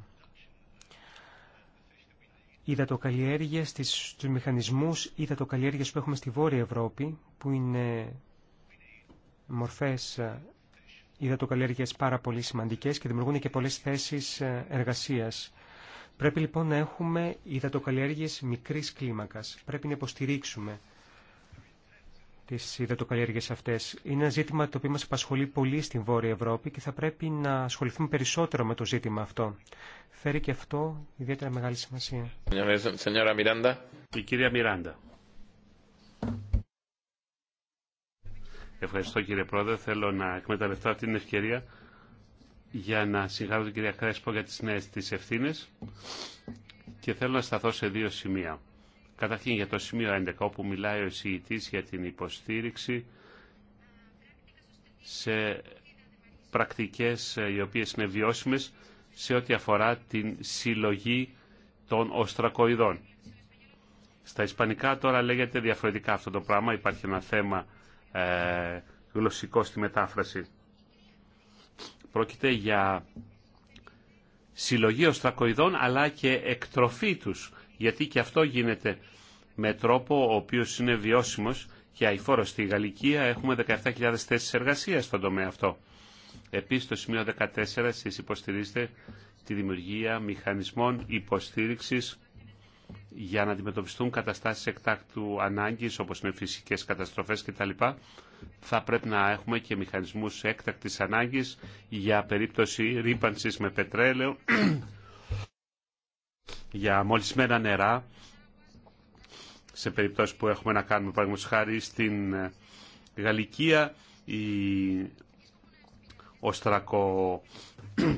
υδατοκαλλιέργεια, στις, στους μηχανισμούς υδατοκαλλιέργειας που έχουμε στη Βόρεια Ευρώπη, που είναι μορφές ε, υδατοκαλλιέργειες πάρα πολύ σημαντικές και δημιουργούν και πολλές θέσεις ε, εργασίας. Πρέπει λοιπόν να έχουμε υδατοκαλλιέργειες μικρής κλίμακας. Πρέπει να υποστηρίξουμε τις υδατοκαλλιέργειες αυτές. Είναι ένα ζήτημα το οποίο μας απασχολεί πολύ στην Βόρεια Ευρώπη και θα πρέπει να ασχοληθούμε περισσότερο με το ζήτημα αυτό. Φέρει και αυτό ιδιαίτερα μεγάλη σημασία. Η κυρία Μιράντα. Ευχαριστώ κύριε Πρόεδρε. Θέλω να εκμεταλλευτώ αυτή την ευκαιρία για να συγχαρώ την κυρία Κρέσπο για τις νέες της ευθύνες και θέλω να σταθώ σε δύο σημεία. Καταρχήν για το σημείο 11 όπου μιλάει ο εισηγητής για την υποστήριξη σε πρακτικές ε, οι οποίες είναι βιώσιμες σε ό,τι αφορά την συλλογή των οστρακοειδών. Στα ισπανικά τώρα λέγεται διαφορετικά αυτό το πράγμα. Υπάρχει ένα θέμα ε, γλωσσικό στη μετάφραση. Πρόκειται για συλλογή οστρακοειδών αλλά και εκτροφή τους, γιατί και αυτό γίνεται με τρόπο ο οποίος είναι βιώσιμος και αηφόρος στη Γαλλικία έχουμε 17.000 θέσεις εργασίας στον τομέα αυτό. Επίσης το σημείο 14 εσείς υποστηρίζετε τη δημιουργία μηχανισμών υποστήριξης για να αντιμετωπιστούν καταστάσεις εκτάκτου ανάγκης όπως είναι φυσικές καταστροφές κτλ. Θα πρέπει να έχουμε και μηχανισμούς έκτακτης ανάγκης για περίπτωση ρήπανσης με πετρέλαιο, για μολυσμένα νερά, σε περίπτωση που έχουμε να κάνουμε παραδείγματος χάρη στην ε, Γαλλικία, η οστρακο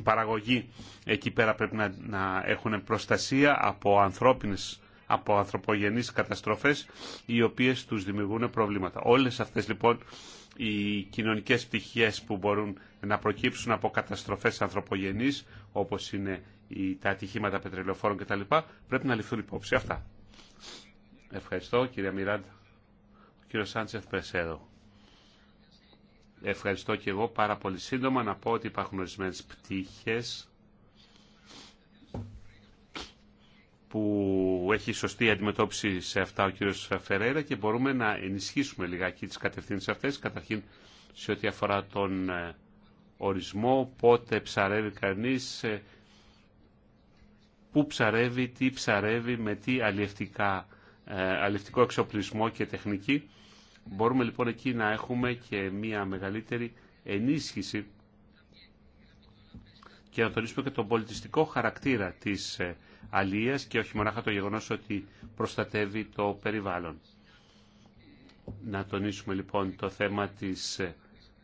παραγωγή εκεί πέρα πρέπει να, να έχουν προστασία από ανθρώπινες από ανθρωπογενείς καταστροφές οι οποίες τους δημιουργούν προβλήματα. Όλες αυτές λοιπόν οι κοινωνικές πτυχές που μπορούν να προκύψουν από καταστροφές ανθρωπογενείς όπως είναι τα ατυχήματα πετρελαιοφόρων κτλ. πρέπει να ληφθούν υπόψη. Αυτά. Ευχαριστώ κύριε Μιράντα. Κύριο κύριος Σάντσεφ Πρεσέδο. Ευχαριστώ και εγώ πάρα πολύ σύντομα να πω ότι υπάρχουν ορισμένε πτύχες που έχει σωστή αντιμετώπιση σε αυτά ο κύριος Φεραίρα και μπορούμε να ενισχύσουμε λιγάκι τις κατευθύνσεις αυτές, καταρχήν σε ό,τι αφορά τον ε, ορισμό, πότε ψαρεύει κανείς, ε, πού ψαρεύει, τι ψαρεύει, με τι αλλιευτικά, ε, αλλιευτικό εξοπλισμό και τεχνική. Μπορούμε λοιπόν εκεί να έχουμε και μια μεγαλύτερη ενίσχυση και να τονίσουμε και τον πολιτιστικό χαρακτήρα της αλίας και όχι μονάχα το γεγονός ότι προστατεύει το περιβάλλον. Να τονίσουμε λοιπόν το θέμα της ε,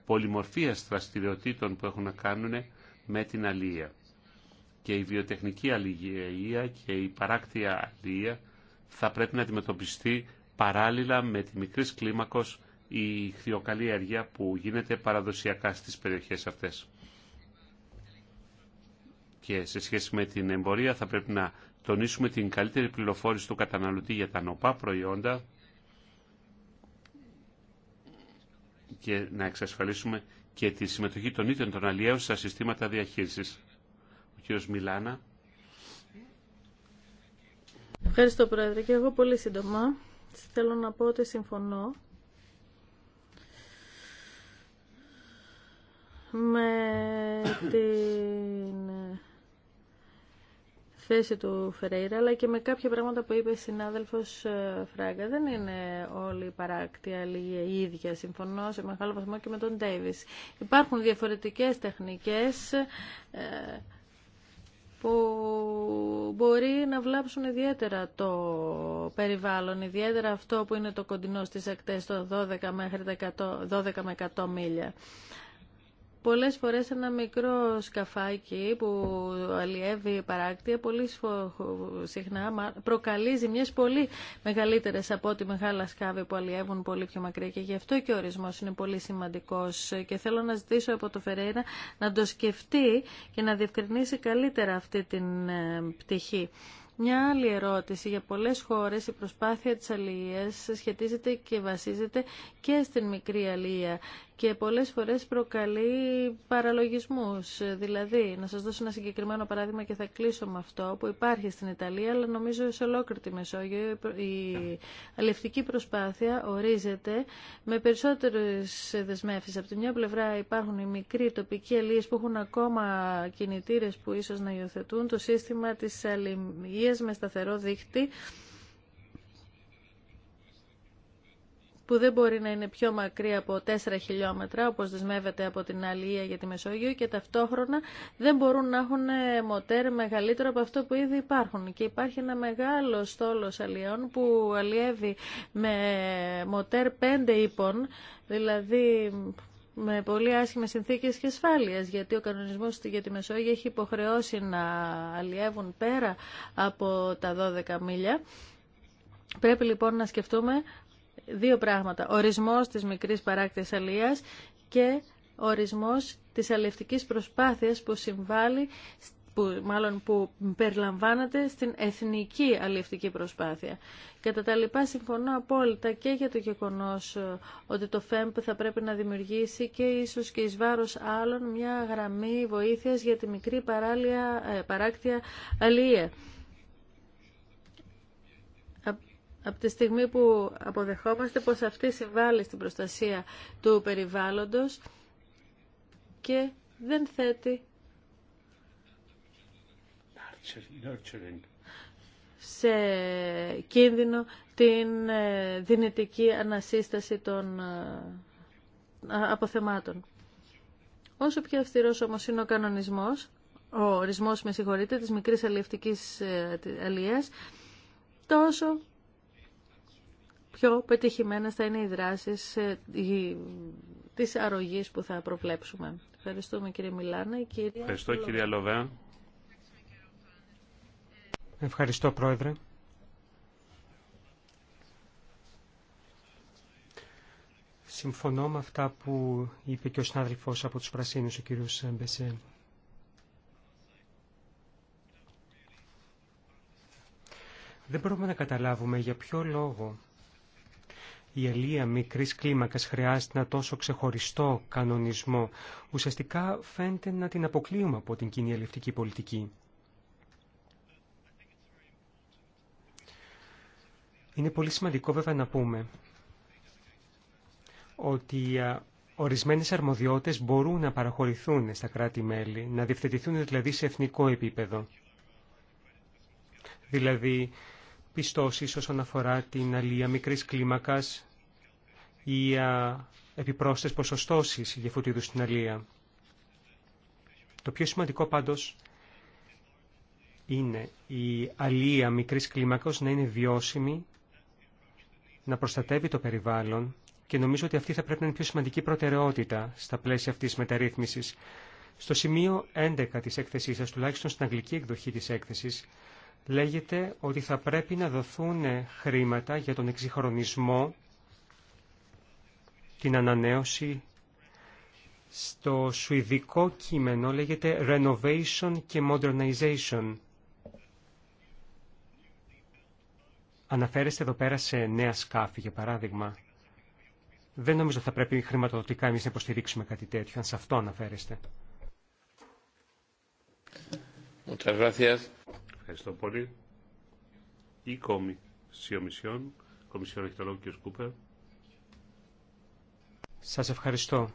πολυμορφίας δραστηριοτήτων που έχουν να κάνουν με την αλία. Και η βιοτεχνική αλληλεία και η παράκτια αλληλεία θα πρέπει να αντιμετωπιστεί παράλληλα με τη μικρή κλίμακος η χθιοκαλλιέργεια που γίνεται παραδοσιακά στις περιοχές αυτές και σε σχέση με την εμπορία θα πρέπει να τονίσουμε την καλύτερη πληροφόρηση του καταναλωτή για τα νοπά προϊόντα και να εξασφαλίσουμε και τη συμμετοχή των ίδιων των αλλιέων στα συστήματα διαχείρισης. Ο κ. Μιλάνα. Ευχαριστώ Πρόεδρε και εγώ πολύ σύντομα. Θέλω να πω ότι συμφωνώ με την θέση του Φερέιρα, αλλά και με κάποια πράγματα που είπε συνάδελφο ε, Φράγκα. Δεν είναι όλοι οι αλλοί οι ίδια. Συμφωνώ σε μεγάλο βαθμό και με τον Ντέιβις. Υπάρχουν διαφορετικές τεχνικές ε, που μπορεί να βλάψουν ιδιαίτερα το περιβάλλον, ιδιαίτερα αυτό που είναι το κοντινό στις ακτές, το 12 με 100 μίλια. Πολλές φορές ένα μικρό σκαφάκι που αλλιεύει παράκτια πολύ συχνά προκαλεί ζημιές πολύ μεγαλύτερες από ό,τι μεγάλα σκάβη που αλλιεύουν πολύ πιο μακριά και γι' αυτό και ο ορισμός είναι πολύ σημαντικός και θέλω να ζητήσω από το Φερέιρα να το σκεφτεί και να διευκρινίσει καλύτερα αυτή την ε, πτυχή. Μια άλλη ερώτηση. Για πολλές χώρες η προσπάθεια της αλληλείας σχετίζεται και βασίζεται και στην μικρή αλληλεία και πολλές φορές προκαλεί παραλογισμούς. Δηλαδή, να σας δώσω ένα συγκεκριμένο παράδειγμα και θα κλείσω με αυτό που υπάρχει στην Ιταλία, αλλά νομίζω σε ολόκληρη τη Μεσόγειο η αλληλευτική προσπάθεια ορίζεται με περισσότερες δεσμεύσεις. Από τη μια πλευρά υπάρχουν οι μικροί τοπικοί αλληλείες που έχουν ακόμα κινητήρες που ίσως να υιοθετούν το σύστημα της αλληλείας με σταθερό δίχτυ που δεν μπορεί να είναι πιο μακρύ από 4 χιλιόμετρα, όπως δεσμεύεται από την Αλία για τη Μεσόγειο, και ταυτόχρονα δεν μπορούν να έχουν ε, μοτέρ μεγαλύτερο από αυτό που ήδη υπάρχουν. Και υπάρχει ένα μεγάλο στόλος αλιών που αλλιεύει με ε, μοτέρ 5 ύπων, δηλαδή με πολύ άσχημες συνθήκες και ασφάλειας, γιατί ο κανονισμός για τη Μεσόγειο έχει υποχρεώσει να αλλιεύουν πέρα από τα 12 μίλια. Πρέπει λοιπόν να σκεφτούμε δύο πράγματα. Ορισμός της μικρής παράκτης αλίας και ορισμός της αλληλευτικής προσπάθειας που συμβάλλει που, μάλλον που περιλαμβάνεται στην εθνική αλληλευτική προσπάθεια. Κατά τα λοιπά συμφωνώ απόλυτα και για το γεγονός ε, ότι το ΦΕΜΠ θα πρέπει να δημιουργήσει και ίσως και εις βάρος άλλων μια γραμμή βοήθειας για τη μικρή παράλια, ε, παράκτια αλληλεία. από τη στιγμή που αποδεχόμαστε πως αυτή συμβάλλει στην προστασία του περιβάλλοντος και δεν θέτει σε κίνδυνο την ε, δυνητική ανασύσταση των ε, αποθεμάτων. Όσο πιο αυστηρός όμως είναι ο κανονισμός, ο ορισμός με συγχωρείτε της μικρής αλλιευτικής ε, αλίας, τόσο πιο πετυχημένες θα είναι οι δράσεις ε, της αρρωγής που θα προβλέψουμε. Ευχαριστούμε κύριε Μιλάνα. Κυρία... Ευχαριστώ κυρία Λοβέα. Ευχαριστώ πρόεδρε. Συμφωνώ με αυτά που είπε και ο συνάδελφος από τους Πρασίνους, ο κύριος Μπεσέ. Δεν μπορούμε να καταλάβουμε για ποιο λόγο η αλία μικρή κλίμακα χρειάζεται ένα τόσο ξεχωριστό κανονισμό. Ουσιαστικά φαίνεται να την αποκλείουμε από την κοινή αλληλευτική πολιτική. Είναι πολύ σημαντικό βέβαια να πούμε ότι ορισμένες αρμοδιότητες μπορούν να παραχωρηθούν στα κράτη-μέλη, να διευθετηθούν δηλαδή σε εθνικό επίπεδο. Δηλαδή, πιστώσεις όσον αφορά την αλία μικρής κλίμακας ή επιπρόσθετες ποσοστώσεις για φωτίδου στην αλία. Το πιο σημαντικό πάντως είναι η αλία μικρής κλίμακας να είναι βιώσιμη, να προστατεύει το περιβάλλον και νομίζω ότι αυτή θα πρέπει να είναι πιο σημαντική προτεραιότητα στα πλαίσια αυτής της μεταρρύθμισης. Στο σημείο 11 της έκθεσής σας, τουλάχιστον στην αγγλική εκδοχή της έκθεσης, λέγεται ότι θα πρέπει να δοθούν χρήματα για τον εξυγχρονισμό, την ανανέωση. Στο σουηδικό κείμενο λέγεται Renovation και Modernization. Αναφέρεστε εδώ πέρα σε νέα σκάφη, για παράδειγμα. Δεν νομίζω θα πρέπει χρηματοδοτικά εμείς να υποστηρίξουμε κάτι τέτοιο, αν σε αυτό αναφέρεστε. Ευχαριστώ πολύ. Η Κομισιόν, Κομισιόν έχει κ. Σας ευχαριστώ.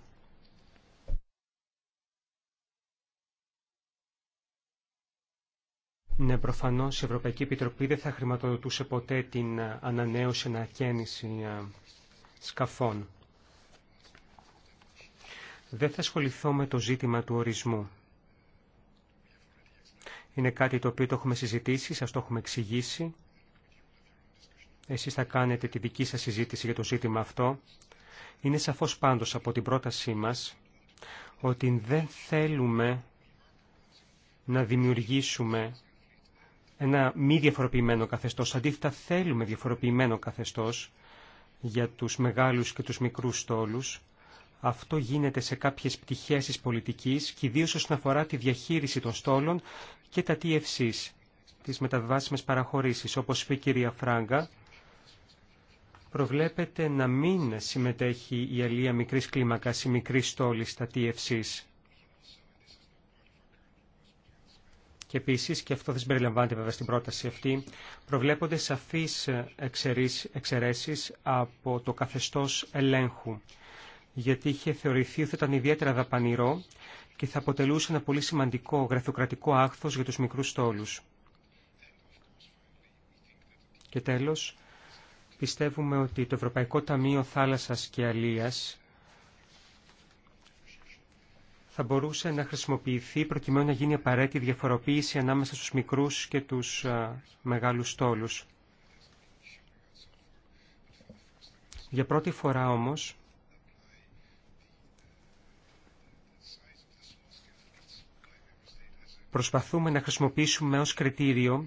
Ναι, προφανώς η Ευρωπαϊκή Επιτροπή δεν θα χρηματοδοτούσε ποτέ την ανανέωση ανακαίνιση σκαφών. Δεν θα ασχοληθώ με το ζήτημα του ορισμού. Είναι κάτι το οποίο το έχουμε συζητήσει, σας το έχουμε εξηγήσει. Εσείς θα κάνετε τη δική σας συζήτηση για το ζήτημα αυτό. Είναι σαφώς πάντως από την πρότασή μας ότι δεν θέλουμε να δημιουργήσουμε ένα μη διαφοροποιημένο καθεστώς. Αντίθετα θέλουμε διαφοροποιημένο καθεστώς για τους μεγάλους και τους μικρούς στόλους αυτό γίνεται σε κάποιες πτυχές της πολιτικής και ιδίως όσον αφορά τη διαχείριση των στόλων και τα TFCs, τις μεταβάσιμες παραχωρήσεις. Όπως είπε η κυρία Φράγκα, προβλέπεται να μην συμμετέχει η αλία μικρής κλίμακας ή μικρής στόλη στα TFCs. Και επίση, και αυτό δεν συμπεριλαμβάνεται βέβαια στην πρόταση αυτή, προβλέπονται σαφεί εξαιρέσει από το καθεστώ ελέγχου γιατί είχε θεωρηθεί ότι ήταν ιδιαίτερα δαπανηρό και θα αποτελούσε ένα πολύ σημαντικό γραφειοκρατικό άχθος για τους μικρούς στόλους. Και τέλος, πιστεύουμε ότι το Ευρωπαϊκό Ταμείο Θάλασσας και Αλίας θα μπορούσε να χρησιμοποιηθεί προκειμένου να γίνει απαραίτητη διαφοροποίηση ανάμεσα στους μικρούς και τους μεγάλους στόλους. Για πρώτη φορά όμως, προσπαθούμε να χρησιμοποιήσουμε ως κριτήριο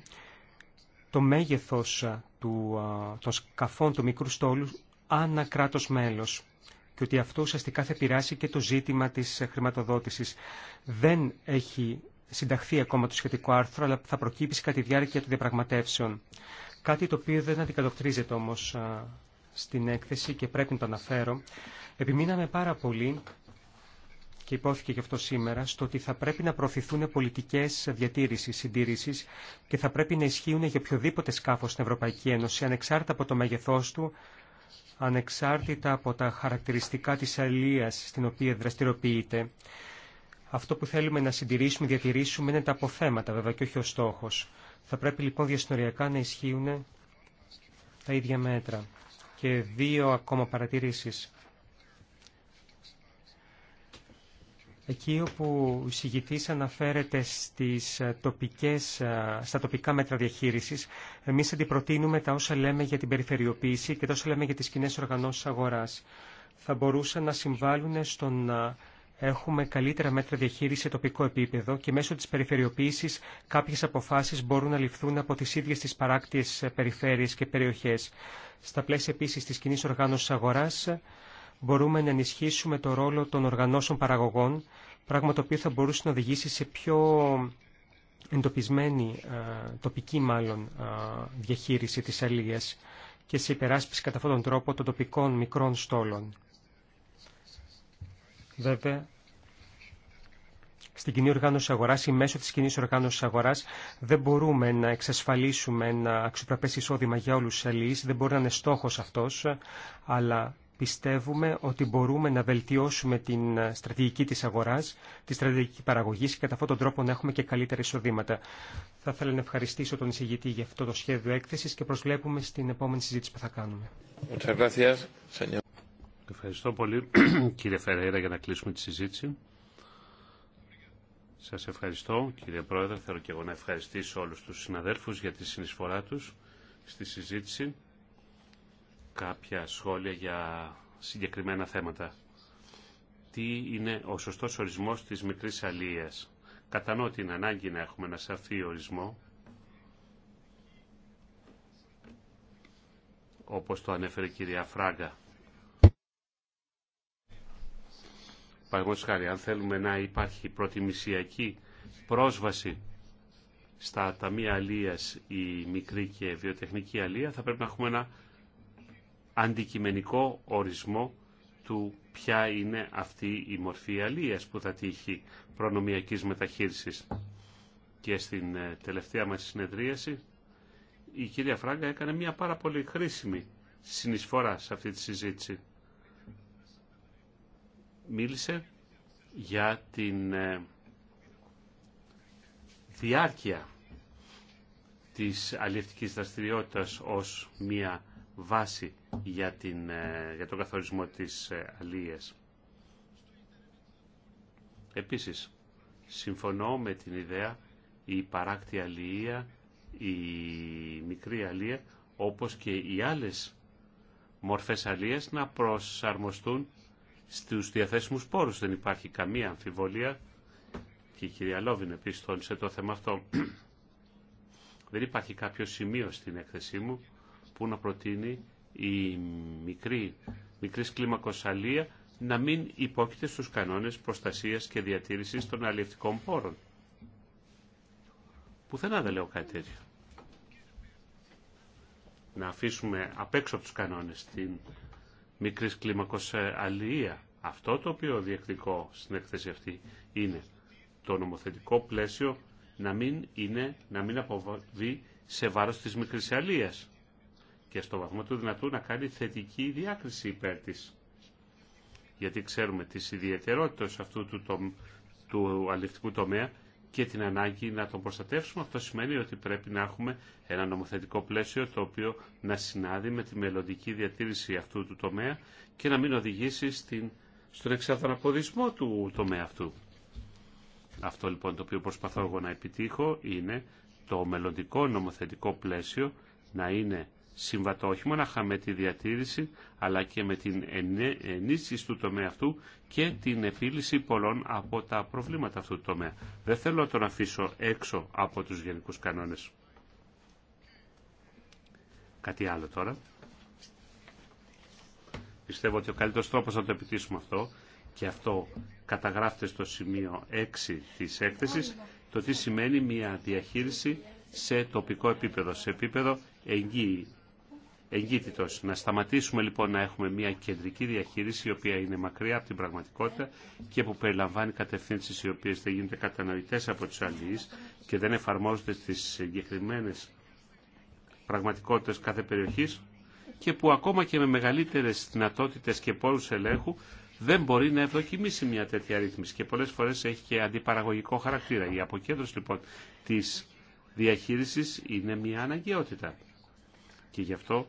το μέγεθος του, των σκαφών του μικρού στόλου ανά κράτος μέλος και ότι αυτό ουσιαστικά θα πειράσει και το ζήτημα της χρηματοδότησης. Δεν έχει συνταχθεί ακόμα το σχετικό άρθρο, αλλά θα προκύψει κατά τη διάρκεια των διαπραγματεύσεων. Κάτι το οποίο δεν αντικατοπτρίζεται όμως στην έκθεση και πρέπει να το αναφέρω. Επιμείναμε πάρα πολύ και υπόθηκε γι' αυτό σήμερα, στο ότι θα πρέπει να προωθηθούν πολιτικέ διατήρηση, συντήρηση και θα πρέπει να ισχύουν για οποιοδήποτε σκάφο στην Ευρωπαϊκή Ένωση, ανεξάρτητα από το μέγεθό του, ανεξάρτητα από τα χαρακτηριστικά τη αλληλεία στην οποία δραστηριοποιείται. Αυτό που θέλουμε να συντηρήσουμε, διατηρήσουμε είναι τα αποθέματα βέβαια και όχι ο στόχο. Θα πρέπει λοιπόν διασυνοριακά να ισχύουν τα ίδια μέτρα. Και δύο ακόμα παρατηρήσει. εκεί όπου ο εισηγητής αναφέρεται στις ε, τοπικές, ε, στα τοπικά μέτρα διαχείρισης, εμείς αντιπροτείνουμε τα όσα λέμε για την περιφερειοποίηση και τα όσα λέμε για τις κοινέ οργανώσεις αγοράς. Θα μπορούσαν να συμβάλλουν στο να έχουμε καλύτερα μέτρα διαχείριση σε τοπικό επίπεδο και μέσω της περιφερειοποίησης κάποιες αποφάσεις μπορούν να ληφθούν από τις ίδιες τις παράκτιες ε, περιφέρειες και περιοχές. Στα πλαίσια επίσης της κοινή οργάνωσης αγοράς, μπορούμε να ενισχύσουμε το ρόλο των οργανώσεων παραγωγών πράγμα το οποίο θα μπορούσε να οδηγήσει σε πιο εντοπισμένη, ε, τοπική μάλλον, ε, διαχείριση της αλίας και σε υπεράσπιση κατά αυτόν τον τρόπο των τοπικών μικρών στόλων. Βέβαια, στην κοινή οργάνωση αγορά ή μέσω τη κοινή οργάνωση αγορά δεν μπορούμε να εξασφαλίσουμε ένα αξιοπρεπέ εισόδημα για όλου του αλληλεί. Δεν μπορεί να είναι στόχο αυτό, αλλά πιστεύουμε ότι μπορούμε να βελτιώσουμε την ε, στρατηγική της αγοράς, τη στρατηγική παραγωγής και κατά αυτόν τον τρόπο να έχουμε και καλύτερα εισοδήματα. Θα ήθελα να ευχαριστήσω τον εισηγητή για αυτό το σχέδιο έκθεσης και προσβλέπουμε στην επόμενη συζήτηση που θα κάνουμε. Ευχαριστώ πολύ κύριε Φεραίρα για να κλείσουμε τη συζήτηση. Σας ευχαριστώ κύριε Πρόεδρε. Θέλω και εγώ να ευχαριστήσω όλους τους συναδέλφους για τη συνεισφορά τους στη συζήτηση κάποια σχόλια για συγκεκριμένα θέματα. Τι είναι ο σωστός ορισμός της μικρής αλίας. Κατανοώ την ανάγκη να έχουμε ένα σαφή ορισμό, όπως το ανέφερε η κυρία Φράγκα. Παραδείγματος χάρη, αν θέλουμε να υπάρχει προτιμησιακή πρόσβαση στα ταμεία αλίας η μικρή και βιοτεχνική αλία, θα πρέπει να έχουμε ένα αντικειμενικό ορισμό του ποια είναι αυτή η μορφή αλίας που θα τύχει προνομιακής μεταχείρισης. Και στην ε, τελευταία μας συνεδρίαση η κυρία Φράγκα έκανε μια πάρα πολύ χρήσιμη συνεισφορά σε αυτή τη συζήτηση. Μίλησε για την ε, διάρκεια της αλληλευτικής δραστηριότητας ως μια βάση για, την, ε, για τον καθορισμό της ε, αλίες. Επίσης, συμφωνώ με την ιδέα η παράκτη αλία, η μικρή αλία, όπως και οι άλλες μορφές αλίες να προσαρμοστούν στους διαθέσιμους πόρους. Δεν υπάρχει καμία αμφιβολία και η κυρία Λόβιν επίσης το θέμα αυτό. Δεν υπάρχει κάποιο σημείο στην έκθεσή μου που να προτείνει η μικρή, μικρής κλίμακος αλία να μην υπόκειται στους κανόνες προστασίας και διατήρησης των αλληλευτικών πόρων. Πουθενά δεν λέω κάτι τέτοιο. Να αφήσουμε απ' έξω από τους κανόνες την μικρή κλίμακος Αυτό το οποίο διεκδικώ στην έκθεση αυτή είναι το νομοθετικό πλαίσιο να μην, είναι, να μην αποβεί σε βάρος της μικρής αλίας και στο βαθμό του δυνατού να κάνει θετική διάκριση υπέρ της. Γιατί ξέρουμε τις ιδιαιτερότητες αυτού του, του, του τομέα και την ανάγκη να τον προστατεύσουμε. Αυτό σημαίνει ότι πρέπει να έχουμε ένα νομοθετικό πλαίσιο το οποίο να συνάδει με τη μελλοντική διατήρηση αυτού του τομέα και να μην οδηγήσει στον εξαθαναποδισμό του τομέα αυτού. Αυτό λοιπόν το οποίο προσπαθώ εγώ να επιτύχω είναι το μελλοντικό νομοθετικό πλαίσιο να είναι συμβατό όχι μόνο με τη διατήρηση αλλά και με την ενίσχυση του τομέα αυτού και την επίλυση πολλών από τα προβλήματα αυτού του τομέα. Δεν θέλω να τον αφήσω έξω από τους γενικούς κανόνες. Κάτι άλλο τώρα. Πιστεύω ότι ο καλύτερος τρόπος να το επιτύσσουμε αυτό και αυτό καταγράφεται στο σημείο 6 της έκθεσης το τι σημαίνει μια διαχείριση σε τοπικό επίπεδο, σε επίπεδο εγγύη εγκύτητος. Να σταματήσουμε λοιπόν να έχουμε μια κεντρική διαχείριση η οποία είναι μακριά από την πραγματικότητα και που περιλαμβάνει κατευθύνσεις οι οποίες δεν γίνονται κατανοητές από τους αλληλείς και δεν εφαρμόζονται στις συγκεκριμένε πραγματικότητες κάθε περιοχής και που ακόμα και με μεγαλύτερες δυνατότητες και πόρους ελέγχου δεν μπορεί να ευδοκιμήσει μια τέτοια ρύθμιση και πολλές φορές έχει και αντιπαραγωγικό χαρακτήρα. Η αποκέντρωση λοιπόν της διαχείρισης είναι μια αναγκαιότητα. Και γι' αυτό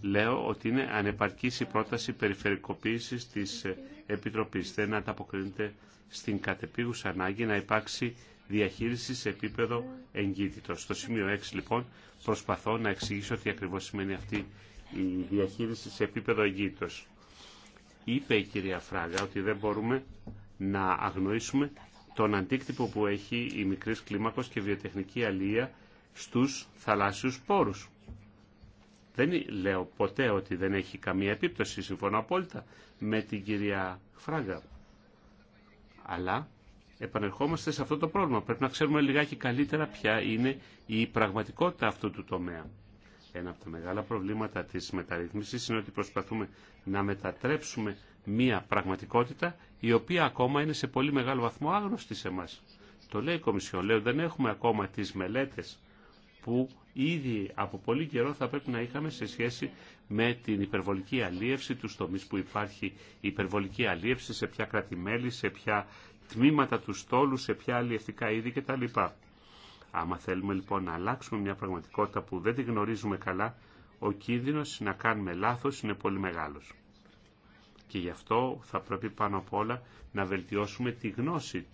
λέω ότι είναι ανεπαρκής η πρόταση περιφερικοποίησης της ε, Επιτροπής. Δεν ανταποκρίνεται στην κατεπίγουσα ανάγκη να υπάρξει διαχείριση σε επίπεδο εγκύτητο. Στο σημείο 6 λοιπόν προσπαθώ να εξηγήσω τι ακριβώς σημαίνει αυτή η διαχείριση σε επίπεδο εγκύτητο. Είπε η κυρία Φράγα ότι δεν μπορούμε να αγνοήσουμε τον αντίκτυπο που έχει η μικρής κλίμακος και βιοτεχνική αλία στους θαλάσσιους πόρους. Δεν λέω ποτέ ότι δεν έχει καμία επίπτωση, συμφωνώ απόλυτα με την κυρία Φράγκα. Αλλά επανερχόμαστε σε αυτό το πρόβλημα. Πρέπει να ξέρουμε λιγάκι καλύτερα ποια είναι η πραγματικότητα αυτού του τομέα. Ένα από τα μεγάλα προβλήματα της μεταρρύθμισης είναι ότι προσπαθούμε να μετατρέψουμε μία πραγματικότητα η οποία ακόμα είναι σε πολύ μεγάλο βαθμό άγνωστη σε εμάς. Το λέει η Κομισιόν, λέει δεν έχουμε ακόμα τις μελέτες που ήδη από πολύ καιρό θα πρέπει να είχαμε σε σχέση με την υπερβολική αλίευση, του τομεί που υπάρχει υπερβολική αλίευση, σε ποια κρατημέλη, σε ποια τμήματα του στόλου, σε ποια αλλιευτικά είδη κτλ. Άμα θέλουμε λοιπόν να αλλάξουμε μια πραγματικότητα που δεν τη γνωρίζουμε καλά, ο κίνδυνος να κάνουμε λάθος είναι πολύ μεγάλος. Και γι' αυτό θα πρέπει πάνω απ' όλα να βελτιώσουμε τη γνώση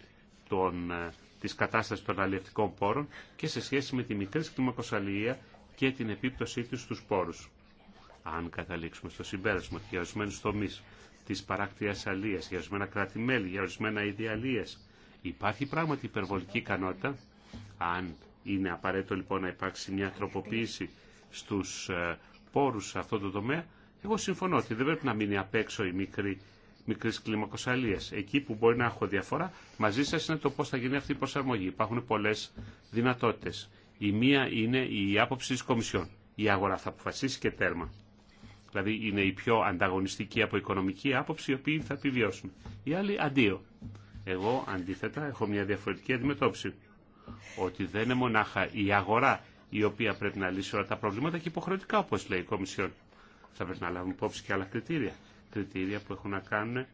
των ε, Τη κατάσταση των αλληλευτικών πόρων και σε σχέση με τη μικρή κλιμακοσαλία και την επίπτωσή τη στους πόρου. Αν καταλήξουμε στο συμπέρασμα ότι για ορισμένου τομεί τη παράκτεια αλεία, για ορισμένα κράτη-μέλη, για ορισμένα είδη υπάρχει πράγματι υπερβολική ικανότητα, αν είναι απαραίτητο λοιπόν να υπάρξει μια τροποποίηση στου ε, πόρου σε αυτό το τομέα, εγώ συμφωνώ ότι δεν πρέπει να μείνει απ' έξω η μικρή μικρή κλιμακοσαλία. Εκεί που μπορεί να έχω διαφορά μαζί σα είναι το πώ θα γίνει αυτή η προσαρμογή. Υπάρχουν πολλέ δυνατότητε. Η μία είναι η άποψη τη Κομισιόν. Η αγορά θα αποφασίσει και τέρμα. Δηλαδή είναι η πιο ανταγωνιστική από οικονομική άποψη οι οποίοι θα επιβιώσουν. η άλλη αντίο. Εγώ αντίθετα έχω μια διαφορετική αντιμετώπιση. Ότι δεν είναι μονάχα η αγορά η οποία πρέπει να λύσει όλα τα προβλήματα και υποχρεωτικά οπω λέει η Κομισιόν. Θα πρέπει να λαβουμε υπόψη και άλλα κριτήρια κριτήρια που έχουν να κάνουν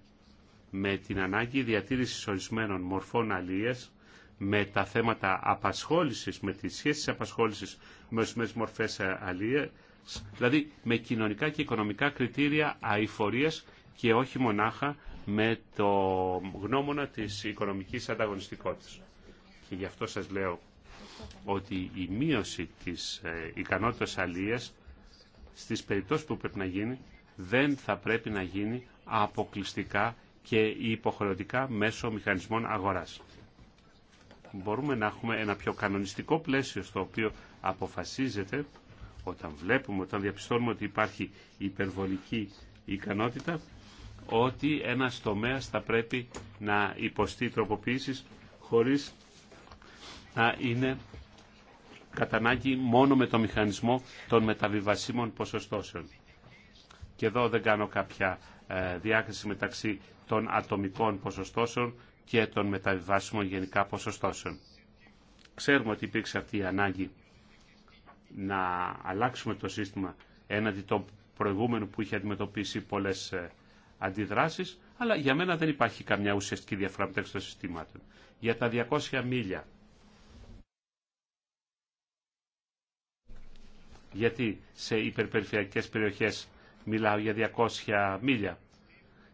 με την ανάγκη διατήρησης ορισμένων μορφών αλίας, με τα θέματα απασχόλησης, με τις σχέσεις απασχόλησης με ορισμένες μορφές αλίας, δηλαδή με κοινωνικά και οικονομικά κριτήρια αηφορίας και όχι μονάχα με το γνώμονα της οικονομικής ανταγωνιστικότητας. Και γι' αυτό σας λέω ότι η μείωση της ε, ικανότητας αλίας στις περιπτώσεις που πρέπει να γίνει δεν θα πρέπει να γίνει αποκλειστικά και υποχρεωτικά μέσω μηχανισμών αγοράς. Μπορούμε να έχουμε ένα πιο κανονιστικό πλαίσιο στο οποίο αποφασίζεται όταν βλέπουμε, όταν διαπιστώνουμε ότι υπάρχει υπερβολική ικανότητα ότι ένα τομέα θα πρέπει να υποστεί τροποποίησεις χωρίς να είναι κατά μόνο με το μηχανισμό των μεταβιβασίμων ποσοστώσεων. Και εδώ δεν κάνω κάποια ε, διάκριση μεταξύ των ατομικών ποσοστώσεων και των μεταβιβάσιμων γενικά ποσοστώσεων. Ξέρουμε ότι υπήρξε αυτή η ανάγκη να αλλάξουμε το σύστημα έναντι των προηγούμενο που είχε αντιμετωπίσει πολλές ε, αντιδράσεις, αλλά για μένα δεν υπάρχει καμιά ουσιαστική διαφορά μεταξύ των συστημάτων. Για τα 200 μίλια. Γιατί σε υπερπεριφερειακές περιοχές Μιλάω για 200 μίλια.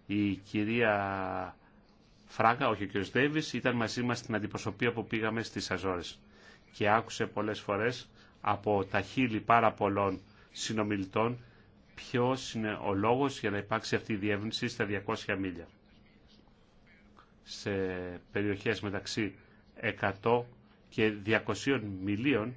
Η κυρία Φράγκα, όχι ο κύριος Ντέιβις, ήταν μαζί μας στην αντιπροσωπεία που πήγαμε στις Αζόρες και άκουσε πολλές φορές από τα χείλη πάρα πολλών συνομιλητών ποιος είναι ο λόγος για να υπάρξει αυτή η διεύρυνση στα 200 μίλια. Σε περιοχές μεταξύ 100 και 200 μιλίων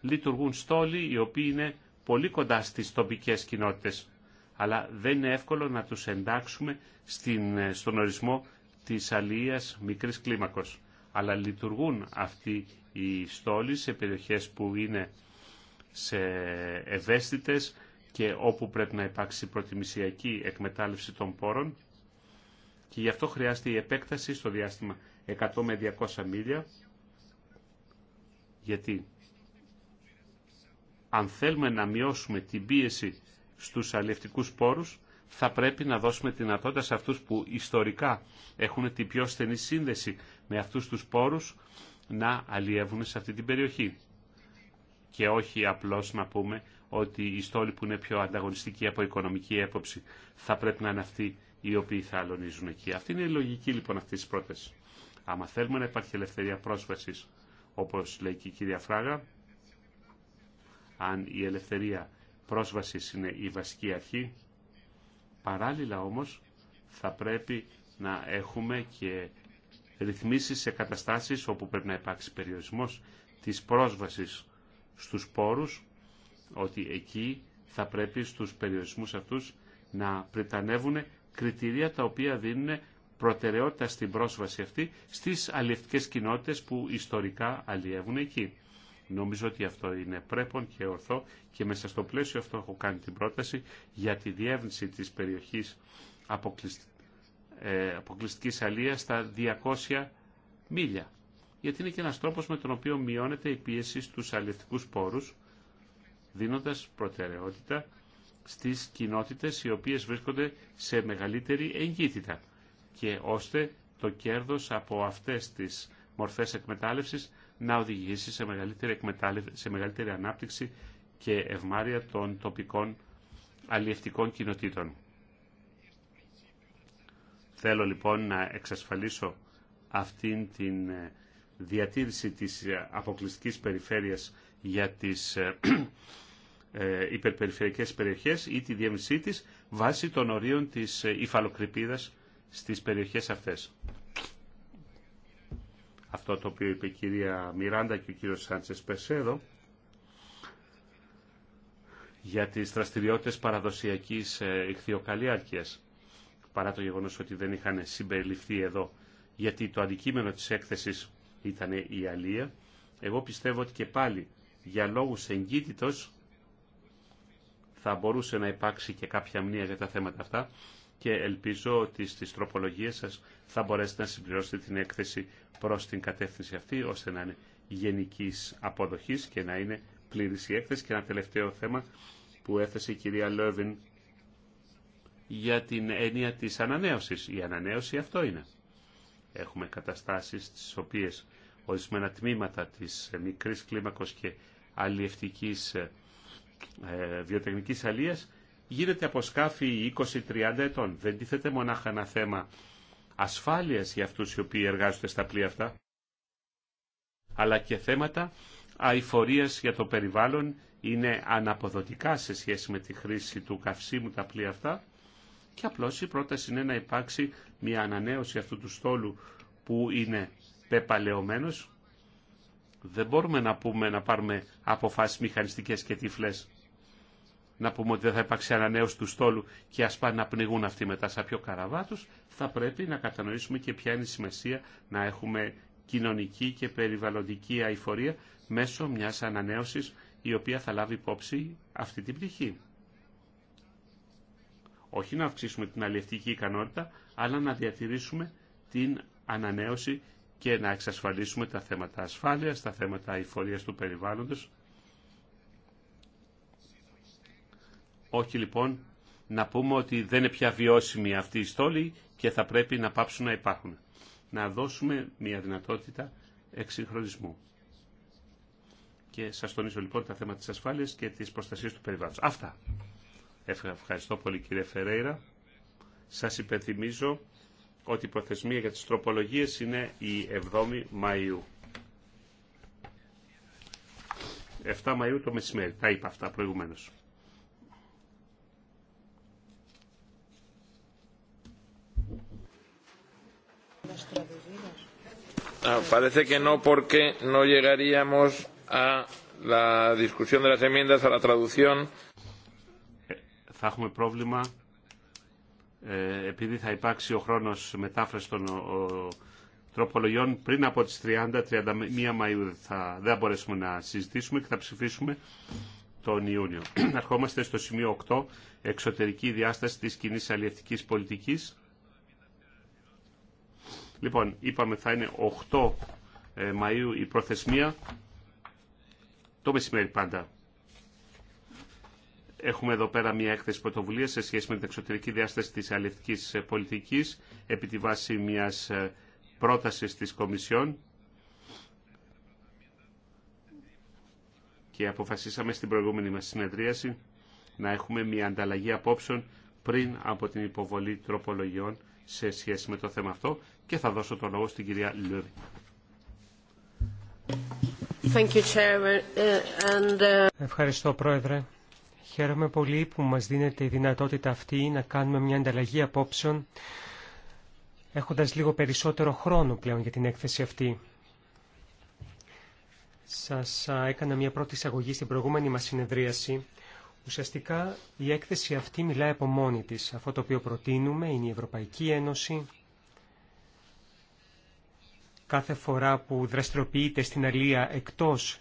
λειτουργούν στόλοι οι οποίοι είναι πολύ κοντά στις τοπικές κοινότητες, αλλά δεν είναι εύκολο να τους εντάξουμε στην, στον ορισμό της αλληλείας μικρής κλίμακος. Αλλά λειτουργούν αυτοί οι στόλοι σε περιοχές που είναι σε ευαίσθητες και όπου πρέπει να υπάρξει προτιμησιακή εκμετάλλευση των πόρων και γι' αυτό χρειάζεται η επέκταση στο διάστημα 100 με 200 μίλια γιατί αν θέλουμε να μειώσουμε την πίεση στους αλληλευτικούς πόρους, θα πρέπει να δώσουμε τη δυνατότητα σε αυτούς που ιστορικά έχουν την πιο στενή σύνδεση με αυτούς τους πόρους να αλλιεύουν σε αυτή την περιοχή. Και όχι απλώς να πούμε ότι οι στόλοι που είναι πιο ανταγωνιστικοί από οικονομική έποψη θα πρέπει να είναι αυτοί οι οποίοι θα αλωνίζουν εκεί. Αυτή είναι η λογική λοιπόν αυτή τη πρόταση. Άμα θέλουμε να υπάρχει ελευθερία πρόσβαση, όπω λέει και η κυρία Φράγα, αν η ελευθερία πρόσβασης είναι η βασική αρχή. Παράλληλα όμως θα πρέπει να έχουμε και ρυθμίσεις σε καταστάσεις όπου πρέπει να υπάρξει περιορισμός της πρόσβασης στους πόρους, ότι εκεί θα πρέπει στους περιορισμούς αυτούς να πριτανεύουν κριτηρία τα οποία δίνουν προτεραιότητα στην πρόσβαση αυτή στις αλλιευτικές κοινότητες που ιστορικά αλλιεύουν εκεί. Νομίζω ότι αυτό είναι πρέπον και ορθό και μέσα στο πλαίσιο αυτό έχω κάνει την πρόταση για τη διεύνηση της περιοχής ε, αποκλειστικής αλίας στα 200 μίλια. Γιατί είναι και ένας τρόπος με τον οποίο μειώνεται η πίεση στους αλληλευτικούς πόρους, δίνοντας προτεραιότητα στις κοινότητες οι οποίες βρίσκονται σε μεγαλύτερη εγκύτητα και ώστε το κέρδος από αυτές τις μορφές εκμετάλλευσης να οδηγήσει σε μεγαλύτερη, σε μεγαλύτερη ανάπτυξη και ευμάρεια των τοπικών αλλιευτικών κοινοτήτων. Θέλω λοιπόν να εξασφαλίσω αυτήν την ε, διατήρηση της ε, αποκλειστικής περιφέρειας για τις ε, υπερπεριφερειακές περιοχές ή τη διεύρυνσή της βάσει των ορίων της υφαλοκρηπίδας στις περιοχές αυτές αυτό το οποίο είπε η κυρία Μιράντα και ο κύριος Σάντσες Πεσέδο για τις δραστηριότητες παραδοσιακής ε, ηχθειοκαλλιάρκειας παρά το γεγονός ότι δεν είχαν συμπεριληφθεί εδώ γιατί το αντικείμενο της έκθεσης ήταν η αλία εγώ πιστεύω ότι και πάλι για λόγους εγκύτητος θα μπορούσε να υπάρξει και κάποια μνήμα για τα θέματα αυτά και ελπίζω ότι στις τροπολογίες σας θα μπορέσετε να συμπληρώσετε την έκθεση προς την κατεύθυνση αυτή, ώστε να είναι γενικής αποδοχής και να είναι πλήρης η έκθεση. Και ένα τελευταίο θέμα που έθεσε η κυρία Λόβιν για την έννοια της ανανέωσης. Η ανανέωση αυτό είναι. Έχουμε καταστάσεις στις οποίες ορισμένα τμήματα της μικρής κλίμακος και αλλιευτικής ε, βιοτεχνικής αλίας γίνεται από σκάφη 20-30 ετών. Δεν τίθεται μονάχα ένα θέμα ασφάλειας για αυτούς οι οποίοι εργάζονται στα πλοία αυτά, αλλά και θέματα αηφορίας για το περιβάλλον είναι αναποδοτικά σε σχέση με τη χρήση του καυσίμου τα πλοία αυτά και απλώς η πρόταση είναι να υπάρξει μια ανανέωση αυτού του στόλου που είναι πεπαλαιωμένος. Δεν μπορούμε να πούμε να πάρουμε αποφάσεις μηχανιστικές και τυφλές να πούμε ότι δεν θα υπάρξει ανανέωση του στόλου και ας πάνε να πνιγούν αυτοί μετά σαν πιο καραβάτους, θα πρέπει να κατανοήσουμε και ποια είναι η σημασία να έχουμε κοινωνική και περιβαλλοντική αηφορία μέσω μιας ανανέωσης η οποία θα λάβει υπόψη αυτή την πτυχή. Όχι να αυξήσουμε την αλληλευτική ικανότητα, αλλά να διατηρήσουμε την ανανέωση και να εξασφαλίσουμε τα θέματα ασφάλειας, τα θέματα αηφορίας του περιβάλλοντος Όχι λοιπόν να πούμε ότι δεν είναι πια βιώσιμη αυτή η στόλη και θα πρέπει να πάψουν να υπάρχουν. Να δώσουμε μια δυνατότητα εξυγχρονισμού. Και σα τονίζω λοιπόν τα θέματα τη ασφάλεια και τη προστασία του περιβάλλοντο. Αυτά. Ευχαριστώ πολύ κύριε Φερέιρα. Σα υπενθυμίζω ότι η προθεσμία για τι τροπολογίε είναι η 7η Μαΐου. 7 Μαΐου το μεσημέρι. Τα είπα αυτά προηγουμένως. Θα έχουμε πρόβλημα ε, επειδή θα υπάρξει ο χρόνος μετάφραση των ο, τροπολογιών πριν από τις 30-31 Μαΐου θα, δεν μπορέσουμε να συζητήσουμε και θα ψηφίσουμε τον Ιούνιο. Αρχόμαστε στο σημείο 8, εξωτερική διάσταση της κοινή αλληλευτικής πολιτικής. Λοιπόν, είπαμε θα είναι 8 ε, Μαΐου η προθεσμία, το μεσημέρι πάντα. Έχουμε εδώ πέρα μια έκθεση πρωτοβουλία σε σχέση με την εξωτερική διάσταση της αλληλευτικής ε, πολιτικής επί τη βάση μιας ε, πρότασης της Κομισιόν και αποφασίσαμε στην προηγούμενη μας συνεδρίαση να έχουμε μια ανταλλαγή απόψεων πριν από την υποβολή τροπολογιών σε σχέση με το θέμα αυτό και θα δώσω το λόγο στην κυρία Λούρη. Ε, ε, Ευχαριστώ Πρόεδρε. Χαίρομαι πολύ που μας δίνεται η δυνατότητα αυτή να κάνουμε μια ανταλλαγή απόψεων έχοντας λίγο περισσότερο χρόνο πλέον για την έκθεση αυτή. Σας έκανα μια πρώτη εισαγωγή στην προηγούμενη μας συνεδρίαση. Ουσιαστικά η έκθεση αυτή μιλάει από μόνη της. Αυτό το οποίο προτείνουμε είναι η Ευρωπαϊκή Ένωση κάθε φορά που δραστηριοποιείται στην Αλία εκτός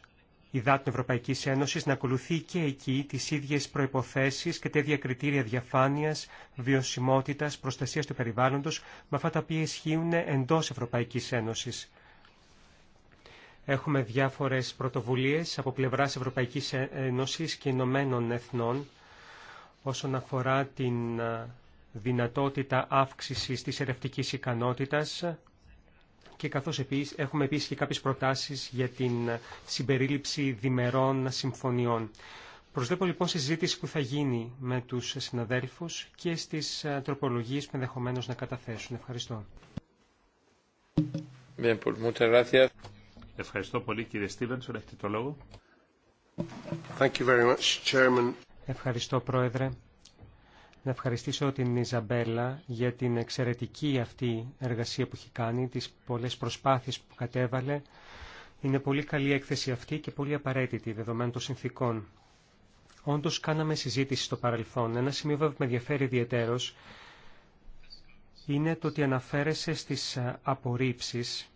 υδάτων Ευρωπαϊκής Ένωσης να ακολουθεί και εκεί τις ίδιες προϋποθέσεις και τέτοια κριτήρια διαφάνειας, βιωσιμότητας, προστασίας του περιβάλλοντος με αυτά τα οποία ισχύουν εντός Ευρωπαϊκής Ένωσης. Έχουμε διάφορες πρωτοβουλίες από πλευράς Ευρωπαϊκής Ένωσης και Ηνωμένων Εθνών όσον αφορά την ε, δυνατότητα αύξησης της ερευτικής ικανότητας και καθώς επίσης, έχουμε επίσης και κάποιες προτάσεις για την συμπερίληψη διμερών συμφωνιών. Προσδέπω λοιπόν συζήτηση που θα γίνει με τους συναδέλφους και στις ε, τροπολογίες που ενδεχομένω να καταθέσουν. Ευχαριστώ. Ευχαριστώ πολύ κύριε Στίβενσον. Έχετε το λόγο. Ευχαριστώ πρόεδρε να ευχαριστήσω την Ιζαμπέλα για την εξαιρετική αυτή εργασία που έχει κάνει, τις πολλές προσπάθειες που κατέβαλε. Είναι πολύ καλή έκθεση αυτή και πολύ απαραίτητη δεδομένου των συνθήκων. Όντως κάναμε συζήτηση στο παρελθόν. Ένα σημείο που με ενδιαφέρει ιδιαίτερος είναι το ότι αναφέρεσαι στις απορρίψεις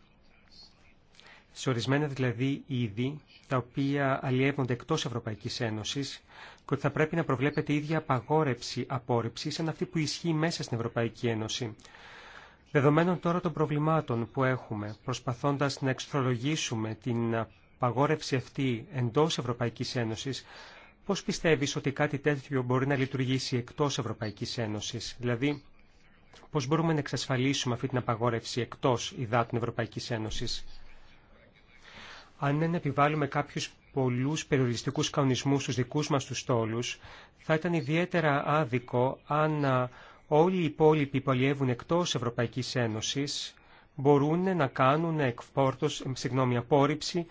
σε ορισμένα δηλαδή είδη τα οποία αλλιεύονται εκτός Ευρωπαϊκής Ένωσης και ότι θα πρέπει να προβλέπεται η ίδια απαγόρευση απόρριψη σαν αυτή που ισχύει μέσα στην Ευρωπαϊκή Ένωση. Δεδομένων τώρα των προβλημάτων που έχουμε, προσπαθώντας να εξορολογήσουμε την απαγόρευση αυτή εντός Ευρωπαϊκής Ένωσης, πώς πιστεύεις ότι κάτι τέτοιο μπορεί να λειτουργήσει εκτός Ευρωπαϊκής Ένωσης, δηλαδή πώς μπορούμε να εξασφαλίσουμε αυτή την απαγόρευση εκτός υδάτων Ευρωπαϊκής Ένωσης. Αν δεν επιβάλλουμε κάποιους πολλούς περιοριστικούς κανονισμούς στους δικούς μας τους στόλους, θα ήταν ιδιαίτερα άδικο αν όλοι οι υπόλοιποι που αλλιεύουν εκτός Ευρωπαϊκής Ένωσης μπορούν να κάνουν εκφόρτος, συγγνώμη, απόρριψη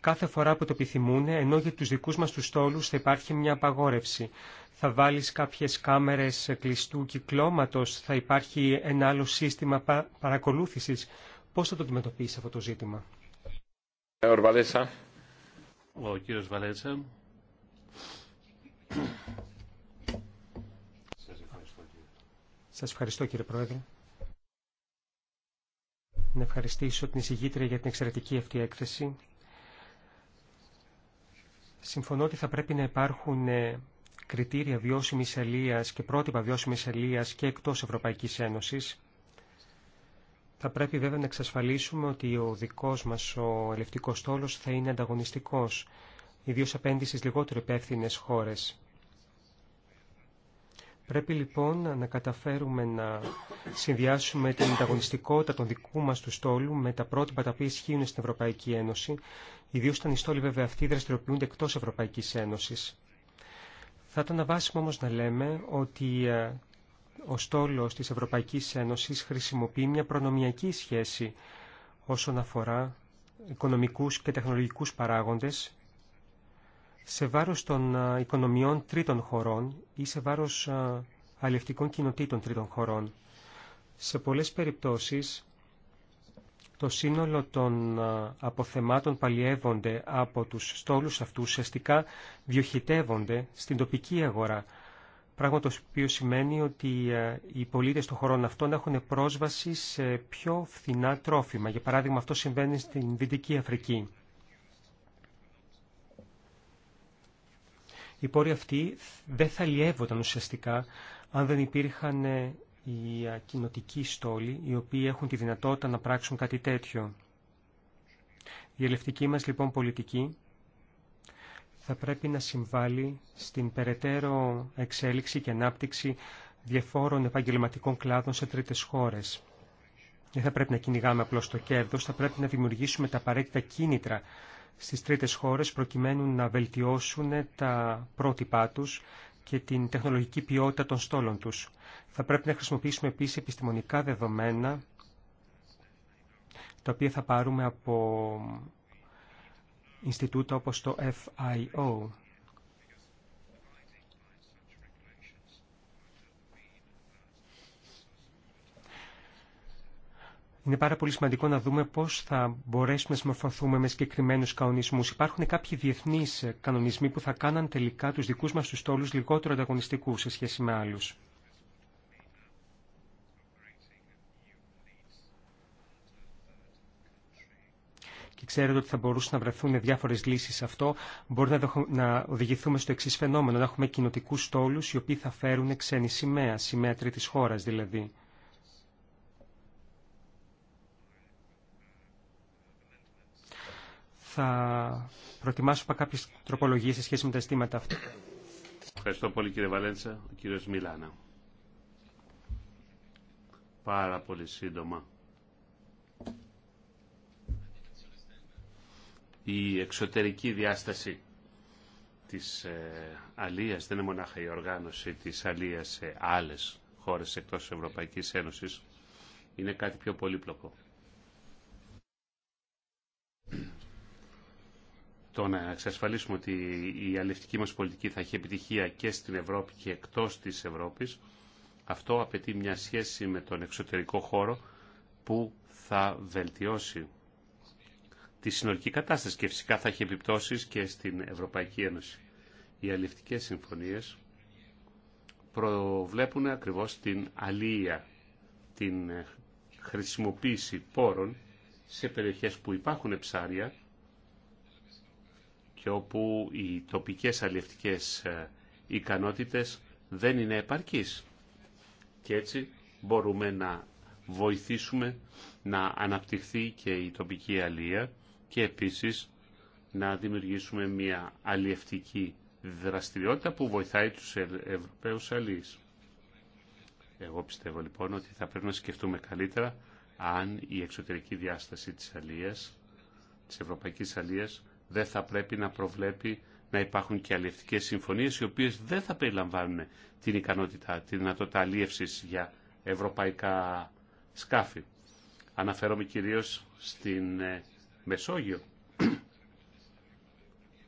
κάθε φορά που το επιθυμούν, ενώ για τους δικούς μας τους στόλους θα υπάρχει μια απαγόρευση. Θα βάλεις κάποιες κάμερες κλειστού κυκλώματος, θα υπάρχει ένα άλλο σύστημα παρακολούθησης. Πώς θα το αντιμετωπίσει αυτό το ζήτημα. Ο Σας ευχαριστώ, κύριε. Πρόεδρε. Να ευχαριστήσω την εισηγήτρια για την εξαιρετική αυτή έκθεση. Συμφωνώ ότι θα πρέπει να υπάρχουν ε, κριτήρια βιώσιμης αλίας και πρότυπα βιώσιμης αλίας και εκτός Ευρωπαϊκής Ένωσης. Θα πρέπει βέβαια να εξασφαλίσουμε ότι ο δικός μας ο ελευτικός στόλος θα είναι ανταγωνιστικός, ιδίως απέναντι στις λιγότερο υπεύθυνε χώρες. Πρέπει λοιπόν να καταφέρουμε να συνδυάσουμε την ανταγωνιστικότητα των δικού μας του στόλου με τα πρότυπα τα οποία ισχύουν στην Ευρωπαϊκή Ένωση, ιδίως όταν οι στόλοι βέβαια αυτοί δραστηριοποιούνται εκτός Ευρωπαϊκής Ένωσης. Θα ήταν αβάσιμο όμως να λέμε ότι ε, ο στόλος της Ευρωπαϊκής Ένωσης χρησιμοποιεί μια προνομιακή σχέση όσον αφορά οικονομικούς και τεχνολογικούς παράγοντες σε βάρος των οικονομιών τρίτων χωρών ή σε βάρος αλληλευτικών κοινοτήτων τρίτων χωρών. Σε πολλές περιπτώσεις το σύνολο των αποθεμάτων παλιεύονται από τους στόλους αυτούς ουσιαστικά διοχητεύονται στην τοπική αγορά πράγμα το οποίο σημαίνει ότι ε, οι πολίτες των χωρών αυτών έχουν πρόσβαση σε πιο φθηνά τρόφιμα. Για παράδειγμα, αυτό συμβαίνει στην Δυτική Αφρική. Οι πόροι αυτοί δεν θα λιεύονταν ουσιαστικά αν δεν υπήρχαν ε, οι ε, κοινοτικοί στόλοι οι οποίοι έχουν τη δυνατότητα να πράξουν κάτι τέτοιο. Η ελευτική μας λοιπόν πολιτική θα πρέπει να συμβάλλει στην περαιτέρω εξέλιξη και ανάπτυξη διαφόρων επαγγελματικών κλάδων σε τρίτες χώρες. Δεν θα πρέπει να κυνηγάμε απλώς το κέρδος, θα πρέπει να δημιουργήσουμε τα απαραίτητα κίνητρα στις τρίτες χώρες προκειμένου να βελτιώσουν τα πρότυπά τους και την τεχνολογική ποιότητα των στόλων τους. Θα πρέπει να χρησιμοποιήσουμε επίσης επιστημονικά δεδομένα τα οποία θα πάρουμε από Ινστιτούτα όπως το FIO. Είναι πάρα πολύ σημαντικό να δούμε πώς θα μπορέσουμε να συμμορφωθούμε με συγκεκριμένου κανονισμούς. Υπάρχουν κάποιοι διεθνείς κανονισμοί που θα κάναν τελικά τους δικούς μας τους τόλους λιγότερο ανταγωνιστικούς σε σχέση με άλλους. και ξέρετε ότι θα μπορούσαν να βρεθούν διάφορε λύσει σε αυτό, μπορεί να οδηγηθούμε στο εξή φαινόμενο: να έχουμε κοινοτικού στόλου οι οποίοι θα φέρουν ξένη σημαία, σημαία τρίτη χώρα δηλαδή. Θα προετοιμάσω κάποιε τροπολογίες σε σχέση με τα αισθήματα αυτά. Ευχαριστώ πολύ κύριε Βαλέντσα. Ο κύριος Μιλάνα. Πάρα πολύ σύντομα. η εξωτερική διάσταση της ε, αλίας, δεν είναι μονάχα η οργάνωση της αλίας σε άλλες χώρες εκτός της Ευρωπαϊκής Ένωσης, είναι κάτι πιο πολύπλοκο. Το να εξασφαλίσουμε ότι η αλληλευτική μας πολιτική θα έχει επιτυχία και στην Ευρώπη και εκτός της Ευρώπης, αυτό απαιτεί μια σχέση με τον εξωτερικό χώρο που θα βελτιώσει τη συνολική κατάσταση και φυσικά θα έχει επιπτώσεις και στην Ευρωπαϊκή Ένωση. Οι αλληλευτικές συμφωνίες προβλέπουν ακριβώς την αλληλεία, την χρησιμοποίηση πόρων σε περιοχές που υπάρχουν ψάρια και όπου οι τοπικές αλληλευτικές ε, ικανότητες δεν είναι επαρκείς. Και έτσι μπορούμε να βοηθήσουμε να αναπτυχθεί και η τοπική αλία και επίσης να δημιουργήσουμε μια αλλιευτική δραστηριότητα που βοηθάει τους Ευρωπαίους αλλιείς. Εγώ πιστεύω λοιπόν ότι θα πρέπει να σκεφτούμε καλύτερα αν η εξωτερική διάσταση της αλλίας, της ευρωπαϊκής αλλίας, δεν θα πρέπει να προβλέπει να υπάρχουν και αλλιευτικές συμφωνίες οι οποίες δεν θα περιλαμβάνουν την ικανότητα, τη δυνατότητα αλλιεύσης για ευρωπαϊκά σκάφη. Αναφέρομαι κυρίως στην ε, Μεσόγειο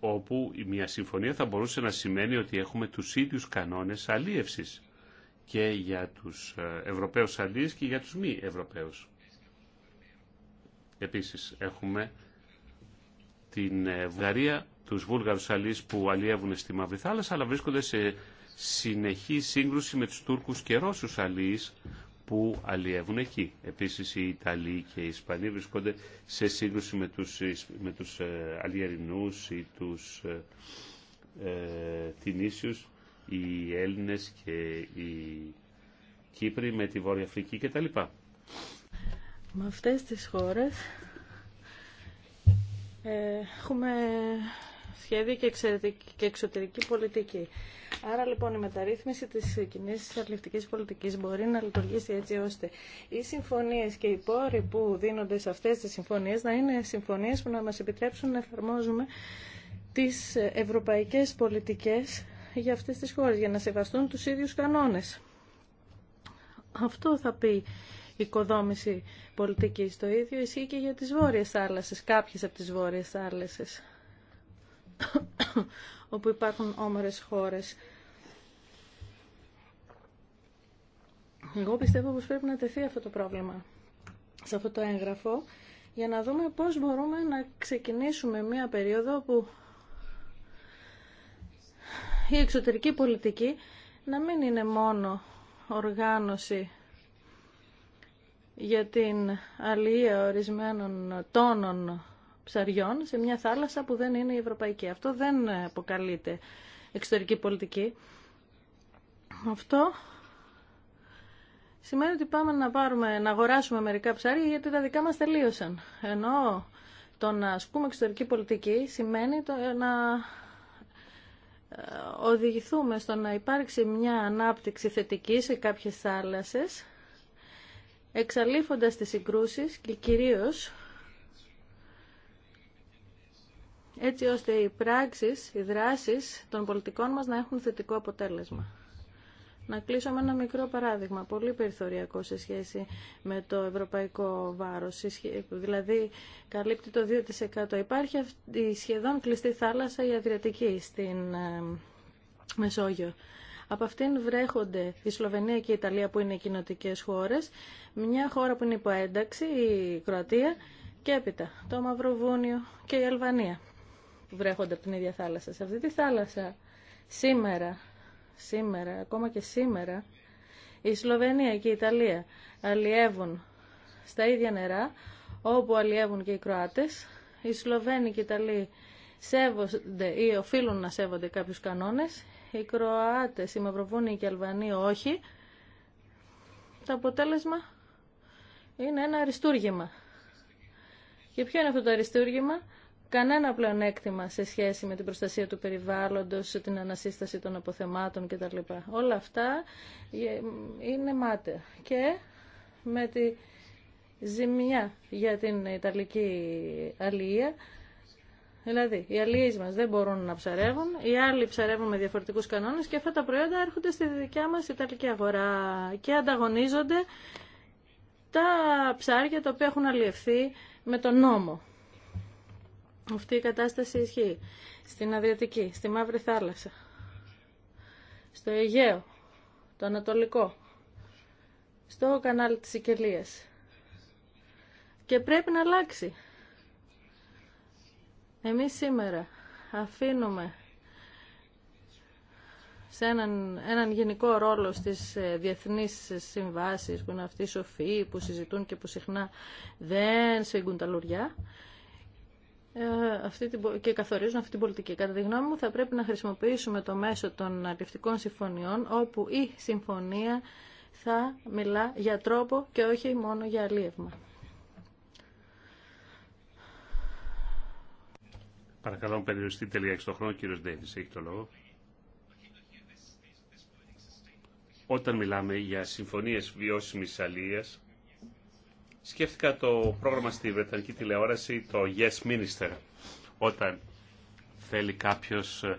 όπου μια συμφωνία θα μπορούσε να σημαίνει ότι έχουμε τους ίδιους κανόνες αλίευσης και για τους ε, Ευρωπαίους αλίες και για τους μη Ευρωπαίους. Επίσης έχουμε την ε, Βουλγαρία, τους Βούλγαρους αλίες που αλίευουν στη Μαύρη Θάλασσα αλλά βρίσκονται σε συνεχή σύγκρουση με τους Τούρκους και Ρώσους αλίες που αλλιεύουν εκεί. Επίσης οι Ιταλοί και οι Ισπανοί βρισκόνται σε σύγκρουση με τους, με τους ε, Αλιερινούς ή τους ε, ε οι Έλληνες και οι Κύπροι με τη Βόρεια Αφρική κτλ. Με αυτές τις χώρες ε, έχουμε σχέδια και, και εξωτερική πολιτική. Άρα λοιπόν η μεταρρύθμιση της κοινή αρλευτικής πολιτικής μπορεί να λειτουργήσει έτσι ώστε οι συμφωνίες και οι πόροι που δίνονται σε αυτές τις συμφωνίες να είναι συμφωνίες που να μας επιτρέψουν να εφαρμόζουμε τις ευρωπαϊκές πολιτικές για αυτές τις χώρες, για να σεβαστούν τους ίδιους κανόνες. Αυτό θα πει η οικοδόμηση πολιτικής. Το ίδιο ισχύει και για τις βόρειες θάλασσες, κάποιες από τις βόρειες θάλασσες. όπου υπάρχουν όμορες χώρες. Εγώ πιστεύω πως πρέπει να τεθεί αυτό το πρόβλημα σε αυτό το έγγραφο για να δούμε πώς μπορούμε να ξεκινήσουμε μία περίοδο που η εξωτερική πολιτική να μην είναι μόνο οργάνωση για την αλληλεία ορισμένων τόνων ψαριών σε μια θάλασσα που δεν είναι η ευρωπαϊκή. Αυτό δεν αποκαλείται εξωτερική πολιτική. Αυτό σημαίνει ότι πάμε να, πάρουμε, να αγοράσουμε μερικά ψάρια γιατί τα δικά μας τελείωσαν. Ενώ το να πούμε εξωτερική πολιτική σημαίνει το, ε, να ε, οδηγηθούμε στο να υπάρξει μια ανάπτυξη θετική σε κάποιες θάλασσες, εξαλείφοντας τις συγκρούσεις και κυρίως έτσι ώστε οι πράξεις, οι δράσεις των πολιτικών μας να έχουν θετικό αποτέλεσμα. Να κλείσω με ένα μικρό παράδειγμα, πολύ περιθωριακό σε σχέση με το ευρωπαϊκό βάρος, δηλαδή καλύπτει το 2%. Υπάρχει η σχεδόν κλειστή θάλασσα η Αδριατική στην Μεσόγειο. Από αυτήν βρέχονται η Σλοβενία και η Ιταλία που είναι κοινοτικέ χώρες, μια χώρα που είναι ένταξη, η Κροατία, και έπειτα το Μαυροβούνιο και η Αλβανία που βρέχονται από την ίδια θάλασσα. Σε αυτή τη θάλασσα σήμερα, σήμερα, ακόμα και σήμερα, η Σλοβενία και η Ιταλία αλλιεύουν στα ίδια νερά, όπου αλλιεύουν και οι Κροάτες. Οι Σλοβαίνοι και οι Ιταλοί σέβονται ή οφείλουν να σέβονται κάποιους κανόνες. Οι Κροάτες, οι Μαυροβούνοι και οι Αλβανοί όχι. Το αποτέλεσμα είναι ένα αριστούργημα. Και ποιο είναι αυτό το αριστούργημα? κανένα πλεονέκτημα σε σχέση με την προστασία του περιβάλλοντος, την ανασύσταση των αποθεμάτων κτλ. Όλα αυτά ε, είναι μάταια. Και με τη ζημιά για την Ιταλική αλληλεία, Δηλαδή, οι αλληλεί μας δεν μπορούν να ψαρεύουν, οι άλλοι ψαρεύουν με διαφορετικούς κανόνες και αυτά τα προϊόντα έρχονται στη δικιά μα Ιταλική αγορά και ανταγωνίζονται τα ψάρια τα οποία έχουν αλληλευθεί με τον νόμο. Αυτή η κατάσταση ισχύει στην Αδριατική, στη Μαύρη Θάλασσα, στο Αιγαίο, το Ανατολικό, στο κανάλι της Σικελίας. Και πρέπει να αλλάξει. Εμείς σήμερα αφήνουμε σε έναν, έναν γενικό ρόλο στις ε, διεθνείς συμβάσεις που είναι αυτοί οι σοφοί που συζητούν και που συχνά δεν σφίγγουν τα λουριά. Ε, και καθορίζουν αυτή την πολιτική. Κατά τη γνώμη μου θα πρέπει να χρησιμοποιήσουμε το μέσο των αλληλευτικών συμφωνιών όπου η συμφωνία θα μιλά για τρόπο και όχι μόνο για αλίευμα. Παρακαλώ περιοριστείτε περιοριστεί τελικά στον χρόνο. Κύριος έχει το λόγο. Όταν μιλάμε για συμφωνίες βιώσιμης αλίας, σκέφτηκα το πρόγραμμα στη Βρετανική τηλεόραση, το Yes Minister, όταν θέλει κάποιος ε,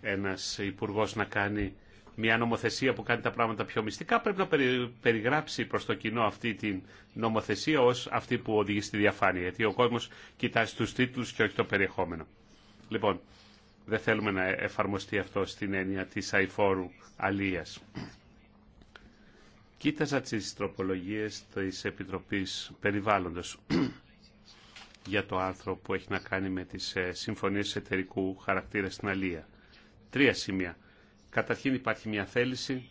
ένας υπουργός να κάνει μια νομοθεσία που κάνει τα πράγματα πιο μυστικά, πρέπει να περιγράψει προς το κοινό αυτή την νομοθεσία ως αυτή που οδηγεί στη διαφάνεια. Γιατί ο κόσμος κοιτάζει τους τίτλους και όχι το περιεχόμενο. Λοιπόν, δεν θέλουμε να εφαρμοστεί αυτό στην έννοια της αηφόρου αλίας. Κοίταζα τις τροπολογίες της Επιτροπής Περιβάλλοντος για το άρθρο που έχει να κάνει με τις ε, συμφωνίες εταιρικού χαρακτήρα στην Αλία. Τρία σημεία. Καταρχήν υπάρχει μια θέληση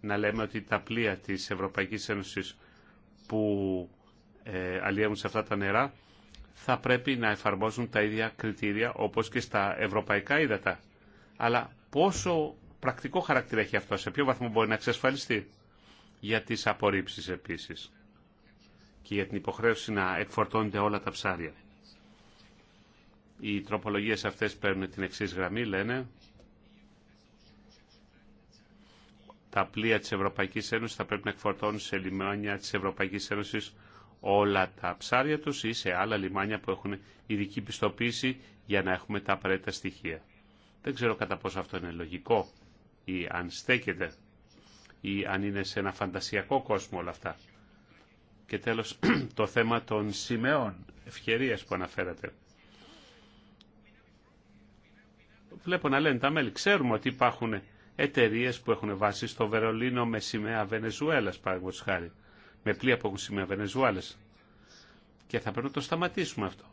να λέμε ότι τα πλοία της Ευρωπαϊκής Ένωσης που ε, αλλιεύουν σε αυτά τα νερά θα πρέπει να εφαρμόζουν τα ίδια κριτήρια όπω και στα ευρωπαϊκά ύδατα. Αλλά πόσο πρακτικό χαρακτήρα έχει αυτό, σε ποιο βαθμό μπορεί να εξασφαλιστεί για τις απορρίψεις επίσης και για την υποχρέωση να εκφορτώνεται όλα τα ψάρια. Οι τροπολογίες αυτές παίρνουν την εξή γραμμή, λένε τα πλοία της Ευρωπαϊκής Ένωσης θα πρέπει να εκφορτώνουν σε λιμάνια της Ευρωπαϊκής Ένωσης όλα τα ψάρια τους ή σε άλλα λιμάνια που έχουν ειδική πιστοποίηση για να έχουμε τα απαραίτητα στοιχεία. Δεν ξέρω κατά πόσο αυτό είναι λογικό ή αν στέκεται ή αν είναι σε ένα φαντασιακό κόσμο όλα αυτά. Και τέλος το θέμα των σημαίων ευκαιρίας που αναφέρατε. Βλέπω να λένε τα μέλη. Ξέρουμε ότι υπάρχουν εταιρείε που έχουν βάσει στο Βερολίνο με σημαία Βενεζουέλα, παραδείγματο χάρη. Με πλοία που έχουν σημαία Βενεζουέλα. Και θα πρέπει να το σταματήσουμε αυτό.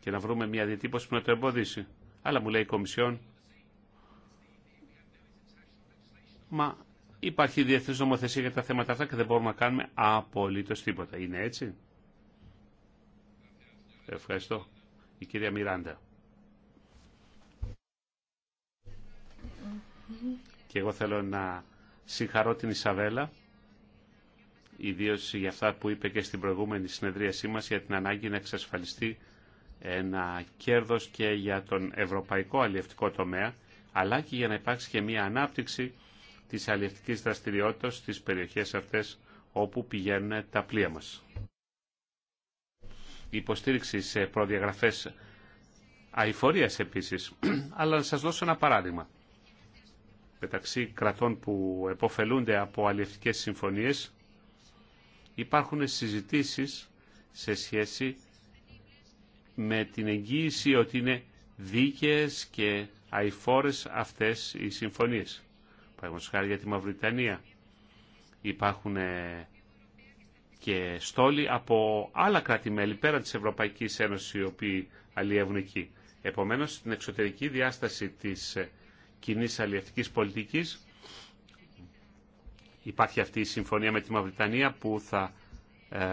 Και να βρούμε μια διατύπωση που να το εμποδίσει. Αλλά μου λέει η Κομισιόν. Μα Υπάρχει διεθνή νομοθεσία για τα θέματα αυτά και δεν μπορούμε να κάνουμε απολύτω τίποτα. Είναι έτσι. Ευχαριστώ. Η κυρία Μιράντα. Και εγώ θέλω να συγχαρώ την Ισαβέλα, ιδίω για αυτά που είπε και στην προηγούμενη συνεδρίασή μας για την ανάγκη να εξασφαλιστεί ένα κέρδος και για τον ευρωπαϊκό αλλιευτικό τομέα, αλλά και για να υπάρξει και μια ανάπτυξη της αλληλεκτικής δραστηριότητας στις περιοχές αυτές όπου πηγαίνουν τα πλοία μας. Η υποστήριξη σε προδιαγραφές αηφορίας επίσης, αλλά να σας δώσω ένα παράδειγμα. Μεταξύ κρατών που εποφελούνται από αλληλευτικές συμφωνίες υπάρχουν συζητήσεις σε σχέση με την εγγύηση ότι είναι δίκαιες και αηφόρες αυτές οι συμφωνίες. Παραδείγματο χάρη για τη Μαυριτανία. Υπάρχουν ε, και στόλοι από άλλα κράτη-μέλη πέρα της Ευρωπαϊκής Ένωσης οι οποίοι αλλιεύουν εκεί. Επομένως, στην εξωτερική διάσταση της ε, κοινή αλλιευτικής πολιτικής υπάρχει αυτή η συμφωνία με τη Μαυριτανία που θα ε,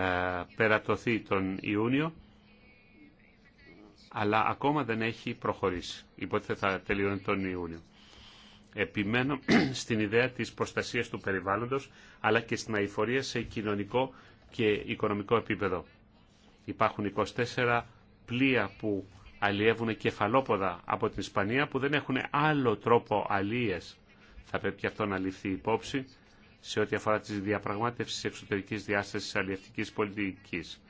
περατωθεί τον Ιούνιο αλλά ακόμα δεν έχει προχωρήσει. Υπότιτλοι θα τελειώνει τον Ιούνιο επιμένω στην ιδέα της προστασίας του περιβάλλοντος, αλλά και στην αηφορία σε κοινωνικό και οικονομικό επίπεδο. Υπάρχουν 24 πλοία που αλλιεύουν κεφαλόποδα από την Ισπανία που δεν έχουν άλλο τρόπο αλλίες. Θα πρέπει και αυτό να ληφθεί υπόψη σε ό,τι αφορά τις διαπραγμάτευσεις εξωτερικής διάστασης αλλιευτικής πολιτικής.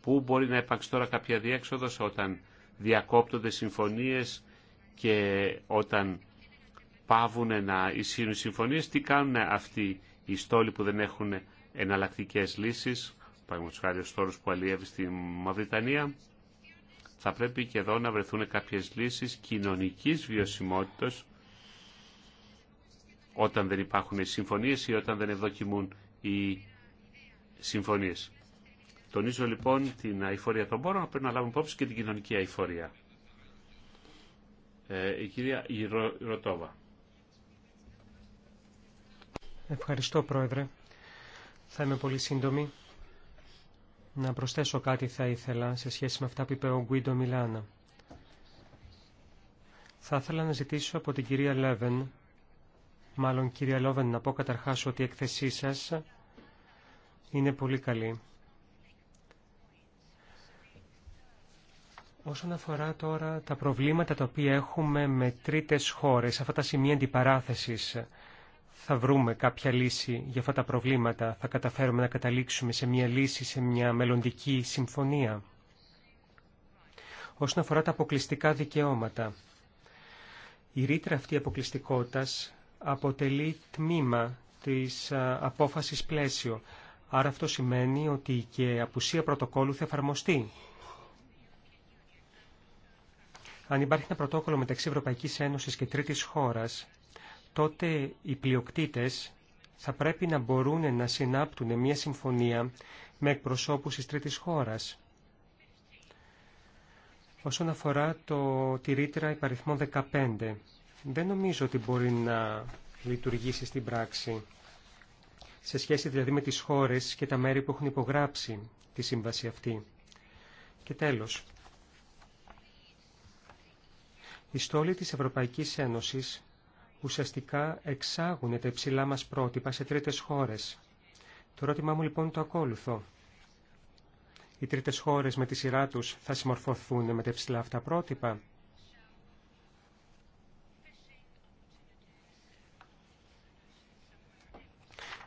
Πού μπορεί να υπάρξει τώρα κάποια διέξοδος όταν διακόπτονται συμφωνίες και όταν πάβουν να ισχύουν συμφωνίες, τι κάνουν αυτοί οι στόλοι που δεν έχουν εναλλακτικέ λύσεις, παραδείγματος χάρη ο στόλος που αλλιεύει στη Μαυριτανία, θα πρέπει και εδώ να βρεθούν κάποιες λύσεις κοινωνικής βιωσιμότητας όταν δεν υπάρχουν συμφωνίες ή όταν δεν ευδοκιμούν οι συμφωνίες. Τονίζω λοιπόν την αηφορία των πόρων, πρέπει να λάβουμε υπόψη και την κοινωνική αηφορία. Ε, η κυρία Ροτόβα. Ευχαριστώ, Πρόεδρε. Θα είμαι πολύ σύντομη. Να προσθέσω κάτι θα ήθελα σε σχέση με αυτά που είπε ο Γκουίντο Μιλάνα. Θα ήθελα να ζητήσω από την κυρία Λέβεν, μάλλον κυρία Λόβεν, να πω καταρχάς ότι η εκθεσή σας είναι πολύ καλή. Όσον αφορά τώρα τα προβλήματα τα οποία έχουμε με τρίτες χώρες, αυτά τα σημεία αντιπαράθεσης, θα βρούμε κάποια λύση για αυτά τα προβλήματα, θα καταφέρουμε να καταλήξουμε σε μια λύση, σε μια μελλοντική συμφωνία. Όσον αφορά τα αποκλειστικά δικαιώματα, η ρήτρα αυτή αποκλειστικότητας αποτελεί τμήμα της απόφασης πλαίσιο. Άρα αυτό σημαίνει ότι και απουσία πρωτοκόλλου θα εφαρμοστεί. Αν υπάρχει ένα πρωτόκολλο μεταξύ Ευρωπαϊκής Ένωσης και τρίτης χώρας, τότε οι πλειοκτήτες θα πρέπει να μπορούν να συνάπτουν μια συμφωνία με εκπροσώπους της τρίτης χώρας. Όσον αφορά το, τη ρήτρα υπαριθμών 15, δεν νομίζω ότι μπορεί να λειτουργήσει στην πράξη, σε σχέση δηλαδή με τις χώρες και τα μέρη που έχουν υπογράψει τη σύμβαση αυτή. Και τέλος, η στόλη της Ευρωπαϊκής Ένωσης ουσιαστικά εξάγουν τα υψηλά μας πρότυπα σε τρίτες χώρες. Το ερώτημά μου λοιπόν το ακόλουθο. Οι τρίτες χώρες με τη σειρά τους θα συμμορφωθούν με τα υψηλά αυτά πρότυπα.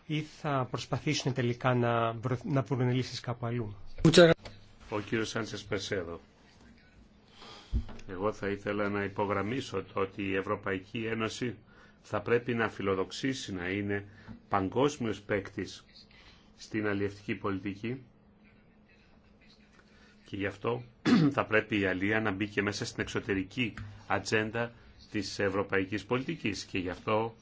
Ή θα προσπαθήσουν τελικά να, βρουν λύσεις κάπου αλλού. Ο κύριος Σάντσες Περσέδο. Εγώ θα ήθελα να υπογραμμίσω το ότι η Ευρωπαϊκή Ένωση θα πρέπει να φιλοδοξήσει να είναι παγκόσμιος παίκτη στην αλληλευτική πολιτική και γι' αυτό θα πρέπει η Αλία να μπει και μέσα στην εξωτερική ατζέντα της ευρωπαϊκής πολιτικής και γι' αυτό,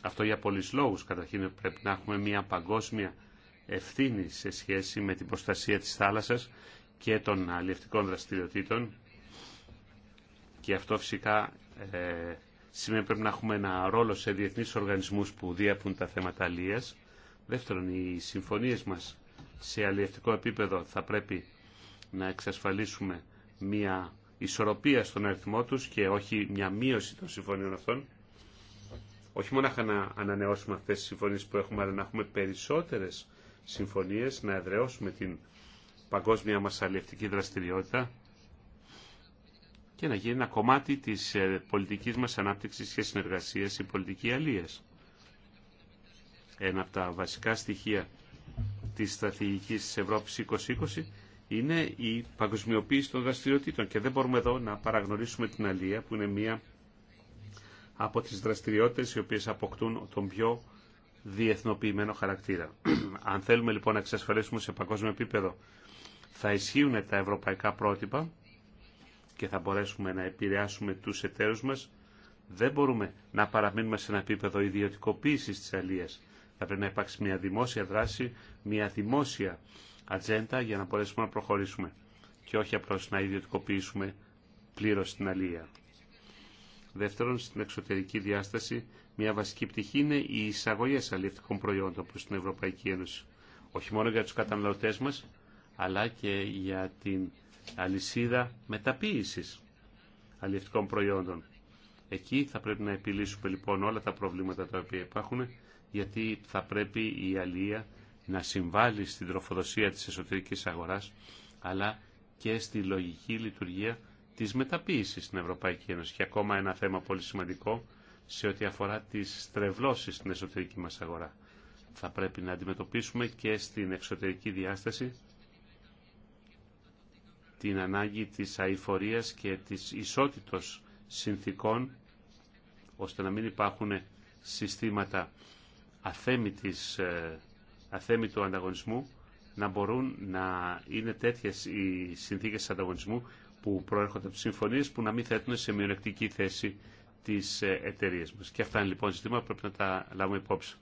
αυτό για πολλούς λόγους. Καταρχήν πρέπει να έχουμε μια παγκόσμια ευθύνη σε σχέση με την προστασία της θάλασσας και των αλληλευτικών δραστηριοτήτων και αυτό φυσικά ε, σημαίνει πρέπει να έχουμε ένα ρόλο σε διεθνείς οργανισμούς που διέπουν τα θέματα αλίας. Δεύτερον, οι συμφωνίες μας σε αλλιευτικό επίπεδο θα πρέπει να εξασφαλίσουμε μια ισορροπία στον αριθμό τους και όχι μια μείωση των συμφωνίων αυτών. Όχι μόνο να ανανεώσουμε αυτές τις συμφωνίες που έχουμε, αλλά να έχουμε περισσότερες συμφωνίες, να εδραιώσουμε την παγκόσμια μας αλληλευτική δραστηριότητα και να γίνει ένα κομμάτι της ε, πολιτικής μας ανάπτυξης και συνεργασίας η πολιτική αλίας. Ένα από τα βασικά στοιχεία της στρατηγικής της Ευρώπης 2020 είναι η παγκοσμιοποίηση των δραστηριοτήτων και δεν μπορούμε εδώ να παραγνωρίσουμε την αλία που είναι μία από τις δραστηριότητες οι οποίες αποκτούν τον πιο διεθνοποιημένο χαρακτήρα. Αν θέλουμε λοιπόν να εξασφαλίσουμε σε παγκόσμιο επίπεδο θα ισχύουν τα ευρωπαϊκά πρότυπα και θα μπορέσουμε να επηρεάσουμε τους εταίρους μας, δεν μπορούμε να παραμείνουμε σε ένα επίπεδο ιδιωτικοποίηση της αλίας. Θα πρέπει να υπάρξει μια δημόσια δράση, μια δημόσια ατζέντα για να μπορέσουμε να προχωρήσουμε και όχι απλώς να ιδιωτικοποιήσουμε πλήρως την αλία. Δεύτερον, στην εξωτερική διάσταση, μια βασική πτυχή είναι οι εισαγωγέ αλληλευτικών προϊόντων προ την Ευρωπαϊκή Ένωση. Όχι μόνο για του καταναλωτέ μα, αλλά και για την αλυσίδα μεταποίησης αλληλευτικών προϊόντων. Εκεί θα πρέπει να επιλύσουμε λοιπόν όλα τα προβλήματα τα οποία υπάρχουν, γιατί θα πρέπει η αλία να συμβάλλει στην τροφοδοσία της εσωτερικής αγοράς, αλλά και στη λογική λειτουργία της μεταποίησης στην Ευρωπαϊκή Ένωση. Και ακόμα ένα θέμα πολύ σημαντικό σε ό,τι αφορά τις στρεβλώσεις στην εσωτερική μας αγορά. Θα πρέπει να αντιμετωπίσουμε και στην εξωτερική διάσταση την ανάγκη της αηφορίας και της ισότητος συνθήκων ώστε να μην υπάρχουν συστήματα αθέμητης, ε, αθέμητου ανταγωνισμού να μπορούν να είναι τέτοιες οι συνθήκες ανταγωνισμού που προέρχονται από τις συμφωνίες που να μην θέτουν σε μειονεκτική θέση τις ε, εταιρείες μας. Και αυτά είναι λοιπόν ζητήματα που πρέπει να τα λάβουμε υπόψη.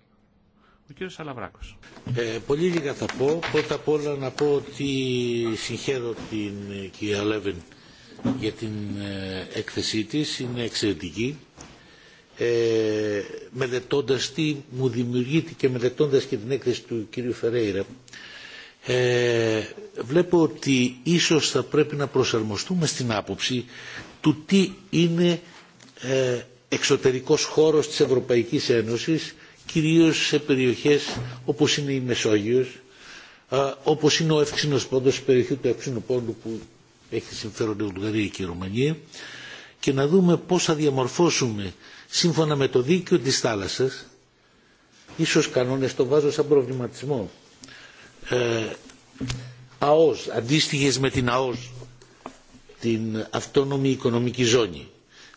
Ο κύριος Σαλαβράκος. Ε, πολύ λίγα θα πω. Πρώτα απ' όλα να πω ότι συγχαίρω την ε, κυρία Λέβεν για την ε, έκθεσή της. Είναι εξαιρετική. Ε, μελετώντας τι μου δημιουργήθηκε μελετώντας και την έκθεση του κύριου Φερέιρα ε, βλέπω ότι ίσως θα πρέπει να προσαρμοστούμε στην άποψη του τι είναι ε, εξωτερικός χώρος της Ευρωπαϊκής Ένωσης κυρίως σε περιοχές όπως είναι η Μεσόγειος, όπως είναι ο Εύξηνος Πόντος, η περιοχή του Εύξηνου Πόντου που έχει συμφέρον η Βουλγαρία και η Ρουμανία και να δούμε πώς θα διαμορφώσουμε σύμφωνα με το δίκαιο της θάλασσας ίσως κανόνες το βάζω σαν προβληματισμό ε, ΑΟΣ, αντίστοιχες με την ΑΟΣ την αυτόνομη οικονομική ζώνη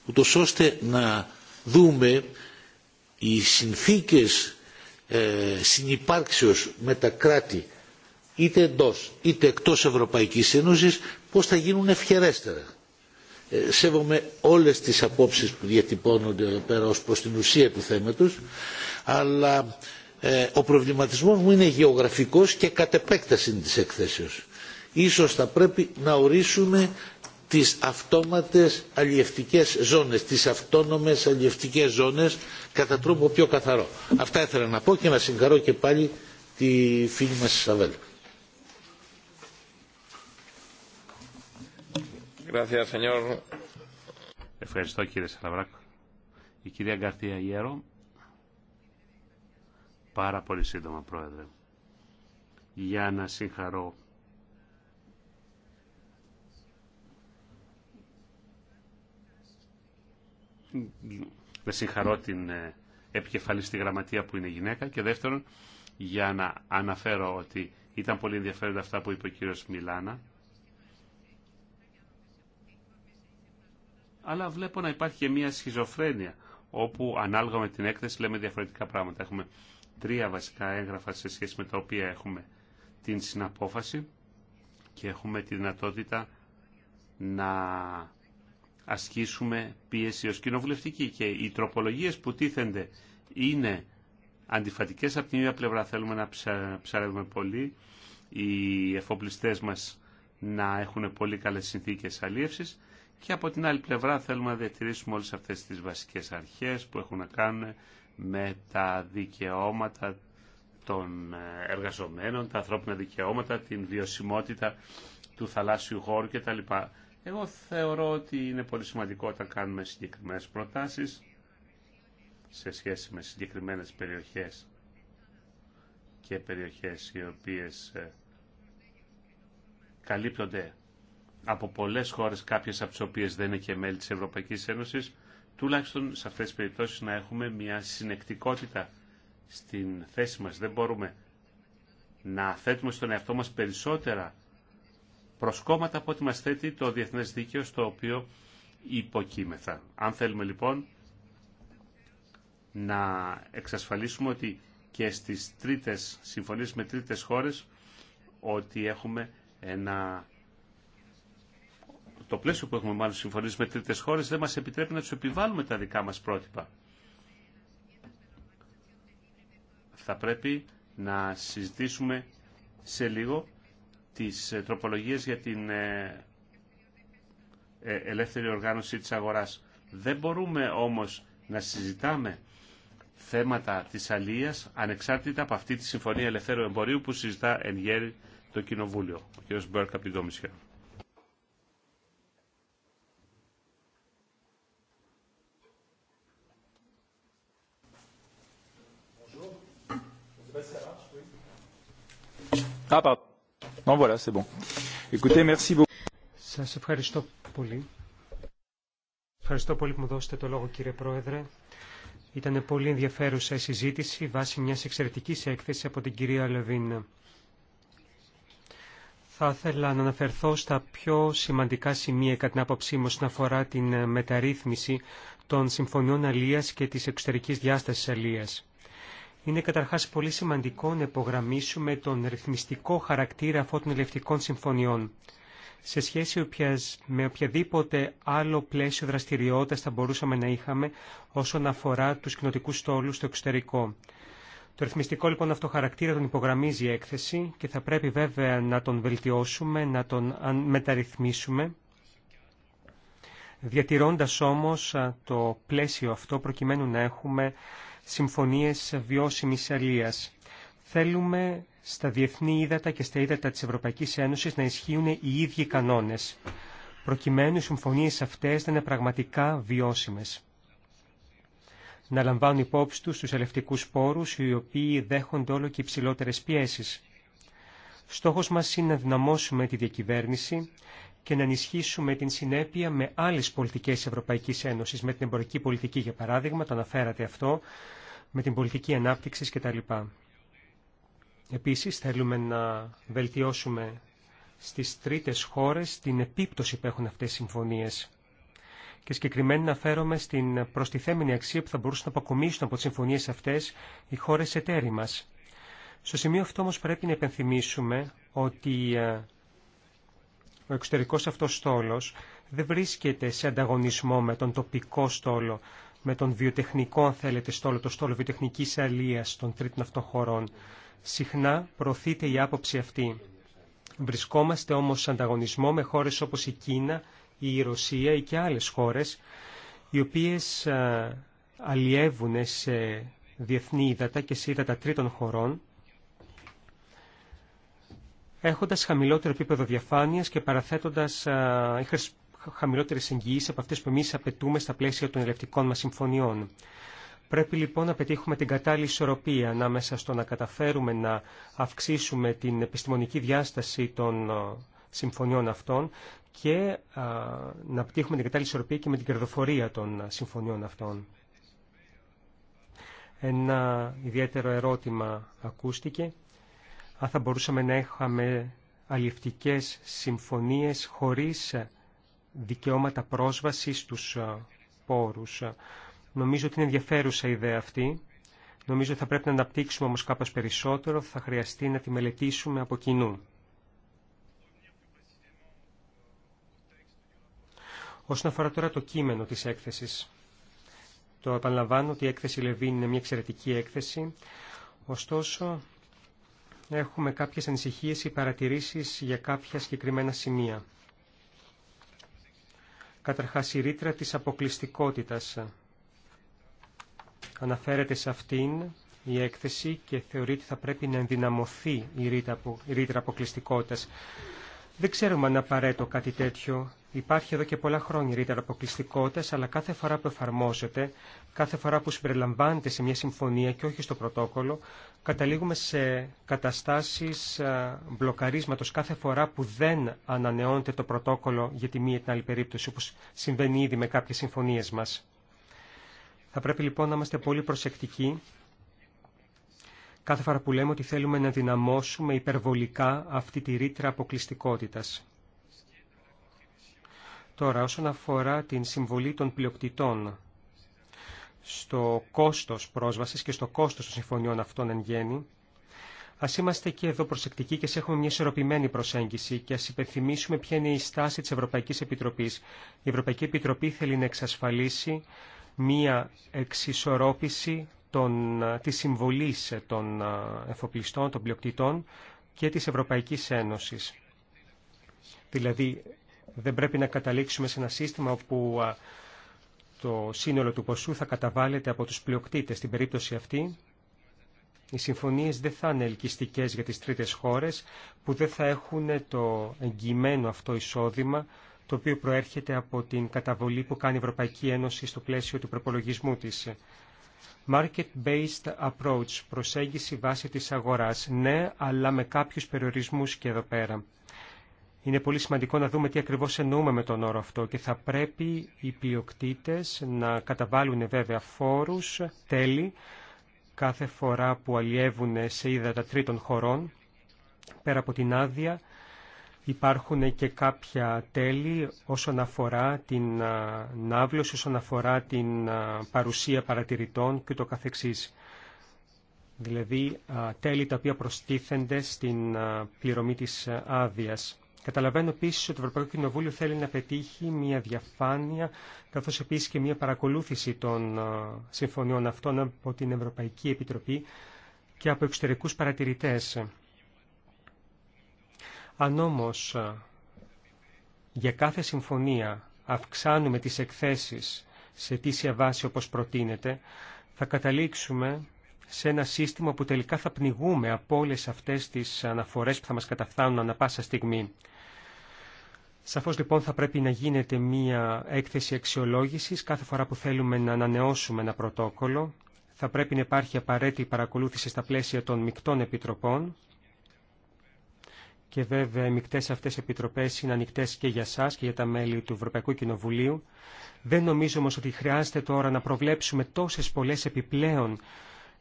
ούτως ώστε να δούμε οι συνθήκες ε, συνυπάρξεως με τα κράτη είτε εντός είτε εκτός Ευρωπαϊκής Ένωσης πώς θα γίνουν ευχερέστερα. Ε, σέβομαι όλες τις απόψεις που διατυπώνονται εδώ πέρα ως προς την ουσία του θέματος αλλά ε, ο προβληματισμός μου είναι γεωγραφικός και κατ' επέκταση της εκθέσεως. Ίσως θα πρέπει να ορίσουμε τις αυτόματες αλλιευτικές ζώνες, τις αυτόνομες αλλιευτικές ζώνες κατά τρόπο πιο καθαρό. Αυτά ήθελα να πω και να συγχαρώ και πάλι τη φίλη μας Σαβέλ. Ευχαριστώ κύριε Σαλαβράκο. Η κυρία Γκαρτία Ιέρο. Πάρα πολύ σύντομα πρόεδρε. Για να συγχαρώ να συγχαρώ την ε, επικεφαλή στη γραμματεία που είναι γυναίκα και δεύτερον για να αναφέρω ότι ήταν πολύ ενδιαφέροντα αυτά που είπε ο κύριος Μιλάνα αλλά βλέπω να υπάρχει και μια σχιζοφρένεια όπου ανάλογα με την έκθεση λέμε διαφορετικά πράγματα. Έχουμε τρία βασικά έγγραφα σε σχέση με τα οποία έχουμε την συναπόφαση και έχουμε τη δυνατότητα να ασκήσουμε πίεση ως κοινοβουλευτική και οι τροπολογίες που τίθενται είναι αντιφατικές. Από την ίδια πλευρά θέλουμε να ψαρεύουμε πολύ οι εφοπλιστές μας να έχουν πολύ καλές συνθήκες αλίευσης και από την άλλη πλευρά θέλουμε να διατηρήσουμε όλες αυτές τις βασικές αρχές που έχουν να κάνουν με τα δικαιώματα των ε, εργαζομένων, τα ανθρώπινα δικαιώματα, την βιωσιμότητα του θαλάσσιου χώρου κτλ. Εγώ θεωρώ ότι είναι πολύ σημαντικό όταν κάνουμε συγκεκριμένες προτάσεις σε σχέση με συγκεκριμένες περιοχές και περιοχές οι οποίες ε, καλύπτονται από πολλές χώρες, κάποιες από τις οποίες δεν είναι και μέλη της Ευρωπαϊκής Ένωσης, τουλάχιστον σε αυτές τις περιπτώσεις να έχουμε μια συνεκτικότητα στην θέση μας. Δεν μπορούμε να θέτουμε στον εαυτό μας περισσότερα προσκόμματα από ό,τι μας θέτει το διεθνές δίκαιο στο οποίο υποκείμεθα. Αν θέλουμε λοιπόν να εξασφαλίσουμε ότι και στις τρίτες συμφωνίες με τρίτες χώρες ότι έχουμε ένα το πλαίσιο που έχουμε μάλλον συμφωνήσει με τρίτες χώρες δεν μας επιτρέπει να τους επιβάλλουμε τα δικά μας πρότυπα. Θα πρέπει να συζητήσουμε σε λίγο τις ε, τροπολογίες για την ε, ε, ελεύθερη οργάνωση της αγοράς. Δεν μπορούμε όμως να συζητάμε θέματα της αλίας ανεξάρτητα από αυτή τη Συμφωνία Ελευθέρου Εμπορίου που συζητά εν γέρι το Κοινοβούλιο. Ο κ. Μπέρκ από την Κομισιόν. Bonjour. Non, Σας ευχαριστώ πολύ. που μου δώσετε το λόγο, κύριε Πρόεδρε. Ήταν πολύ ενδιαφέρουσα η συζήτηση βάσει μιας εξαιρετικής έκθεσης από την κυρία Λεβίν. Θα ήθελα να αναφερθώ στα πιο σημαντικά σημεία κατά την άποψή μου όσον αφορά την μεταρρύθμιση των συμφωνιών αλίας και της εξωτερικής διάστασης αλίας είναι καταρχάς πολύ σημαντικό να υπογραμμίσουμε τον ρυθμιστικό χαρακτήρα αυτών των ελευτικών συμφωνιών. Σε σχέση με οποιαδήποτε άλλο πλαίσιο δραστηριότητας θα μπορούσαμε να είχαμε όσον αφορά τους κοινοτικούς στόλους στο εξωτερικό. Το ρυθμιστικό λοιπόν αυτό χαρακτήρα τον υπογραμμίζει η έκθεση και θα πρέπει βέβαια να τον βελτιώσουμε, να τον μεταρρυθμίσουμε, διατηρώντας όμως το πλαίσιο αυτό προκειμένου να έχουμε συμφωνίες βιώσιμης αλίας. Θέλουμε στα διεθνή ύδατα και στα ύδατα της Ευρωπαϊκής Ένωσης να ισχύουν οι ίδιοι κανόνες, προκειμένου οι συμφωνίες αυτές να είναι πραγματικά βιώσιμες. Να λαμβάνουν υπόψη τους τους ελευτικούς πόρους, οι οποίοι δέχονται όλο και υψηλότερε πιέσεις. Στόχος μας είναι να δυναμώσουμε τη διακυβέρνηση και να ενισχύσουμε την συνέπεια με άλλες πολιτικές Ευρωπαϊκής Ένωσης, με την εμπορική πολιτική για παράδειγμα, το αναφέρατε αυτό, με την πολιτική ανάπτυξης κτλ. Επίσης θέλουμε να βελτιώσουμε στις τρίτες χώρες την επίπτωση που έχουν αυτές οι συμφωνίες. Και συγκεκριμένα φέρομαι στην προστιθέμενη αξία που θα μπορούσαν να αποκομίσουν από τις συμφωνίες αυτές οι χώρες εταίροι μας. Στο σημείο αυτό όμως πρέπει να επενθυμίσουμε ότι ε, ο εξωτερικός αυτός στόλος δεν βρίσκεται σε ανταγωνισμό με τον τοπικό στόλο με τον βιοτεχνικό, αν θέλετε, στόλο, το στόλο βιοτεχνικής αλίας των τρίτων αυτών χωρών. Συχνά προωθείται η άποψη αυτή. Βρισκόμαστε όμως σε ανταγωνισμό με χώρες όπως η Κίνα, η Ρωσία ή και άλλες χώρες, οι οποίες αλλιεύουν σε διεθνή ύδατα και σε ύδατα τρίτων χωρών, έχοντας χαμηλότερο επίπεδο διαφάνειας και παραθέτοντας χαμηλότερε εγγυήσει από αυτέ που εμεί απαιτούμε στα πλαίσια των ελευτικών μα συμφωνιών. Πρέπει λοιπόν να πετύχουμε την κατάλληλη ισορροπία ανάμεσα στο να καταφέρουμε να αυξήσουμε την επιστημονική διάσταση των ε, συμφωνιών αυτών και να πετύχουμε την κατάλληλη ισορροπία και με την κερδοφορία των ε, συμφωνιών αυτών. Ένα ιδιαίτερο ερώτημα ακούστηκε. Αν θα μπορούσαμε να έχαμε αληφτικές συμφωνίες χωρίς ε, δικαιώματα πρόσβασης στους ε, πόρους. Νομίζω ότι είναι ενδιαφέρουσα η ιδέα αυτή. Νομίζω ότι θα πρέπει να αναπτύξουμε όμως κάπως περισσότερο, θα χρειαστεί να τη μελετήσουμε από κοινού. Όσον αφορά τώρα το κείμενο της έκθεσης, το επαναλαμβάνω ότι η έκθεση Λεβίν είναι μια εξαιρετική έκθεση, ωστόσο έχουμε κάποιες ανησυχίες ή παρατηρήσεις για κάποια συγκεκριμένα σημεία. Καταρχάς η ρήτρα της αποκλειστικότητας. Αναφέρεται σε αυτήν η έκθεση και θεωρεί ότι θα πρέπει να ενδυναμωθεί η ρήτρα αποκλειστικότητας. Δεν ξέρουμε αν απαραίτητο κάτι τέτοιο Υπάρχει εδώ και πολλά χρόνια ρήτρα αποκλειστικότητα, αλλά κάθε φορά που εφαρμόζεται, κάθε φορά που συμπεριλαμβάνεται σε μια συμφωνία και όχι στο πρωτόκολλο, καταλήγουμε σε καταστάσει μπλοκαρίσματο κάθε φορά που δεν ανανεώνεται το πρωτόκολλο για τη μία ή την άλλη περίπτωση, όπω συμβαίνει ήδη με κάποιε συμφωνίε μα. Θα πρέπει λοιπόν να είμαστε πολύ προσεκτικοί κάθε φορά που λέμε ότι θέλουμε να δυναμώσουμε υπερβολικά αυτή τη ρήτρα αποκλειστικότητα. Τώρα, όσον αφορά την συμβολή των πλειοκτητών στο κόστος πρόσβασης και στο κόστος των συμφωνιών αυτών εν γέννη, Ας είμαστε και εδώ προσεκτικοί και ας έχουμε μια ισορροπημένη προσέγγιση και ας υπενθυμίσουμε ποια είναι η στάση της Ευρωπαϊκής Επιτροπής. Η Ευρωπαϊκή Επιτροπή θέλει να εξασφαλίσει μια εξισορρόπηση των, της συμβολής των εφοπλιστών, των πλειοκτητών και της Ευρωπαϊκής Ένωσης. Δηλαδή, δεν πρέπει να καταλήξουμε σε ένα σύστημα όπου το σύνολο του ποσού θα καταβάλλεται από τους πλειοκτήτες. Στην περίπτωση αυτή, οι συμφωνίες δεν θα είναι ελκυστικές για τις τρίτες χώρες που δεν θα έχουν το εγγυημένο αυτό εισόδημα το οποίο προέρχεται από την καταβολή που κάνει η Ευρωπαϊκή Ένωση στο πλαίσιο του προπολογισμού της. Market-based approach, προσέγγιση βάση της αγοράς. Ναι, αλλά με κάποιους περιορισμούς και εδώ πέρα. Είναι πολύ σημαντικό να δούμε τι ακριβώς εννοούμε με τον όρο αυτό και θα πρέπει οι πλειοκτήτες να καταβάλουν βέβαια φόρους, τέλη, κάθε φορά που αλλιεύουν σε τα τρίτων χωρών. Πέρα από την άδεια υπάρχουν και κάποια τέλη όσον αφορά την ναύλωση, όσον αφορά την παρουσία παρατηρητών και το καθεξής. Δηλαδή τέλη τα οποία προστίθενται στην πληρωμή της άδειας. Καταλαβαίνω επίση ότι το Ευρωπαϊκό Κοινοβούλιο θέλει να πετύχει μια διαφάνεια, καθώ επίση και μια παρακολούθηση των ε, συμφωνιών αυτών από την Ευρωπαϊκή Επιτροπή και από εξωτερικού παρατηρητέ. Αν όμω ε, για κάθε συμφωνία αυξάνουμε τις εκθέσεις σε αιτήσια βάση όπως προτείνεται, θα καταλήξουμε σε ένα σύστημα που τελικά θα πνιγούμε από όλες αυτές τις αναφορές που θα μας καταφθάνουν ανα πάσα στιγμή. Σαφώς λοιπόν θα πρέπει να γίνεται μία έκθεση αξιολόγησης κάθε φορά που θέλουμε να ανανεώσουμε ένα πρωτόκολλο. Θα πρέπει να υπάρχει απαραίτητη παρακολούθηση στα πλαίσια των μεικτών επιτροπών. Και βέβαια οι μεικτές αυτές επιτροπές είναι ανοιχτέ και για σας και για τα μέλη του Ευρωπαϊκού Κοινοβουλίου. Δεν νομίζω όμως ότι χρειάζεται τώρα να προβλέψουμε τόσες πολλές επιπλέον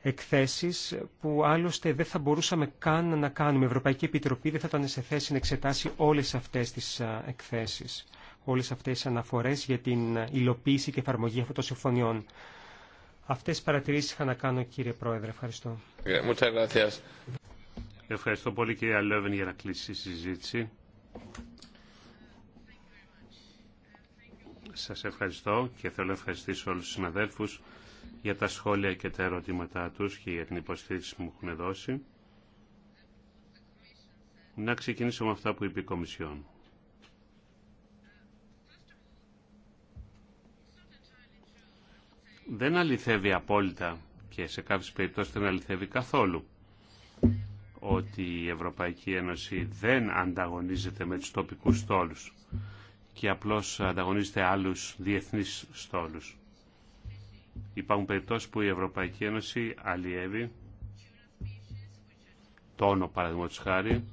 εκθέσεις που άλλωστε δεν θα μπορούσαμε καν να κάνουμε. Η Ευρωπαϊκή Επιτροπή δεν θα ήταν σε θέση να εξετάσει όλες αυτές τις εκθέσεις, όλες αυτές τις αναφορές για την υλοποίηση και εφαρμογή αυτών των συμφωνιών. Αυτές τις παρατηρήσεις είχα να κάνω κύριε Πρόεδρε. Ευχαριστώ. Ε, ευχαριστώ πολύ κύριε Λέβεν για να κλείσει η συζήτηση. Σας ευχαριστώ και θέλω να ευχαριστήσω όλους τους συναδέλφους για τα σχόλια και τα ερωτήματά τους και για την υποστήριξη που μου έχουν δώσει. Να ξεκινήσω με αυτά που είπε η Κομισιόν. Δεν αληθεύει απόλυτα και σε κάποιες περιπτώσεις δεν αληθεύει καθόλου ότι η Ευρωπαϊκή Ένωση δεν ανταγωνίζεται με τους τοπικούς στόλους και απλώς ανταγωνίζεται άλλους διεθνείς στόλους. Υπάρχουν περιπτώσεις που η Ευρωπαϊκή Ένωση αλλιεύει τόνο παραδείγματος χάρη,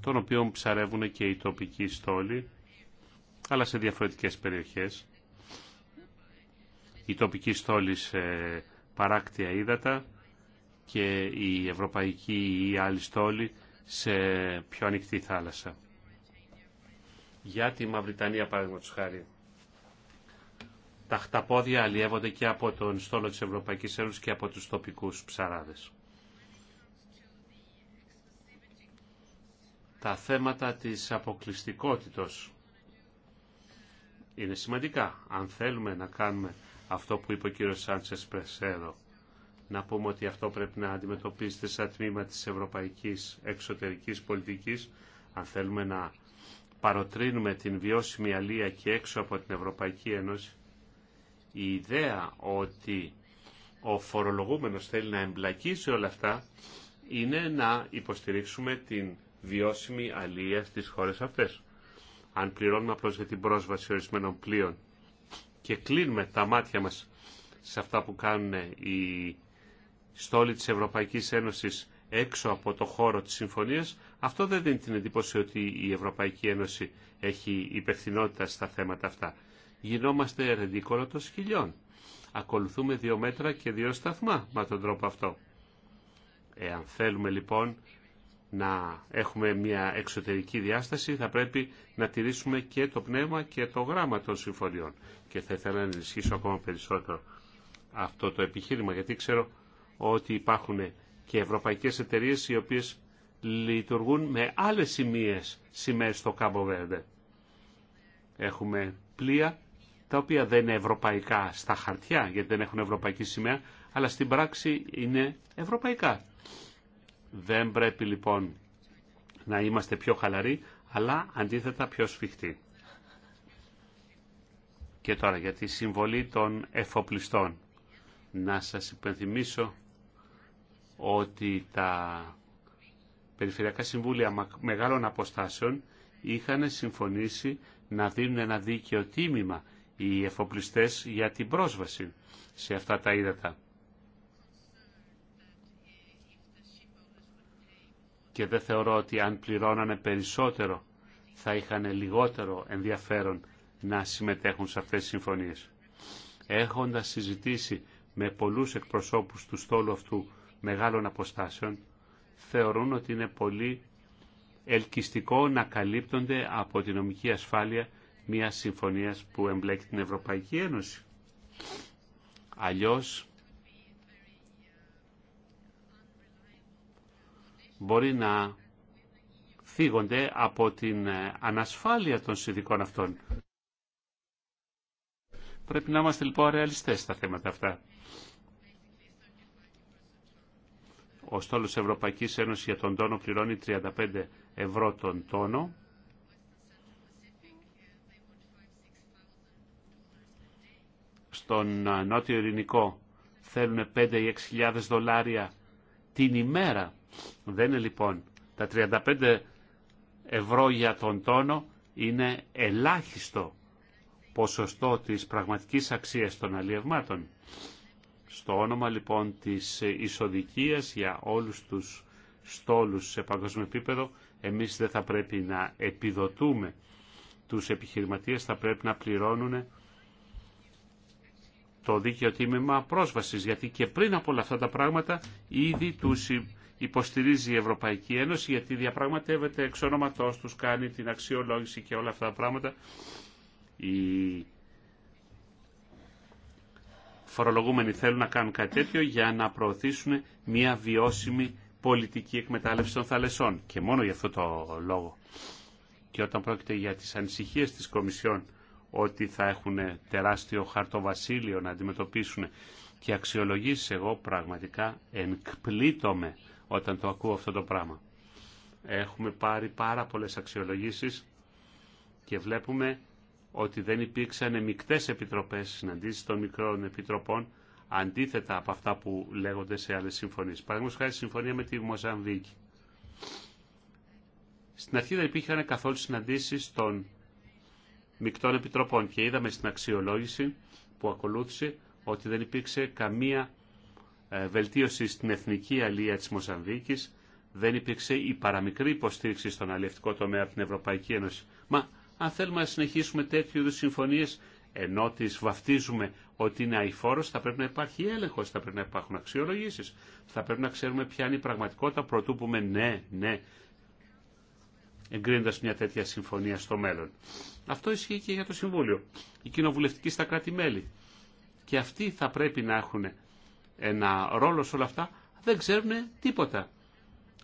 τον οποίο ψαρεύουν και οι τοπικοί στόλοι, αλλά σε διαφορετικές περιοχές. Οι τοπικοί στόλοι σε παράκτια ύδατα και η Ευρωπαϊκή ή άλλη στόλοι σε πιο ανοιχτή θάλασσα. Για τη Μαυριτανία παραδείγματος χάρη τα χταπόδια αλλιεύονται και από τον στόλο της Ευρωπαϊκής Ένωσης και από τους τοπικούς ψαράδες. Τα θέματα της αποκλειστικότητος είναι σημαντικά. Αν θέλουμε να κάνουμε αυτό που είπε ο κύριος Σάντσες Πρεσέρο, να πούμε ότι αυτό πρέπει να αντιμετωπίζεται σαν τμήμα της ευρωπαϊκής εξωτερικής πολιτικής, αν θέλουμε να παροτρύνουμε την βιώσιμη αλία και έξω από την Ευρωπαϊκή Ένωση, η ιδέα ότι ο φορολογούμενος θέλει να εμπλακεί σε όλα αυτά είναι να υποστηρίξουμε την βιώσιμη αλληλεία στις χώρες αυτές. Αν πληρώνουμε απλώς για την πρόσβαση ορισμένων πλοίων και κλείνουμε τα μάτια μας σε αυτά που κάνουν οι στόλοι της Ευρωπαϊκής Ένωσης έξω από το χώρο της συμφωνίας, αυτό δεν δίνει την εντύπωση ότι η Ευρωπαϊκή Ένωση έχει υπευθυνότητα στα θέματα αυτά γινόμαστε ερεντίκολο των σκυλιών. Ακολουθούμε δύο μέτρα και δύο σταθμά με τον τρόπο αυτό. Εάν θέλουμε λοιπόν να έχουμε μια εξωτερική διάσταση θα πρέπει να τηρήσουμε και το πνεύμα και το γράμμα των συμφωνιών. Και θα ήθελα να ενισχύσω ακόμα περισσότερο αυτό το επιχείρημα γιατί ξέρω ότι υπάρχουν και ευρωπαϊκές εταιρείες οι οποίες λειτουργούν με άλλες σημείες σημαίες στο Κάμπο Βέρντε. Έχουμε πλοία τα οποία δεν είναι ευρωπαϊκά στα χαρτιά, γιατί δεν έχουν ευρωπαϊκή σημαία, αλλά στην πράξη είναι ευρωπαϊκά. Δεν πρέπει λοιπόν να είμαστε πιο χαλαροί, αλλά αντίθετα πιο σφιχτοί. Και τώρα για τη συμβολή των εφοπλιστών. Να σας υπενθυμίσω ότι τα Περιφερειακά Συμβούλια Μεγάλων Αποστάσεων είχαν συμφωνήσει να δίνουν ένα δίκαιο τίμημα οι εφοπλιστές για την πρόσβαση σε αυτά τα ύδατα. Και δεν θεωρώ ότι αν πληρώνανε περισσότερο θα είχαν λιγότερο ενδιαφέρον να συμμετέχουν σε αυτές τις συμφωνίες. Έχοντας συζητήσει με πολλούς εκπροσώπους του στόλου αυτού μεγάλων αποστάσεων, θεωρούν ότι είναι πολύ ελκυστικό να καλύπτονται από την νομική ασφάλεια μια συμφωνίας που εμπλέκει την Ευρωπαϊκή Ένωση. Αλλιώς μπορεί να φύγονται από την ε, ανασφάλεια των συνδικών αυτών. Πρέπει να είμαστε λοιπόν ρεαλιστές στα θέματα αυτά. Ο στόλος Ευρωπαϊκής Ένωσης για τον τόνο πληρώνει 35 ευρώ τον τόνο στον Νότιο Ειρηνικό θέλουν 5 ή 6 δολάρια την ημέρα. Δεν είναι λοιπόν τα 35 ευρώ για τον τόνο είναι ελάχιστο ποσοστό της πραγματικής αξίας των αλλιευμάτων. Στο όνομα λοιπόν της ισοδικίας για όλους τους στόλους σε παγκόσμιο επίπεδο, εμείς δεν θα πρέπει να επιδοτούμε τους επιχειρηματίες, θα πρέπει να πληρώνουν το δίκαιο τίμημα πρόσβασης, γιατί και πριν από όλα αυτά τα πράγματα ήδη τους υποστηρίζει η Ευρωπαϊκή Ένωση, γιατί διαπραγματεύεται εξ ονόματός τους, κάνει την αξιολόγηση και όλα αυτά τα πράγματα. Οι φορολογούμενοι θέλουν να κάνουν κάτι τέτοιο για να προωθήσουν μια βιώσιμη πολιτική εκμετάλλευση των θαλασσών. Και μόνο για αυτό το λόγο. Και όταν πρόκειται για τις ανησυχίες της Κομισιόν ότι θα έχουν τεράστιο χαρτοβασίλειο να αντιμετωπίσουν και αξιολογήσει. εγώ πραγματικά ενκπλήτωμαι όταν το ακούω αυτό το πράγμα. Έχουμε πάρει πάρα πολλές αξιολογήσεις και βλέπουμε ότι δεν υπήρξαν μικτές επιτροπές συναντήσεις των μικρών επιτροπών αντίθετα από αυτά που λέγονται σε άλλες συμφωνίες. Παραδείγματος χάρη συμφωνία με τη Μοζαμβίκη. Στην αρχή δεν υπήρχαν καθόλου συναντήσεις των μεικτών επιτροπών και είδαμε στην αξιολόγηση που ακολούθησε ότι δεν υπήρξε καμία ε, βελτίωση στην εθνική αλία της Μοζαμβίκης, δεν υπήρξε η παραμικρή υποστήριξη στον αλληλευτικό τομέα από την Ευρωπαϊκή Ένωση. Μα αν θέλουμε να συνεχίσουμε τέτοιου είδου συμφωνίε, ενώ τι βαφτίζουμε ότι είναι αηφόρο, θα πρέπει να υπάρχει έλεγχο, θα πρέπει να υπάρχουν αξιολογήσει, θα πρέπει να ξέρουμε ποια είναι η πραγματικότητα προτού πούμε ναι, ναι, εγκρίνοντα μια τέτοια συμφωνία στο μέλλον. Αυτό ισχύει και για το Συμβούλιο. Οι κοινοβουλευτικοί στα κράτη-μέλη. Και αυτοί θα πρέπει να έχουν ένα ρόλο σε όλα αυτά. Δεν ξέρουν τίποτα.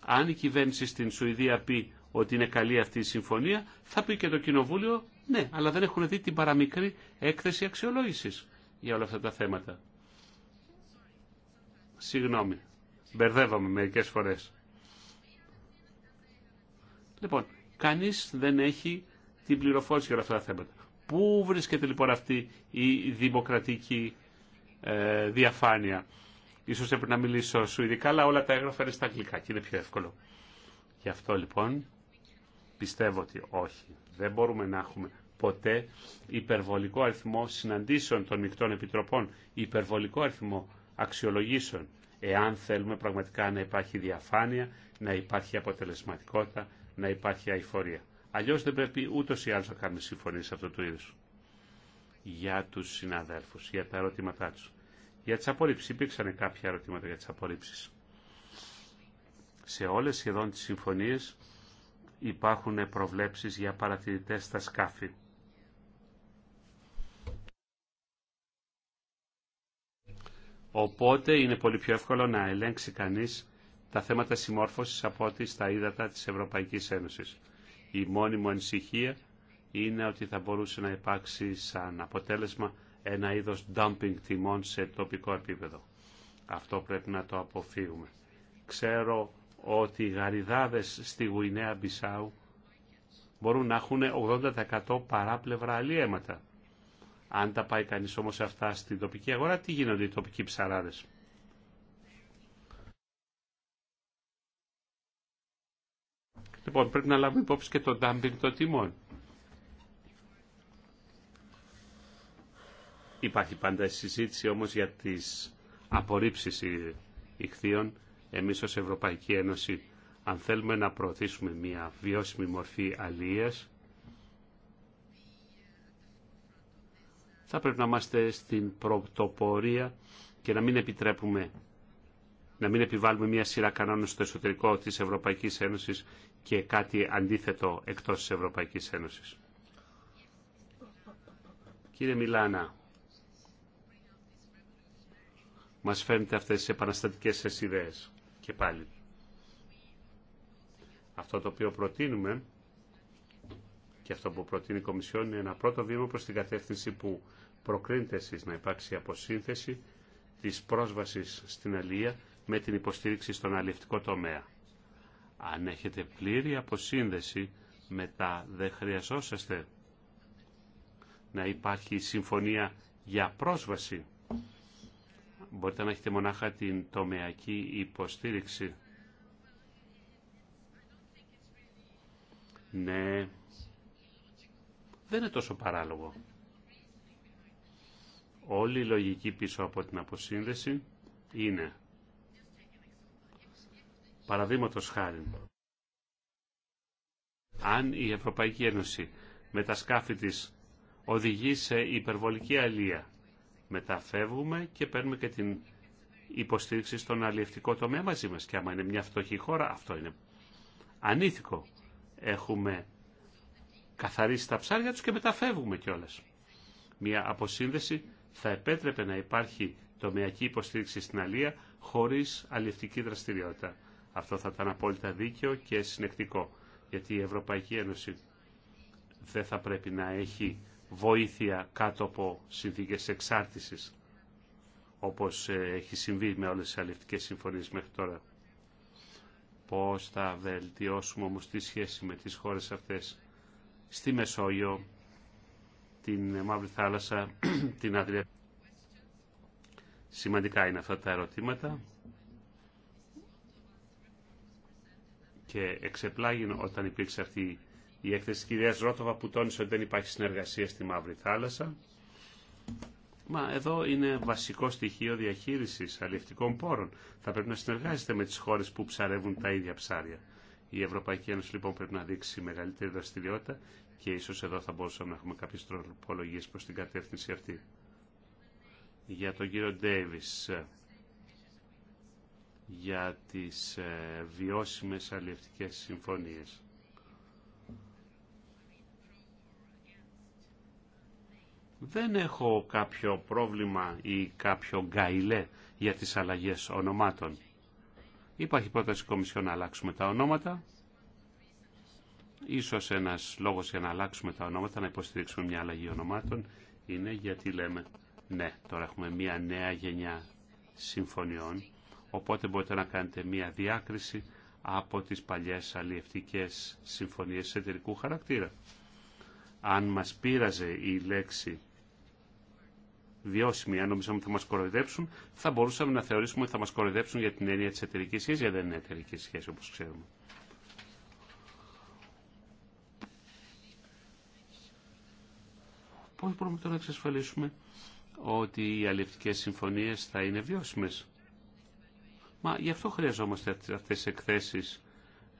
Αν η κυβέρνηση στην Σουηδία πει ότι είναι καλή αυτή η συμφωνία, θα πει και το Κοινοβούλιο ναι, αλλά δεν έχουν δει την παραμικρή έκθεση αξιολόγηση για όλα αυτά τα θέματα. Συγγνώμη, μπερδεύαμε μερικές φορές. Λοιπόν, κανείς δεν έχει την πληροφόρηση για αυτά τα θέματα. Πού βρίσκεται λοιπόν αυτή η δημοκρατική ε, διαφάνεια. Ίσως έπρεπε να μιλήσω σου ειδικά, αλλά όλα τα έγραφα είναι στα αγγλικά και είναι πιο εύκολο. Γι' αυτό λοιπόν πιστεύω ότι όχι. Δεν μπορούμε να έχουμε ποτέ υπερβολικό αριθμό συναντήσεων των μεικτών επιτροπών, υπερβολικό αριθμό αξιολογήσεων, εάν θέλουμε πραγματικά να υπάρχει διαφάνεια, να υπάρχει αποτελεσματικότητα να υπάρχει αηφορία. Αλλιώ δεν πρέπει ούτω ή άλλω να κάνουμε συμφωνίε αυτό το είδου. Για του συναδέλφου, για τα ερωτήματά του. Για τι απορρίψει. Υπήρξαν κάποια ερωτήματα για τι απορρίψει. Σε όλε σχεδόν τι συμφωνίε υπάρχουν προβλέψει για παρατηρητέ στα σκάφη. Οπότε είναι πολύ πιο εύκολο να ελέγξει κανείς τα θέματα συμμόρφωσης από ό,τι στα ύδατα της Ευρωπαϊκής Ένωσης. Η μου ανησυχία είναι ότι θα μπορούσε να υπάρξει σαν αποτέλεσμα ένα είδος dumping τιμών σε τοπικό επίπεδο. Αυτό πρέπει να το αποφύγουμε. Ξέρω ότι οι γαριδάδες στη Γουινέα Μπισάου μπορούν να έχουν 80% παράπλευρα αλλιέματα. Αν τα πάει κανείς όμως αυτά στην τοπική αγορά, τι γίνονται οι τοπικοί ψαράδες. Λοιπόν, πρέπει να λάβουμε υπόψη και το dumping των τιμών. Υπάρχει πάντα συζήτηση όμως για τις απορρίψεις ηχθείων. Εμείς ως Ευρωπαϊκή Ένωση, αν θέλουμε να προωθήσουμε μια βιώσιμη μορφή αλίας, θα πρέπει να είμαστε στην πρωτοπορία και να μην επιτρέπουμε να μην επιβάλλουμε μια σειρά κανόνων στο εσωτερικό της Ευρωπαϊκής Ένωσης και κάτι αντίθετο εκτός της Ευρωπαϊκής Ένωσης. Κύριε Μιλάνα, μας φαίνεται αυτές τις επαναστατικές σας ιδέες και πάλι. Αυτό το οποίο προτείνουμε και αυτό που προτείνει η Κομισιόν είναι ένα πρώτο βήμα προς την κατεύθυνση που προκρίνεται εσείς να υπάρξει αποσύνθεση της πρόσβασης στην Αλία με την υποστήριξη στον αλληλευτικό τομέα. Αν έχετε πλήρη αποσύνδεση, μετά δεν χρειαζόσαστε να υπάρχει συμφωνία για πρόσβαση. Μπορείτε να έχετε μονάχα την τομεακή υποστήριξη. Ναι, δεν είναι τόσο παράλογο. Όλη η λογική πίσω από την αποσύνδεση είναι Παραδείγματο χάρη, αν η Ευρωπαϊκή Ένωση με τα σκάφη της οδηγεί σε υπερβολική αλεία, μεταφεύγουμε και παίρνουμε και την υποστήριξη στον αλλιευτικό τομέα μαζί μας. Και άμα είναι μια φτωχή χώρα, αυτό είναι ανήθικο. Έχουμε καθαρίσει τα ψάρια τους και μεταφεύγουμε κιόλα. Μια αποσύνδεση θα επέτρεπε να υπάρχει τομεακή υποστήριξη στην αλία χωρίς αλληλευτική δραστηριότητα. Αυτό θα ήταν απόλυτα δίκαιο και συνεκτικό, γιατί η Ευρωπαϊκή Ένωση δεν θα πρέπει να έχει βοήθεια κάτω από συνθήκες εξάρτησης, όπως ε, έχει συμβεί με όλες τις αλληλευτικές συμφωνίες μέχρι τώρα. Πώς θα βελτιώσουμε όμως τη σχέση με τις χώρες αυτές στη Μεσόγειο, την Μαύρη Θάλασσα, την Αδρία. Σημαντικά είναι αυτά τα ερωτήματα. και εξεπλάγει όταν υπήρξε αυτή η έκθεση της κυρίας Ρότοβα που τόνισε ότι δεν υπάρχει συνεργασία στη Μαύρη Θάλασσα. Μα εδώ είναι βασικό στοιχείο διαχείρισης αλληλευτικών πόρων. Θα πρέπει να συνεργάζεστε με τις χώρες που ψαρεύουν τα ίδια ψάρια. Η Ευρωπαϊκή Ένωση λοιπόν πρέπει να δείξει μεγαλύτερη δραστηριότητα και ίσως εδώ θα μπορούσαμε να έχουμε κάποιες τροπολογίες προς την κατεύθυνση αυτή. Για τον κύριο Ντέιβις, για τις ε, βιώσιμες αλληλευτικές συμφωνίες. Δεν έχω κάποιο πρόβλημα ή κάποιο γκαϊλέ για τις αλλαγές ονομάτων. Υπάρχει πρόταση κομισιόν να αλλάξουμε τα ονόματα. Ίσως ένας λόγος για να αλλάξουμε τα ονόματα, να υποστηρίξουμε μια αλλαγή ονομάτων, είναι γιατί λέμε ναι, τώρα έχουμε μια νέα γενιά συμφωνιών Οπότε μπορείτε να κάνετε μία διάκριση από τις παλιές αλλιευτικές συμφωνίες εταιρικού χαρακτήρα. Αν μας πείραζε η λέξη βιώσιμη, αν νομίζαμε ότι θα μας κοροϊδέψουν, θα μπορούσαμε να θεωρήσουμε ότι θα μας κοροϊδέψουν για την έννοια της εταιρική σχέσης, γιατί δεν είναι εταιρική σχέση όπως ξέρουμε. Πώς μπορούμε τώρα να εξασφαλίσουμε ότι οι αλληλευτικές συμφωνίες θα είναι βιώσιμες. Μα γι' αυτό χρειαζόμαστε αυτές τις εκθέσεις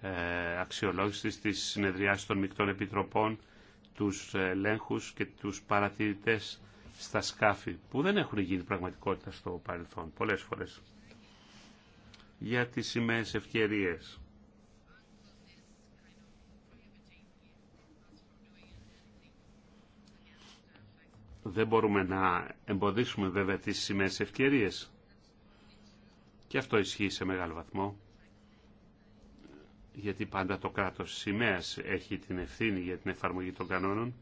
ε, αξιολόγησης της συνεδριάσεις των μεικτών επιτροπών, τους ελέγχου και τους παρατηρητές στα σκάφη, που δεν έχουν γίνει πραγματικότητα στο παρελθόν, πολλές φορές. Για τις σημαίες ευκαιρίες. Δεν μπορούμε να εμποδίσουμε βέβαια τις σημαίες ευκαιρίες και αυτό ισχύει σε μεγάλο βαθμό, γιατί πάντα το κράτος σημαίας έχει την ευθύνη για την εφαρμογή των κανόνων,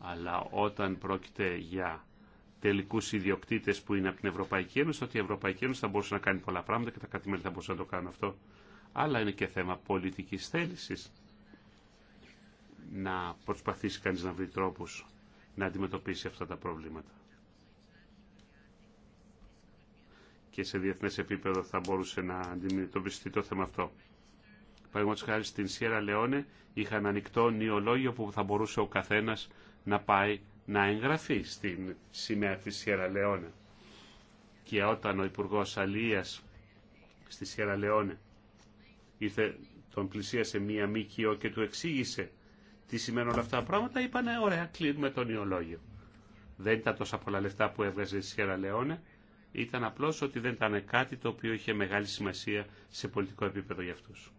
αλλά όταν πρόκειται για τελικούς ιδιοκτήτες που είναι από την Ευρωπαϊκή Ένωση, ότι η Ευρωπαϊκή Ένωση θα μπορούσε να κάνει πολλά πράγματα και τα κατημέρια μελη θα μπορούσαν να το κάνουν αυτό. Αλλά είναι και θέμα πολιτικής θέλησης να προσπαθήσει κανείς να βρει τρόπους να αντιμετωπίσει αυτά τα προβλήματα. και σε διεθνές επίπεδο θα μπορούσε να αντιμετωπιστεί το θέμα αυτό. Παραδείγματο χάρη στην Σιέρα Λεόνε είχαν ανοιχτό νεολόγιο που θα μπορούσε ο καθένα να πάει να εγγραφεί στην σημαία τη Σιέρα Λεόνε. Και όταν ο Υπουργό Αλία στη Σιέρα Λεόνε ήρθε, τον πλησίασε μία μήκυο και του εξήγησε τι σημαίνουν όλα αυτά τα πράγματα, είπανε ωραία, κλείνουμε το νεολόγιο. Δεν ήταν τόσα πολλά λεφτά που έβγαζε η Σιέρα Λεόνε, ήταν απλώς ότι δεν ήταν κάτι το οποίο είχε μεγάλη σημασία σε πολιτικό επίπεδο για αυτούς.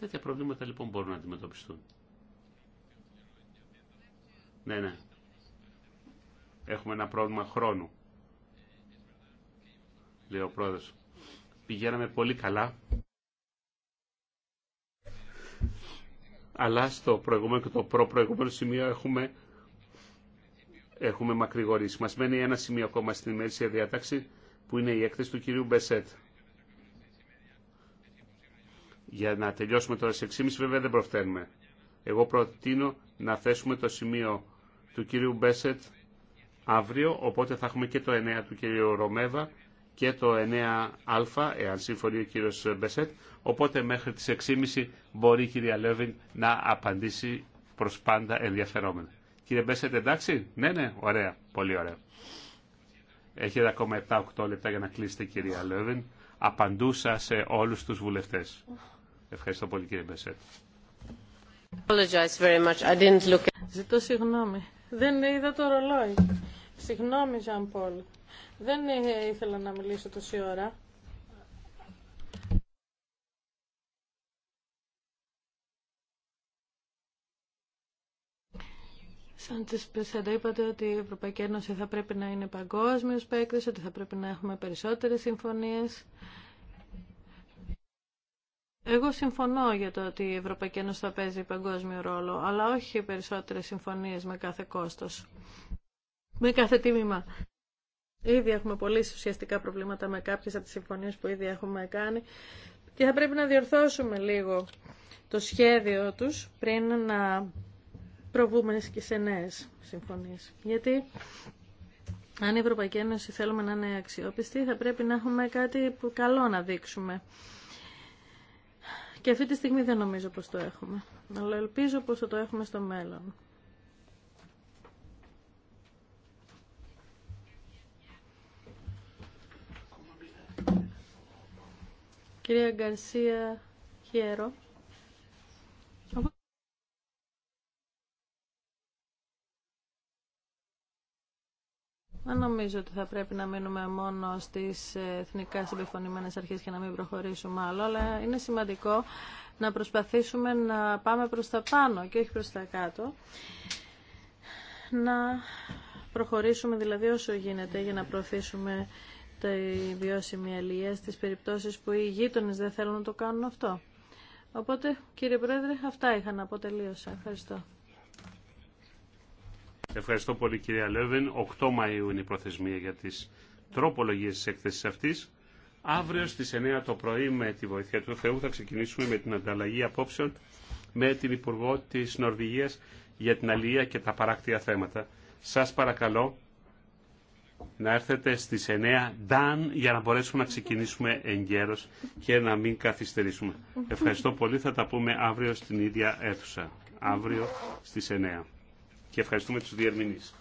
Τέτοια προβλήματα λοιπόν μπορούν να αντιμετωπιστούν. Ναι, ναι. Έχουμε ένα πρόβλημα χρόνου. Λέει ο πρόεδρος. Πηγαίναμε πολύ καλά. Αλλά στο προηγούμενο και το προ-προηγούμενο σημείο έχουμε έχουμε μακρηγορήσει. Μας μένει ένα σημείο ακόμα στην ημέρησια διάταξη που είναι η έκθεση του κυρίου Μπεσέτ. Για να τελειώσουμε τώρα σε 6.30 βέβαια δεν προφταίνουμε. Εγώ προτείνω να θέσουμε το σημείο του κυρίου Μπέσετ αύριο, οπότε θα έχουμε και το 9 του κυρίου Ρωμέβα και το 9α, εάν συμφωνεί ο κύριος Μπέσετ. Οπότε μέχρι τις 6.30 μπορεί η κυρία Λέβιν να απαντήσει προς πάντα ενδιαφερόμενα. Κύριε Μπέσετ, εντάξει. Ναι, ναι, ωραία. Πολύ ωραία. Έχετε ακόμα 7-8 λεπτά για να κλείσετε, κυρία Λέβεν. Απαντούσα σε όλους τους βουλευτές. Ευχαριστώ πολύ, κύριε Μπέσετ. Ζητώ συγγνώμη. Δεν είδα το ρολόι. Συγγνώμη, Ζαν Πολ. Δεν ε, ήθελα να μιλήσω τόση ώρα. Σάντσες Πεσέντα, είπατε ότι η Ευρωπαϊκή Ένωση θα πρέπει να είναι παγκόσμιος παίκτης, ότι θα πρέπει να έχουμε περισσότερες συμφωνίες. Εγώ συμφωνώ για το ότι η Ευρωπαϊκή Ένωση θα παίζει παγκόσμιο ρόλο, αλλά όχι περισσότερες συμφωνίες με κάθε κόστος, με κάθε τίμημα. Ήδη έχουμε πολύ ουσιαστικά προβλήματα με κάποιες από τις συμφωνίες που ήδη έχουμε κάνει και θα πρέπει να διορθώσουμε λίγο το σχέδιο τους πριν να προβούμε και σε νέε συμφωνίε. Γιατί αν η Ευρωπαϊκή Ένωση θέλουμε να είναι αξιόπιστη, θα πρέπει να έχουμε κάτι που καλό να δείξουμε. Και αυτή τη στιγμή δεν νομίζω πως το έχουμε. Αλλά ελπίζω πως θα το έχουμε στο μέλλον. Κυρία Γκαρσία Χιέρο. Δεν νομίζω ότι θα πρέπει να μείνουμε μόνο στι εθνικά συμπεφωνημένε αρχέ και να μην προχωρήσουμε άλλο, αλλά είναι σημαντικό να προσπαθήσουμε να πάμε προ τα πάνω και όχι προ τα κάτω. Να προχωρήσουμε δηλαδή όσο γίνεται για να προωθήσουμε τη βιώσιμη αλληλεία στι περιπτώσει που οι γείτονε δεν θέλουν να το κάνουν αυτό. Οπότε, κύριε Πρόεδρε, αυτά είχα να πω τελείωσα. Ευχαριστώ. Ευχαριστώ πολύ κυρία Λέβεν. 8 Μαΐου είναι η προθεσμία για τις τροπολογίες της έκθεσης αυτής. Αύριο στις 9 το πρωί με τη βοήθεια του Θεού θα ξεκινήσουμε με την ανταλλαγή απόψεων με την Υπουργό της Νορβηγίας για την αλληλεία και τα παράκτια θέματα. Σας παρακαλώ να έρθετε στις 9 για να μπορέσουμε να ξεκινήσουμε εν και να μην καθυστερήσουμε. Ευχαριστώ πολύ. Θα τα πούμε αύριο στην ίδια αίθουσα. Αύριο στις 9 και ευχαριστούμε τους διερμηνείς.